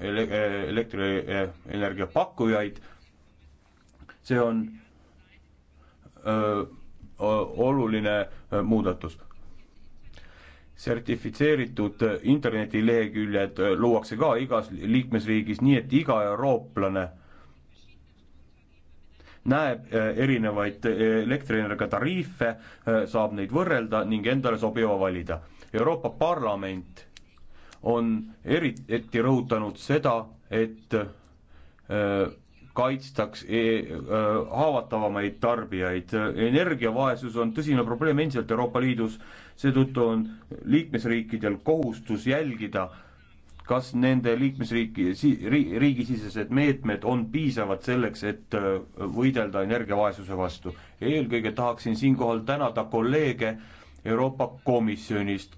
ele-, elektrienergia pakkujaid, see on öö, oluline muudatus. sertifitseeritud internetileheküljed luuakse ka igas liikmesriigis, nii et iga eurooplane näeb erinevaid elektrienergia tariife, saab neid võrrelda ning endale sobiva valida. Euroopa Parlament on eriti rõhutanud seda, et kaitstaks e haavatavamaid tarbijaid. energiavaesus on tõsine probleem endiselt Euroopa Liidus, seetõttu on liikmesriikidel kohustus jälgida, kas nende liikmesriiki si, ri, riigisisesed meetmed on piisavad selleks, et võidelda energiavaesuse vastu. eelkõige tahaksin siinkohal tänada kolleege Euroopa Komisjonist,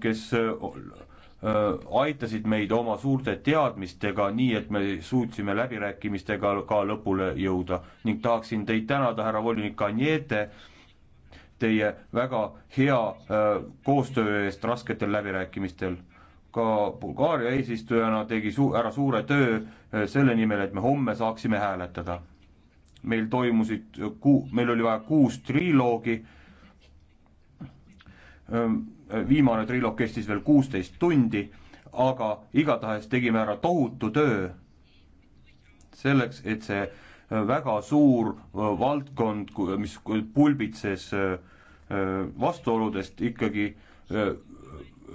kes aitasid meid oma suurte teadmistega, nii et me suutsime läbirääkimistega ka lõpule jõuda ning tahaksin teid tänada, härra volinik Kanjete, teie väga hea koostöö eest rasketel läbirääkimistel. ka Bulgaaria eesistujana tegi su-, ära suure töö selle nimel, et me homme saaksime hääletada. meil toimusid ku-, meil oli vaja kuus triloogi, viimane trilog kestis veel kuusteist tundi, aga igatahes tegime ära tohutu töö selleks, et see äh, väga suur äh, valdkond, mis pulbitses äh, vastuoludest, ikkagi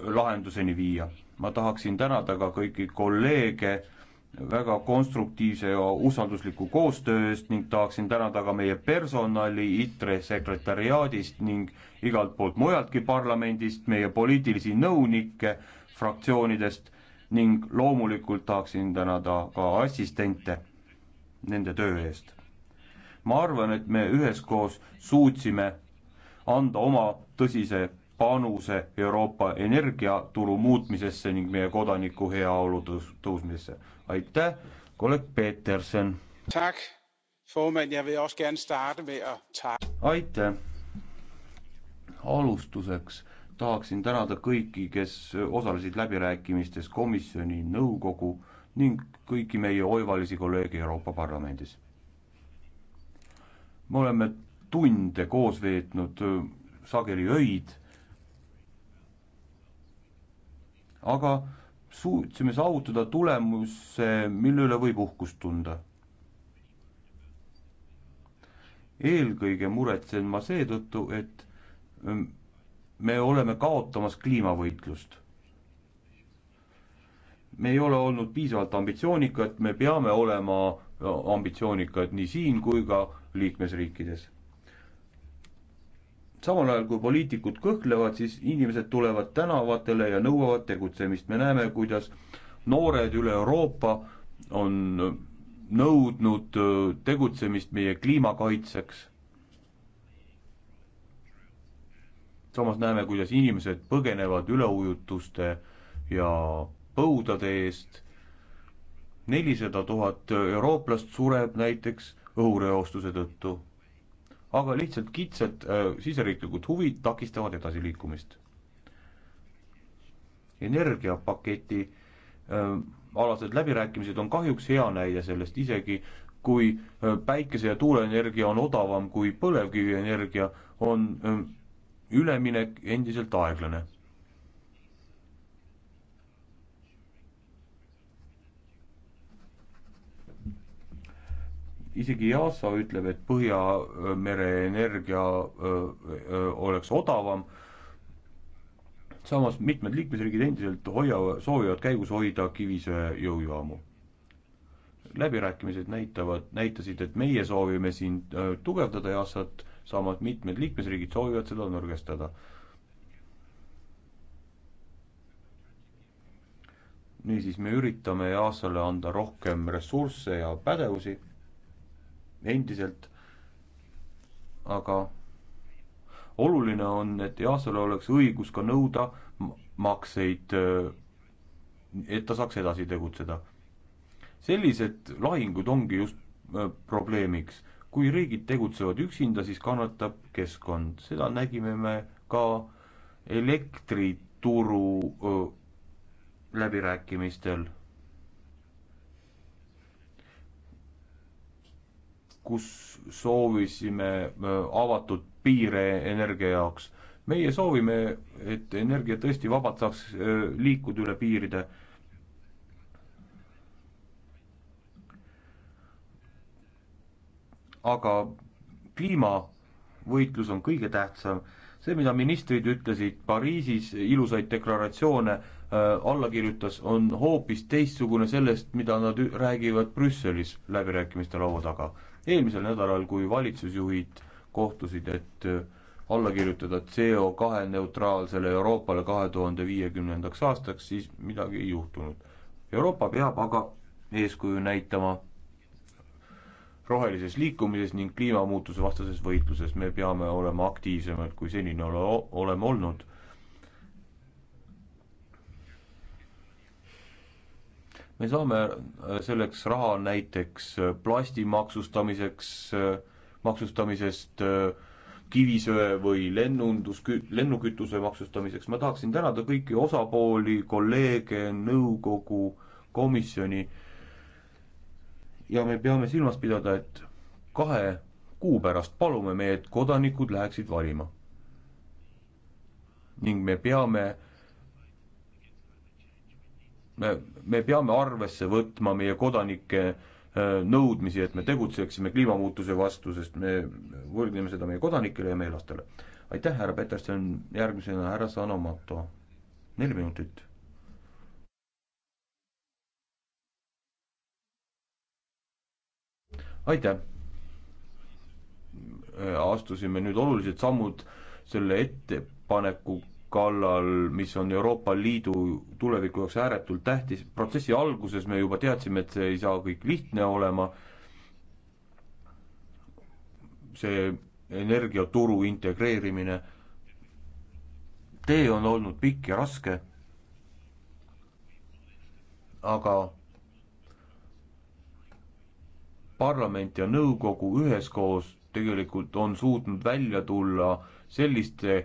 lahenduseni viia. ma tahaksin tänada ka kõiki kolleege väga konstruktiivse ja usaldusliku koostöö eest ning tahaksin tänada ka meie personali ITRE sekretariaadist ning igalt poolt mujaltki parlamendist, meie poliitilisi nõunikke fraktsioonidest ning loomulikult tahaksin tänada ka assistente nende töö eest. ma arvan, et me üheskoos suutsime anda oma tõsise panuse Euroopa energiaturu muutmisesse ning meie kodaniku heaolu tõus-, tõusmisesse aitäh, kolleeg Peterson. aitäh. alustuseks tahaksin tänada kõiki, kes osalesid läbirääkimistes komisjoni, nõukogu ning kõiki meie oivalisi kolleege Euroopa Parlamendis. me oleme tunde koos veetnud, sageli öid, aga suutsime saavutada tulemuse, mille üle võib uhkust tunda. eelkõige muretsen ma seetõttu, et ähm, me oleme kaotamas kliimavõitlust. me ei ole olnud piisavalt ambitsioonikad, me peame olema äh, ambitsioonikad nii siin kui ka liikmesriikides samal ajal, kui poliitikud kõhklevad, siis inimesed tulevad tänavatele ja nõuavad tegutsemist. me näeme, kuidas noored üle Euroopa on nõudnud äh, tegutsemist meie kliima kaitseks. samas näeme, kuidas inimesed põgenevad üleujutuste ja põudade eest. nelisada tuhat eurooplast sureb näiteks õhureostuse tõttu aga lihtsalt kitsad äh, siseriiklikud huvid takistavad edasiliikumist. energiapaketi äh, alased läbirääkimised on kahjuks hea näide sellest, isegi kui äh, päikese- ja tuuleenergia on odavam kui põlevkivienergia, on äh, üleminek endiselt aeglane isegi EASA ütleb, et Põhjamere energia öö, öö, oleks odavam, samas mitmed liikmesriigid endiselt hoia, soovivad käigus hoida Kivisöe jõujaamu. läbirääkimised näitavad, näitasid, et meie soovime siin öö, tugevdada EASA-t, samas mitmed liikmesriigid soovivad seda nõrgestada niisiis me üritame EASA-le anda rohkem ressursse ja pädevusi endiselt, aga oluline on, et EASA-l oleks õigus ka nõuda makseid, äh, et ta saaks edasi tegutseda. sellised lahingud ongi just äh, probleemiks. kui riigid tegutsevad üksinda, siis kannatab keskkond, seda nägime me ka elektrituru äh, läbirääkimistel kus soovisime äh, avatud piire energia jaoks. meie soovime, et energia tõesti vabalt saaks äh, liikuda üle piiride. aga kliimavõitlus on kõige tähtsam. see, mida ministrid ütlesid Pariisis, ilusaid deklaratsioone äh, alla kirjutas, on hoopis teistsugune sellest, mida nad räägivad Brüsselis läbirääkimiste laua taga eelmisel nädalal, kui valitsusjuhid kohtusid, et äh, alla kirjutada CO kahe neutraalsele Euroopale kahe tuhande viiekümnendaks aastaks, siis midagi ei juhtunud. Euroopa peab aga eeskuju näitama rohelises liikumises ning kliimamuutuse vastases võitluses, me peame olema aktiivsemad, kui senini ole, oleme olnud me saame äh, selleks raha näiteks äh, plasti maksustamiseks, äh, maksustamisest, kivisöe või lennundus, lennukütuse maksustamiseks, ma tahaksin tänada kõiki osapooli, kolleege, nõukogu, komisjoni ja me peame silmas pidada, et kahe kuu pärast palume me, et kodanikud läheksid valima. ning me peame me, me peame arvesse võtma meie kodanike äh, nõudmisi, et me tegutseksime kliimamuutuse vastu, sest me võlgneme seda meie kodanikele ja meie lastele. aitäh, härra Peterson, järgmisena härra Sanomato, neli minutit. aitäh. Äh, astusime nüüd olulised sammud selle ettepaneku kallal, mis on Euroopa Liidu tuleviku jaoks ääretult tähtis, protsessi alguses me juba teadsime, et see ei saa kõik lihtne olema, see energiaturu integreerimine, tee on olnud pikk ja raske, aga parlament ja nõukogu üheskoos tegelikult on suutnud välja tulla selliste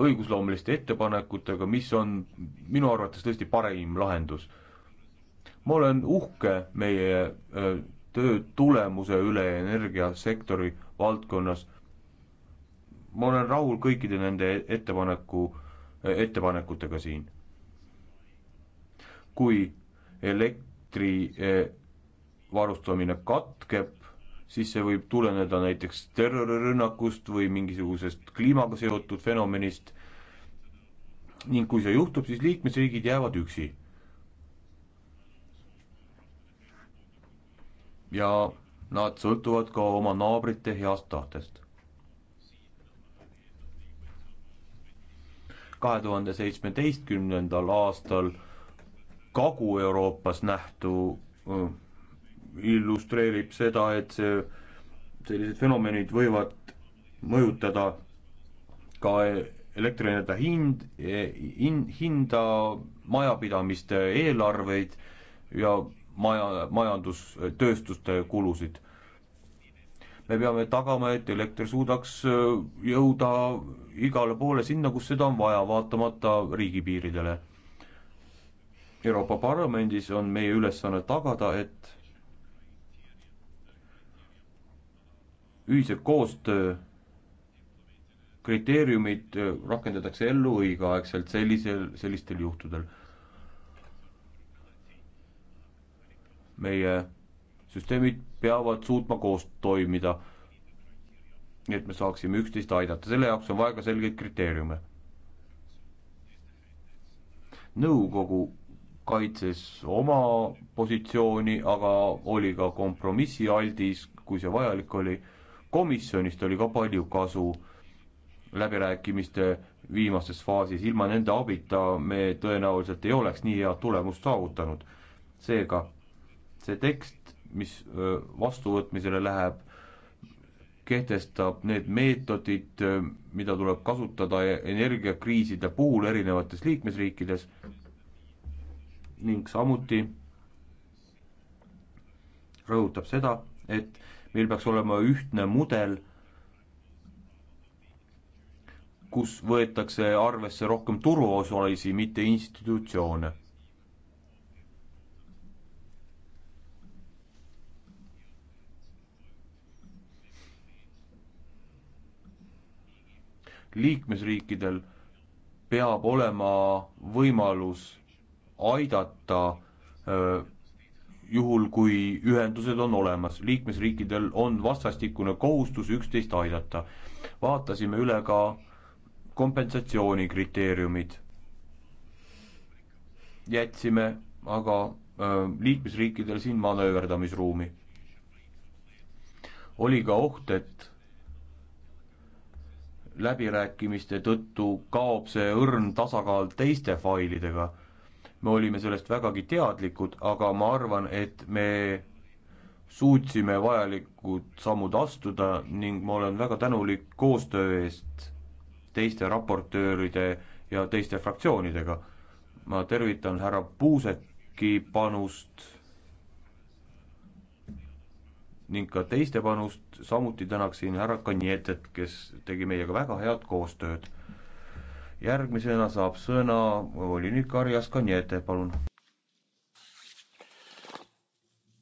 õigusloomuliste ettepanekutega, mis on minu arvates tõesti parim lahendus. ma olen uhke meie töö tulemuse üle energiasektori valdkonnas. ma olen rahul kõikide nende ettepaneku, ettepanekutega siin. kui elektri varustamine katkeb, siis see võib tuleneda näiteks terrorirünnakust või mingisugusest kliimaga seotud fenomenist ning kui see juhtub, siis liikmesriigid jäävad üksi. ja nad sõltuvad ka oma naabrite heast tahtest. kahe tuhande seitsmeteistkümnendal aastal Kagu-Euroopas nähtu illustreerib seda, et see, sellised fenomenid võivad mõjutada ka elektrienergia hind, e, hin-, hinda, majapidamiste eelarveid ja maja, majandustööstuste kulusid. me peame tagama, et elekter suudaks e, jõuda igale poole sinna, kus seda on vaja, vaatamata riigipiiridele. Euroopa Parlamendis on meie ülesanne tagada, et ühise koostöö kriteeriumid äh, rakendatakse ellu õigeaegselt sellisel, sellistel juhtudel. meie süsteemid peavad suutma koos toimida, nii et me saaksime üksteist aidata, selle jaoks on vaja ka selgeid kriteeriume. nõukogu kaitses oma positsiooni, aga oli ka kompromissialdis, kui see vajalik oli komisjonist oli ka palju kasu läbirääkimiste viimases faasis, ilma nende abita me tõenäoliselt ei oleks nii head tulemust saavutanud. seega see tekst, mis vastuvõtmisele läheb, kehtestab need meetodid, mida tuleb kasutada e-, energiakriiside puhul erinevates liikmesriikides ning samuti rõhutab seda, et meil peaks olema ühtne mudel, kus võetakse arvesse rohkem turuosalisi, mitte institutsioone. liikmesriikidel peab olema võimalus aidata öö, äh, juhul, kui ühendused on olemas, liikmesriikidel on vastastikune kohustus üksteist aidata. vaatasime üle ka kompensatsioonikriteeriumid. jätsime aga öö, liikmesriikidel siin manööverdamisruumi. oli ka oht, et läbirääkimiste tõttu kaob see õrn tasakaal teiste failidega me olime sellest vägagi teadlikud, aga ma arvan, et me suutsime vajalikud sammud astuda ning ma olen väga tänulik koostöö eest teiste raportööride ja teiste fraktsioonidega. ma tervitan härra Puuseki panust ning ka teiste panust, samuti tänaksin härra Kanietet, kes tegi meiega väga head koostööd järgmisena saab sõna volinik Arias Kanjete, palun.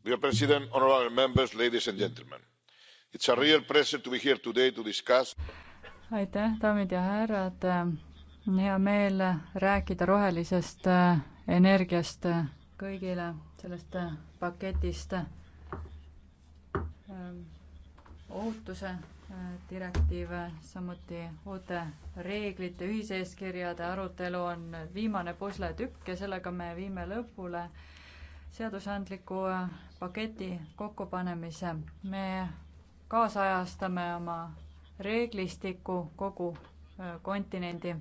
Dear president, honorable members, ladies and gentlemen. It's a real pleasure to be here today to discuss. aitäh, daamid ja härrad. hea meel rääkida rohelisest eh, energiast eh, kõigile sellest eh, paketist ohutuse äh, direktiiv, samuti uute reeglite, ühiseeskirjade arutelu on viimane pusletükk ja sellega me viime lõpule seadusandliku äh, paketi kokkupanemise. me kaasajastame oma reeglistiku kogu äh, kontinendi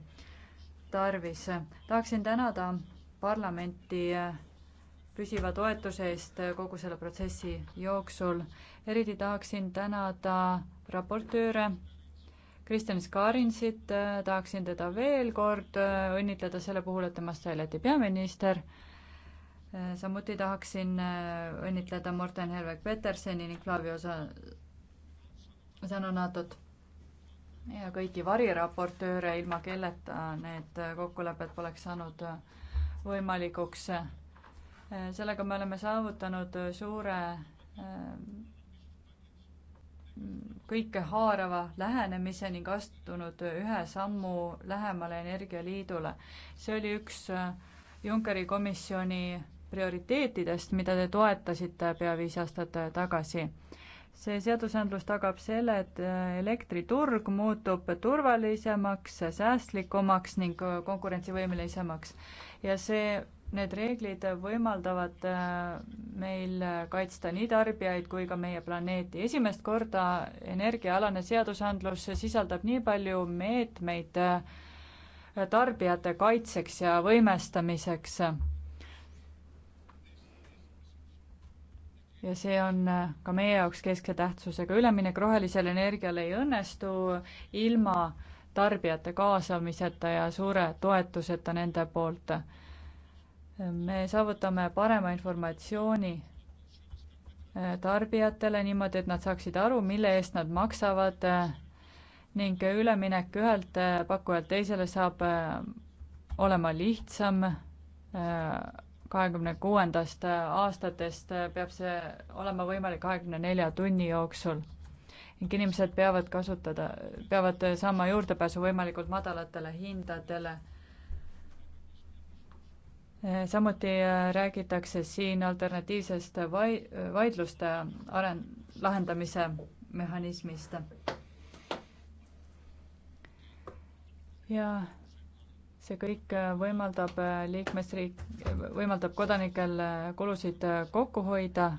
tarvis. tahaksin tänada parlamenti püsiva toetuse eest kogu selle protsessi jooksul eriti tahaksin tänada raportööre Kristjan Skarinsit, tahaksin teda veel kord õnnitleda selle puhul, et temast sai Läti peaminister. samuti tahaksin õnnitleda Morten Helveg Petersoni ning Flavio Sanonatot ja kõiki variraportööre, ilma kelleta need kokkulepped poleks saanud võimalikuks. sellega me oleme saavutanud suure kõikehaarava lähenemise ning astunud ühe sammu lähemale Energialiidule. see oli üks äh, Junckeri komisjoni prioriteetidest, mida te toetasite pea viis aastat äh, tagasi. see seadusandlus tagab selle, et äh, elektriturg muutub turvalisemaks, säästlikumaks ning konkurentsivõimelisemaks ja see Need reeglid võimaldavad äh, meil kaitsta nii tarbijaid kui ka meie planeeti. esimest korda energiaalane seadusandlus sisaldab nii palju meetmeid äh, tarbijate kaitseks ja võimestamiseks ja see on äh, ka meie jaoks keskse tähtsusega. üleminek rohelisele energiale ei õnnestu ilma tarbijate kaasamiseta ja suure toetuseta nende poolt me saavutame parema informatsiooni äh, tarbijatele niimoodi, et nad saaksid aru, mille eest nad maksavad äh, ning üleminek ühelt äh, pakkujalt teisele saab olema lihtsam. kahekümne kuuendast aastatest peab see olema võimalik kahekümne nelja tunni jooksul ning inimesed peavad kasutada, peavad saama juurdepääsu võimalikult madalatele hindadele Eh, samuti eh, räägitakse siin alternatiivsest vai-, vaidluste aren-, lahendamise mehhanismist. ja see kõik eh, võimaldab liikmesriik, võimaldab kodanikel kulusid kokku hoida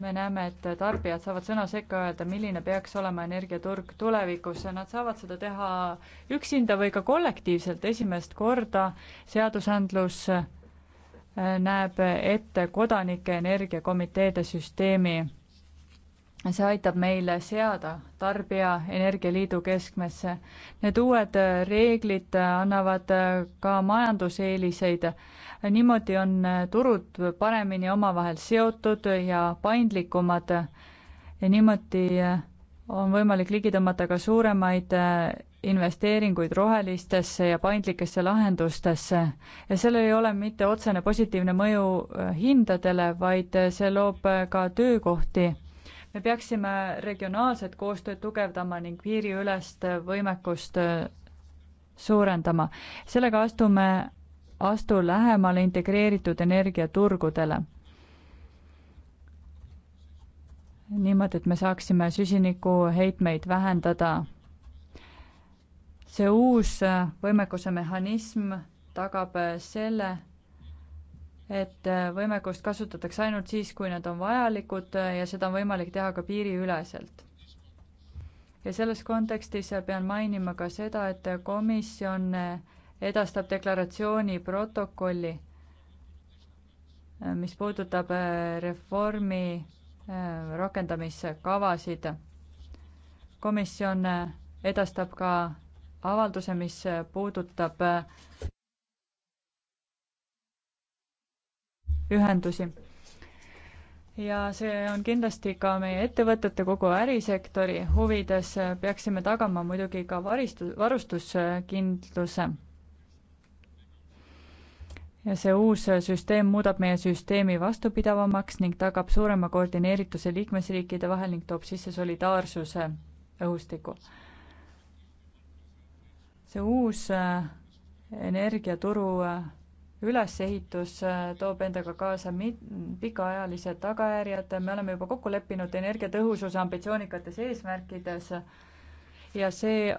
me näeme, et tarbijad saavad sõna sekka öelda, milline peaks olema energiaturg tulevikus ja nad saavad seda teha üksinda või ka kollektiivselt. esimest korda seadusandlus äh, näeb ette kodanike energiakomiteede süsteemi. see aitab meile seada tarbija energialiidu keskmesse. Need uued äh, reeglid äh, annavad ka majanduseeliseid niimoodi on äh, turud paremini omavahel seotud ja paindlikumad ja niimoodi äh, on võimalik ligi tõmmata ka suuremaid äh, investeeringuid rohelistesse ja paindlikesse lahendustesse ja sellel ei ole mitte otsene positiivne mõju hindadele, vaid see loob ka töökohti. me peaksime regionaalset koostööd tugevdama ning piiriülest võimekust suurendama. sellega astume astu lähemale integreeritud energiaturgudele. niimoodi, et me saaksime süsinikuheitmeid vähendada. see uus võimekuse mehhanism tagab selle, et võimekust kasutatakse ainult siis, kui need on vajalikud ja seda on võimalik teha ka piiriüleselt. ja selles kontekstis pean mainima ka seda, et komisjon edastab deklaratsiooni protokolli, eh, mis puudutab eh, reformi eh, rakendamiskavasid. komisjon edastab ka avalduse, mis puudutab ühendusi. ja see on kindlasti ka meie ettevõtete, kogu ärisektori huvides, peaksime tagama muidugi ka varistu-, varustuskindluse ja see uus süsteem muudab meie süsteemi vastupidavamaks ning tagab suurema koordineerituse liikmesriikide vahel ning toob sisse solidaarsuse õhustiku. see uus äh, energiaturu äh, ülesehitus äh, toob endaga kaasa pikaajalised tagajärjed, me oleme juba kokku leppinud energiatõhususe ambitsioonikates eesmärkides ja see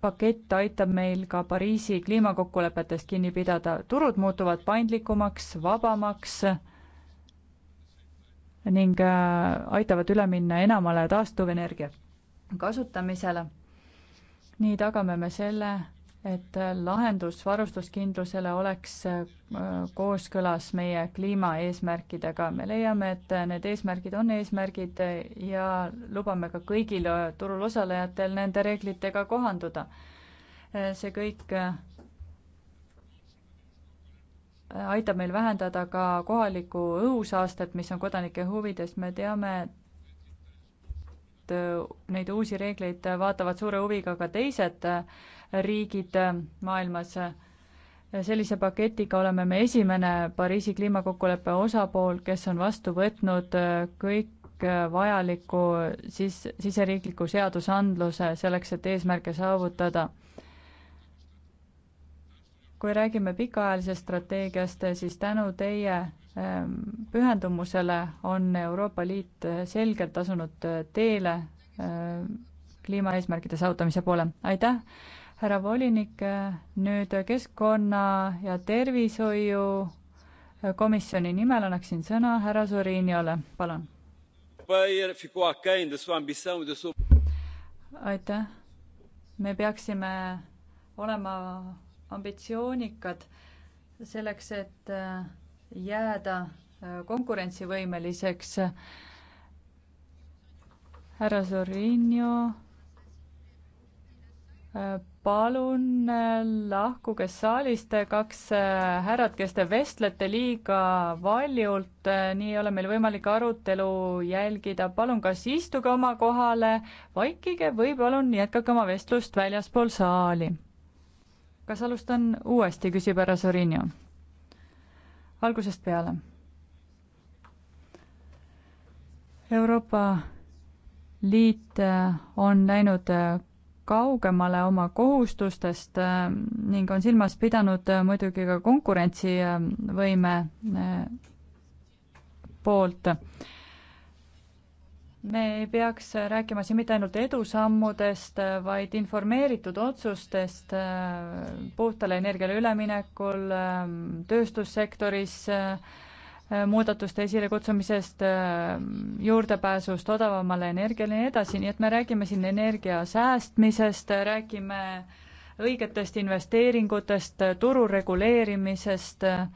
pakett aitab meil ka Pariisi kliimakokkulepetest kinni pidada, turud muutuvad paindlikumaks, vabamaks ning äh, aitavad üle minna enamale taastuvenergia kasutamisele. nii tagame me selle, et lahendus varustuskindlusele oleks äh, kooskõlas meie kliimaeesmärkidega. me leiame, et need eesmärgid on eesmärgid äh, ja lubame ka kõigil äh, turul osalejatel nende reeglitega kohanduda. see kõik aitab meil vähendada ka kohalikku õhusaastet, mis on kodanike huvides, me teame, et neid uusi reegleid vaatavad suure huviga ka teised äh, riigid äh, maailmas. sellise paketiga oleme me esimene Pariisi kliimakokkuleppe osapool, kes on vastu võtnud äh, kõik äh, vajaliku sis-, siseriikliku seadusandluse selleks, et eesmärke saavutada kui räägime pikaajalisest strateegiast, siis tänu teie ähm, pühendumusele on Euroopa Liit selgelt asunud teele kliimaeesmärkide saavutamise poole. aitäh härra volinik, nüüd keskkonna ja tervishoiu komisjoni nimel annaksin sõna härra Zorinjale, palun. aitäh, me peaksime olema ambitsioonikad selleks, et äh, jääda äh, konkurentsivõimeliseks. härra Zorinjo palun äh, lahkuge saalist, kaks äh, härrat, kes te vestlete liiga valjult, äh, nii ei ole meil võimalik arutelu jälgida. palun kas istuge oma kohale, vaikige või palun jätkake oma vestlust väljaspool saali. kas alustan uuesti, küsib härra Sorinio. algusest peale. Euroopa Liit on läinud kaugemale oma kohustustest äh, ning on silmas pidanud äh, muidugi ka konkurentsivõime äh, poolt. me ei peaks rääkima siin mitte ainult edusammudest, vaid informeeritud otsustest puhtale energiale üleminekul tööstussektoris äh, Äh, muudatuste esilekutsumisest, äh, juurdepääsust odavamale energiale ja nii edasi, nii et me räägime siin energia säästmisest, räägime õigetest investeeringutest, turu reguleerimisest, äh,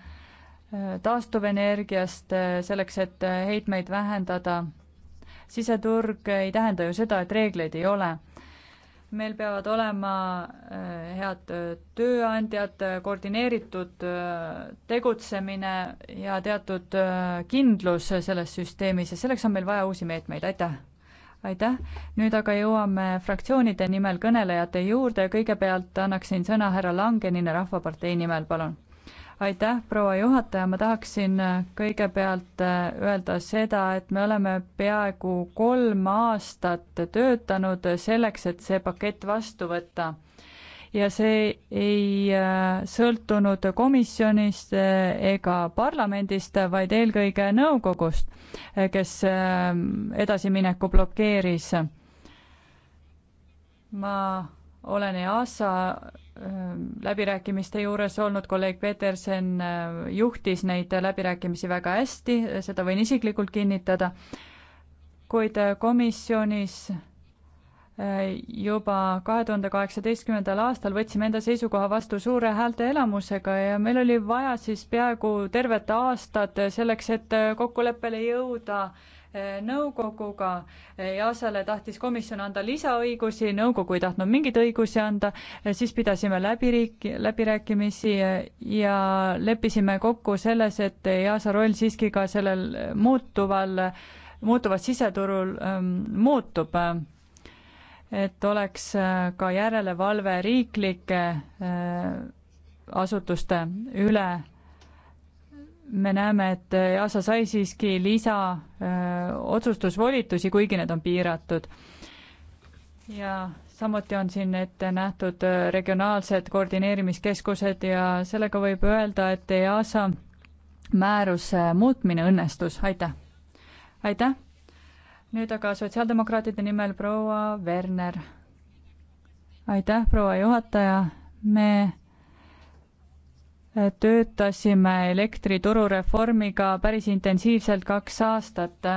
taastuvenergiast, selleks et heitmeid vähendada. siseturg ei tähenda ju seda, et reegleid ei ole meil peavad olema äh, head äh, tööandjad, äh, koordineeritud tegutsemine ja teatud kindlus selles süsteemis ja selleks on meil vaja uusi meetmeid, aitäh! aitäh, nüüd aga jõuame fraktsioonide nimel kõnelejate juurde, kõigepealt annaksin sõna härra Langenile Rahvapartei nimel, palun aitäh, proua juhataja, ma tahaksin äh, kõigepealt äh, öelda seda, et me oleme peaaegu kolm aastat töötanud selleks, et see pakett vastu võtta. ja see ei äh, sõltunud komisjonist ega parlamendist, vaid eelkõige nõukogust, kes edasimineku blokeeris. ma olen EASA ähm, läbirääkimiste juures olnud, kolleeg Peterson äh, juhtis neid läbirääkimisi väga hästi, seda võin isiklikult kinnitada, kuid äh, komisjonis äh, juba kahe tuhande kaheksateistkümnendal aastal võtsime enda seisukoha vastu suure häälteelamusega ja meil oli vaja siis peaaegu tervet aastat selleks, et kokkuleppele jõuda äh, nõukoguga. EASA-le tahtis komisjon anda lisaõigusi, nõukogu ei tahtnud mingeid õigusi anda, siis pidasime läbiriik, läbirääkimisi ja leppisime kokku selles, et EASA roll siiski ka sellel muutuval, muutuval siseturul ähm, muutub et oleks äh, ka järelevalve riiklike äh, asutuste üle me näeme, et EASA sai siiski lisa otsustusvolitusi, kuigi need on piiratud. ja samuti on siin ette nähtud regionaalsed koordineerimiskeskused ja sellega võib öelda, et EASA määruse muutmine õnnestus, aitäh! aitäh! nüüd aga sotsiaaldemokraatide nimel proua Werner. aitäh, proua juhataja, me töötasime elektrituru reformiga päris intensiivselt kaks aastat.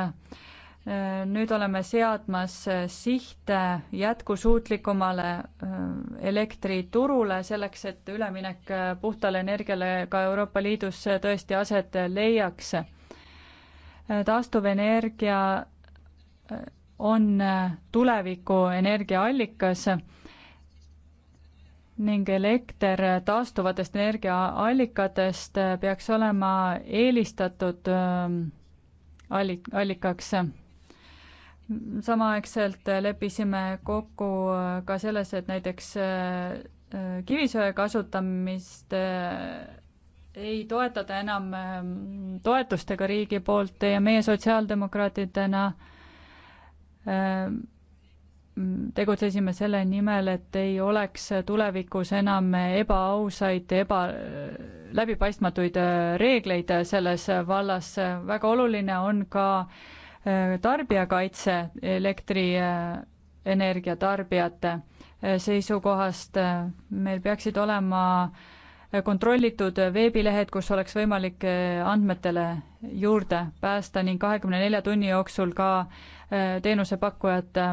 nüüd oleme seadmas sihte jätkusuutlikumale äh, elektriturule selleks, et üleminek äh, puhtale energiale ka Euroopa Liidus tõesti aset leiaks. Äh, taastuvenergia on tuleviku energiaallikas ning elekter taastuvatest energiaallikatest peaks olema eelistatud ähm, allik-, allikaks. samaaegselt leppisime kokku äh, ka selles, et näiteks äh, äh, kivisöe kasutamist ei toetata enam ähm, toetustega riigi poolt ja meie sotsiaaldemokraatidena ähm, tegutsesime selle nimel, et ei oleks tulevikus enam ebaausaid, eba, läbipaistmatuid reegleid selles vallas. väga oluline on ka äh, tarbijakaitse elektrienergia äh, tarbijate äh, seisukohast. meil peaksid olema kontrollitud veebilehed, kus oleks võimalik andmetele juurde päästa ning kahekümne nelja tunni jooksul ka teenusepakkujate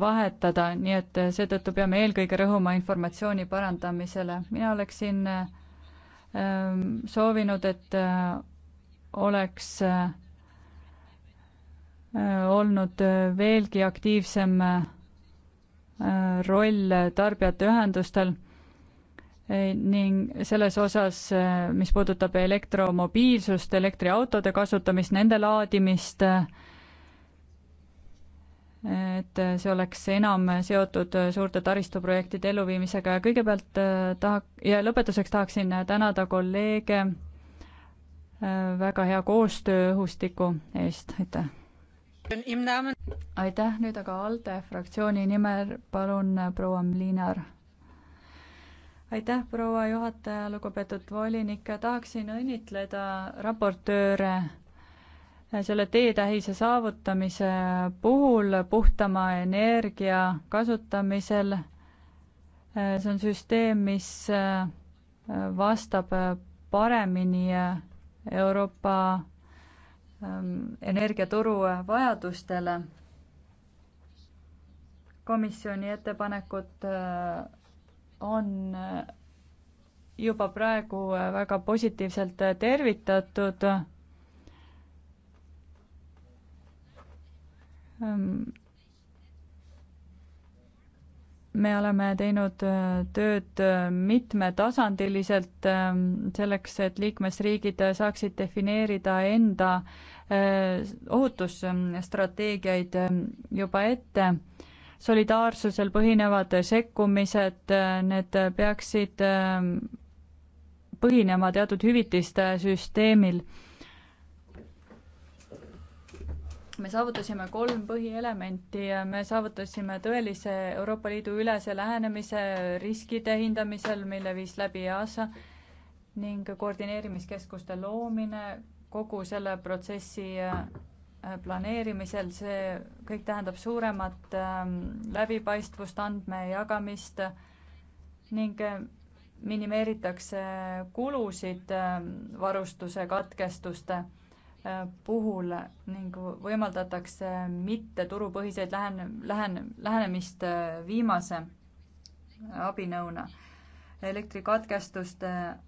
vahetada, nii et seetõttu peame eelkõige rõhuma informatsiooni parandamisele. mina oleksin ähm, soovinud, et äh, oleks äh, olnud äh, veelgi aktiivsem roll tarbijate ühendustel ning selles osas, mis puudutab elektromobiilsust, elektriautode kasutamist, nende laadimist, et see oleks enam seotud suurte taristuprojektide elluviimisega ja kõigepealt äh, taha- ja lõpetuseks tahaksin tänada kolleege äh, väga hea koostöö õhustiku eest, aitäh! aitäh, nüüd aga ALDE fraktsiooni nimel palun proua Mlinar. aitäh, proua juhataja, lugupeetud volinik, tahaksin õnnitleda raportööre selle teetähise saavutamise puhul puhtama energia kasutamisel. see on süsteem, mis äh, vastab äh, paremini äh, Euroopa ähm, energiaturu vajadustele. komisjoni ettepanekud on juba praegu väga positiivselt tervitatud Ehm, me oleme teinud äh, tööd äh, mitmetasandiliselt ehm, selleks, et liikmesriigid saaksid defineerida enda äh, ohutusstrateegiaid ehm, juba ette. solidaarsusel põhinevad sekkumised, need peaksid põhinema teatud hüvitiste süsteemil me saavutasime kolm põhielementi, me saavutasime tõelise Euroopa Liidu ülese lähenemise riskide hindamisel, mille viis läbi EASA ning koordineerimiskeskuste loomine kogu selle protsessi äh, planeerimisel, see kõik tähendab suuremat ähm, läbipaistvust, andmejagamist ning äh, minimeeritakse kulusid ähm, varustuse katkestuste puhul ning võimaldatakse mitte turupõhiseid lähen-, lähen-, lähenemist äh, viimase abinõuna. elektrikatkestuste äh,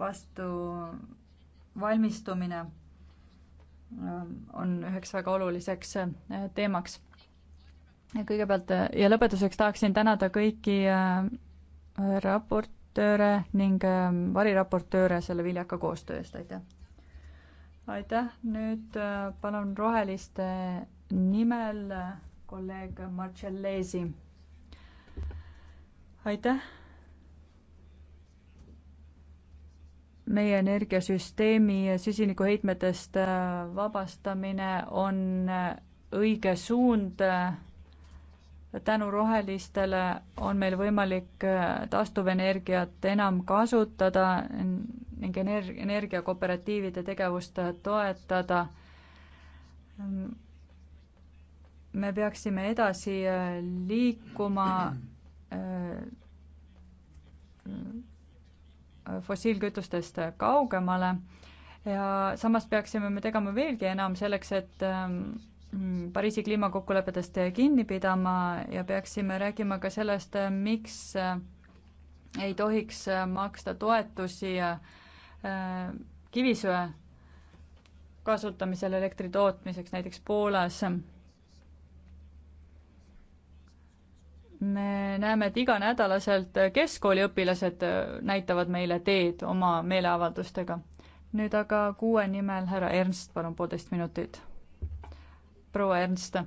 vastu valmistumine äh, on üheks väga oluliseks teemaks. kõigepealt ja lõpetuseks tahaksin tänada kõiki raport-, raportööre ning ähm, variraportööre selle viljaka koostöö eest, aitäh! aitäh, nüüd äh, palun roheliste nimel äh, kolleeg Marcellesi. aitäh! meie energiasüsteemi süsinikuheitmetest äh, vabastamine on õige suund tänu rohelistele on meil võimalik äh, taastuvenergiat enam kasutada ning energ-, energiakooperatiivide tegevust äh, toetada. me peaksime edasi äh, liikuma fossiilkütustest kaugemale ja samas peaksime me tegema veelgi enam selleks, et ähm, Mm, Pariisi kliimakokkulepetest kinni pidama ja peaksime rääkima ka sellest, miks äh, ei tohiks äh, maksta toetusi äh, kivisöe kasutamisel elektri tootmiseks näiteks Poolas. me näeme, et iganädalaselt keskkooliõpilased näitavad meile teed oma meeleavaldustega. nüüd aga kuue nimel härra Ernst, palun poolteist minutit proua Ernst.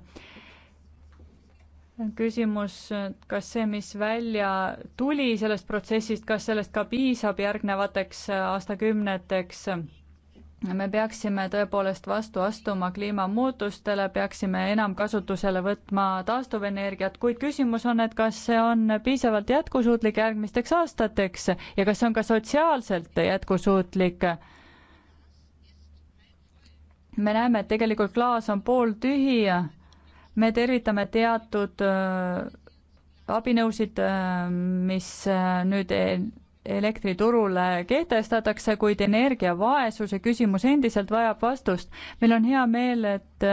küsimus, kas see, mis välja tuli sellest protsessist, kas sellest ka piisab järgnevateks aastakümneteks? me peaksime tõepoolest vastu astuma kliimamuutustele, peaksime enam kasutusele võtma taastuvenergiat, kuid küsimus on, et kas see on piisavalt jätkusuutlik järgmisteks aastateks ja kas see on ka sotsiaalselt jätkusuutlik me näeme, et tegelikult klaas on pooltühi ja me tervitame teatud äh, abinõusid, äh, mis äh, nüüd e-, elektriturule kehtestatakse, kuid energiavaesuse küsimus endiselt vajab vastust. meil on hea meel, et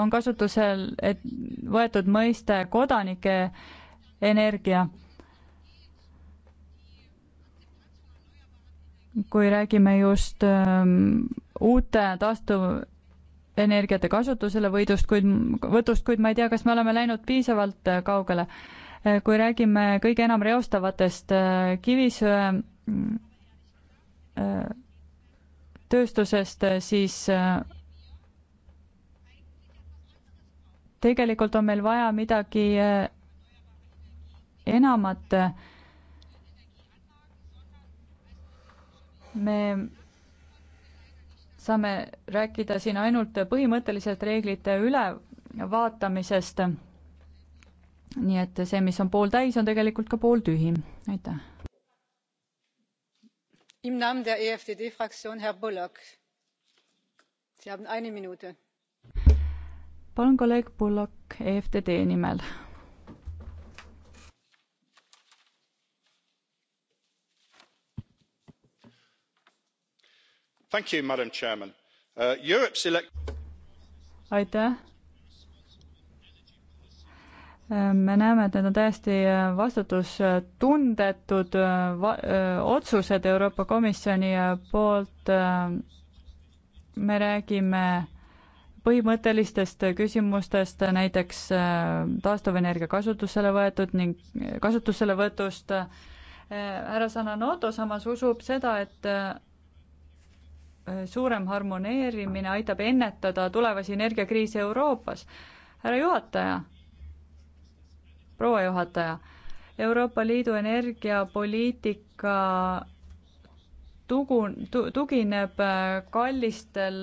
on kasutusel, et võetud mõiste kodanike energia kui räägime just ähm, uute taastuvenergiate kasutusele võidust, kuid, võtust, kuid ma ei tea, kas me oleme läinud piisavalt äh, kaugele äh,. kui räägime kõige enam reostavatest äh, kivisöe äh, tööstusest, äh, siis äh, tegelikult on meil vaja midagi äh, enamat äh, me saame rääkida siin ainult põhimõtteliselt reeglite ülevaatamisest. nii et see, mis on pooltäis, on tegelikult ka pooltühi. aitäh. Im Namen der EFDD Fraktion Herr Bullock. Sie haben eine Minute. palun, kolleeg Bullock EFDD nimel Uh, aitäh! Äh, me näeme, et need on täiesti äh, vastutustundetud äh, va-, otsused Euroopa Komisjoni poolt. me räägime põhimõttelistest küsimustest, näiteks taastuvenergia kasutusele võetud ning kasutusele võtust. härra Sananoto samas usub seda, et suurem harmoneerimine aitab ennetada tulevasi energiakriise Euroopas. härra juhataja, proua juhataja, Euroopa Liidu energiapoliitika tugu- tu,, tugineb kallistel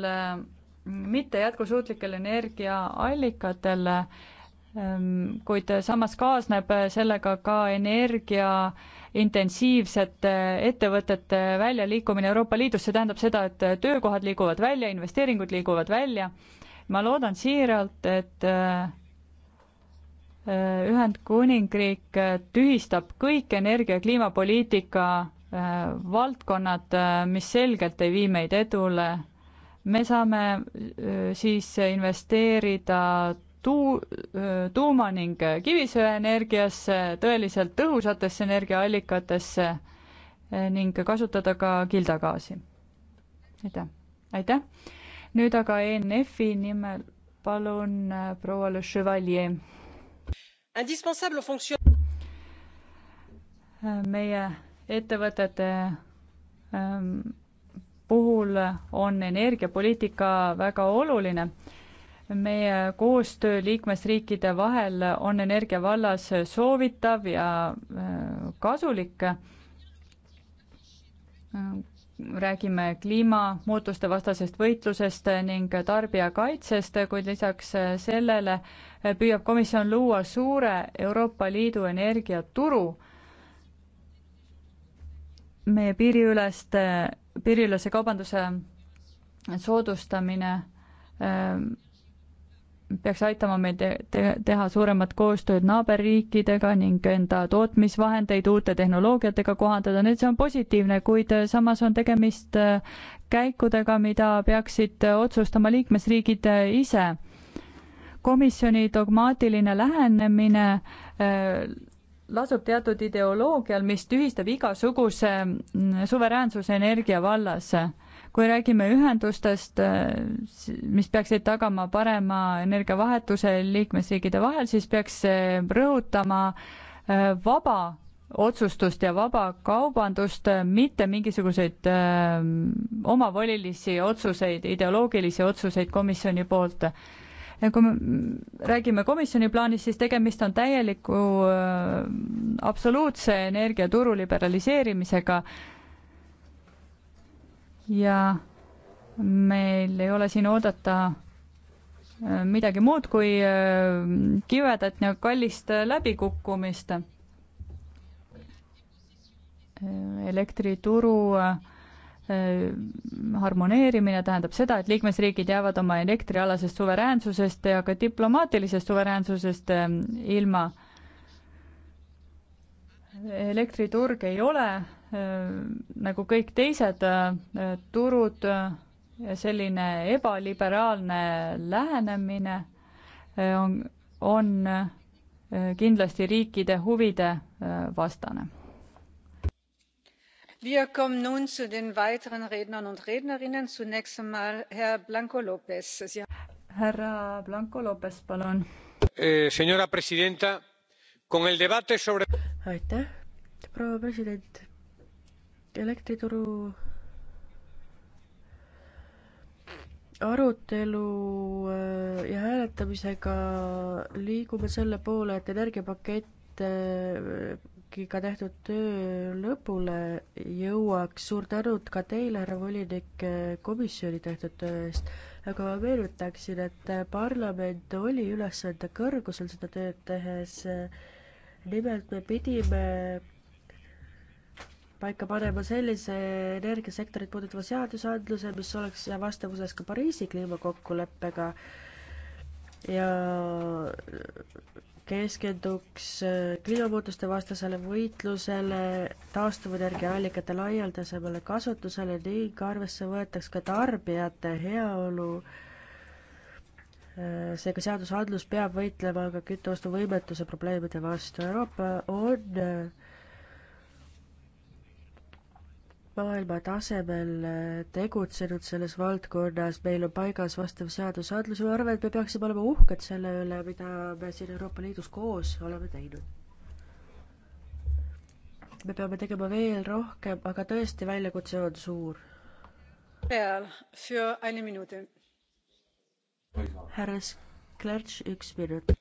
mitte jätkusuutlikel energiaallikatele, ehm, kuid samas kaasneb sellega ka energia äh, intensiivsete ettevõtete väljaliikumine Euroopa Liidus, see tähendab seda, et töökohad liiguvad välja, investeeringud liiguvad välja. ma loodan siiralt, et äh, Ühendkuningriik tühistab kõik energia- ja kliimapoliitika äh, valdkonnad, äh, mis selgelt ei vii meid edule. me saame siis investeerida tuu-, tuuma- ning kivisöeenergiasse, tõeliselt tõhusatesse energiaallikatesse eh, ning kasutada ka kildagaasi. aitäh, aitäh. nüüd aga ENF-i nimel palun eh, proua Le Chevalier. Eh, meie ettevõtete puhul on energiapoliitika väga oluline meie koostöö liikmesriikide vahel on energia vallas soovitav ja äh, kasulik. räägime kliimamuutuste vastasest võitlusest ning tarbijakaitsest, kuid lisaks sellele püüab komisjon luua suure Euroopa Liidu energiaturu. meie piiriüleste, piiriülese kaubanduse soodustamine äh, peaks aitama meil te te teha suuremat koostööd naaberriikidega ning enda tootmisvahendeid uute tehnoloogiatega kohandada, nüüd see on positiivne, kuid äh, samas on tegemist äh, käikudega, mida peaksid äh, otsustama liikmesriigid ise. komisjoni dogmaatiline lähenemine lasub teatud ideoloogial, mis tühistab igasuguse mm, suveräänsuse energia vallas kui räägime ühendustest, äh, mis peaksid tagama parema energiavahetuse liikmesriikide vahel, siis peaks rõhutama äh, vaba otsustust ja vaba kaubandust, äh, mitte mingisuguseid öö, omavolilisi otsuseid, ideoloogilisi otsuseid komisjoni poolt kui me räägime komisjoni plaanist, siis tegemist on täieliku äh, absoluutse energiaturu liberaliseerimisega ja meil ei ole siin oodata äh, midagi muud kui äh, kivedat ja kallist äh, läbikukkumist. elektrituru harmoneerimine tähendab seda, et liikmesriigid jäävad oma elektrialasest suveräänsusest ja ka diplomaatilisest suveräänsusest ilma. elektriturg ei ole nagu kõik teised äh, turud, äh, selline ebaliberaalne lähenemine äh, on, on kindlasti riikide huvide vastane. Wir kommen nun zu den weiteren Rednern und Rednerinnen. Zunächst einmal Herr Blanco Lopez. Sie Herra Blanco Lopez, palun. Eh, señora presidenta, con el debate sobre... Aitäh, proua president elektrituru arutelu äh, ja hääletamisega liigume selle poole, et energiapakettiga äh, tehtud töö lõpule jõuaks. suur tänud ka teile, härra volinik, äh, komisjoni tehtud töö eest. aga ma meenutaksin, et parlament oli ülesande kõrgusel seda tööd tehes. nimelt me pidime paika panema sellise energiasektorit puudutava seadusandluse, mis oleks vastavuses ka Pariisi kliimakokkuleppega ja keskenduks kliimamuutuste vastasele võitlusele, taastuvenergiaallikate laialdasemale kasutusele ning arvesse võetaks ka tarbijate heaolu. seega seadusandlus peab võitlema ka kütteostuvõimetuse probleemide vastu. Euroopa on maailma tasemel äh, tegutsenud selles valdkonnas, meil on paigas vastav seadusandlus ja ma arvan, et me peaksime olema uhked selle üle, mida me siin Euroopa Liidus koos oleme teinud. me peame tegema veel rohkem, aga tõesti, väljakutse on suur. härra Klerč, üks minut.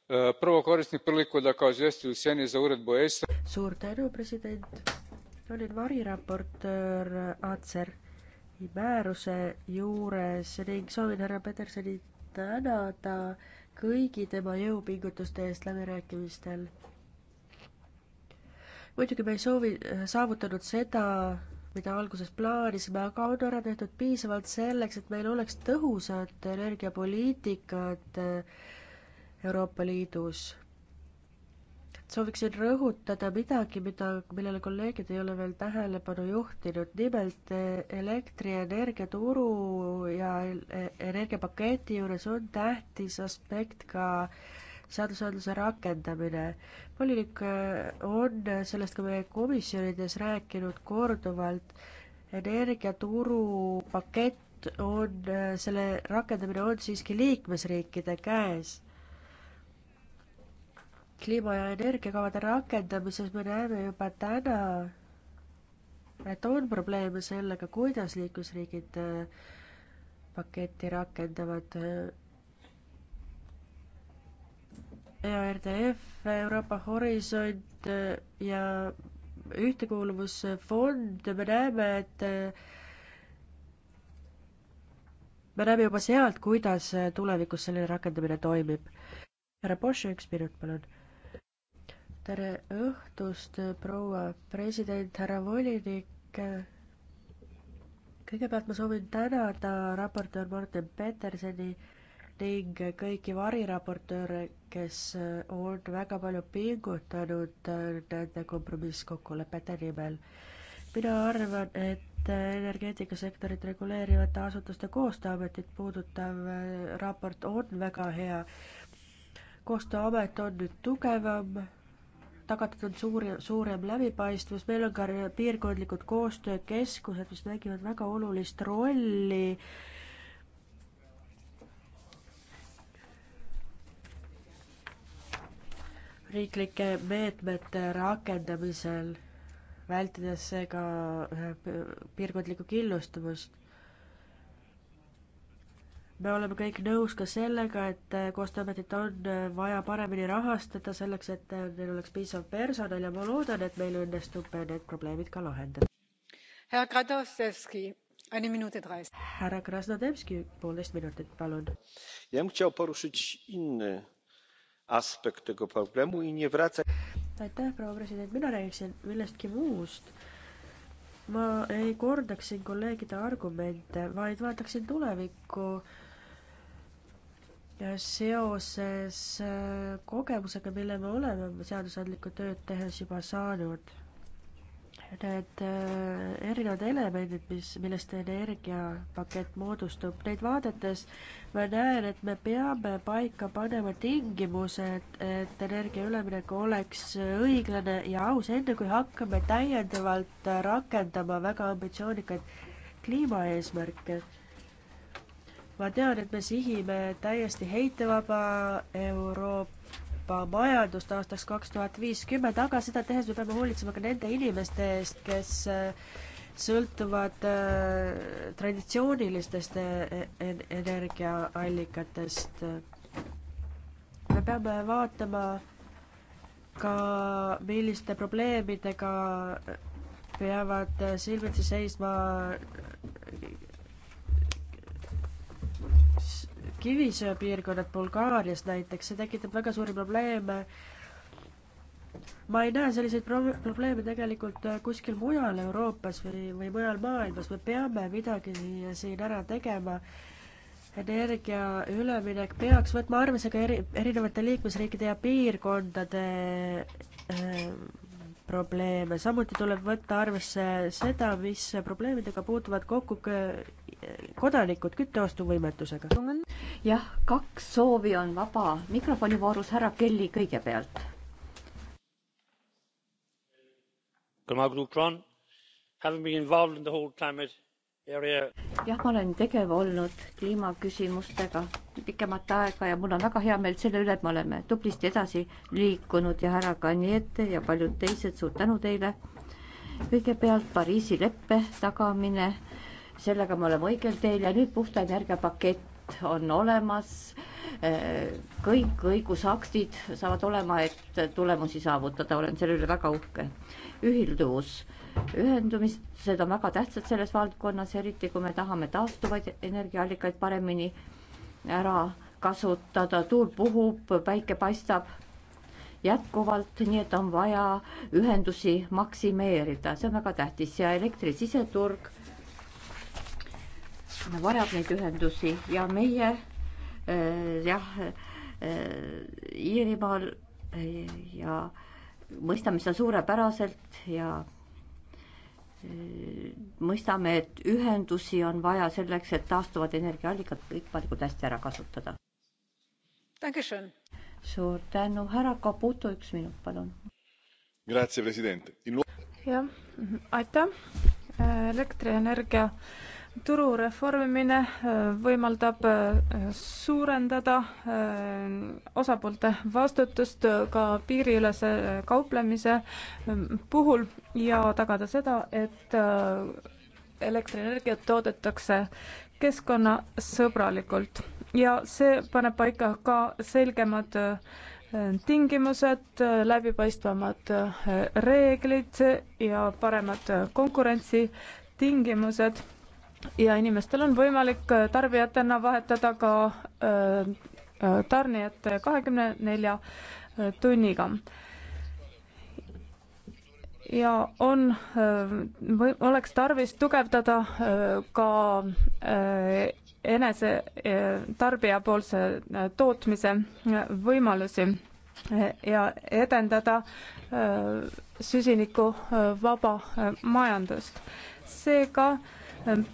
suur tänu, president olin variraportöör ACER-i määruse juures ning soovin härra Petersoni tänada kõigi tema jõupingutuste eest läbirääkimistel. muidugi me ei soovi, äh, saavutanud seda, mida alguses plaanisime, aga on ära tehtud piisavalt selleks, et meil oleks tõhusad energiapoliitikad äh, Euroopa Liidus sooviksin rõhutada midagi, mida, millele kolleegid ei ole veel tähelepanu juhtinud, nimelt elektrienergia turu ja e-, energiapaketi juures on tähtis aspekt ka seadusandluse rakendamine. volinik äh, on sellest ka meie komisjonides rääkinud korduvalt, energiaturu pakett on, äh, selle rakendamine on siiski liikmesriikide käes kliima- ja energiakavade rakendamises me näeme juba täna, et on probleeme sellega, kuidas liikmesriigid äh, paketti rakendavad. ERDF, Euroopa Horisont äh, ja Ühtekuuluvusfond, me näeme, et äh, me näeme juba sealt, kuidas tulevikus selline rakendamine toimib. härra Porsche, üks minut, palun tere õhtust, proua president, härra volinik. kõigepealt ma soovin tänada raportöör Martin Petersoni ning kõiki variraportööre, kes on väga palju pingutanud nende kompromisskokkulepete nimel. mina arvan, et et energeetikasektorit reguleerivate asutuste koostööametit puudutav raport on väga hea. koostööamet on nüüd tugevam tagatud on suur, suurem läbipaistvus, meil on ka piirkondlikud koostöökeskused, mis mängivad väga olulist rolli riiklike meetmete rakendamisel, vältides seega piirkondlikku killustumist me oleme kõik nõus ka sellega, et eh, Koostööametit on eh, vaja paremini rahastada selleks, et eh, neil oleks piisav personal ja ma loodan, et meil õnnestub need probleemid ka lahendada. härra Kradovski, eine minute dreist. härra Krasnodebski, poolteist minutit, palun. ja ma tahan porushiks inne aspekt tego problemu i nie wracać. aitäh, proua president, mina räägiksin millestki muust ma ei kordaks siin kolleegide argumente, vaid vaataksin tulevikku ja seoses äh, kogemusega, mille me oleme seadusandlikku tööd tehes juba saanud. Need äh, erinevad elemendid, mis, millest energiapakett moodustub, neid vaadates ma näen, et me peame paika panema tingimused, et energia üleminek oleks õiglane ja aus, enne kui hakkame täiendavalt rakendama väga ambitsioonikaid kliimaeesmärke ma tean, et me sihime täiesti heitevaba Euroopa majandust aastaks kaks tuhat viiskümmend, aga seda tehes me peame hoolitsema ka nende inimeste eest, kes äh, sõltuvad äh, traditsioonilistest äh, energiaallikatest. me peame vaatama ka, milliste probleemidega peavad silmitsi seisma kivisöepiirkonnad Bulgaarias näiteks, see tekitab väga suuri probleeme. ma ei näe selliseid pro-, probleeme tegelikult äh, kuskil mujal Euroopas või, või mujal maailmas, me peame midagi siin ära tegema energia üleminek peaks võtma arvesse ka eri, erinevate liikmesriikide ja piirkondade äh, probleeme, samuti tuleb võtta arvesse seda, mis probleemidega puutuvad kokku kodanikud kütteostuvõimetusega. jah, kaks soovi on vaba mikrofoni voorus, härra Kelly kõigepealt. jah, ma olen tegev olnud kliimaküsimustega pikemat aega ja mul on väga hea meel selle üle, et me oleme tublisti edasi liikunud ja härra Kaniete ja paljud teised, suur tänu teile kõigepealt Pariisi leppe tagamine sellega me oleme õigel teel ja nüüd puhta energiapakett on olemas. Äh, kõik õigusaktid saavad olema, et tulemusi saavutada, olen selle üle väga uhke. ühilduvus, ühendumised on väga tähtsad selles valdkonnas, eriti kui me tahame taastuvaid energiaallikaid paremini ära kasutada, tuul puhub, päike paistab jätkuvalt, nii et on vaja ühendusi maksimeerida, see on väga tähtis ja elektri siseturg varjab neid ühendusi ja meie äh, jah äh,, Iirimaal äh, ja mõistame seda suurepäraselt ja mõistame, et ühendusi on vaja selleks, et taastuvad energiaallikad võimalikult hästi ära kasutada. suur tänu, härra Caputo, üks minut, palun. jah, aitäh, elektrienergia turu reformimine äh, võimaldab äh, suurendada äh, osapoolte vastutust ka piiriülese kauplemise ähm, puhul ja tagada seda, et elektrienergiat toodetakse keskkonnasõbralikult ja see paneb paika ka selgemad tingimused, läbipaistvamad reeglid ja paremad konkurentsitingimused ja inimestel on võimalik äh, tarbijatena vahetada ka äh, äh, tarnijate kahekümne nelja tunniga. ja on, või oleks tarvis tugevdada ka enese tarbijapoolse tootmise võimalusi ja edendada süsinikuvaba majandust. seega äh,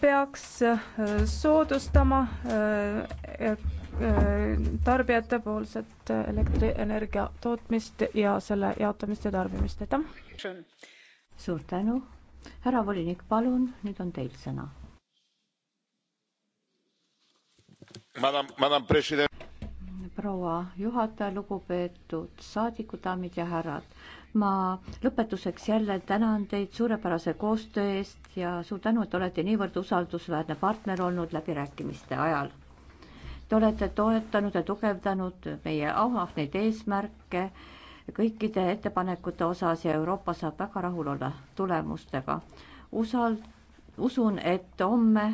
peaks äh, soodustama äh, äh, tarbijatepoolset elektrienergia tootmist ja selle jaotamist ja tarbimist, aitäh. suur tänu, härra volinik, palun, nüüd on teil sõna proua juhataja, lugupeetud saadikud, daamid ja härrad. ma lõpetuseks jälle tänan teid suurepärase koostöö eest ja suur tänu, et olete niivõrd usaldusväärne partner olnud läbirääkimiste ajal. Te olete toetanud ja tugevdanud meie ahahneid eesmärke kõikide ettepanekute osas ja Euroopa saab väga rahul olla tulemustega. usal-, usun, et homme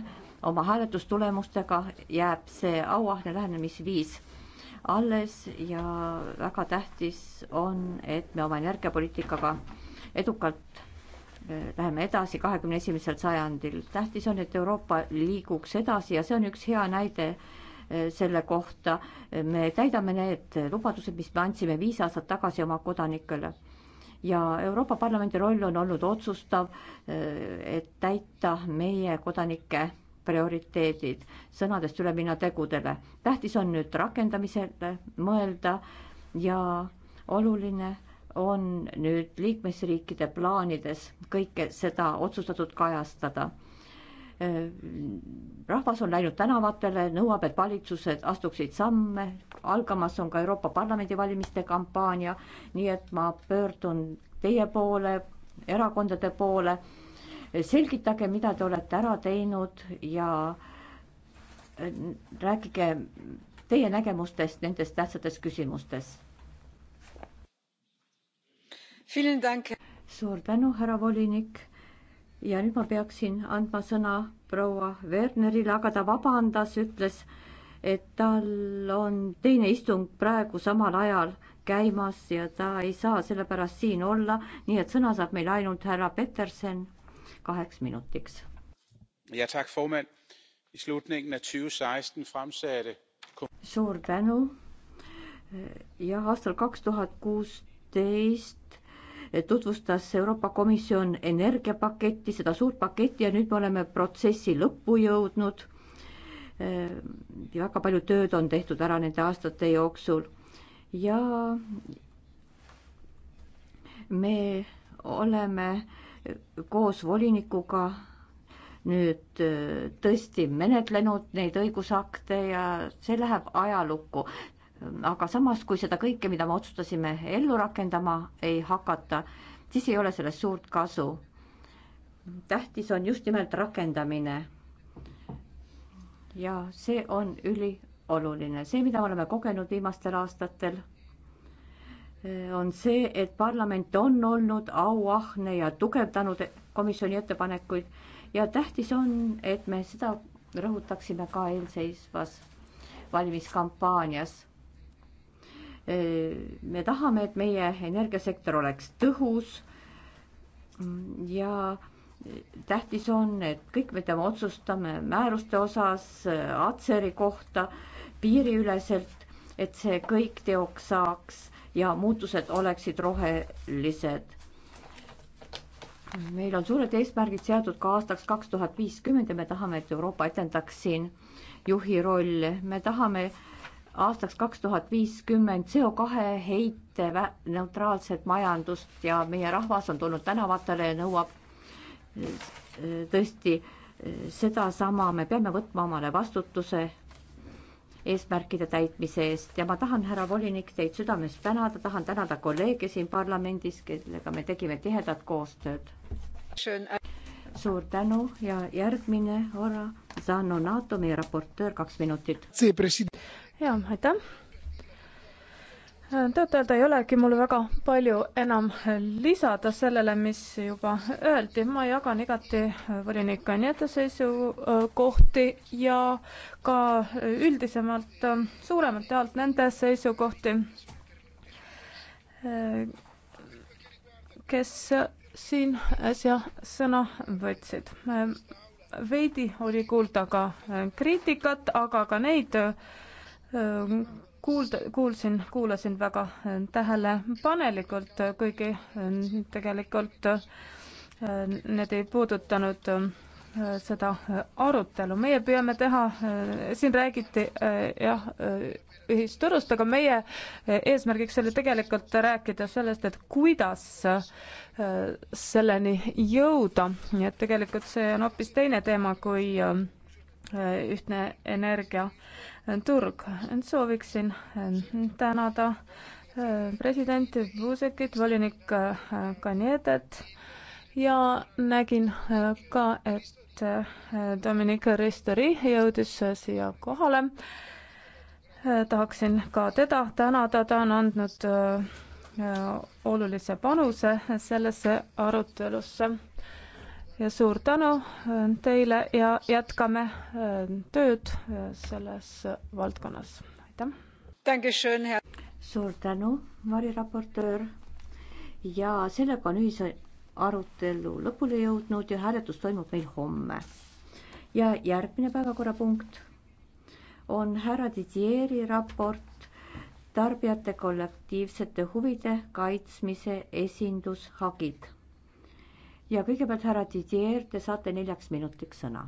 oma hääletustulemustega jääb see auahne lähenemisviis alles ja väga tähtis on, et me oma energiapoliitikaga edukalt äh, läheme edasi kahekümne esimesel sajandil. tähtis on, et Euroopa liiguks edasi ja see on üks hea näide äh, selle kohta. me täidame need lubadused, mis me andsime viis aastat tagasi oma kodanikele. ja Euroopa Parlamendi roll on olnud otsustav, äh, et täita meie kodanike prioriteedid, sõnadest üle minna tegudele. tähtis on nüüd rakendamisele mõelda ja oluline on nüüd liikmesriikide plaanides kõike seda otsustatud kajastada. rahvas on läinud tänavatele, nõuab, et valitsused astuksid samme, algamas on ka Euroopa Parlamendi valimiste kampaania, nii et ma pöördun teie poole, erakondade poole selgitage, mida te olete ära teinud ja äh, rääkige teie nägemustest nendes tähtsates küsimustes. suur tänu, härra volinik. ja nüüd ma peaksin andma sõna proua Wernerile, aga ta vabandas, ütles, et tal on teine istung praegu samal ajal käimas ja ta ei saa sellepärast siin olla, nii et sõna saab meil ainult härra Peterson kaheks minutiks. suur tänu. jah, aastal kaks tuhat kuusteist tutvustas Euroopa Komisjon energiapaketti, seda suurt paketti ja nüüd me oleme protsessi lõppu jõudnud. väga palju tööd on tehtud ära nende aastate jooksul ja me oleme koos volinikuga nüüd äh, tõesti menetlenud neid õigusakte ja see läheb ajalukku. aga samas, kui seda kõike, mida me otsustasime ellu rakendama ei hakata, siis ei ole sellest suurt kasu. tähtis on just nimelt rakendamine. ja see on ülioluline, see, mida me oleme kogenud viimastel aastatel on see, et parlament on olnud auahne ja tugevdanud komisjoni ettepanekuid ja tähtis on, et me seda rõhutaksime ka eelseisvas valimiskampaanias. me tahame, et meie energiasektor oleks tõhus ja tähtis on, et kõik, mida me otsustame määruste osas, Atseri kohta, piiriüleselt, et see kõik teoks saaks ja muutused oleksid rohelised. meil on suured eesmärgid seatud ka aastaks kaks tuhat viiskümmend ja me tahame, et Euroopa etendaks siin juhi rolli. me tahame aastaks kaks tuhat viiskümmend CO kahe heite neutraalset majandust ja meie rahvas on tulnud tänavatele ja nõuab eh, tõesti eh, sedasama, me peame võtma omale vastutuse eesmärkide täitmise eest ja ma tahan, härra volinik, teid südamest tänada, tahan tänada kolleege siin parlamendis, kellega me tegime tihedat koostööd. suur tänu ja järgmine, Ora Zanonato, meie raportöör, kaks minutit. jaa, aitäh tõtt-öelda ei olegi mul väga palju enam lisada sellele, mis juba öeldi, ma jagan igati volinik Anijate seisukohti ja ka üldisemalt äh, suuremalt jaolt nende seisukohti, äh, kes siin äsja sõna võtsid. Äh, veidi oli kuulda ka kriitikat, aga ka neid kuulda, kuulsin, kuulasin väga äh, tähelepanelikult, äh, kuigi äh, tegelikult need ei puudutanud seda arutelu. meie püüame teha, siin räägiti jah, ühisturust, aga meie eesmärgiks oli tegelikult rääkida sellest, et kuidas selleni jõuda, nii et tegelikult see on hoopis teine teema kui Eh, ühtne energiaturg. sooviksin eh, tänada eh, president Buzekit, volinik Kanietet ja nägin ka, et Dominic Ristori jõudis siia kohale. tahaksin ka teda tänada, ta on andnud olulise panuse sellesse arutelusse ja suur tänu äh, teile ja jätkame äh, tööd äh, selles valdkonnas. aitäh! suur tänu, variraportöör ja sellega on ühise arutelu lõpule jõudnud ja hääletus toimub meil homme. ja järgmine päevakorrapunkt on härra Didieri raport tarbijate kollektiivsete huvide kaitsmise esindushagid ja kõigepealt härra Didier, te saate neljaks minutiks sõna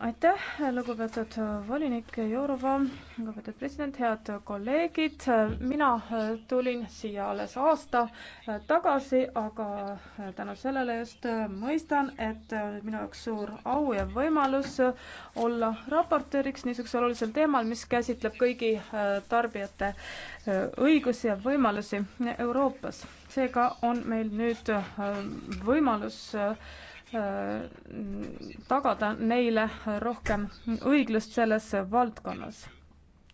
aitäh, lugupeetud volinik Jourova, lugupeetud president, head kolleegid. mina tulin siia alles aasta tagasi, aga tänu sellele just mõistan, et minu jaoks suur au ja võimalus olla raportööriks niisugusel olulisel teemal, mis käsitleb kõigi tarbijate õigusi ja võimalusi Euroopas. seega on meil nüüd võimalus Äh, tagada neile rohkem õiglust selles valdkonnas.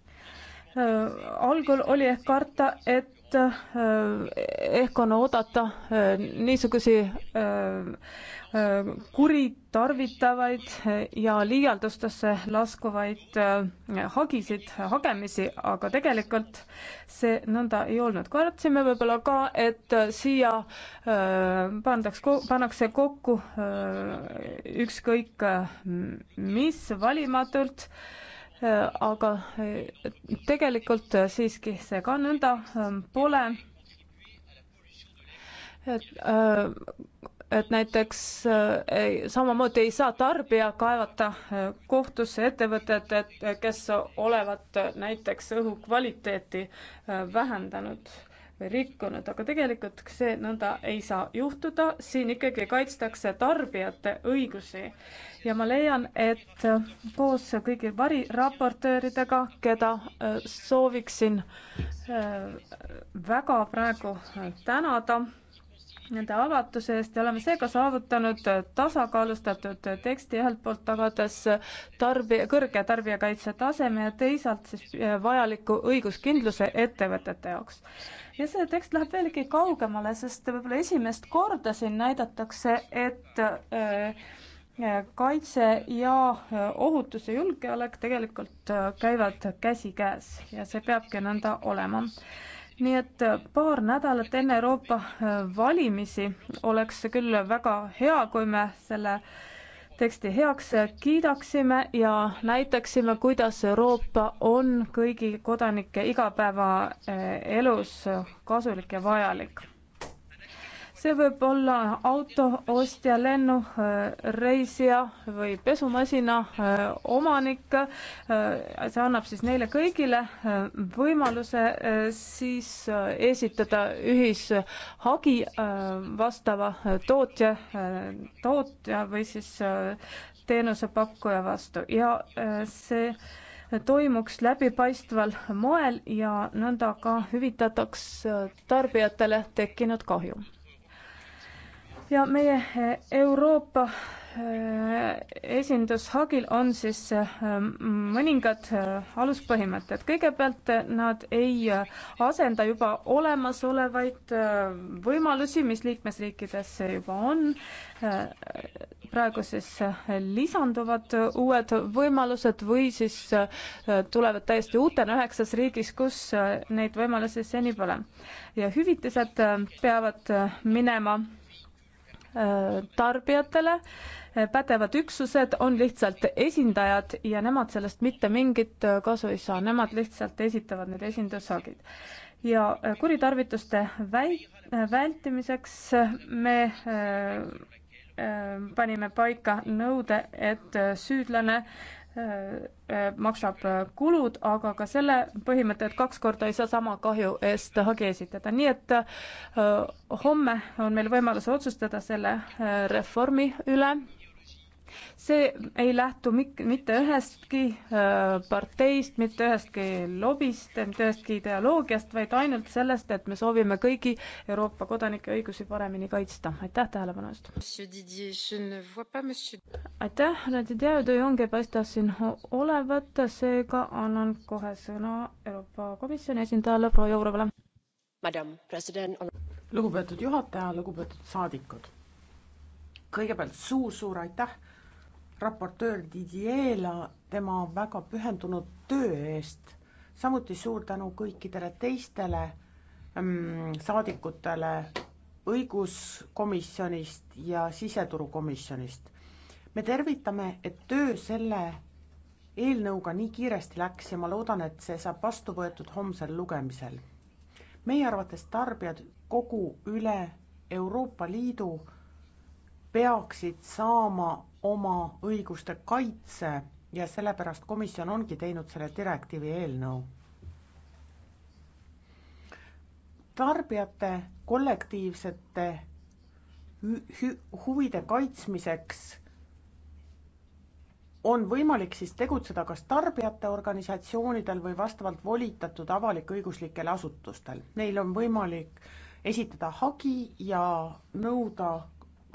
Äh, algul oli ehk karta, et et äh, ehk on oodata äh, niisugusi äh, kuritarvitavaid ja liialdustesse laskuvaid hagisid, hagemisi, aga tegelikult see nõnda ei olnud. kartsime võib-olla ka, et siia pandaks, pannakse kokku ükskõik mis valimatult aga eh, tegelikult siiski see ka nõnda ehm, pole. et, eh, et näiteks eh, samamoodi ei saa tarbija kaevata kohtusse ettevõtet, et kes olevat näiteks õhu kvaliteeti vähendanud rikkunud, aga tegelikult see nõnda ei saa juhtuda, siin ikkagi kaitstakse tarbijate õigusi ja ma leian, et koos kõigi variraportööridega, keda äh, sooviksin äh, väga praegu tänada nende avatuse eest ja oleme seega saavutanud tasakaalustatud teksti ühelt poolt tagades tarbi-, kõrge tarbijakaitse taseme ja teisalt siis eh, vajaliku õiguskindluse ettevõtete jaoks. ja see tekst läheb veelgi kaugemale, sest võib-olla esimest korda siin näidatakse, et eh, eh, kaitse ja ohutus ja julgeolek tegelikult käivad käsikäes ja see peabki nõnda olema nii et äh, paar nädalat enne Euroopa äh, valimisi oleks küll väga hea, kui me selle teksti heaks äh, kiidaksime ja näitaksime, kuidas Euroopa on kõigi kodanike igapäevaelus kasulik ja vajalik see võib olla autoostja, lennureisija äh, või pesumasina äh, omanik. Äh, see annab siis neile kõigile võimaluse siis esitada ühishagi vastava tootja, tootja või siis teenusepakkuja vastu ja see toimuks läbipaistval moel ja nõnda ka hüvitataks tarbijatele tekkinud kahju ja meie eh, Euroopa eh, esindushagil on siis eh, mõningad aluspõhimõtted. kõigepealt nad ei asenda juba olemasolevaid võimalusi, mis liikmesriikides juba on. praegu siis lisanduvad uued võimalused või siis tulevad täiesti uutena üheksas riigis, kus neid võimalusi seni pole. ja hüvitised peavad minema Äh, tarbijatele, äh, pädevad üksused on lihtsalt esindajad ja nemad sellest mitte mingit äh, kasu ei saa, nemad lihtsalt esitavad need esindushagid. ja kuritarvituste väi-, vältimiseks me panime paika nõude, et süüdlane Äh, äh, maksab äh, kulud, aga ka selle põhimõtte, et kaks korda ei saa sama kahju eest hagi esitada, nii et homme on meil võimalus otsustada selle reformi üle see ei lähtu mitte ühestki äh, parteist, mitte ühestki lobist, mitte ühestki ideoloogiast, vaid ainult sellest, et me soovime kõigi Euroopa kodanike õigusi paremini kaitsta. aitäh tähelepanu eest! aitäh, Didier Dujong ei paista siin olevat, seega annan kohe sõna Euroopa Komisjoni esindajale proua Jourovale. lugupeetud juhataja, lugupeetud saadikud! kõigepealt suur-suur aitäh raportöör Didier'la tema väga pühendunud töö eest. samuti suur tänu kõikidele teistele mm, saadikutele õiguskomisjonist ja siseturukomisjonist. me tervitame, et töö selle eelnõuga nii kiiresti läks ja ma loodan, et see saab vastu võetud homsel lugemisel. meie arvates tarbijad kogu üle Euroopa Liidu peaksid saama oma õiguste kaitse ja sellepärast komisjon ongi teinud selle direktiivi eelnõu. tarbijate kollektiivsete huvide kaitsmiseks on võimalik siis tegutseda kas tarbijate organisatsioonidel või vastavalt volitatud avalik-õiguslikel asutustel. Neil on võimalik esitada hagi ja nõuda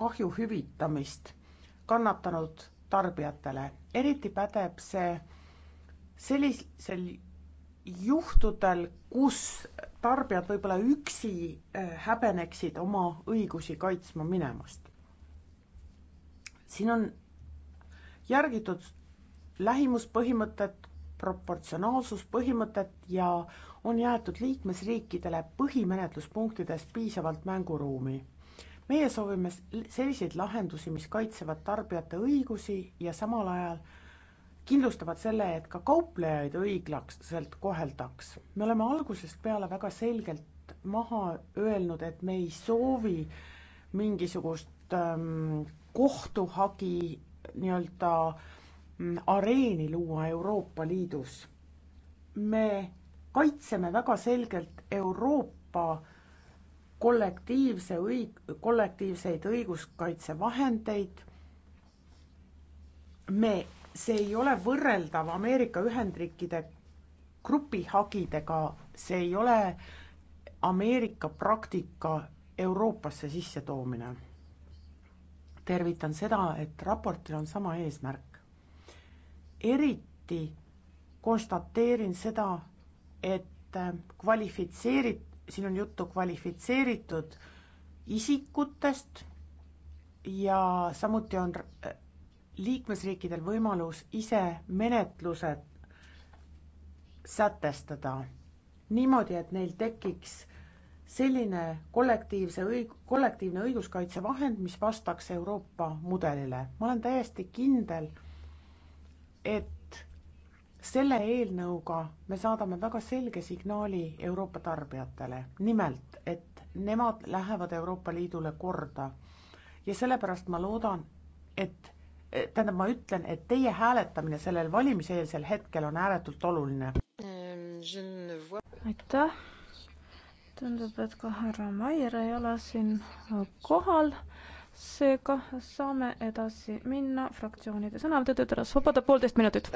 kahju hüvitamist kannatanud tarbijatele. eriti pädeb see sellisel juhtudel, kus tarbijad võib-olla üksi äh, häbeneksid oma õigusi kaitsma minemast. siin on järgitud lähimuspõhimõtet, proportsionaalsuspõhimõtet ja on jäetud liikmesriikidele põhimenetluspunktides piisavalt mänguruumi meie soovime selliseid lahendusi, mis kaitsevad tarbijate õigusi ja samal ajal kindlustavad selle, et ka kauplejaid õiglaselt koheldaks. me oleme algusest peale väga selgelt maha öelnud, et me ei soovi mingisugust ähm, kohtuhagi nii-öelda mm, areeni luua Euroopa Liidus. me kaitseme väga selgelt Euroopa kollektiivse õig-, kollektiivseid õiguskaitsevahendeid. me, see ei ole võrreldav Ameerika Ühendriikide grupihagidega, see ei ole Ameerika praktika Euroopasse sissetoomine. tervitan seda, et raportil on sama eesmärk. eriti konstateerin seda, et kvalifitseeritud siin on juttu kvalifitseeritud isikutest ja samuti on liikmesriikidel võimalus ise menetlused sätestada niimoodi, et neil tekiks selline kollektiivse õig-, kollektiivne õiguskaitsevahend, mis vastaks Euroopa mudelile. ma olen täiesti kindel, et selle eelnõuga me saadame väga selge signaali Euroopa tarbijatele, nimelt, et nemad lähevad Euroopa Liidule korda. ja sellepärast ma loodan, et eh, tähendab, ma ütlen, et teie hääletamine sellel valimiseelsel hetkel on ääretult oluline. aitäh. tundub, et ka härra Maier ei ole siin kohal seega saame edasi minna fraktsioonide sõnavõttude juures. Vabada poolteist minutit.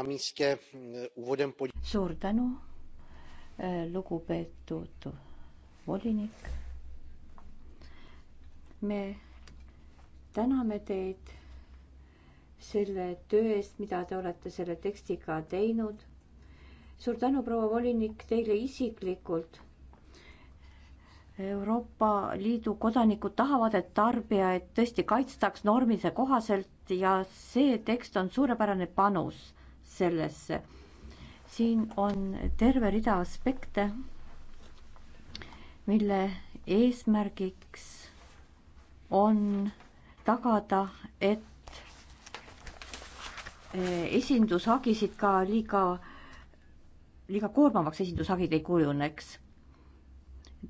Mm, suur tänu, eh, lugupeetud volinik. me täname teid selle töö eest, mida te olete selle tekstiga teinud. suur tänu, proua volinik, teile isiklikult Euroopa Liidu kodanikud tahavad, et tarbijaid tõesti kaitstaks normise kohaselt ja see tekst on suurepärane panus sellesse. siin on terve rida aspekte, mille eesmärgiks on tagada, et eh, esindushagisid ka liiga, liiga koormavaks esindusagid ei kujuneks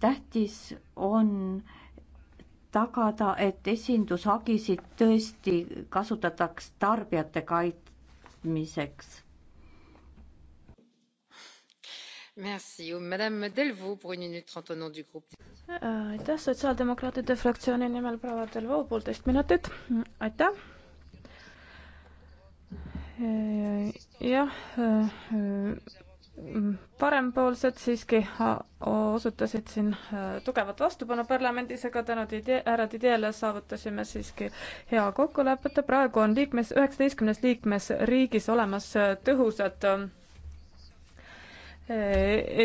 tähtis on tagada, et esindushagisid tõesti kasutataks tarbijate kaitsmiseks. aitäh sotsiaaldemokraatide fraktsiooni nimel proua Delvo, poolteist minutit, aitäh. jah parempoolsed siiski osutasid siin äh, tugevat vastupanu parlamendis, aga tänu idee, härra Didiele saavutasime siiski hea kokkulepete. praegu on liikmes, üheksateistkümnes liikmesriigis olemas äh, tõhusad äh,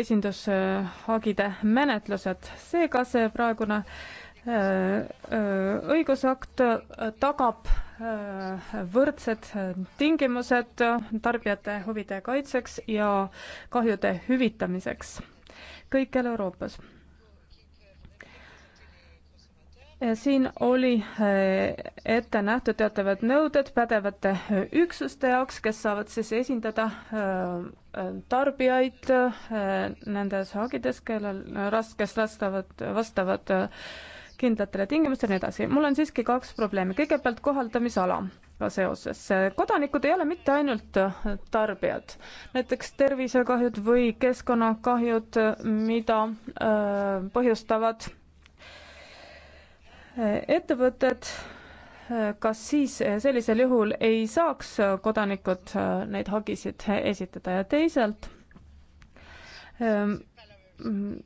esindushagide menetlused, seega see praegune õigusakt tagab Äh, võrdsed tingimused tarbijate huvide kaitseks ja kahjude hüvitamiseks kõikjal Euroopas. siin oli äh, ette nähtud teatavad nõuded pädevate üksuste jaoks, kes saavad siis esindada äh, tarbijaid nendes hagides, kellel raskes vastavad, vastavad kindlatele tingimustele ja nii edasi. mul on siiski kaks probleemi, kõigepealt kohaldamisalaga seoses. kodanikud ei ole mitte ainult tarbijad, näiteks tervisekahjud või keskkonnakahjud, mida öö, äh, põhjustavad äh, ettevõtted, äh, kas siis sellisel juhul ei saaks kodanikud neid hagisid esitada ja teisalt öö, öö, mm,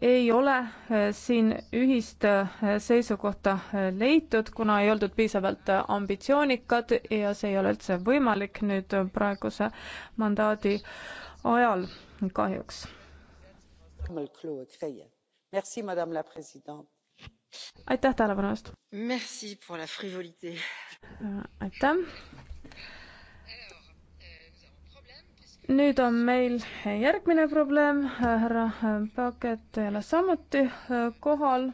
ei ole äh, siin ühist äh, seisukohta äh, leitud, kuna ei oldud piisavalt ambitsioonikad ja see ei ole üldse võimalik nüüd praeguse mandaadi ajal kahjuks. aitäh tähelepanu eest! aitäh! nüüd on meil järgmine probleem, härra Paket ei ole samuti äh, kohal.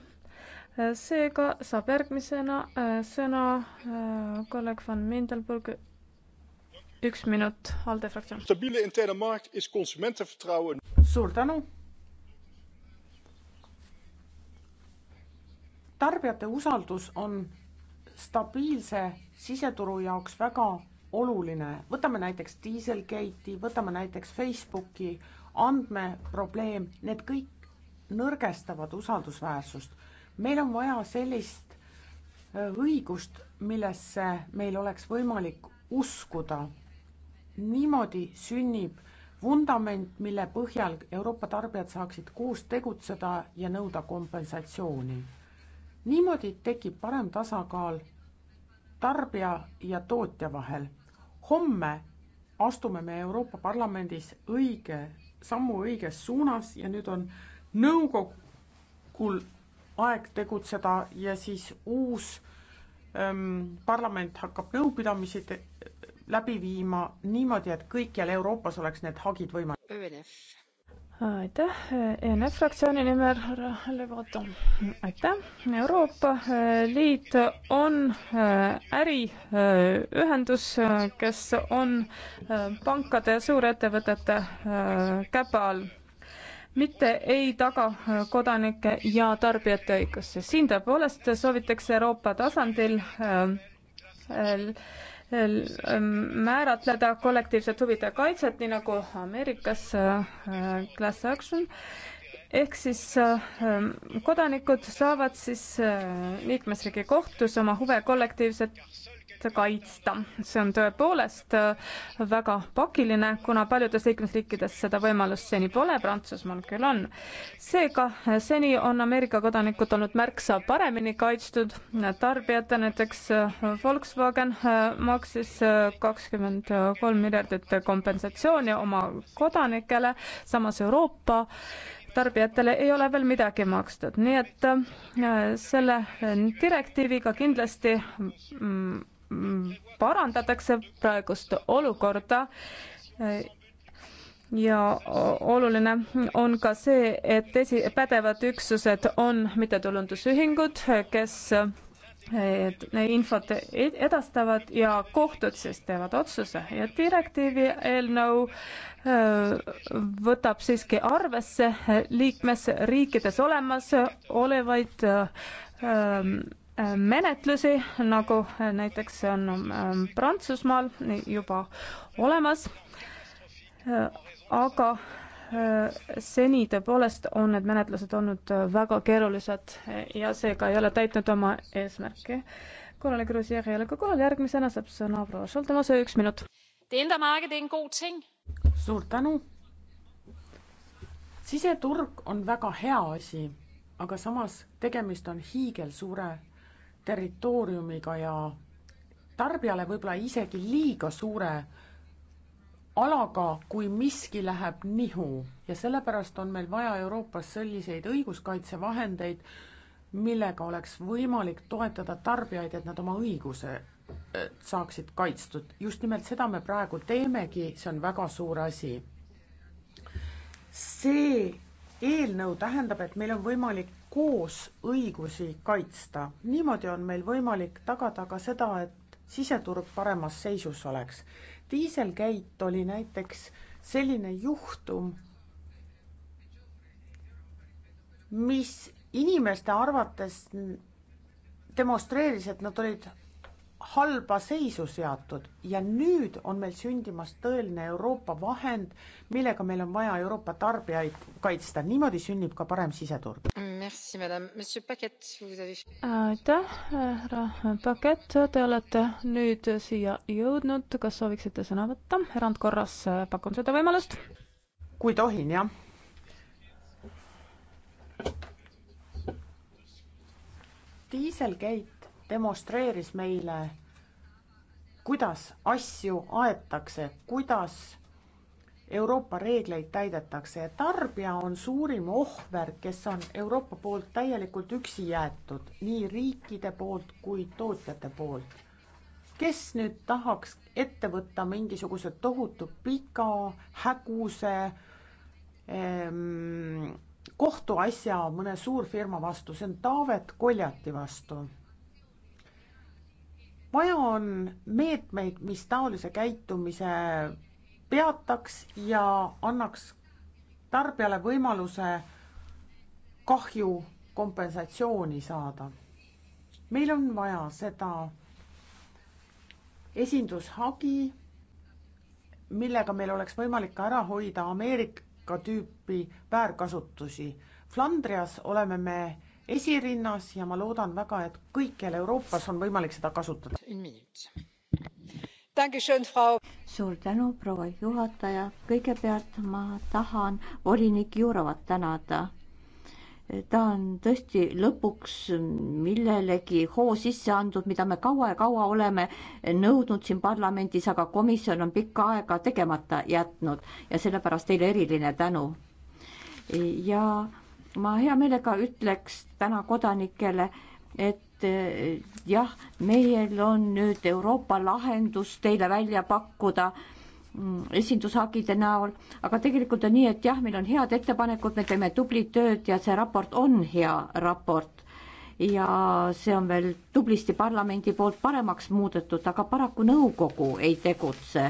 Äh, seega saab järgmisena äh, sõna kolleeg van Mindelburg. üks minut, ALDE fraktsioon. stabiele interne markt is consumentenvertrouwen. suur tänu tarbijate usaldus on stabiilse siseturu jaoks väga oluline, võtame näiteks Dieselgate'i, võtame näiteks Facebooki, andmeprobleem, need kõik nõrgestavad usaldusväärsust. meil on vaja sellist äh, õigust, millesse meil oleks võimalik uskuda. niimoodi sünnib vundament, mille põhjal Euroopa tarbijad saaksid koos tegutseda ja nõuda kompensatsiooni. niimoodi tekib parem tasakaal tarbija ja tootja vahel homme astume me Euroopa Parlamendis õige sammu õiges suunas ja nüüd on nõukogul aeg tegutseda ja siis uus ähm, parlament hakkab nõupidamisi läbi viima niimoodi, et kõikjal Euroopas oleks need hagid võimalikud aitäh, ENF fraktsiooni nimel härra Levato. aitäh, Euroopa e, Liit on e, äriühendus, e, kes on pankade ja suurettevõtete käpa all mitte ei taga kodanike ja tarbijate õigusse. siin tõepoolest soovitakse Euroopa tasandil Ähm, määratleda kollektiivset huvide kaitset, nii nagu Ameerikas äh, class action ehk siis ähm, kodanikud saavad siis äh, liikmesriigi kohtus oma huve kollektiivselt õigust kaitsta. see on tõepoolest äh, väga pakiline, kuna paljudes liikmesriikides seda võimalust seni pole, Prantsusmaal küll on. seega äh, seni on Ameerika kodanikud olnud märksa paremini kaitstud tarbijate, näiteks äh, Volkswagen maksis kakskümmend kolm miljardit kompensatsiooni oma kodanikele, samas Euroopa tarbijatele ei ole veel midagi makstud, nii et äh, selle direktiiviga kindlasti mm, parandatakse praegust olukorda ja oluline on ka see, et esi-, pädevad üksused on mittetulundusühingud, kes infot e-, edastavad ja kohtud siis teevad otsuse ja direktiivi eelnõu võtab siiski arvesse liikmesriikides olemas olevaid Äh, menetlusi, nagu näiteks on ähm, Prantsusmaal juba olemas, äh, aga äh, seni tõepoolest on need menetlused olnud väga keerulised ja seega ei ole täitnud oma eesmärki. kolleeg Roosier ei ole ka kohal, järgmisena saab sõna proua Šoltemase, üks minut. Er suur tänu. siseturg on väga hea asi, aga samas tegemist on hiigelsuure territooriumiga ja tarbijale võib-olla isegi liiga suure alaga, kui miski läheb nihu ja sellepärast on meil vaja Euroopas selliseid õiguskaitsevahendeid, millega oleks võimalik toetada tarbijaid, et nad oma õiguse äh, saaksid kaitstud. just nimelt seda me praegu teemegi, see on väga suur asi. see eelnõu tähendab, et meil on võimalik koos õigusi kaitsta. niimoodi on meil võimalik tagada ka seda, et siseturg paremas seisus oleks. diiselgate oli näiteks selline juhtum, mis inimeste arvates demonstreeris, et nad olid halba seisu seatud ja nüüd on meil sündimas tõeline Euroopa vahend, millega meil on vaja Euroopa tarbijaid kaitsta, niimoodi sünnib ka parem siseturg. aitäh, härra Paket, te olete nüüd siia jõudnud, kas sooviksite sõna võtta, erandkorras pakun seda võimalust? kui tohin, jah. diiselgate demonstreeris meile, kuidas asju aetakse, kuidas Euroopa reegleid täidetakse ja tarbija on suurim ohver, kes on Euroopa poolt täielikult üksi jäetud, nii riikide poolt kui tootjate poolt. kes nüüd tahaks ette võtta mingisuguse tohutu pika häguse ehm, kohtuasja mõne suurfirma vastu, see on Taavet Koljati vastu vaja on meetmeid, mis taolise käitumise peataks ja annaks tarbijale võimaluse kahju kompensatsiooni saada. meil on vaja seda esindushagi, millega meil oleks võimalik ära hoida Ameerika tüüpi väärkasutusi. Flandrias oleme me esirinnas ja ma loodan väga, et kõikjal Euroopas on võimalik seda kasutada. suur tänu, proua juhataja. kõigepealt ma tahan volinik Jurovat tänada. ta on tõesti lõpuks millelegi hoo sisse andnud, mida me kaua ja kaua oleme nõudnud siin parlamendis, aga komisjon on pikka aega tegemata jätnud ja sellepärast teile eriline tänu. ja ma hea meelega ütleks täna kodanikele, et eh, jah, meil on nüüd Euroopa lahendus teile välja pakkuda mm, esindushagide näol, aga tegelikult on nii, et jah, meil on head ettepanekud, me teeme tublit tööd ja see raport on hea raport. ja see on veel tublisti parlamendi poolt paremaks muudetud, aga paraku nõukogu ei tegutse.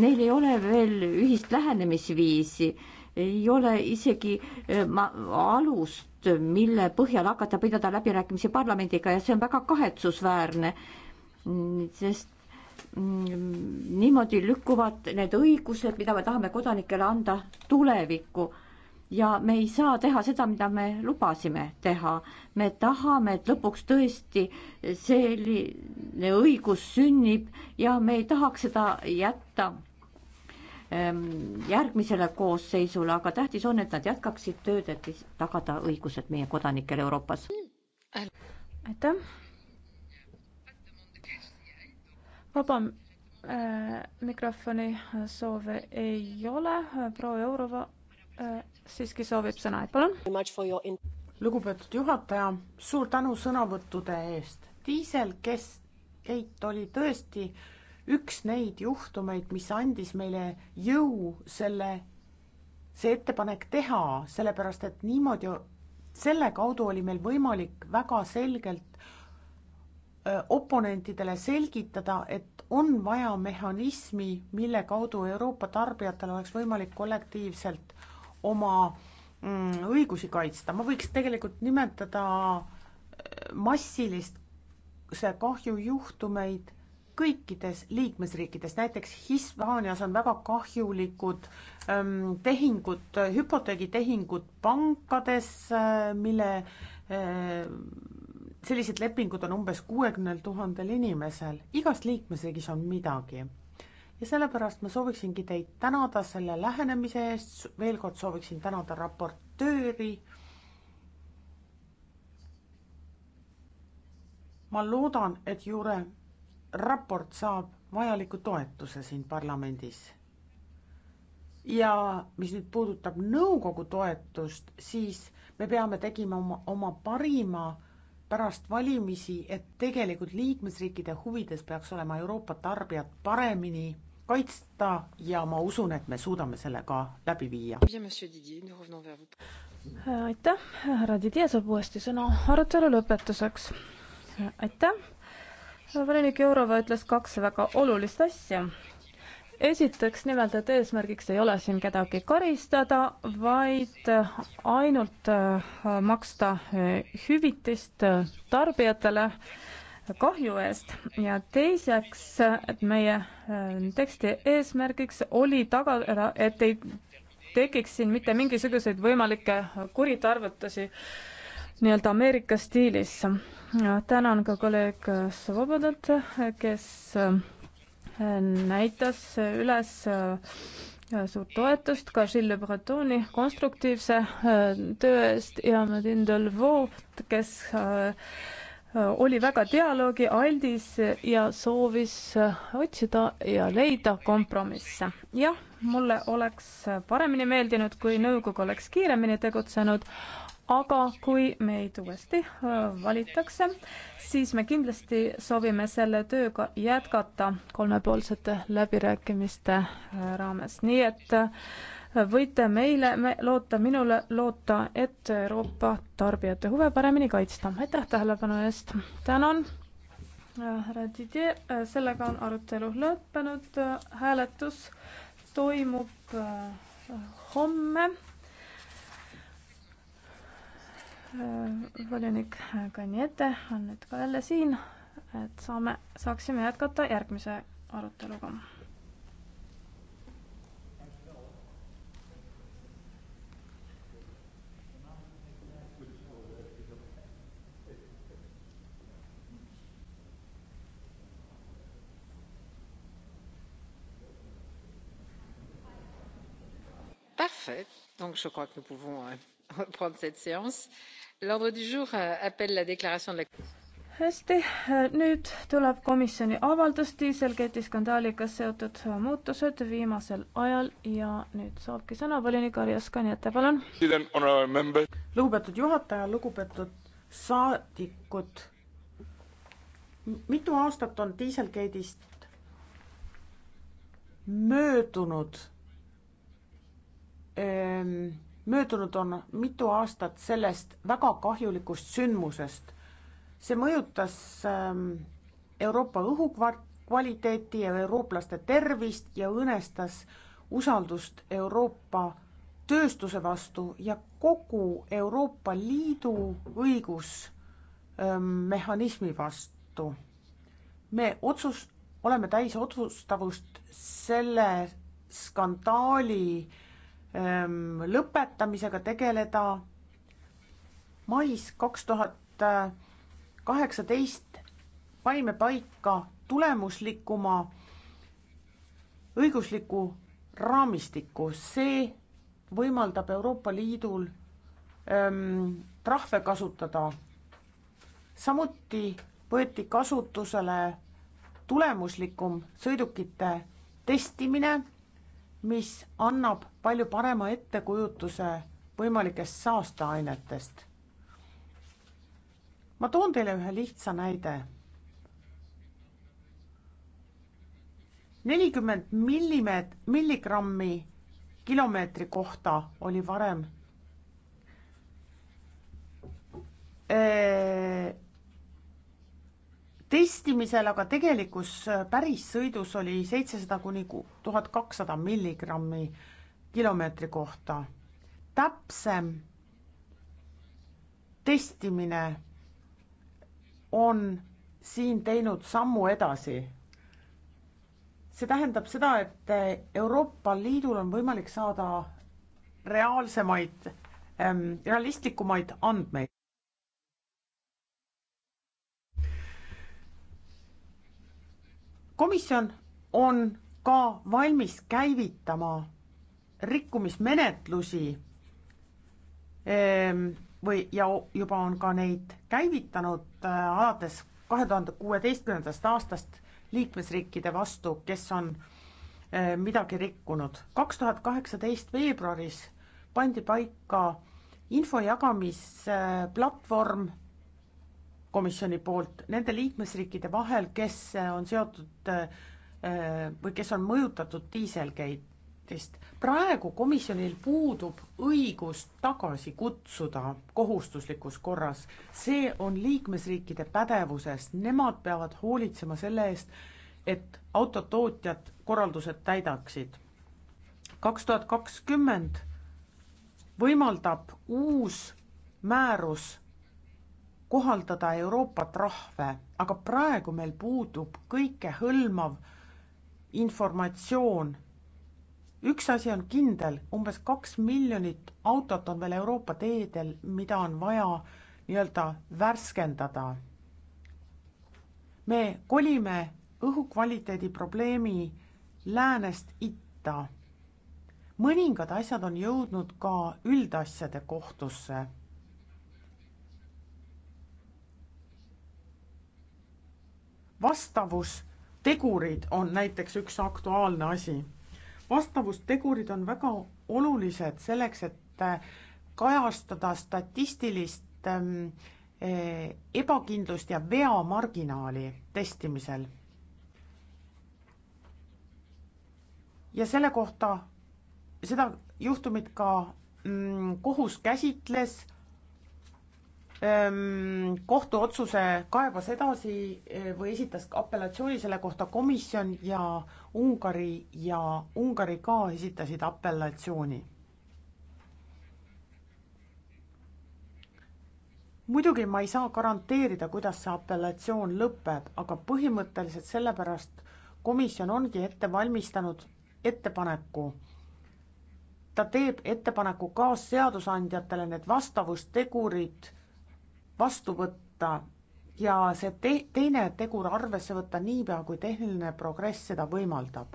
Neil ei ole veel ühist lähenemisviisi ei ole isegi eh, alust, mille põhjal hakata pidada läbirääkimisi parlamendiga ja see on väga kahetsusväärne, sest mm, niimoodi lükkuvad need õigused, mida me tahame kodanikele anda, tulevikku ja me ei saa teha seda, mida me lubasime teha. me tahame, et lõpuks tõesti selline õigus sünnib ja me ei tahaks seda jätta Ähm, järgmisele koosseisule, aga tähtis on, et nad jätkaksid tööd, et tagada õigused meie kodanikele Euroopas. aitäh. vaba äh, mikrofoni soove ei ole, proua Jourova äh, siiski soovib sõna, et palun. lugupeetud juhataja, suur tänu sõnavõttude eest. diiselgest oli tõesti äh, üks neid juhtumeid, mis andis meile jõu selle, see ettepanek teha, sellepärast et niimoodi, selle kaudu oli meil võimalik väga selgelt oponentidele selgitada, et on vaja mehhanismi, mille kaudu Euroopa tarbijatel oleks võimalik kollektiivselt oma mm, õigusi kaitsta, ma võiks tegelikult nimetada massilist see kahjujuhtumeid kõikides liikmesriikides, näiteks Hispaanias on väga kahjulikud ähm, tehingud, äh, hüpoteegitehingud pankades äh,, mille äh, sellised lepingud on umbes kuuekümnel tuhandel inimesel, igas liikmesriigis on midagi. ja sellepärast ma sooviksingi teid tänada selle lähenemise eest, veel kord sooviksin tänada raportööri ma loodan, et Jure raport saab vajaliku toetuse siin parlamendis. ja mis nüüd puudutab nõukogu toetust, siis me peame tegema oma, oma parima pärast valimisi, et tegelikult liikmesriikide huvides peaks olema Euroopa tarbijad paremini kaitsta ja ma usun, et me suudame selle ka läbi viia. aitäh, härra Didier saab uuesti sõna arutelu lõpetuseks. aitäh volinik Jourova ütles kaks väga olulist asja. esiteks nimelt, et eesmärgiks ei ole siin kedagi karistada, vaid ainult äh, maksta äh, hüvitist äh, tarbijatele kahju eest ja teiseks, et meie teksti eesmärgiks oli tagada, et ei tekiks siin mitte mingisuguseid võimalikke kuritarvutusi äh, nii-öelda Ameerika stiilis. tänan ka kolleeg Svobodat, kes äh, näitas üles äh, suurt toetust ka Gilles Bretoni konstruktiivse äh, töö eest ja Madine Delvaux, kes oli väga dialoogi aldis ja soovis otsida ja leida kompromisse. jah, mulle oleks paremini meeldinud, kui nõukogu oleks kiiremini tegutsenud, aga kui meid uuesti äh, valitakse, siis me kindlasti soovime selle tööga jätkata kolmepoolsete läbirääkimiste äh, raames, nii et äh, võite meile me, loota, minule loota, et Euroopa tarbijate huve paremini kaitsta. aitäh tähelepanu eest, tänan, härra Didier, sellega on arutelu lõppenud, hääletus toimub homme Äh, volinik Kaniete on nüüd ka jälle siin, et saame, saaksime jätkata järgmise aruteluga. parfait donc je crois que nous pouvons reprendre euh, <laughs> cette séance. Euh, hästi, äh, nüüd tuleb komisjoni avaldus diiselgeti skandaaliga seotud äh, muutused viimasel ajal ja nüüd saabki sõna volinik Arias Kanjete, palun. lugupeetud juhataja, lugupeetud saadikud. mitu aastat on diiselgeidist möödunud ähm,? möödunud on mitu aastat sellest väga kahjulikust sündmusest. see mõjutas ähm, Euroopa õhukvaliteeti ja eurooplaste tervist ja õõnestas usaldust Euroopa tööstuse vastu ja kogu Euroopa Liidu õigusmehhanismi ähm, vastu. me otsus, oleme täis otsustavust selle skandaali äh, Ähm, lõpetamisega tegeleda. mais kaks tuhat kaheksateist panime paika tulemuslikuma õigusliku raamistiku, see võimaldab Euroopa Liidul ähm, trahve kasutada. samuti võeti kasutusele tulemuslikum sõidukite testimine mis annab palju parema ettekujutuse võimalikest saasteainetest. ma toon teile ühe lihtsa näide. nelikümmend millimeet-, milligrammi kilomeetri kohta oli varem äh, testimisel, aga tegelikus äh, päris sõidus oli seitsesada kuni tuhat kakssada milligrammi kilomeetri kohta. täpsem testimine on siin teinud sammu edasi. see tähendab seda, et äh, Euroopa Liidul on võimalik saada reaalsemaid, ähm, realistlikumaid andmeid. komisjon on ka valmis käivitama rikkumismenetlusi ehm, või, ja juba on ka neid käivitanud äh, alates kahe tuhande kuueteistkümnendast aastast liikmesriikide vastu, kes on äh, midagi rikkunud. kaks tuhat kaheksateist veebruaris pandi paika info jagamise äh, platvorm komisjoni poolt nende liikmesriikide vahel, kes on seotud äh, või kes on mõjutatud diiselgate'ist. praegu komisjonil puudub õigus tagasi kutsuda kohustuslikus korras, see on liikmesriikide pädevuses, nemad peavad hoolitsema selle eest, et autotootjad korraldused täidaksid. kaks tuhat kakskümmend võimaldab uus määrus kohaldada Euroopat rahve, aga praegu meil puudub kõikehõlmav informatsioon. üks asi on kindel, umbes kaks miljonit autot on veel Euroopa teedel, mida on vaja nii-öelda värskendada. me kolime õhukvaliteedi probleemi läänest itta. mõningad asjad on jõudnud ka üldasjade kohtusse vastavustegurid on näiteks üks aktuaalne asi. vastavustegurid on väga olulised selleks, et äh, kajastada statistilist ähm, äh, ebakindlust ja veamarginaali testimisel. ja selle kohta, seda juhtumit ka mm, kohus käsitles kohtuotsuse kaebas edasi e, või esitas apellatsiooni selle kohta komisjon ja Ungari ja Ungari ka esitasid apellatsiooni. muidugi ma ei saa garanteerida, kuidas see apellatsioon lõpeb, aga põhimõtteliselt sellepärast komisjon ongi ette valmistanud ettepaneku ta teeb ettepaneku kaasseadusandjatele need vastavustegurid vastu võtta ja see te teine tegur arvesse võtta niipea, kui tehniline progress seda võimaldab.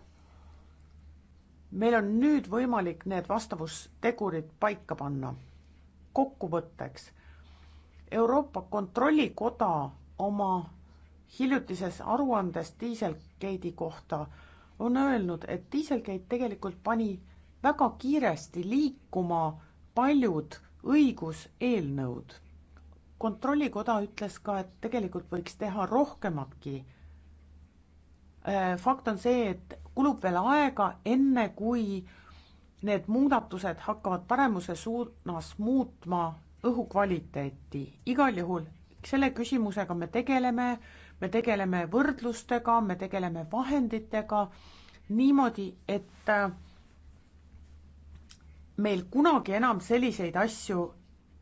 meil on nüüd võimalik need vastavustegurid paika panna. kokkuvõtteks, Euroopa Kontrollikoda oma hiljutises aruandes Dieselgate'i kohta on öelnud, et Dieselgate tegelikult pani väga kiiresti liikuma paljud õiguseelnõud kontrollikoda ütles ka, et tegelikult võiks teha rohkematki. Äh, fakt on see, et kulub veel aega, enne kui need muudatused hakkavad paremuse suunas muutma õhukvaliteeti. igal juhul selle küsimusega me tegeleme, me tegeleme võrdlustega, me tegeleme vahenditega niimoodi, et äh, meil kunagi enam selliseid asju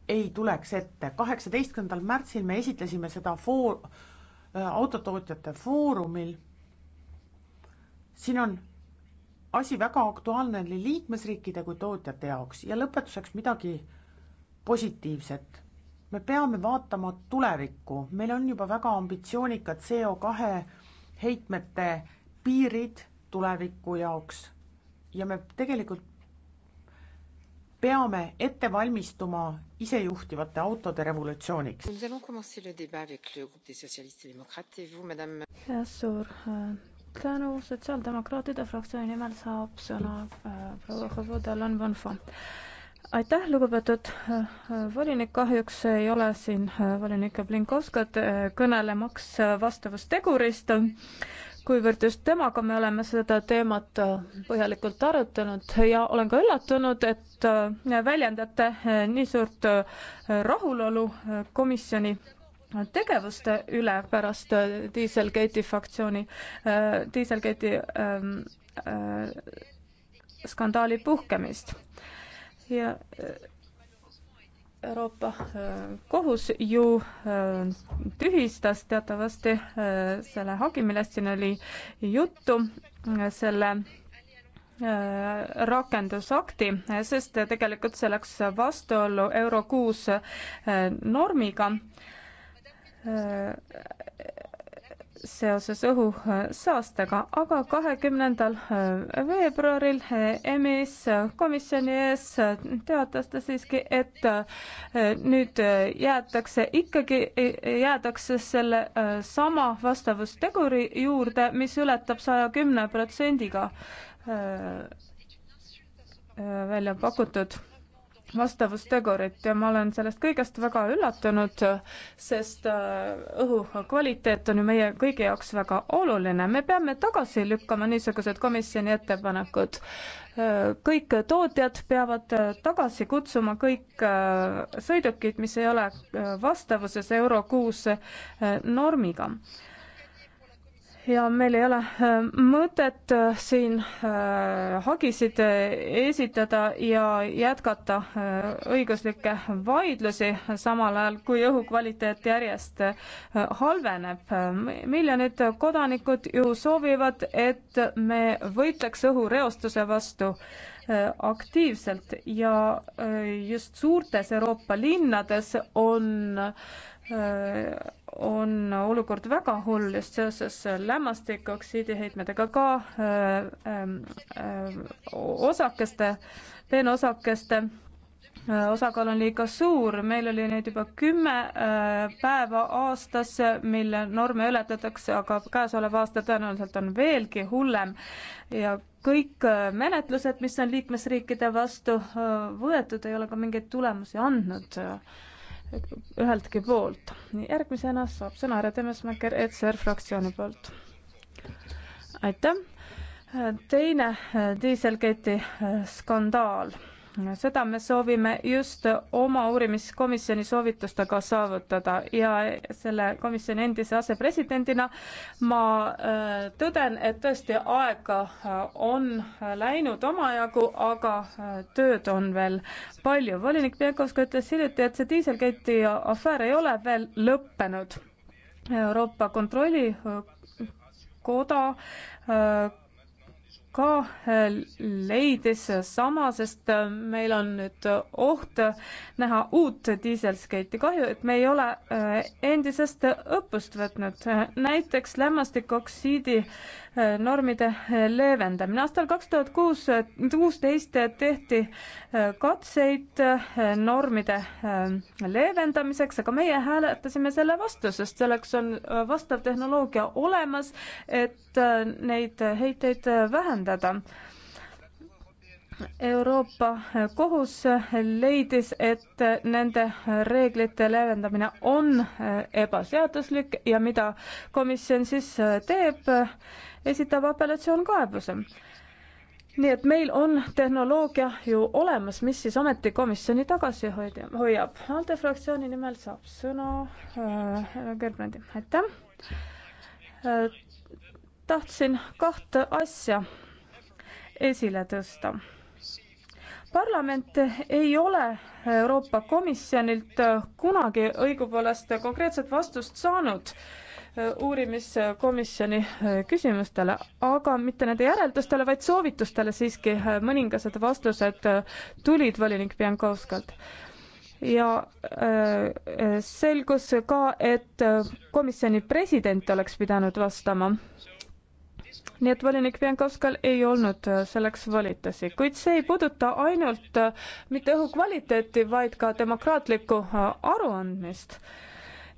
ei tuleks ette. kaheksateistkümnendal märtsil me esitlesime seda foor-, äh, autotootjate foorumil. siin on asi väga aktuaalne nii liikmesriikide kui tootjate jaoks ja lõpetuseks midagi positiivset. me peame vaatama tulevikku, meil on juba väga ambitsioonikad CO kahe heitmete piirid tuleviku jaoks ja me tegelikult peame ette valmistuma isejuhtivate autode revolutsiooniks. ja suur äh, tänu, sotsiaaldemokraatide fraktsiooni nimel saab sõna äh, proua Hovodalon Vonfo aitäh, lugupeetud äh, volinik, kahjuks ei ole siin volinik Blinkovskat kõnelemaks vastavustegurist kuivõrd just temaga me oleme seda teemat äh, põhjalikult arutanud ja olen ka üllatunud, et äh, väljendate äh, nii suurt rahulolu komisjoni tegevuste üle pärast Dieselgate'i fraktsiooni, Dieselgate'i ähm, skandaali puhkemist. ja Euroopa äh, kohus ju äh, tühistas teatavasti äh, selle hagi, millest siin oli juttu, selle rakendusakti, sest tegelikult see läks vastuollu Euro kuus normiga seoses õhusaastega, aga kahekümnendal äh, veebruaril äh, EMIS äh, komisjoni ees teatas ta siiski, et nüüd jäetakse ikkagi, jäädakse selle sama vastavusteguri juurde, mis ületab saja kümne protsendiga välja pakutud vastavustegurit ja ma olen sellest kõigest väga üllatunud, sest äh, õhu kvaliteet on ju meie kõigi jaoks väga oluline. me peame tagasi lükkama niisugused komisjoni ettepanekud. Äh, kõik tootjad peavad äh, tagasi kutsuma kõik sõidukid, mis ei ole vastavuses Euro kuus normiga ja meil ei ole äh, mõtet äh, siin äh, hagisid esitada ja jätkata õiguslikke vaidlusi, samal ajal kui õhukvaliteet järjest halveneb. miljonid kodanikud ju soovivad, et me võitleks õhureostuse vastu aktiivselt ja just suurtes Euroopa linnades on on olukord väga hull just seoses lämmastikoksiidi heitmetega ka äh, ähm, äh, osakeste, peenosakeste äh, osakaal on liiga suur, meil oli neid juba kümme äh, päeva aastas, mille norme ületatakse, aga käesolev aasta tõenäoliselt on veelgi hullem ja kõik äh, menetlused, mis on liikmesriikide vastu äh, võetud, ei ole ka mingeid tulemusi andnud äh, üheltki poolt. järgmisena saab sõna härra Temesmäker ECR fraktsiooni poolt. aitäh. teine äh, diiselgeti äh, skandaal seda me soovime just oma uurimiskomisjoni soovitustega saavutada ja selle komisjoni endise asepresidendina ma äh, tõden, et tõesti aega äh, on läinud omajagu, aga äh, tööd on veel palju. volinik Pjankovski ütles hiljuti, et see Dieselgate'i afäär ei ole veel lõppenud. Euroopa Kontrollikoda ka äh, leidis sama, sest äh, meil on nüüd oht näha uut diiselskeiti. kahju, et me ei ole äh, endisest õppust võtnud. näiteks lämmastikoksiidi äh, normide leevendamine. aastal kaks tuhat kuus, kuusteist tehti äh, katseid äh, normide äh, leevendamiseks, aga meie hääletasime selle vastu, sest selleks on vastav tehnoloogia olemas, et neid heiteid vähendada Euroopa kohus leidis, et nende reeglite leevendamine on ebaseaduslik ja mida komisjon siis teeb, esitab apellatsioonkaebuse. nii et meil on tehnoloogia ju olemas, mis siis ometi komisjoni tagasi hoid-, hoiab. ALDE fraktsiooni nimel saab sõna äh, härra äh, Gerbrandi, aitäh äh,. tahtsin kahte asja esile tõsta parlament ei ole Euroopa Komisjonilt kunagi õigupoolest konkreetset vastust saanud uurimiskomisjoni äh, küsimustele, aga mitte nende järeldustele, vaid soovitustele siiski mõningased vastused äh, tulid volinik Biankovskalt. ja äh, selgus ka, et komisjoni president oleks pidanud vastama. nii et volinik Biankovskal ei olnud selleks volitusi, kuid see ei puuduta ainult mitte õhu kvaliteeti, vaid ka demokraatlikku aruandmist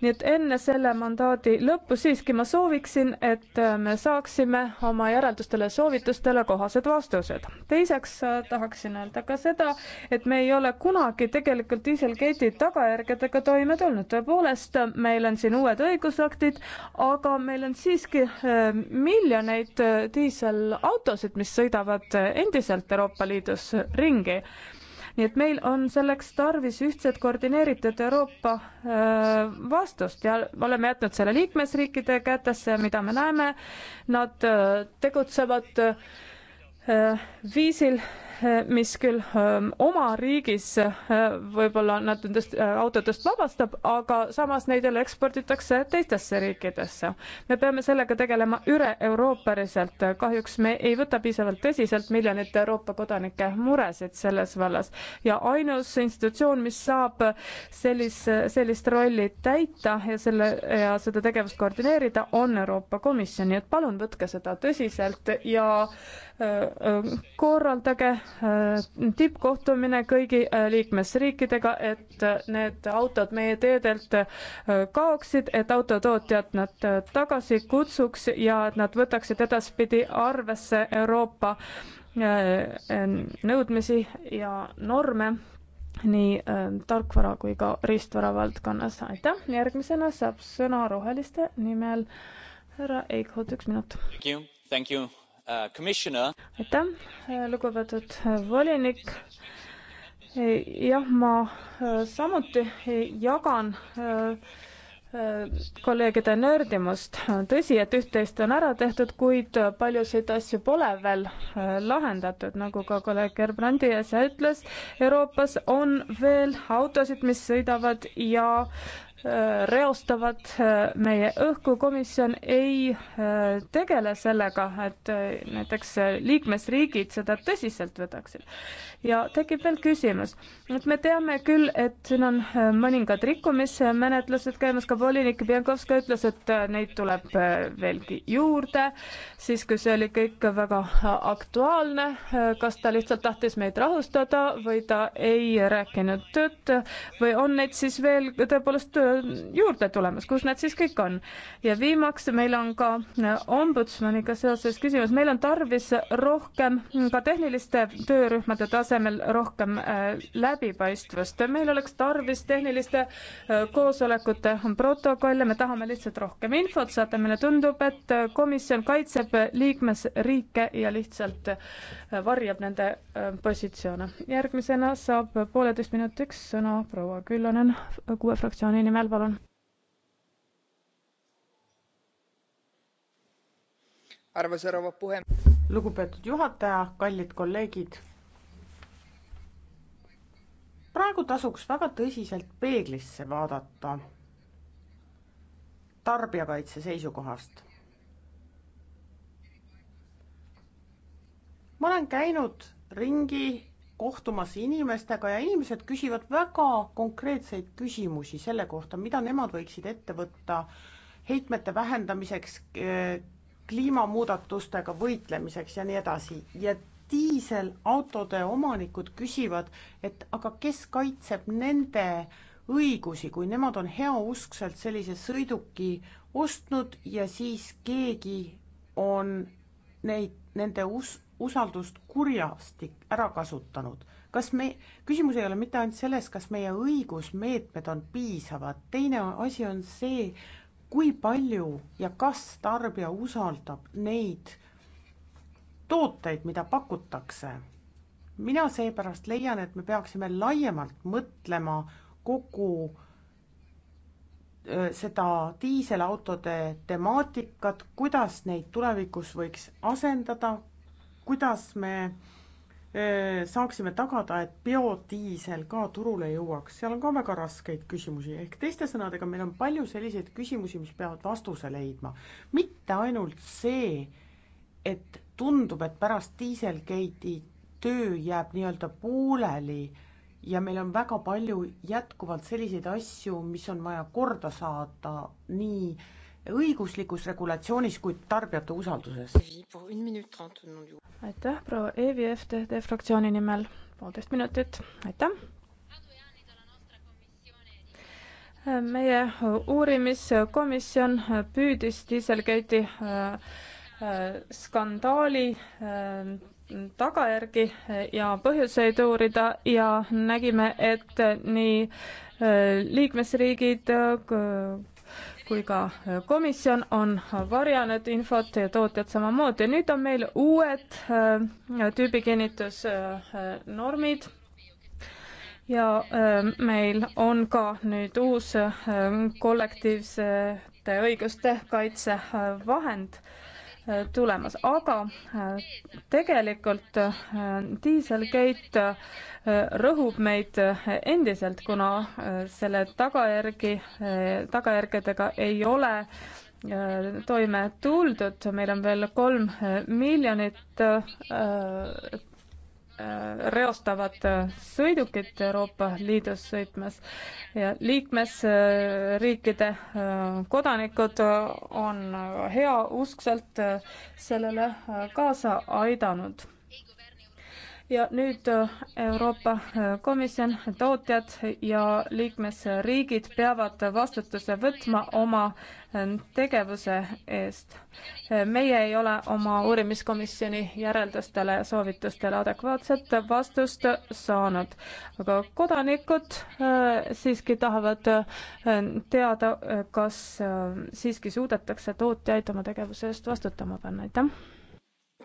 nii et enne selle mandaadi lõppu siiski ma sooviksin, et me saaksime oma järeldustele ja soovitustele kohased vastused. teiseks äh, tahaksin öelda ka seda, et me ei ole kunagi tegelikult Dieselgate'i tagajärgedega toime tulnud. tõepoolest, meil on siin uued õigusaktid, aga meil on siiski äh, miljoneid äh, diiselautosid, mis sõidavad endiselt Euroopa Liidus ringi nii et meil on selleks tarvis ühtset koordineeritud Euroopa äh, vastust ja oleme jätnud selle liikmesriikide kätesse, mida me näeme, nad äh, tegutsevad äh, viisil, mis küll ähm, oma riigis äh, võib-olla nad nendest äh, autodest vabastab, aga samas neid jälle eksporditakse teistesse riikidesse. me peame sellega tegelema üle-euroopaliselt, kahjuks me ei võta piisavalt tõsiselt miljonite Euroopa kodanike muresid selles vallas ja ainus institutsioon, mis saab sellise, sellist rolli täita ja selle ja seda tegevust koordineerida, on Euroopa Komisjon, nii et palun võtke seda tõsiselt ja äh, korraldage Äh, tippkohtumine kõigi äh, liikmesriikidega, et äh, need autod meie teedelt kaoksid, et autotootjad nad tagasi kutsuks ja et nad võtaksid edaspidi arvesse Euroopa nõudmisi ja norme nii tarkvara kui ka riistvara valdkonnas. aitäh, järgmisena saab sõna roheliste nimel härra Eichholt, üks minut. Thank you, thank you Äh, aitäh, lugupeetud volinik. jah, ma äh, samuti jagan äh, kolleegide nördimust. tõsi, et üht-teist on ära tehtud, kuid paljusid asju pole veel lahendatud, nagu ka kolleeg Gerbrandi äsja ütles, Euroopas on veel autosid, mis sõidavad ja reostavad meie õhku, komisjon ei äh, tegele sellega, et äh, näiteks äh, liikmesriigid seda tõsiselt võtaksid. ja tekib veel küsimus, et me teame küll, et siin on mõningad rikkumismenetlused käimas, ka volinik Pjankovska ütles, et neid tuleb veelgi juurde, siis kui see oli kõik väga aktuaalne, kas ta lihtsalt tahtis meid rahustada või ta ei rääkinud tõtt või on neid siis veel tõepoolest juurde tulemas, kus nad siis kõik on. ja viimaks meil on ka äh, ombudsmaniga seoses küsimus, meil on tarvis rohkem mm, ka tehniliste töörühmade tasemel rohkem äh, läbipaistvust, meil oleks tarvis tehniliste äh, koosolekute protokolle, me tahame lihtsalt rohkem infot saada, meile tundub, et komisjon kaitseb liikmesriike ja lihtsalt varjab nende positsioone. järgmisena saab pooleteist minutiks sõna proua Küllonen kuue fraktsiooni nimel nimel, palun. lugupeetud juhataja, kallid kolleegid. praegu tasuks väga tõsiselt peeglisse vaadata tarbijakaitse seisukohast ma olen käinud ringi kohtumas inimestega ja inimesed küsivad väga konkreetseid küsimusi selle kohta, mida nemad võiksid ette võtta heitmete vähendamiseks, kliimamuudatustega võitlemiseks ja nii edasi ja diiselautode omanikud küsivad, et aga kes kaitseb nende õigusi, kui nemad on heauskselt sellise sõiduki ostnud ja siis keegi on neid, nende us-, usaldust kurjasti ära kasutanud. kas me, küsimus ei ole mitte ainult selles, kas meie õigusmeetmed on piisavad, teine asi on see, kui palju ja kas tarbija usaldab neid tooteid, mida pakutakse. mina seepärast leian, et me peaksime laiemalt mõtlema kogu seda diiselautode temaatikat, kuidas neid tulevikus võiks asendada, kuidas me eh, saaksime tagada, et biodiisel ka turule jõuaks, seal on ka väga raskeid küsimusi, ehk teiste sõnadega, meil on palju selliseid küsimusi, mis peavad vastuse leidma. mitte ainult see, et tundub, et pärast Dieselgate'i töö jääb nii-öelda pooleli ja meil on väga palju jätkuvalt selliseid asju, mis on vaja korda saada nii äh, õiguslikus regulatsioonis, kuid tarbijate usalduses. aitäh, proua Eevi FTD fraktsiooni nimel, poolteist minutit, aitäh. meie uurimiskomisjon püüdis Dieselgate'i äh, äh, skandaali äh, tagajärgi ja põhjuseid uurida ja nägime, et nii liikmesriigid kui ka äh, komisjon on varjanud infot ja tootjad samamoodi. nüüd on meil uued äh, tüübikinnitusnormid ja äh, meil on ka nüüd uus kollektiivsete õiguste kaitsevahend tulemas, aga äh, tegelikult äh, Dieselgate äh, rõhub meid endiselt, kuna selle tagajärgi, tagajärgedega ei ole toime tuldud, meil on veel kolm miljonit reostavad äh, sõidukit Euroopa Liidus sõitmas ja liikmesriikide äh, kodanikud äh, on heauskselt sellele kaasa aidanud ja nüüd äh, Euroopa äh, Komisjon, tootjad ja liikmesriigid peavad vastutuse võtma oma äh, tegevuse eest. meie ei ole oma uurimiskomisjoni järeldustele ja soovitustele adekvaatset vastust saanud, aga kodanikud siiski tahavad teada, kas siiski suudetakse tootjaid oma tegevuse eest vastutama panna, aitäh!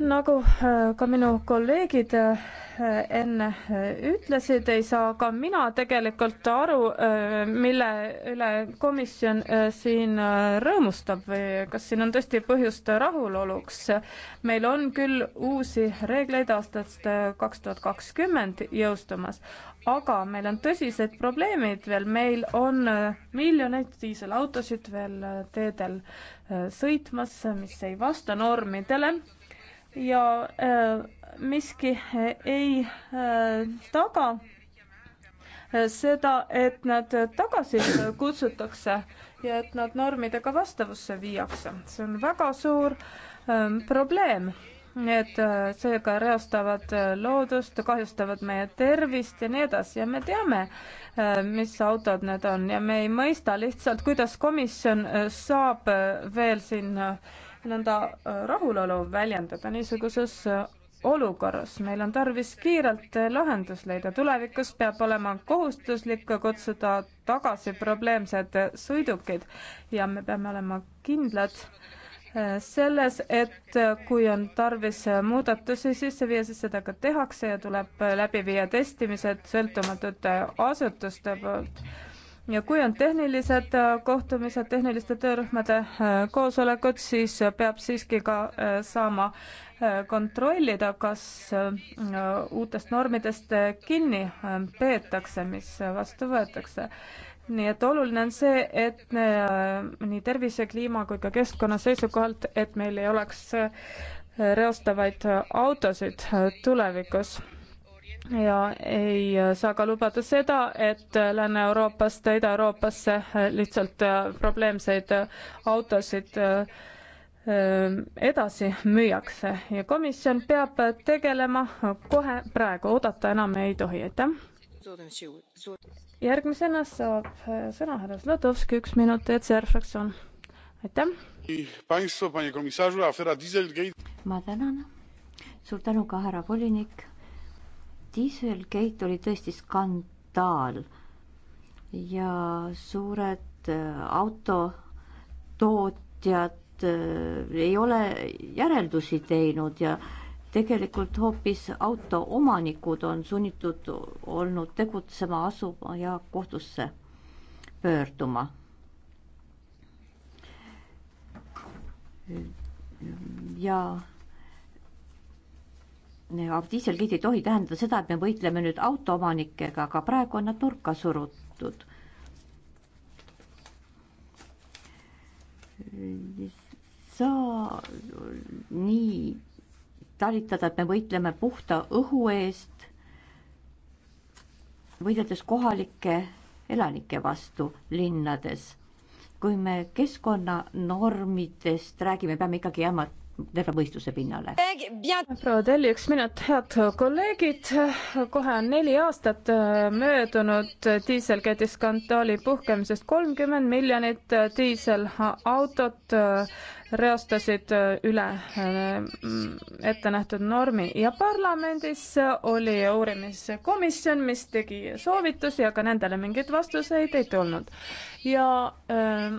nagu äh, ka minu kolleegid äh, enne äh, ütlesid, ei saa ka mina tegelikult aru, mille üle komisjon siin rõõmustab või kas siin on tõesti põhjust rahuloluks. meil on küll uusi reegleid aastast kaks tuhat kakskümmend jõustumas, aga meil on tõsised probleemid veel, meil on miljoneid diiselautosid veel teedel sõitmas, mis ei vasta normidele ja äh, miski ei äh, taga äh, seda, et nad tagasi kutsutakse ja et nad normidega vastavusse viiakse. see on väga suur ähm, probleem. Need seega reostavad loodust, kahjustavad meie tervist ja nii edasi ja me teame, mis autod need on ja me ei mõista lihtsalt, kuidas komisjon saab veel siin äh, nõnda äh, rahulolu väljendada niisuguses äh, olukorras. meil on tarvis kiirelt äh, lahendus leida. tulevikus peab olema kohustuslik kutsuda tagasi probleemsed sõidukid ja me peame olema kindlad selles, et kui on tarvis muudatusi sisse viia, siis seda ka tehakse ja tuleb läbi viia testimised sõltumatute asutuste poolt ja kui on tehnilised äh, kohtumised, tehniliste töörühmade äh, koosolekud, siis äh, peab siiski ka saama kontrollida, kas uutest normidest kinni peetakse, mis vastu võetakse nii et oluline on see, et me, nii tervise, kliima kui ka keskkonna seisukohalt, et meil ei oleks reostavaid autosid tulevikus ja ei saa ka lubada seda, et Lääne-Euroopast Ida-Euroopasse lihtsalt äh, probleemseid äh, autosid äh, edasi müüakse ja komisjon peab tegelema kohe praegu, oodata enam ei tohi, aitäh. järgmisena saab sõna härra Zlatovski, üks minut, ECR fraktsioon, aitäh. ma tänan, suur tänu ka härra volinik Dieselgate oli tõesti skandaal ja suured äh, autotootjad äh, ei ole järeldusi teinud ja tegelikult hoopis autoomanikud on sunnitud olnud tegutsema asuma ja kohtusse pöörduma ja Äh, diiselgid ei tohi tähendada seda, et me võitleme nüüd autoomanikega, aga praegu on nad nurka surutud. saa nii talitada, et me võitleme puhta õhu eest, võideldes kohalike elanike vastu linnades. kui me keskkonnanormidest räägime, peame ikkagi jääma terve mõistuse pinnale. proua Telli, üks minut, head kolleegid, kohe on neli aastat äh, möödunud diiselgeti skandaali puhkemisest, kolmkümmend miljonit äh, diiselautot äh, reostasid üle ettenähtud normi ja parlamendis oli uurimiskomisjon, mis tegi soovitusi, aga nendele mingeid vastuseid ei tulnud. ja äh,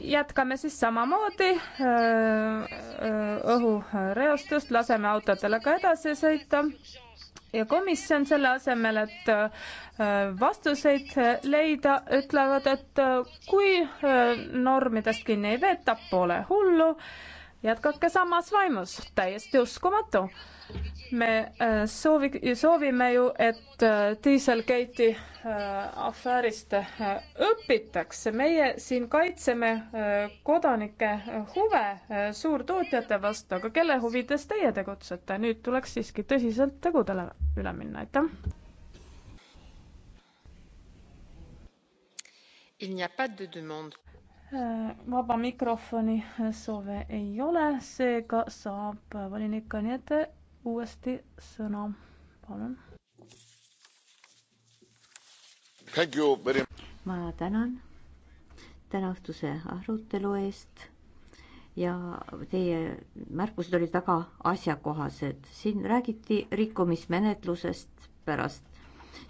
jätkame siis samamoodi äh, äh, õhureostust, laseme autodele ka edasi sõita ja komisjon selle asemel, et äh, vastuseid leida, ütlevad, et kui normidest kinni ei veeta, pole hullu jätkake samas vaimus, täiesti uskumatu. me äh, soovi, soovime ju, et äh, Dieselgate'i äh, afäärist õpitakse, meie siin kaitseme kodanike huve suurtootjate vastu, aga kelle huvides teie tegutsete, nüüd tuleks siiski tõsiselt tegudele üle minna, aitäh. Il n'y a pas de demande vaba mikrofoni soove ei ole, seega saab volinik Kanjete uuesti sõna. palun. ma tänan tänaõhtuse arutelu eest ja teie märkused olid väga asjakohased. siin räägiti rikkumismenetlusest pärast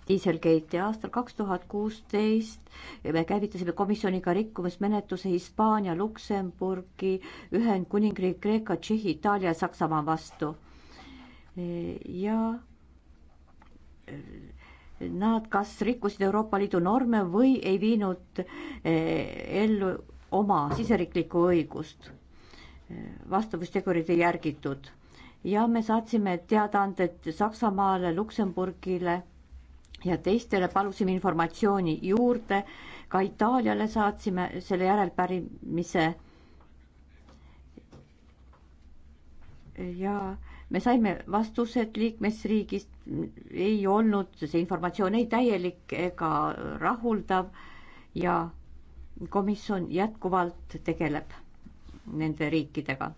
Dieselgate ja aastal kaks tuhat kuusteist me käivitasime komisjoniga rikkumismenetluse Hispaania, Luksemburgi, Ühendkuningriik, Kreeka, Tšehhi, Itaalia ja Saksamaa vastu. ja nad kas rikkusid Euroopa Liidu norme või ei viinud eh, ellu oma siseriiklikku õigust. Eh, vastavustegurid ei järgitud ja me saatsime teadaanded Saksamaale, Luksemburgile ja teistele palusime informatsiooni juurde, ka Itaaliale saatsime selle järelpärimise. ja me saime vastused liikmesriigist, ei olnud see informatsioon ei täielik ega rahuldav ja komisjon jätkuvalt tegeleb nende riikidega.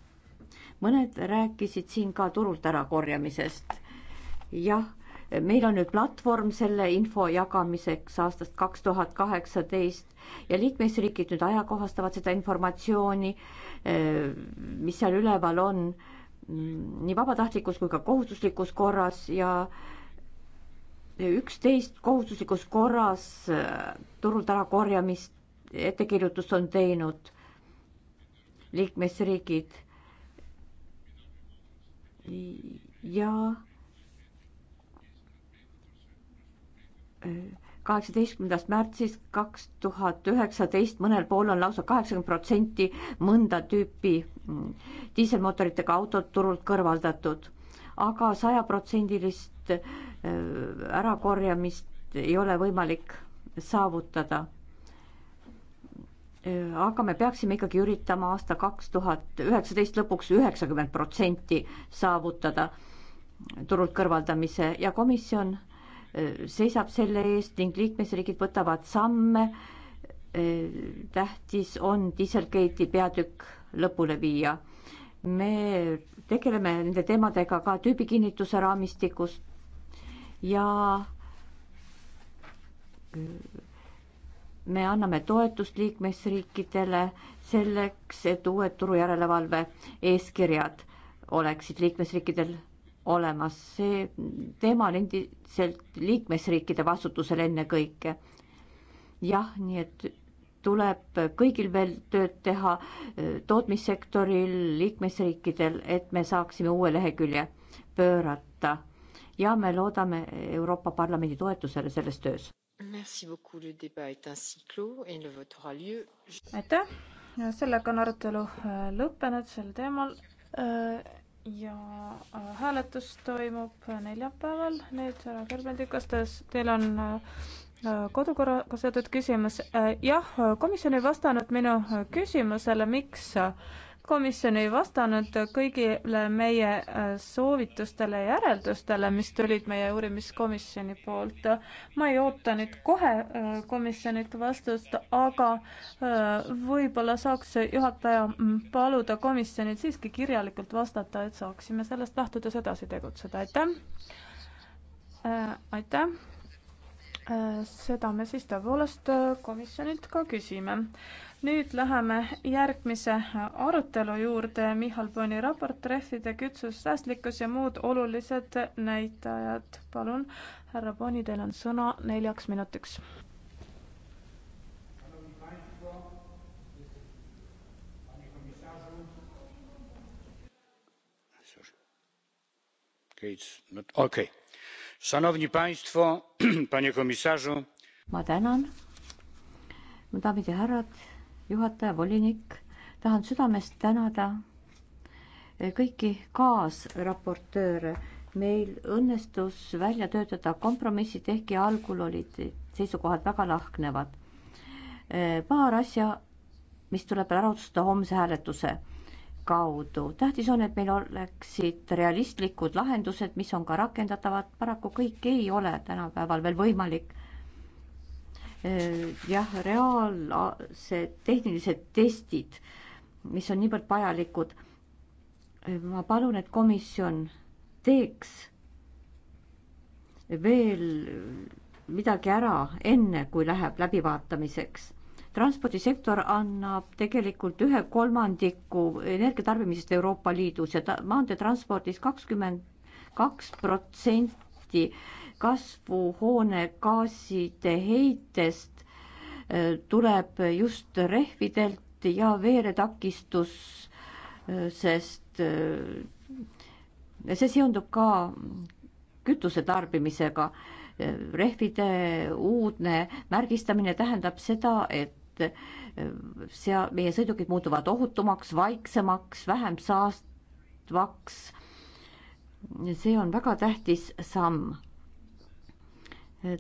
mõned rääkisid siin ka turult ärakorjamisest. jah meil on nüüd platvorm selle info jagamiseks aastast kaks tuhat kaheksateist ja liikmesriigid nüüd ajakohastavad seda informatsiooni, eh, mis seal üleval on, mm, nii vabatahtlikus kui ka kohustuslikus korras ja üksteist kohustuslikus korras eh, turult ärakorjamist ettekirjutust on teinud liikmesriigid ja kaheksateistkümnendast märtsist kaks tuhat üheksateist, mõnel pool on lausa kaheksakümmend protsenti mõnda tüüpi mm, diiselmootoritega autod turult kõrvaldatud aga, aga sajaprotsendilist äh, ärakorjamist ei ole võimalik saavutada. Äh, aga me peaksime ikkagi üritama aasta kaks tuhat üheksateist lõpuks üheksakümmend protsenti saavutada turult kõrvaldamise ja komisjon seisab selle eest ning liikmesriigid võtavad samme. Äh, tähtis on Dieselgate'i peatükk lõpule viia. me tegeleme nende teemadega ka tüübikinnituse raamistikus ja äh, me anname toetust liikmesriikidele selleks, et uued turujärelevalve eeskirjad oleksid liikmesriikidel olemas, see teema on endiselt liikmesriikide vastutusel ennekõike. jah, nii et tuleb kõigil veel tööd teha, eh, tootmissektoril, liikmesriikidel, et me saaksime uue lehekülje pöörata ja me loodame Euroopa Parlamendi toetusele selles töös. aitäh, sellega on arutelu eh, lõppenud sel teemal eh, ja äh, hääletus toimub neljapäeval. nüüd härra Kerbendi, kas te, teil on äh, äh, kodukorraga seotud küsimus? jah, komisjon ei vastanud minu küsimusele, miks komisjon ei vastanud kõigile meie äh, soovitustele ja järeldustele, mis tulid meie uurimiskomisjoni poolt. ma ei oota nüüd kohe äh, komisjonilt vastust, aga äh, võib-olla saaks juhataja mm, paluda komisjonil siiski kirjalikult vastata, et saaksime sellest lähtudes edasi tegutseda, aitäh. aitäh. seda me siis tõepoolest komisjonilt ka küsime nüüd läheme järgmise arutelu juurde, Michal Boni raport rehvide kütsus, säästlikkus ja muud olulised näitajad. palun, härra Boni, teil on sõna neljaks minutiks. Okay. Szanowni Państwo, <clears throat> Panie Komisarzu. Ma tänan. Mu daamid ja härrad, juhataja, volinik, tahan südamest tänada eh, kõiki kaasraportööre. meil õnnestus välja töötada kompromissid, ehkki algul olid seisukohad väga lahknevad. Eh, paar asja, mis tuleb ära otsustada homse hääletuse kaudu. tähtis on, et meil oleksid realistlikud lahendused, mis on ka rakendatavad, paraku kõik ei ole tänapäeval veel võimalik Äh, jah, reaalsed tehnilised testid, mis on niivõrd vajalikud. Äh, ma palun, et komisjon teeks veel midagi ära, enne kui läheb läbivaatamiseks. transpordisektor annab tegelikult ühe kolmandiku energiatarbimisest Euroopa Liidus ja maanteetranspordis kakskümmend kaks protsenti protsenti kasvu hoonegaaside heitest äh, tuleb just rehvidelt ja veeretakistusest. Äh, see seondub ka kütuse tarbimisega. Äh, rehvide uudne märgistamine tähendab seda, et sea-, meie sõidukid muutuvad ohutumaks, vaiksemaks, vähem saastavaks see on väga tähtis samm.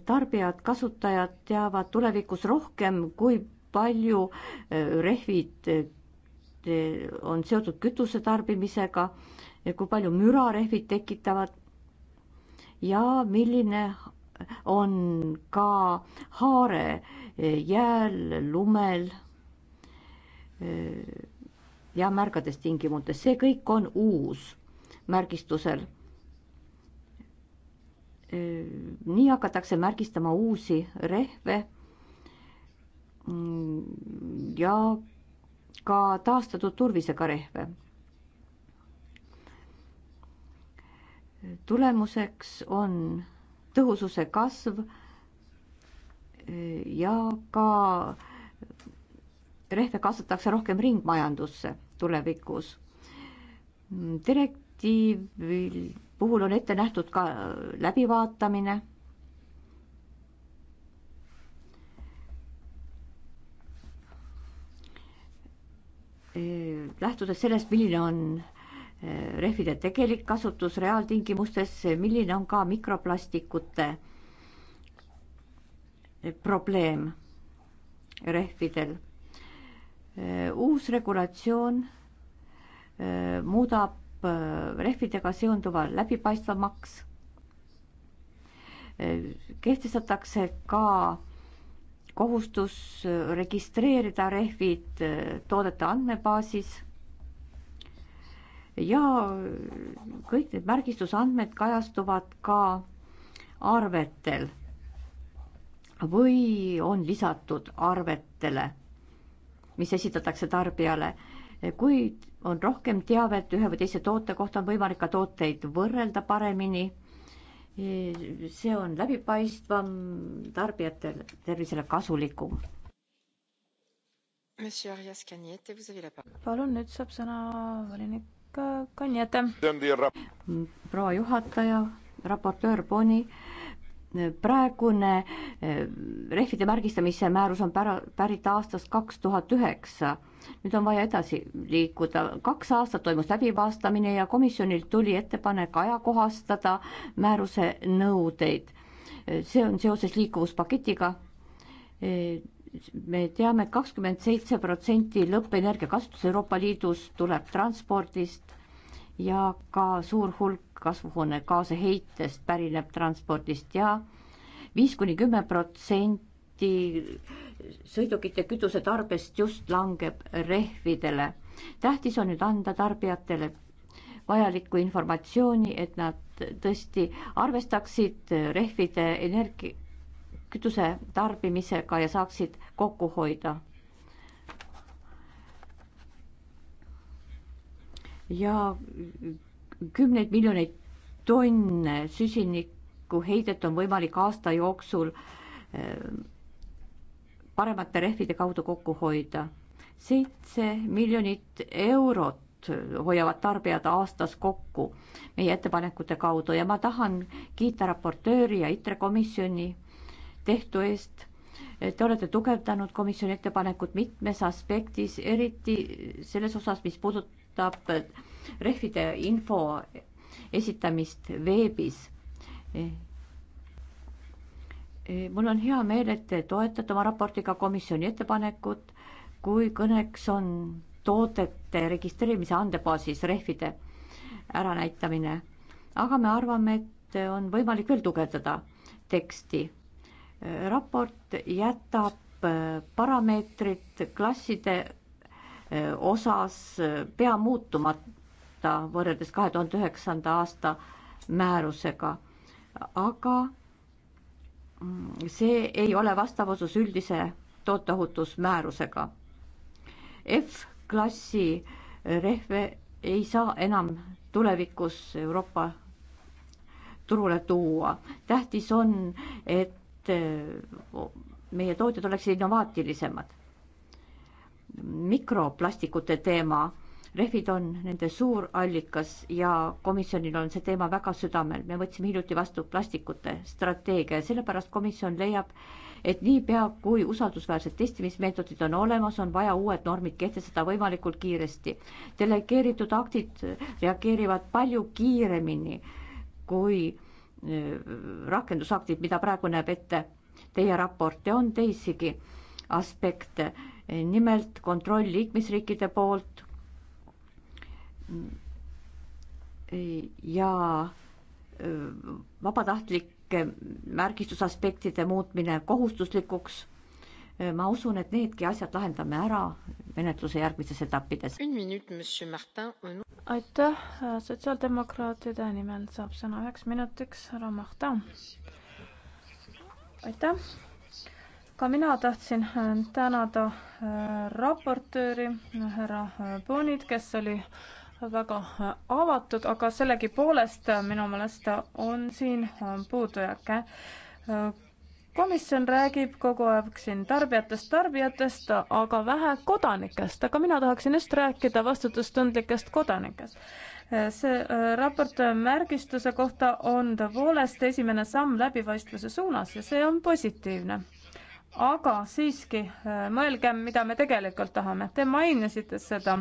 tarbijad, kasutajad teavad tulevikus rohkem, kui palju eh, rehvid eh, on seotud kütuse tarbimisega ja kui palju müra rehvid tekitavad ja milline on ka haare eh, jääl, lumel ja märgades tingimustes, see kõik on uus märgistusel. nii hakatakse märgistama uusi rehve ja ka taastatud turvisega rehve. tulemuseks on tõhususe kasv ja ka rehve kasvatatakse rohkem ringmajandusse tulevikus. Direk-, direktiivi puhul on ette nähtud ka läbivaatamine. lähtudes sellest, milline on eh, rehvide tegelik kasutus reaaltingimustes, milline on ka mikroplastikute eh, probleem rehvidel. Eh, uus regulatsioon muudab Äh, rehvidega seonduva läbipaistvamaks. Äh, kehtestatakse ka kohustus registreerida rehvid äh, toodete andmebaasis. ja kõik need märgistusandmed kajastuvad ka arvetel või on lisatud arvetele, mis esitatakse tarbijale kui on rohkem teavet ühe või teise toote kohta, on võimalik ka tooteid võrrelda paremini. see on läbipaistvam, tarbijatel tervisele kasulikum. palun, nüüd saab sõna volinik Kanjete. proua juhataja, raportöör Boni praegune eh, rehvide märgistamise määrus on pära, pärit aastast kaks tuhat üheksa. nüüd on vaja edasi liikuda, kaks aastat toimus läbivastamine ja komisjonilt tuli ettepanek ajakohastada määruse nõudeid. see on seoses liikuvuspaketiga. me teame et, et kakskümmend seitse protsenti lõppenergia kasutus Euroopa Liidus tuleb transpordist ja ka suur hulk kasvuhoonegaase heitest pärineb transpordist ja viis kuni kümme protsenti sõidukite kütusetarbest just langeb rehvidele. tähtis on nüüd anda tarbijatele vajalikku informatsiooni, et nad tõesti arvestaksid rehvide energia, kütuse tarbimisega ja saaksid kokku hoida ja kümneid miljoneid tonne süsinikku heidet on võimalik aasta jooksul eh, paremate rehvide kaudu kokku hoida. seitse miljonit eurot hoiavad tarbijad aastas kokku meie ettepanekute kaudu ja ma tahan kiita raportööri ja ITRE komisjoni tehtu eest. Te olete tugevdanud komisjoni ettepanekut mitmes aspektis, eriti selles osas, mis puudutab puudutab rehvide info esitamist veebis. mul on hea meel, et te toetate oma raportiga komisjoni ettepanekut, kui kõneks on toodete registreerimise andebaasis rehvide äranäitamine. aga me arvame, et on võimalik veel tugevdada teksti. raport jätab parameetrid klasside osas pea muutumata võrreldes kahe tuhande üheksanda aasta määrusega, aga see ei ole vastavuses üldise tooteohutusmäärusega. F-klassi rehve ei saa enam tulevikus Euroopa turule tuua. tähtis on, et meie tootjad oleksid innovaatilisemad mikroplastikute teema. rehvid on nende suur allikas ja komisjonil on see teema väga südamel. me võtsime hiljuti vastu plastikute strateegia ja sellepärast komisjon leiab, et niipea kui usaldusväärsed testimismeetodid on olemas, on vaja uued normid kehtestada võimalikult kiiresti. delegeeritud aktid reageerivad palju kiiremini kui rakendusaktid, mida praegu näeb ette teie raport ja on teisigi aspekte nimelt kontroll liikmesriikide poolt ja vabatahtlike märgistusaspektide muutmine kohustuslikuks. ma usun, et needki asjad lahendame ära menetluse järgmistes etappides. aitäh, sotsiaaldemokraatide nimel saab sõna üheks minutiks härra Mahta. aitäh ka mina tahtsin äh, tänada äh, raportööri härra äh, Bonit, kes oli väga avatud, aga sellegipoolest minu meelest on siin puudujääke. komisjon räägib kogu aeg siin tarbijatest, tarbijatest, aga vähe kodanikest, aga mina tahaksin just rääkida vastutustundlikest kodanikest see raport märgistuse kohta on tõepoolest esimene samm läbipaistvuse suunas ja see on positiivne aga siiski äh, mõelgem, mida me tegelikult tahame. Te mainisite seda.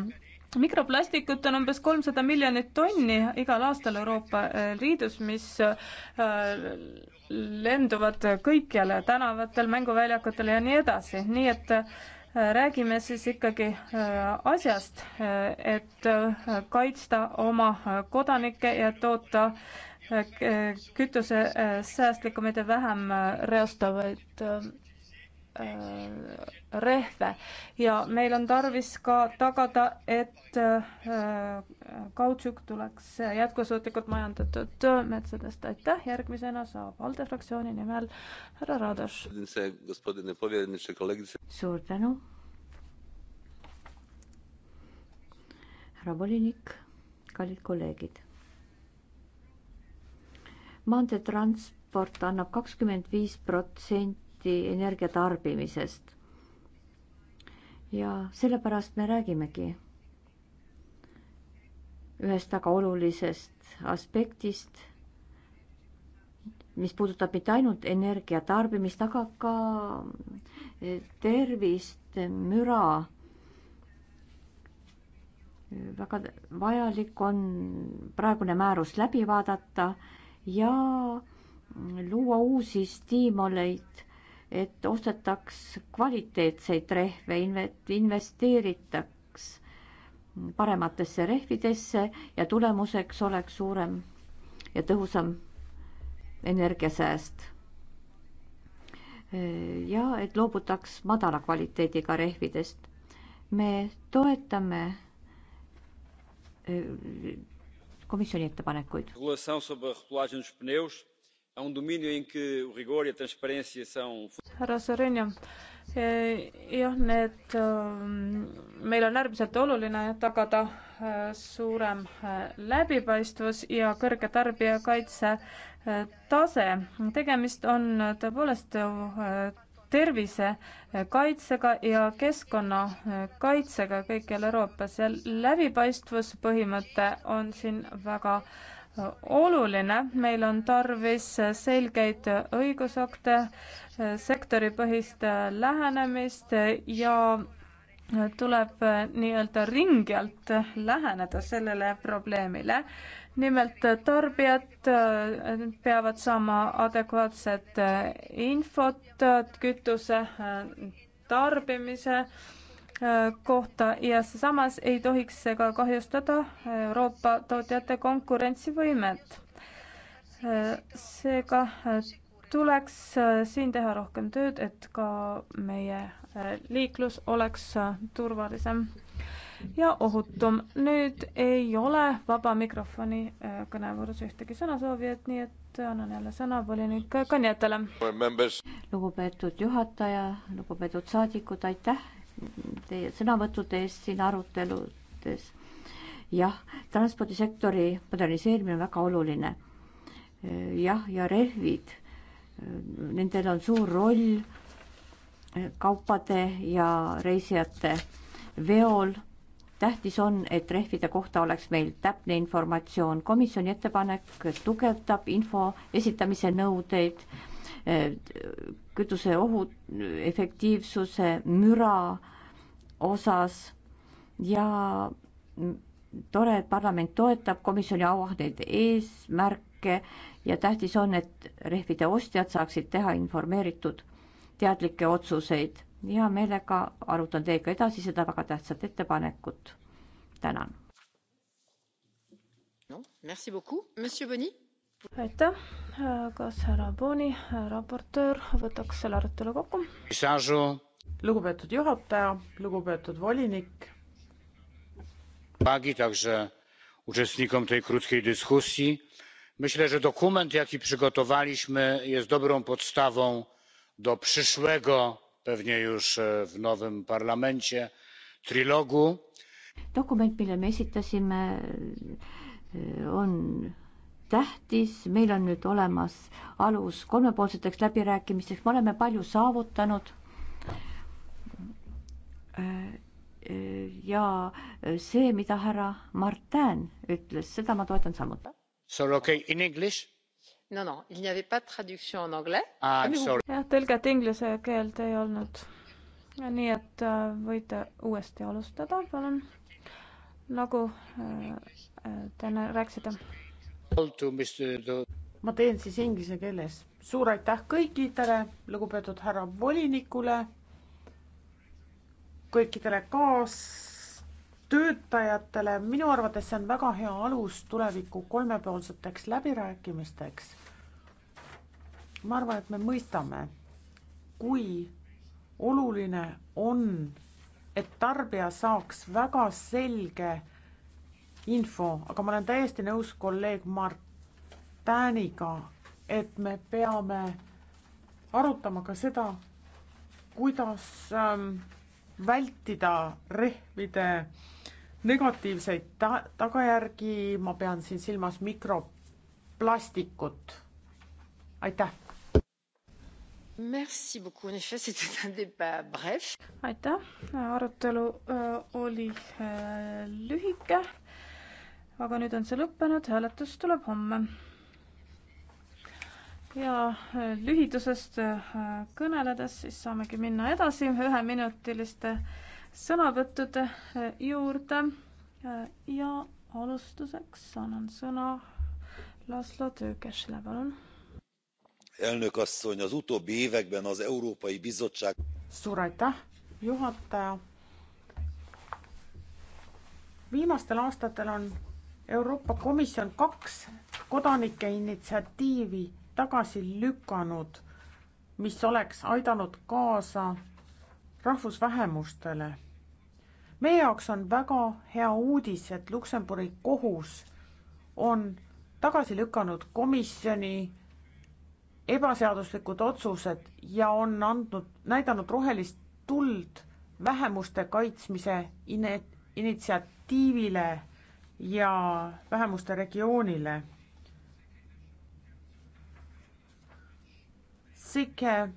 mikroplastikut on umbes kolmsada miljonit tonni igal aastal Euroopa äh, Liidus, mis äh, lenduvad kõikjale, tänavatel, mänguväljakutel ja nii edasi, nii et räägime siis ikkagi asjast, et kaitsta oma kodanikke ja toota kütuse säästlikumaid ja vähem reostavaid Äh, rehve ja meil on tarvis ka tagada, et äh, kautsjuk tuleks jätkusuutlikult majandatud metsadest. aitäh, järgmisena saab ALDE fraktsiooni nimel härra Radoš. suur tänu. härra volinik, kallid kolleegid. maanteetransport annab kakskümmend viis protsenti protsenti energia tarbimisest. ja sellepärast me räägimegi ühest väga olulisest aspektist, mis puudutab mitte ainult energia tarbimist, aga ka eh, tervist, müra. väga vajalik on praegune määrus läbi vaadata ja luua uusi stiimuleid et ostetaks kvaliteetseid rehve, investeeritaks parematesse rehvidesse ja tulemuseks oleks suurem ja tõhusam energiasääst. ja et loobutaks madala kvaliteediga rehvidest. me toetame äh, komisjoni ettepanekuid. Um e härra Sõrenja, eh, jah, need, eh, meil on äärmiselt oluline tagada eh, suurem läbipaistvus ja kõrge tarbijakaitse tase. tegemist on tõepoolest tervisekaitsega ja keskkonnakaitsega kõikjal Euroopas ja läbipaistvuse põhimõte on siin väga oluline, meil on tarvis selgeid õigusakte, sektoripõhist lähenemist ja tuleb nii-öelda ringjalt läheneda sellele probleemile. nimelt tarbijad äh, peavad saama adekvaatset infot kütuse äh, tarbimise äh, kohta ja samas ei tohiks see ka kahjustada Euroopa tootjate konkurentsivõimet. seega tuleks siin teha rohkem tööd, et ka meie liiklus oleks turvalisem ja ohutum. nüüd ei ole vaba mikrofoni äh, kõnevoorus ühtegi sõnasoovijat, nii et annan jälle sõna volinik Kanjatele. lugupeetud juhataja, lugupeetud saadikud, aitäh teie sõnavõttude eest siin aruteludes. jah, transpordisektori moderniseerimine on väga oluline. jah, ja rehvid, nendel on suur roll kaupade ja reisijate veol. tähtis on, et rehvide kohta oleks meil täpne informatsioon. komisjoni ettepanek tugevdab info esitamise nõudeid kütuse ohu, efektiivsuse, müra osas ja tore, et parlament toetab komisjoni auahneid eesmärke ja tähtis on, et rehvide ostjad saaksid teha informeeritud teadlikke otsuseid. hea meelega arutan teiega edasi seda väga tähtsat ettepanekut. tänan no,. Merci beaucoup, monsieur Bonni aitäh, kas härra Boni, raportöör, võtaks selle arutelu kokku? lugupeetud juhataja, lugupeetud volinik. Także uczestnikom tej krótkiej dyskusji. Myślę, że dokument, jaki przygotowaliśmy, jest dobrą podstawą do przyszłego, pewnie już e, w nowym parlamencie, trilogu. dokument, mille me esitasime, e, on tähtis, meil on nüüd olemas alus kolmepoolseteks läbirääkimisteks, me oleme palju saavutanud. ja see, mida härra Martin ütles, seda ma toetan samuti. Sorry, okay, in english? No, no, il n'y avait pas de traduction en anglais ah,. ah jah, tõlget inglise keelde ei olnud. nii et äh, võite uuesti alustada, palun. nagu äh, äh, te rääkisite ma teen siis inglise keeles. suur aitäh kõikidele, lugupeetud härra volinikule, kõikidele kaastöötajatele, minu arvates see on väga hea alus tuleviku kolmepoolseteks läbirääkimisteks. ma arvan, et me mõistame, kui oluline on, et tarbija saaks väga selge info, aga ma olen täiesti nõus kolleeg Martiniga, et me peame arutama ka seda, kuidas ähm, vältida rehvide negatiivseid ta tagajärgi, ma pean siin silmas mikroplastikut. aitäh. Merci beaucoup, en effet, c'était un débat bref. aitäh, arutelu äh, oli äh, lühike aga nüüd on see lõppenud, hääletus tuleb homme. ja äh, lühidusest äh, kõneledes siis saamegi minna edasi üheminutiliste sõnavõttude äh, juurde. ja alustuseks annan sõna Laszlo Tőkesele, palun. elnök asszony, az utóbbi években az Európai Bizottság. suur aitäh, juhataja. viimastel aastatel on Euroopa Komisjon kaks kodanike initsiatiivi tagasi lükanud, mis oleks aidanud kaasa rahvusvähemustele. meie jaoks on väga hea uudis, et Luksemburi kohus on tagasi lükanud komisjoni ebaseaduslikud otsused ja on andnud, näidanud rohelist tuld vähemuste kaitsmise initsiatiivile ja vähemuste regioonile. Sike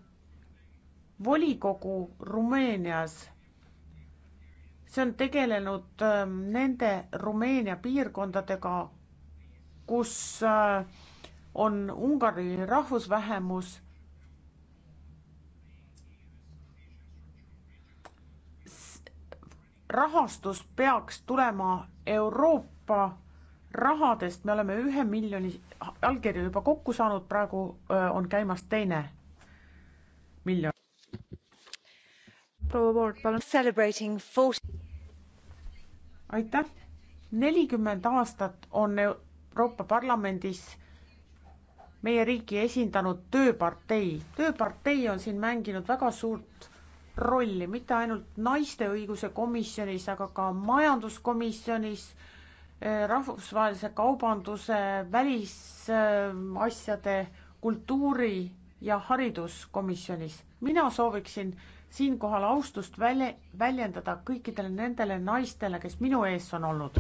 volikogu Rumeenias, see on tegelenud ähm, nende Rumeenia piirkondadega, kus äh, on Ungari rahvusvähemus rahastus peaks tulema Euroopa rahadest, me oleme ühe miljoni allkirju juba kokku saanud, praegu on käimas teine miljon. proua Ward, palun. aitäh, nelikümmend aastat on Euroopa Parlamendis meie riiki esindanud Tööpartei. tööpartei on siin mänginud väga suurt rolli, mitte ainult naiste õiguse komisjonis, aga ka majanduskomisjonis, eh, rahvusvahelise kaubanduse, välisasjade, kultuuri ja hariduskomisjonis. mina sooviksin siinkohal austust välja, väljendada kõikidele nendele naistele, kes minu ees on olnud.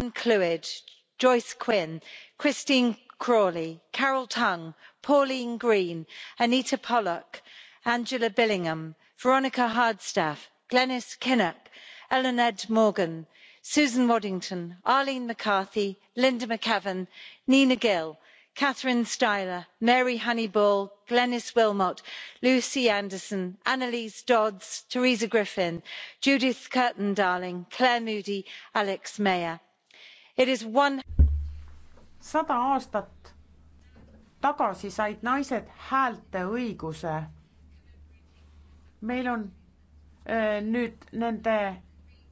Joyce Quinn, Christine Crawley, Carol Tung, Pauline Green, Anita Pollock, Angela Billingham veronica hardstaff glenis kinnock ellen edge morgan susan waddington arlene mccarthy linda mcavan nina gill catherine styler mary honeyball glenis willmott lucy anderson annelise dodds teresa griffin judith curtin darling claire moody alex mayer. it is one. sada aastat tagasi said naised häälteõiguse meil on öö, äh, nüüd nende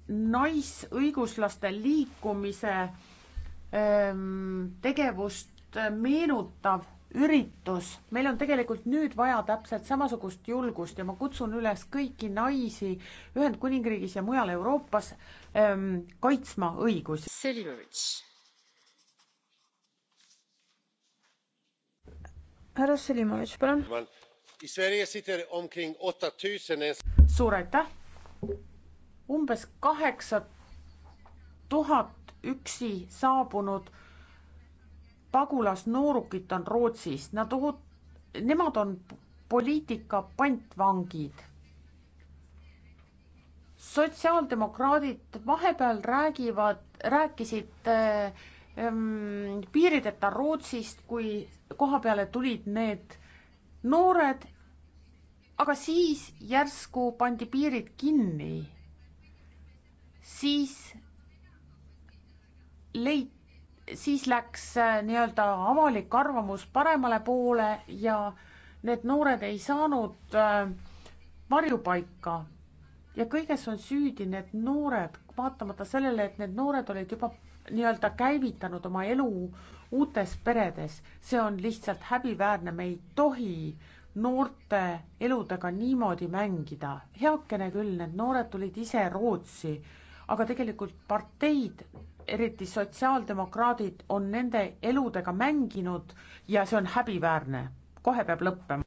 naisõiguslaste liikumise öö, ähm, tegevust äh, meenutav üritus, meil on tegelikult nüüd vaja täpselt samasugust julgust ja ma kutsun üles kõiki naisi Ühendkuningriigis ja mujal Euroopas ähm, kaitsma õigusi. härra Selimovitš, palun suur aitäh! umbes kaheksa tuhat üksi saabunud pagulasnoorukit on Rootsist, nad oot-, nemad on poliitika pantvangid. sotsiaaldemokraadid vahepeal räägivad, rääkisid äh, ähm, piirideta Rootsist, kui koha peale tulid need noored aga siis järsku pandi piirid kinni. siis leiti siis läks äh, nii-öelda avalik arvamus paremale poole ja need noored ei saanud äh, varjupaika. ja kõiges on süüdi need noored, vaatamata sellele, et need noored olid juba nii-öelda käivitanud oma elu uutes peredes. see on lihtsalt häbiväärne, me ei tohi äh, noorte eludega niimoodi mängida. heakene küll, need noored tulid ise Rootsi, aga tegelikult parteid, eriti sotsiaaldemokraadid, on nende eludega mänginud ja see on häbiväärne. kohe peab lõppema.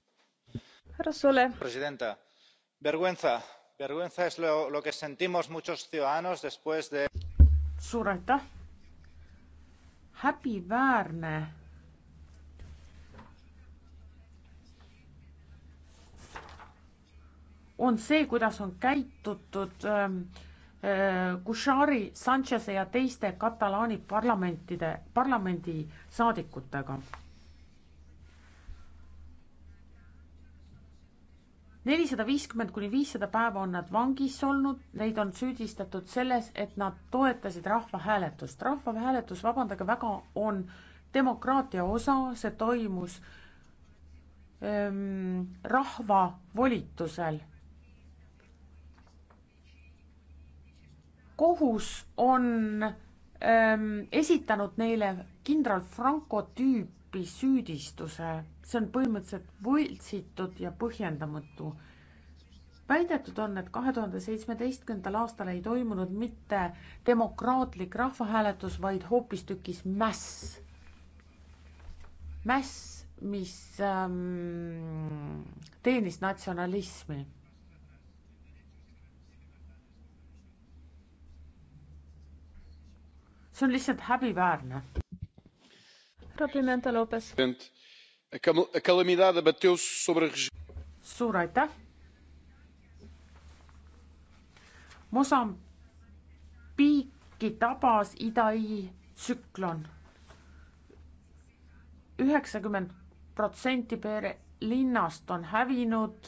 härra Sule. presidenta, vergüenza, vergüenza es lo, lo que sentimos muchos ciudadanos después de. suur aitäh. häbiväärne on see, kuidas on käitutud Cushari, ähm, äh, Sanchez'e ja teiste Katalaani parlamentide, parlamendi saadikutega. nelisada viiskümmend kuni viissada päeva on nad vangis olnud, neid on süüdistatud selles, et nad toetasid rahvahääletust. rahvahääletus, vabandage väga, on demokraatia osa, see toimus öö, ähm, rahva volitusel kohus on ähm, esitanud neile kindral Franco tüüpi süüdistuse, see on põhimõtteliselt võltsitud ja põhjendamatu. väidetud on, et kahe tuhande seitsmeteistkümnendal aastal ei toimunud mitte demokraatlik rahvahääletus, vaid hoopistükkis mäss. mäss, mis ähm, teenis natsionalismi see on lihtsalt häbiväärne. härra Pimenta Lopes. suur aitäh. Mosambiiki tabas Ida-I tsüklon. üheksakümmend protsenti linnast on hävinud,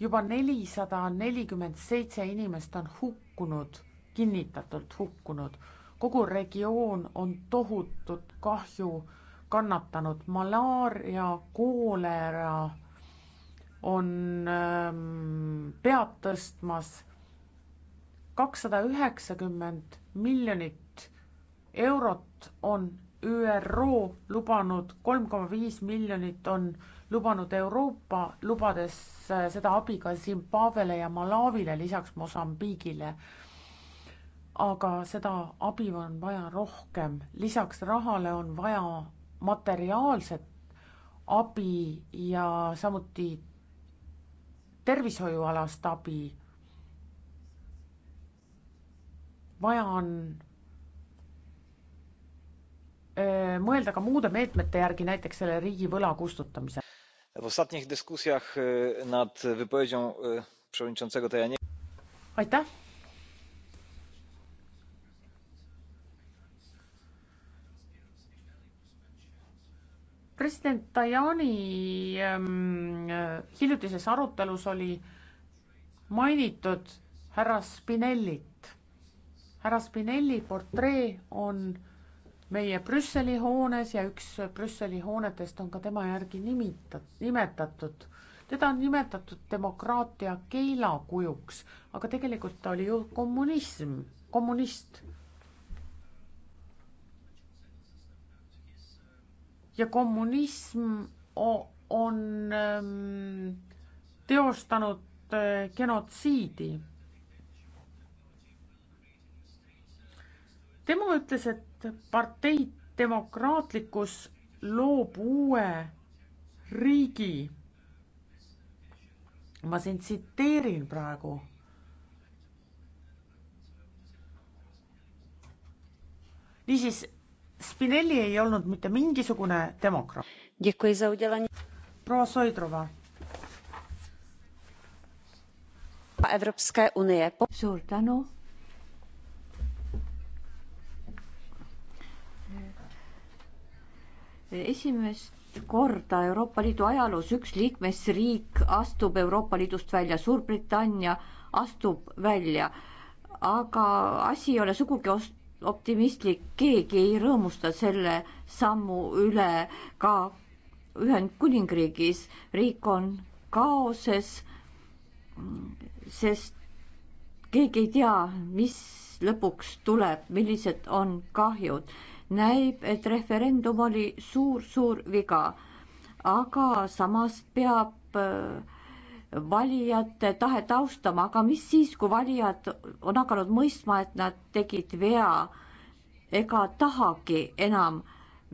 juba nelisada nelikümmend seitse inimest on hukkunud, kinnitatult hukkunud kogu regioon on tohutut kahju kannatanud, malaaria, koolera on ähm, pead tõstmas. kakssada üheksakümmend miljonit eurot on ÜRO lubanud, kolm koma viis miljonit on lubanud Euroopa, lubades äh, seda abi ka Zimbabwele ja Malawile, lisaks Mosambiigile aga seda abi on vaja rohkem, lisaks rahale on vaja materiaalset abi ja samuti tervishoiualast abi. vaja on öö, mõelda ka muude meetmete järgi, näiteks selle riigivõla kustutamise. W ostatnich dyskusjach e, nad wypowiedzią e, przewodniczącego Tajaniego aitäh president Tajani ähm, hiljutises arutelus oli mainitud härra Spinellit. härra Spinelli portree on meie Brüsseli hoones ja üks Brüsseli hoonetest on ka tema järgi nimita-, nimetatud. teda on nimetatud demokraatia keelakujuks, aga tegelikult ta oli ju kommunism, kommunist ja kommunism on ähm, teostanud äh, genotsiidi. tema ütles, et partei demokraatlikkus loob uue riigi. ma siin tsiteerin praegu. niisiis Spinelli ei olnud mitte mingisugune demokraat. proua Soidrova. suur tänu. esimest korda Euroopa Liidu ajaloos üks liikmesriik astub Euroopa Liidust välja, Suurbritannia astub välja, aga asi ei ole sugugi optimistlik, keegi ei rõõmusta selle sammu üle ka Ühendkuningriigis. riik on kaoses, sest keegi ei tea, mis lõpuks tuleb, millised on kahjud. näib, et referendum oli suur-suur viga, aga samas peab äh, valijate tahet austama, aga mis siis, kui valijad on hakanud mõistma, et nad tegid vea ega tahagi enam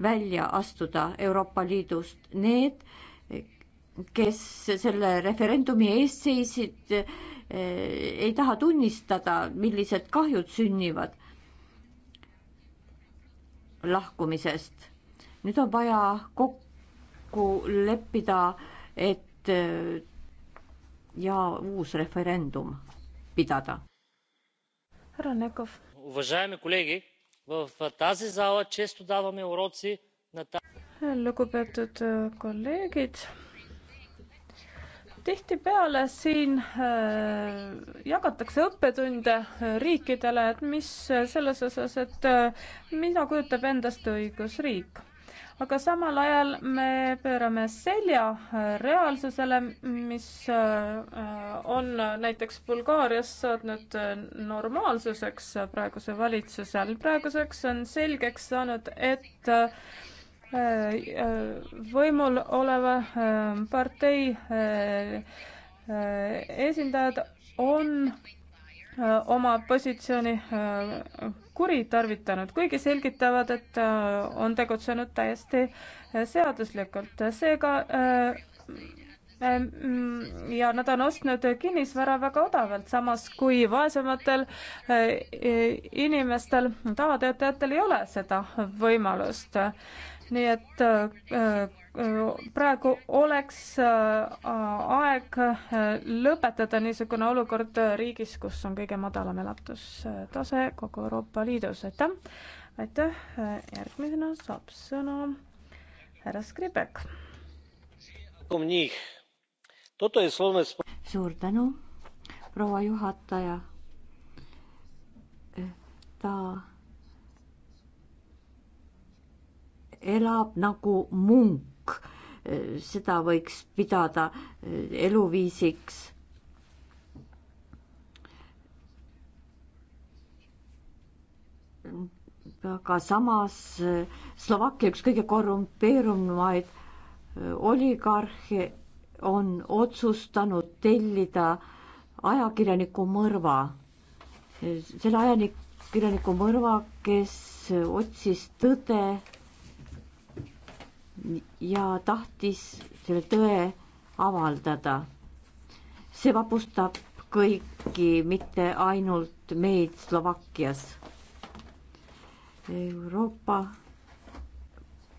välja astuda Euroopa Liidust. Need, kes selle referendumi eest seisid, eh, ei taha tunnistada, millised kahjud sünnivad lahkumisest. nüüd on vaja kokku leppida, et eh, ja uus referendum pidada. härra Nekov. lugupeetud э, kolleegid tihtipeale siin äh, jagatakse õppetunde riikidele, et mis selles osas, et äh, mida kujutab endast õigusriik aga samal ajal me pöörame selja äh, reaalsusele, mis äh, on näiteks Bulgaarias saanud äh, normaalsuseks praeguse valitsuse all. praeguseks on selgeks saanud, et võimul oleva partei esindajad on Äh, oma positsiooni äh, kuritarvitanud, kuigi selgitavad, et äh, on tegutsenud täiesti seaduslikult. seega mm, ja nad on ostnud kinnisvara väga odavalt, samas kui vaesematel inimestel, tavatöötajatel ei ole seda võimalust nii et äh, äh, praegu oleks äh, aeg lõpetada niisugune olukord riigis, kus on kõige madalam elatustase kogu Euroopa Liidus, aitäh. aitäh, järgmisena saab sõna härra Skribek. suur tänu, proua juhataja. ta elab nagu munk. seda võiks pidada eh, eluviisiks. aga samas eh, Slovakkia üks kõige korrumpeerunumaid eh, oligarhe on otsustanud tellida ajakirjaniku mõrva. selle ajakirjaniku mõrva, kes otsis tõde ja tahtis selle tõe avaldada. see vapustab kõiki, mitte ainult meid Slovakkias. Euroopa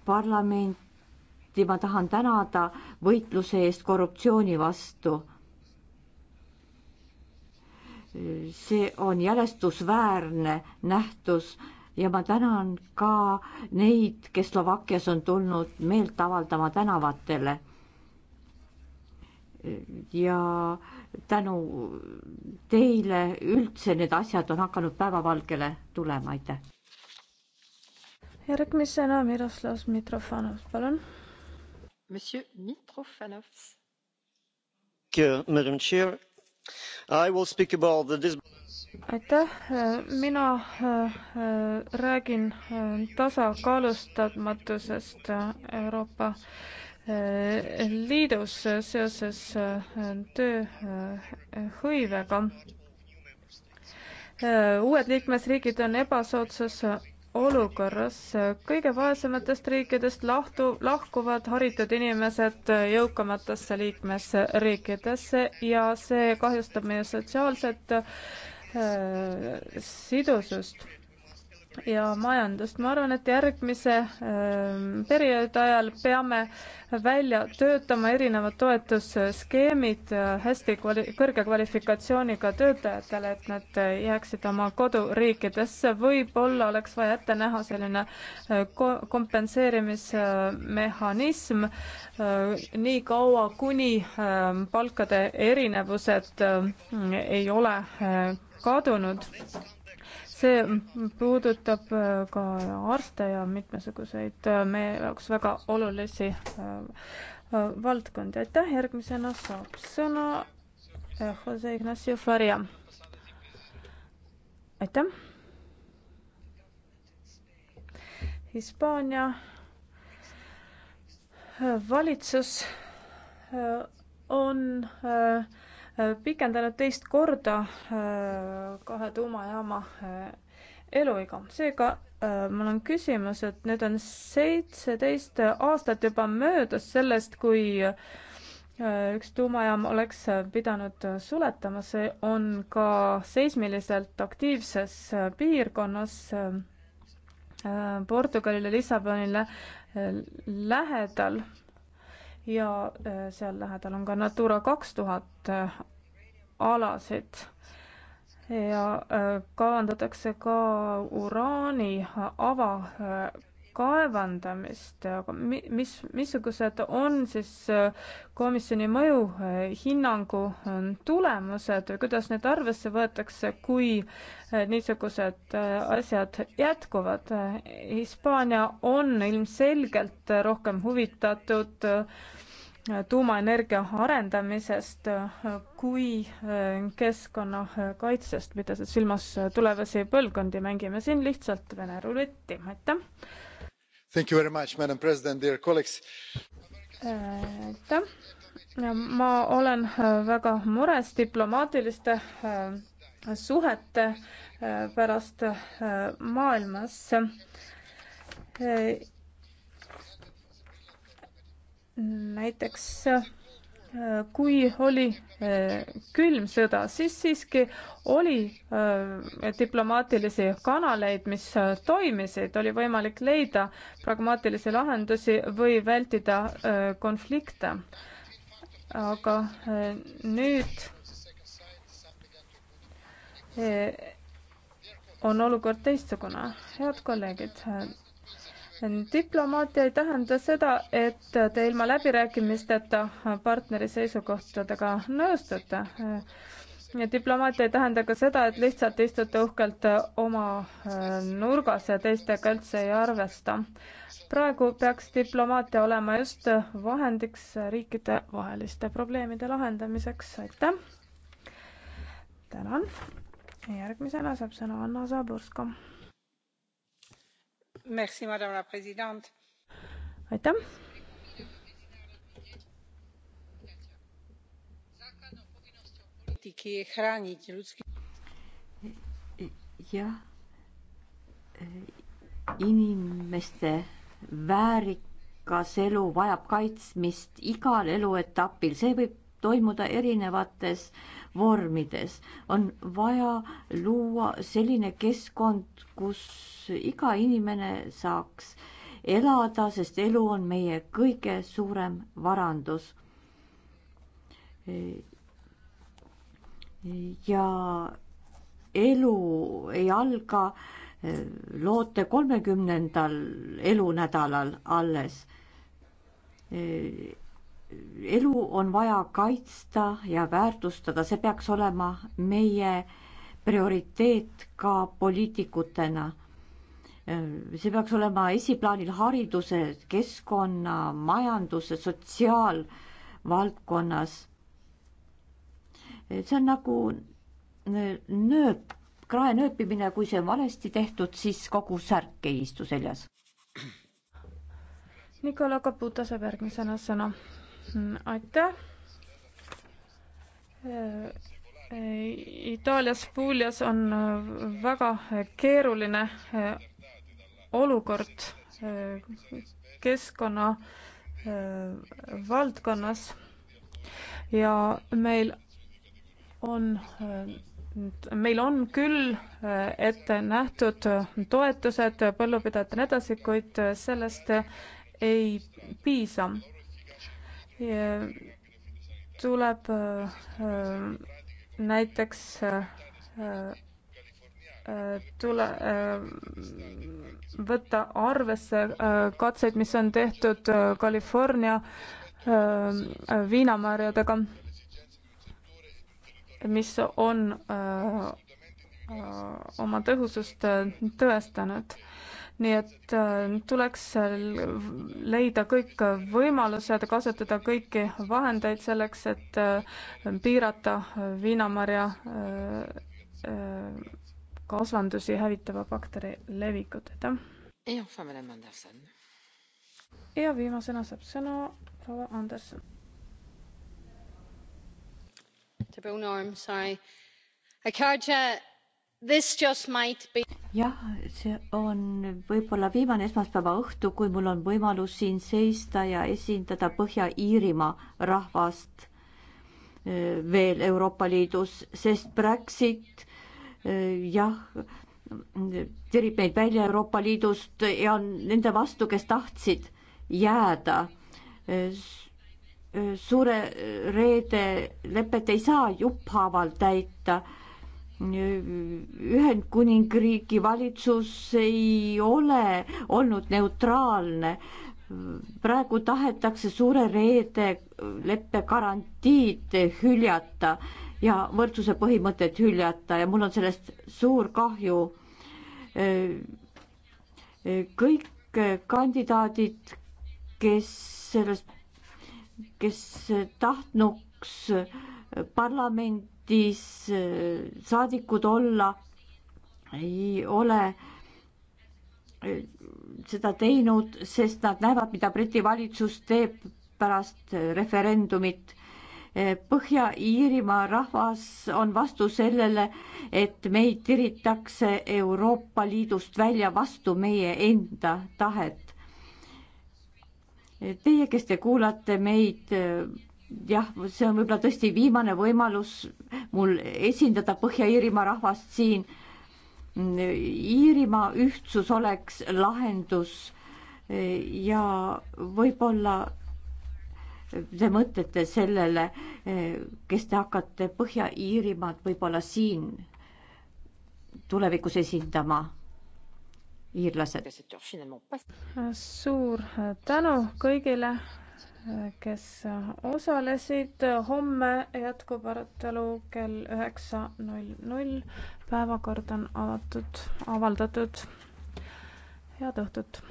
Parlamenti ma tahan tänada võitluse eest korruptsiooni vastu. see on jälestusväärne nähtus ja ma tänan ka neid, kes Slovakkias on tulnud meelt avaldama tänavatele. ja tänu teile üldse need asjad on hakanud päevavalgele tulema, aitäh. järgmisena Miroslav Mitrofanov, palun. Monsieur Mitrofanov. Madam Chair, I will speak about this aitäh, mina äh, räägin äh, tasakaalustamatusest äh, Euroopa Liidus seoses tööhõivega. uued liikmesriigid on ebasoodsas olukorras. kõige vaesematest riikidest lahtu, lahkuvad haritud inimesed jõukamatesse liikmesriikidesse ja see kahjustab meie sotsiaalset Äh, sidusust ja majandust. ma arvan, et järgmise äh, perioodi ajal peame välja töötama erinevad toetusskeemid äh, hästi kvali-, kõrge kvalifikatsiooniga töötajatele, et nad jääksid oma koduriikidesse. võib-olla oleks vaja ette näha selline ko-, kompenseerimismehhanism nii kaua, kuni palkade erinevused ei ole kadunud. see puudutab äh, ka arste ja mitmesuguseid äh, meie jaoks väga olulisi äh, valdkondi. aitäh, järgmisena saab sõna Jose Ignacio Faria. aitäh. Hispaania valitsus on äh, pikendanud teist korda äh, kahe tuumajaama äh, eluiga. seega äh, mul on küsimus, et nüüd on seitseteist aastat juba möödas sellest, kui äh, üks tuumajaam oleks pidanud suletama, see on ka seismiliselt aktiivses äh, piirkonnas äh, Portugalile, Lissabonile lähedal ja äh, seal lähedal on ka Natura kaks tuhat äh, alasid ja äh, kavandatakse ka uraani ava kaevandamist, aga mi-, mis, missugused on siis äh, komisjoni mõjuhinnangu äh, ähm, tulemused või kuidas need arvesse võetakse, kui äh, niisugused asjad jätkuvad? Hispaania on ilmselgelt rohkem huvitatud tuumaenergia arendamisest kui keskkonnakaitsest, pidades silmas tulevasi põlvkondi, mängime siin lihtsalt vene ruletti, aitäh! madam president aitäh! ma olen äh, väga mures diplomaatiliste äh, suhete äh, pärast maailmas. näiteks Äh, kui oli äh, külm sõda, siis siiski oli äh, diplomaatilisi kanaleid, mis toimisid, oli võimalik leida pragmaatilisi lahendusi või vältida konflikte. aga nüüd on olukord teistsugune. head kolleegid diplomaatia ei tähenda seda, et te ilma läbirääkimisteta partneri seisukohtadega nõustute. ja diplomaatia ei tähenda ka seda, et lihtsalt istute uhkelt oma äh, nurgas ja teistega üldse ei arvesta. praegu peaks diplomaatia olema just vahendiks riikidevaheliste probleemide lahendamiseks, aitäh! tänan! järgmisena saab sõna Anna Zaborska aitäh. jah, e, inimeste väärikas elu vajab kaitsmist igal eluetapil, see võib toimuda erinevates vormides. on vaja luua selline keskkond, kus iga inimene saaks elada, sest elu on meie kõige suurem varandus. ja elu ei alga e, loote kolmekümnendal elunädalal alles e, elu on vaja kaitsta ja väärtustada, see peaks olema meie prioriteet ka poliitikutena. see peaks olema esiplaanil hariduse, keskkonna, majanduse, sotsiaalvaldkonnas. see on nagu nööp, krae nööpimine, kui see on valesti tehtud, siis kogu särk ei istu seljas. Nikolai Kaputa saab järgmisena sõna aitäh. Itaalias Puulias on väga keeruline olukord keskkonna valdkonnas ja meil on meil on küll ette nähtud toetused põllupidajatele ja nii edasi, kuid sellest ei piisa tuleb äh, näiteks äh, äh, tule võtta arvesse katseid, mis on tehtud California viinamarjadega, mis on oma tõhusust tõestanud nii et äh, tuleks leida kõik võimalused, kasutada kõiki vahendeid selleks, et äh, piirata viinamarja äh, kasvandusi hävitava bakteri levikut, aitäh. ja viimasena saab sõna proua Anderson. Te pean arm, sorry. Akaja, this just might be jah, see on võib-olla viimane esmaspäeva õhtu, kui mul on võimalus siin seista ja esindada Põhja-Iirimaa rahvast eh, veel Euroopa Liidus, sest Brexit eh, jah, tirib meid välja Euroopa Liidust ja on nende vastu, kes tahtsid jääda. Eh, suure reede lepet ei saa jupphaaval täita Ühendkuningriigi valitsus ei ole olnud neutraalne. praegu tahetakse suure reede leppe garantiid hüljata ja võrdsuse põhimõtet hüljata ja mul on sellest suur kahju. kõik kandidaadid, kes sellest, kes tahtnuks parlament tähtis äh, saadikud olla, ei ole äh, seda teinud, sest nad näevad, mida Briti valitsus teeb pärast äh, referendumit. Põhja-Iirimaa rahvas on vastu sellele, et meid tiritakse Euroopa Liidust välja vastu meie enda tahet. Teie, kes te kuulate meid jah, see on võib-olla tõesti viimane võimalus mul esindada Põhja-Iirimaa rahvast siin. Iirimaa ühtsus oleks lahendus ja võib-olla te mõtlete sellele, kes te hakkate Põhja-Iirimaad võib-olla siin tulevikus esindama iirlased. suur tänu kõigile kes osalesid. homme jätkub arutelu kell üheksa null null. päevakord on avatud, avaldatud. head õhtut.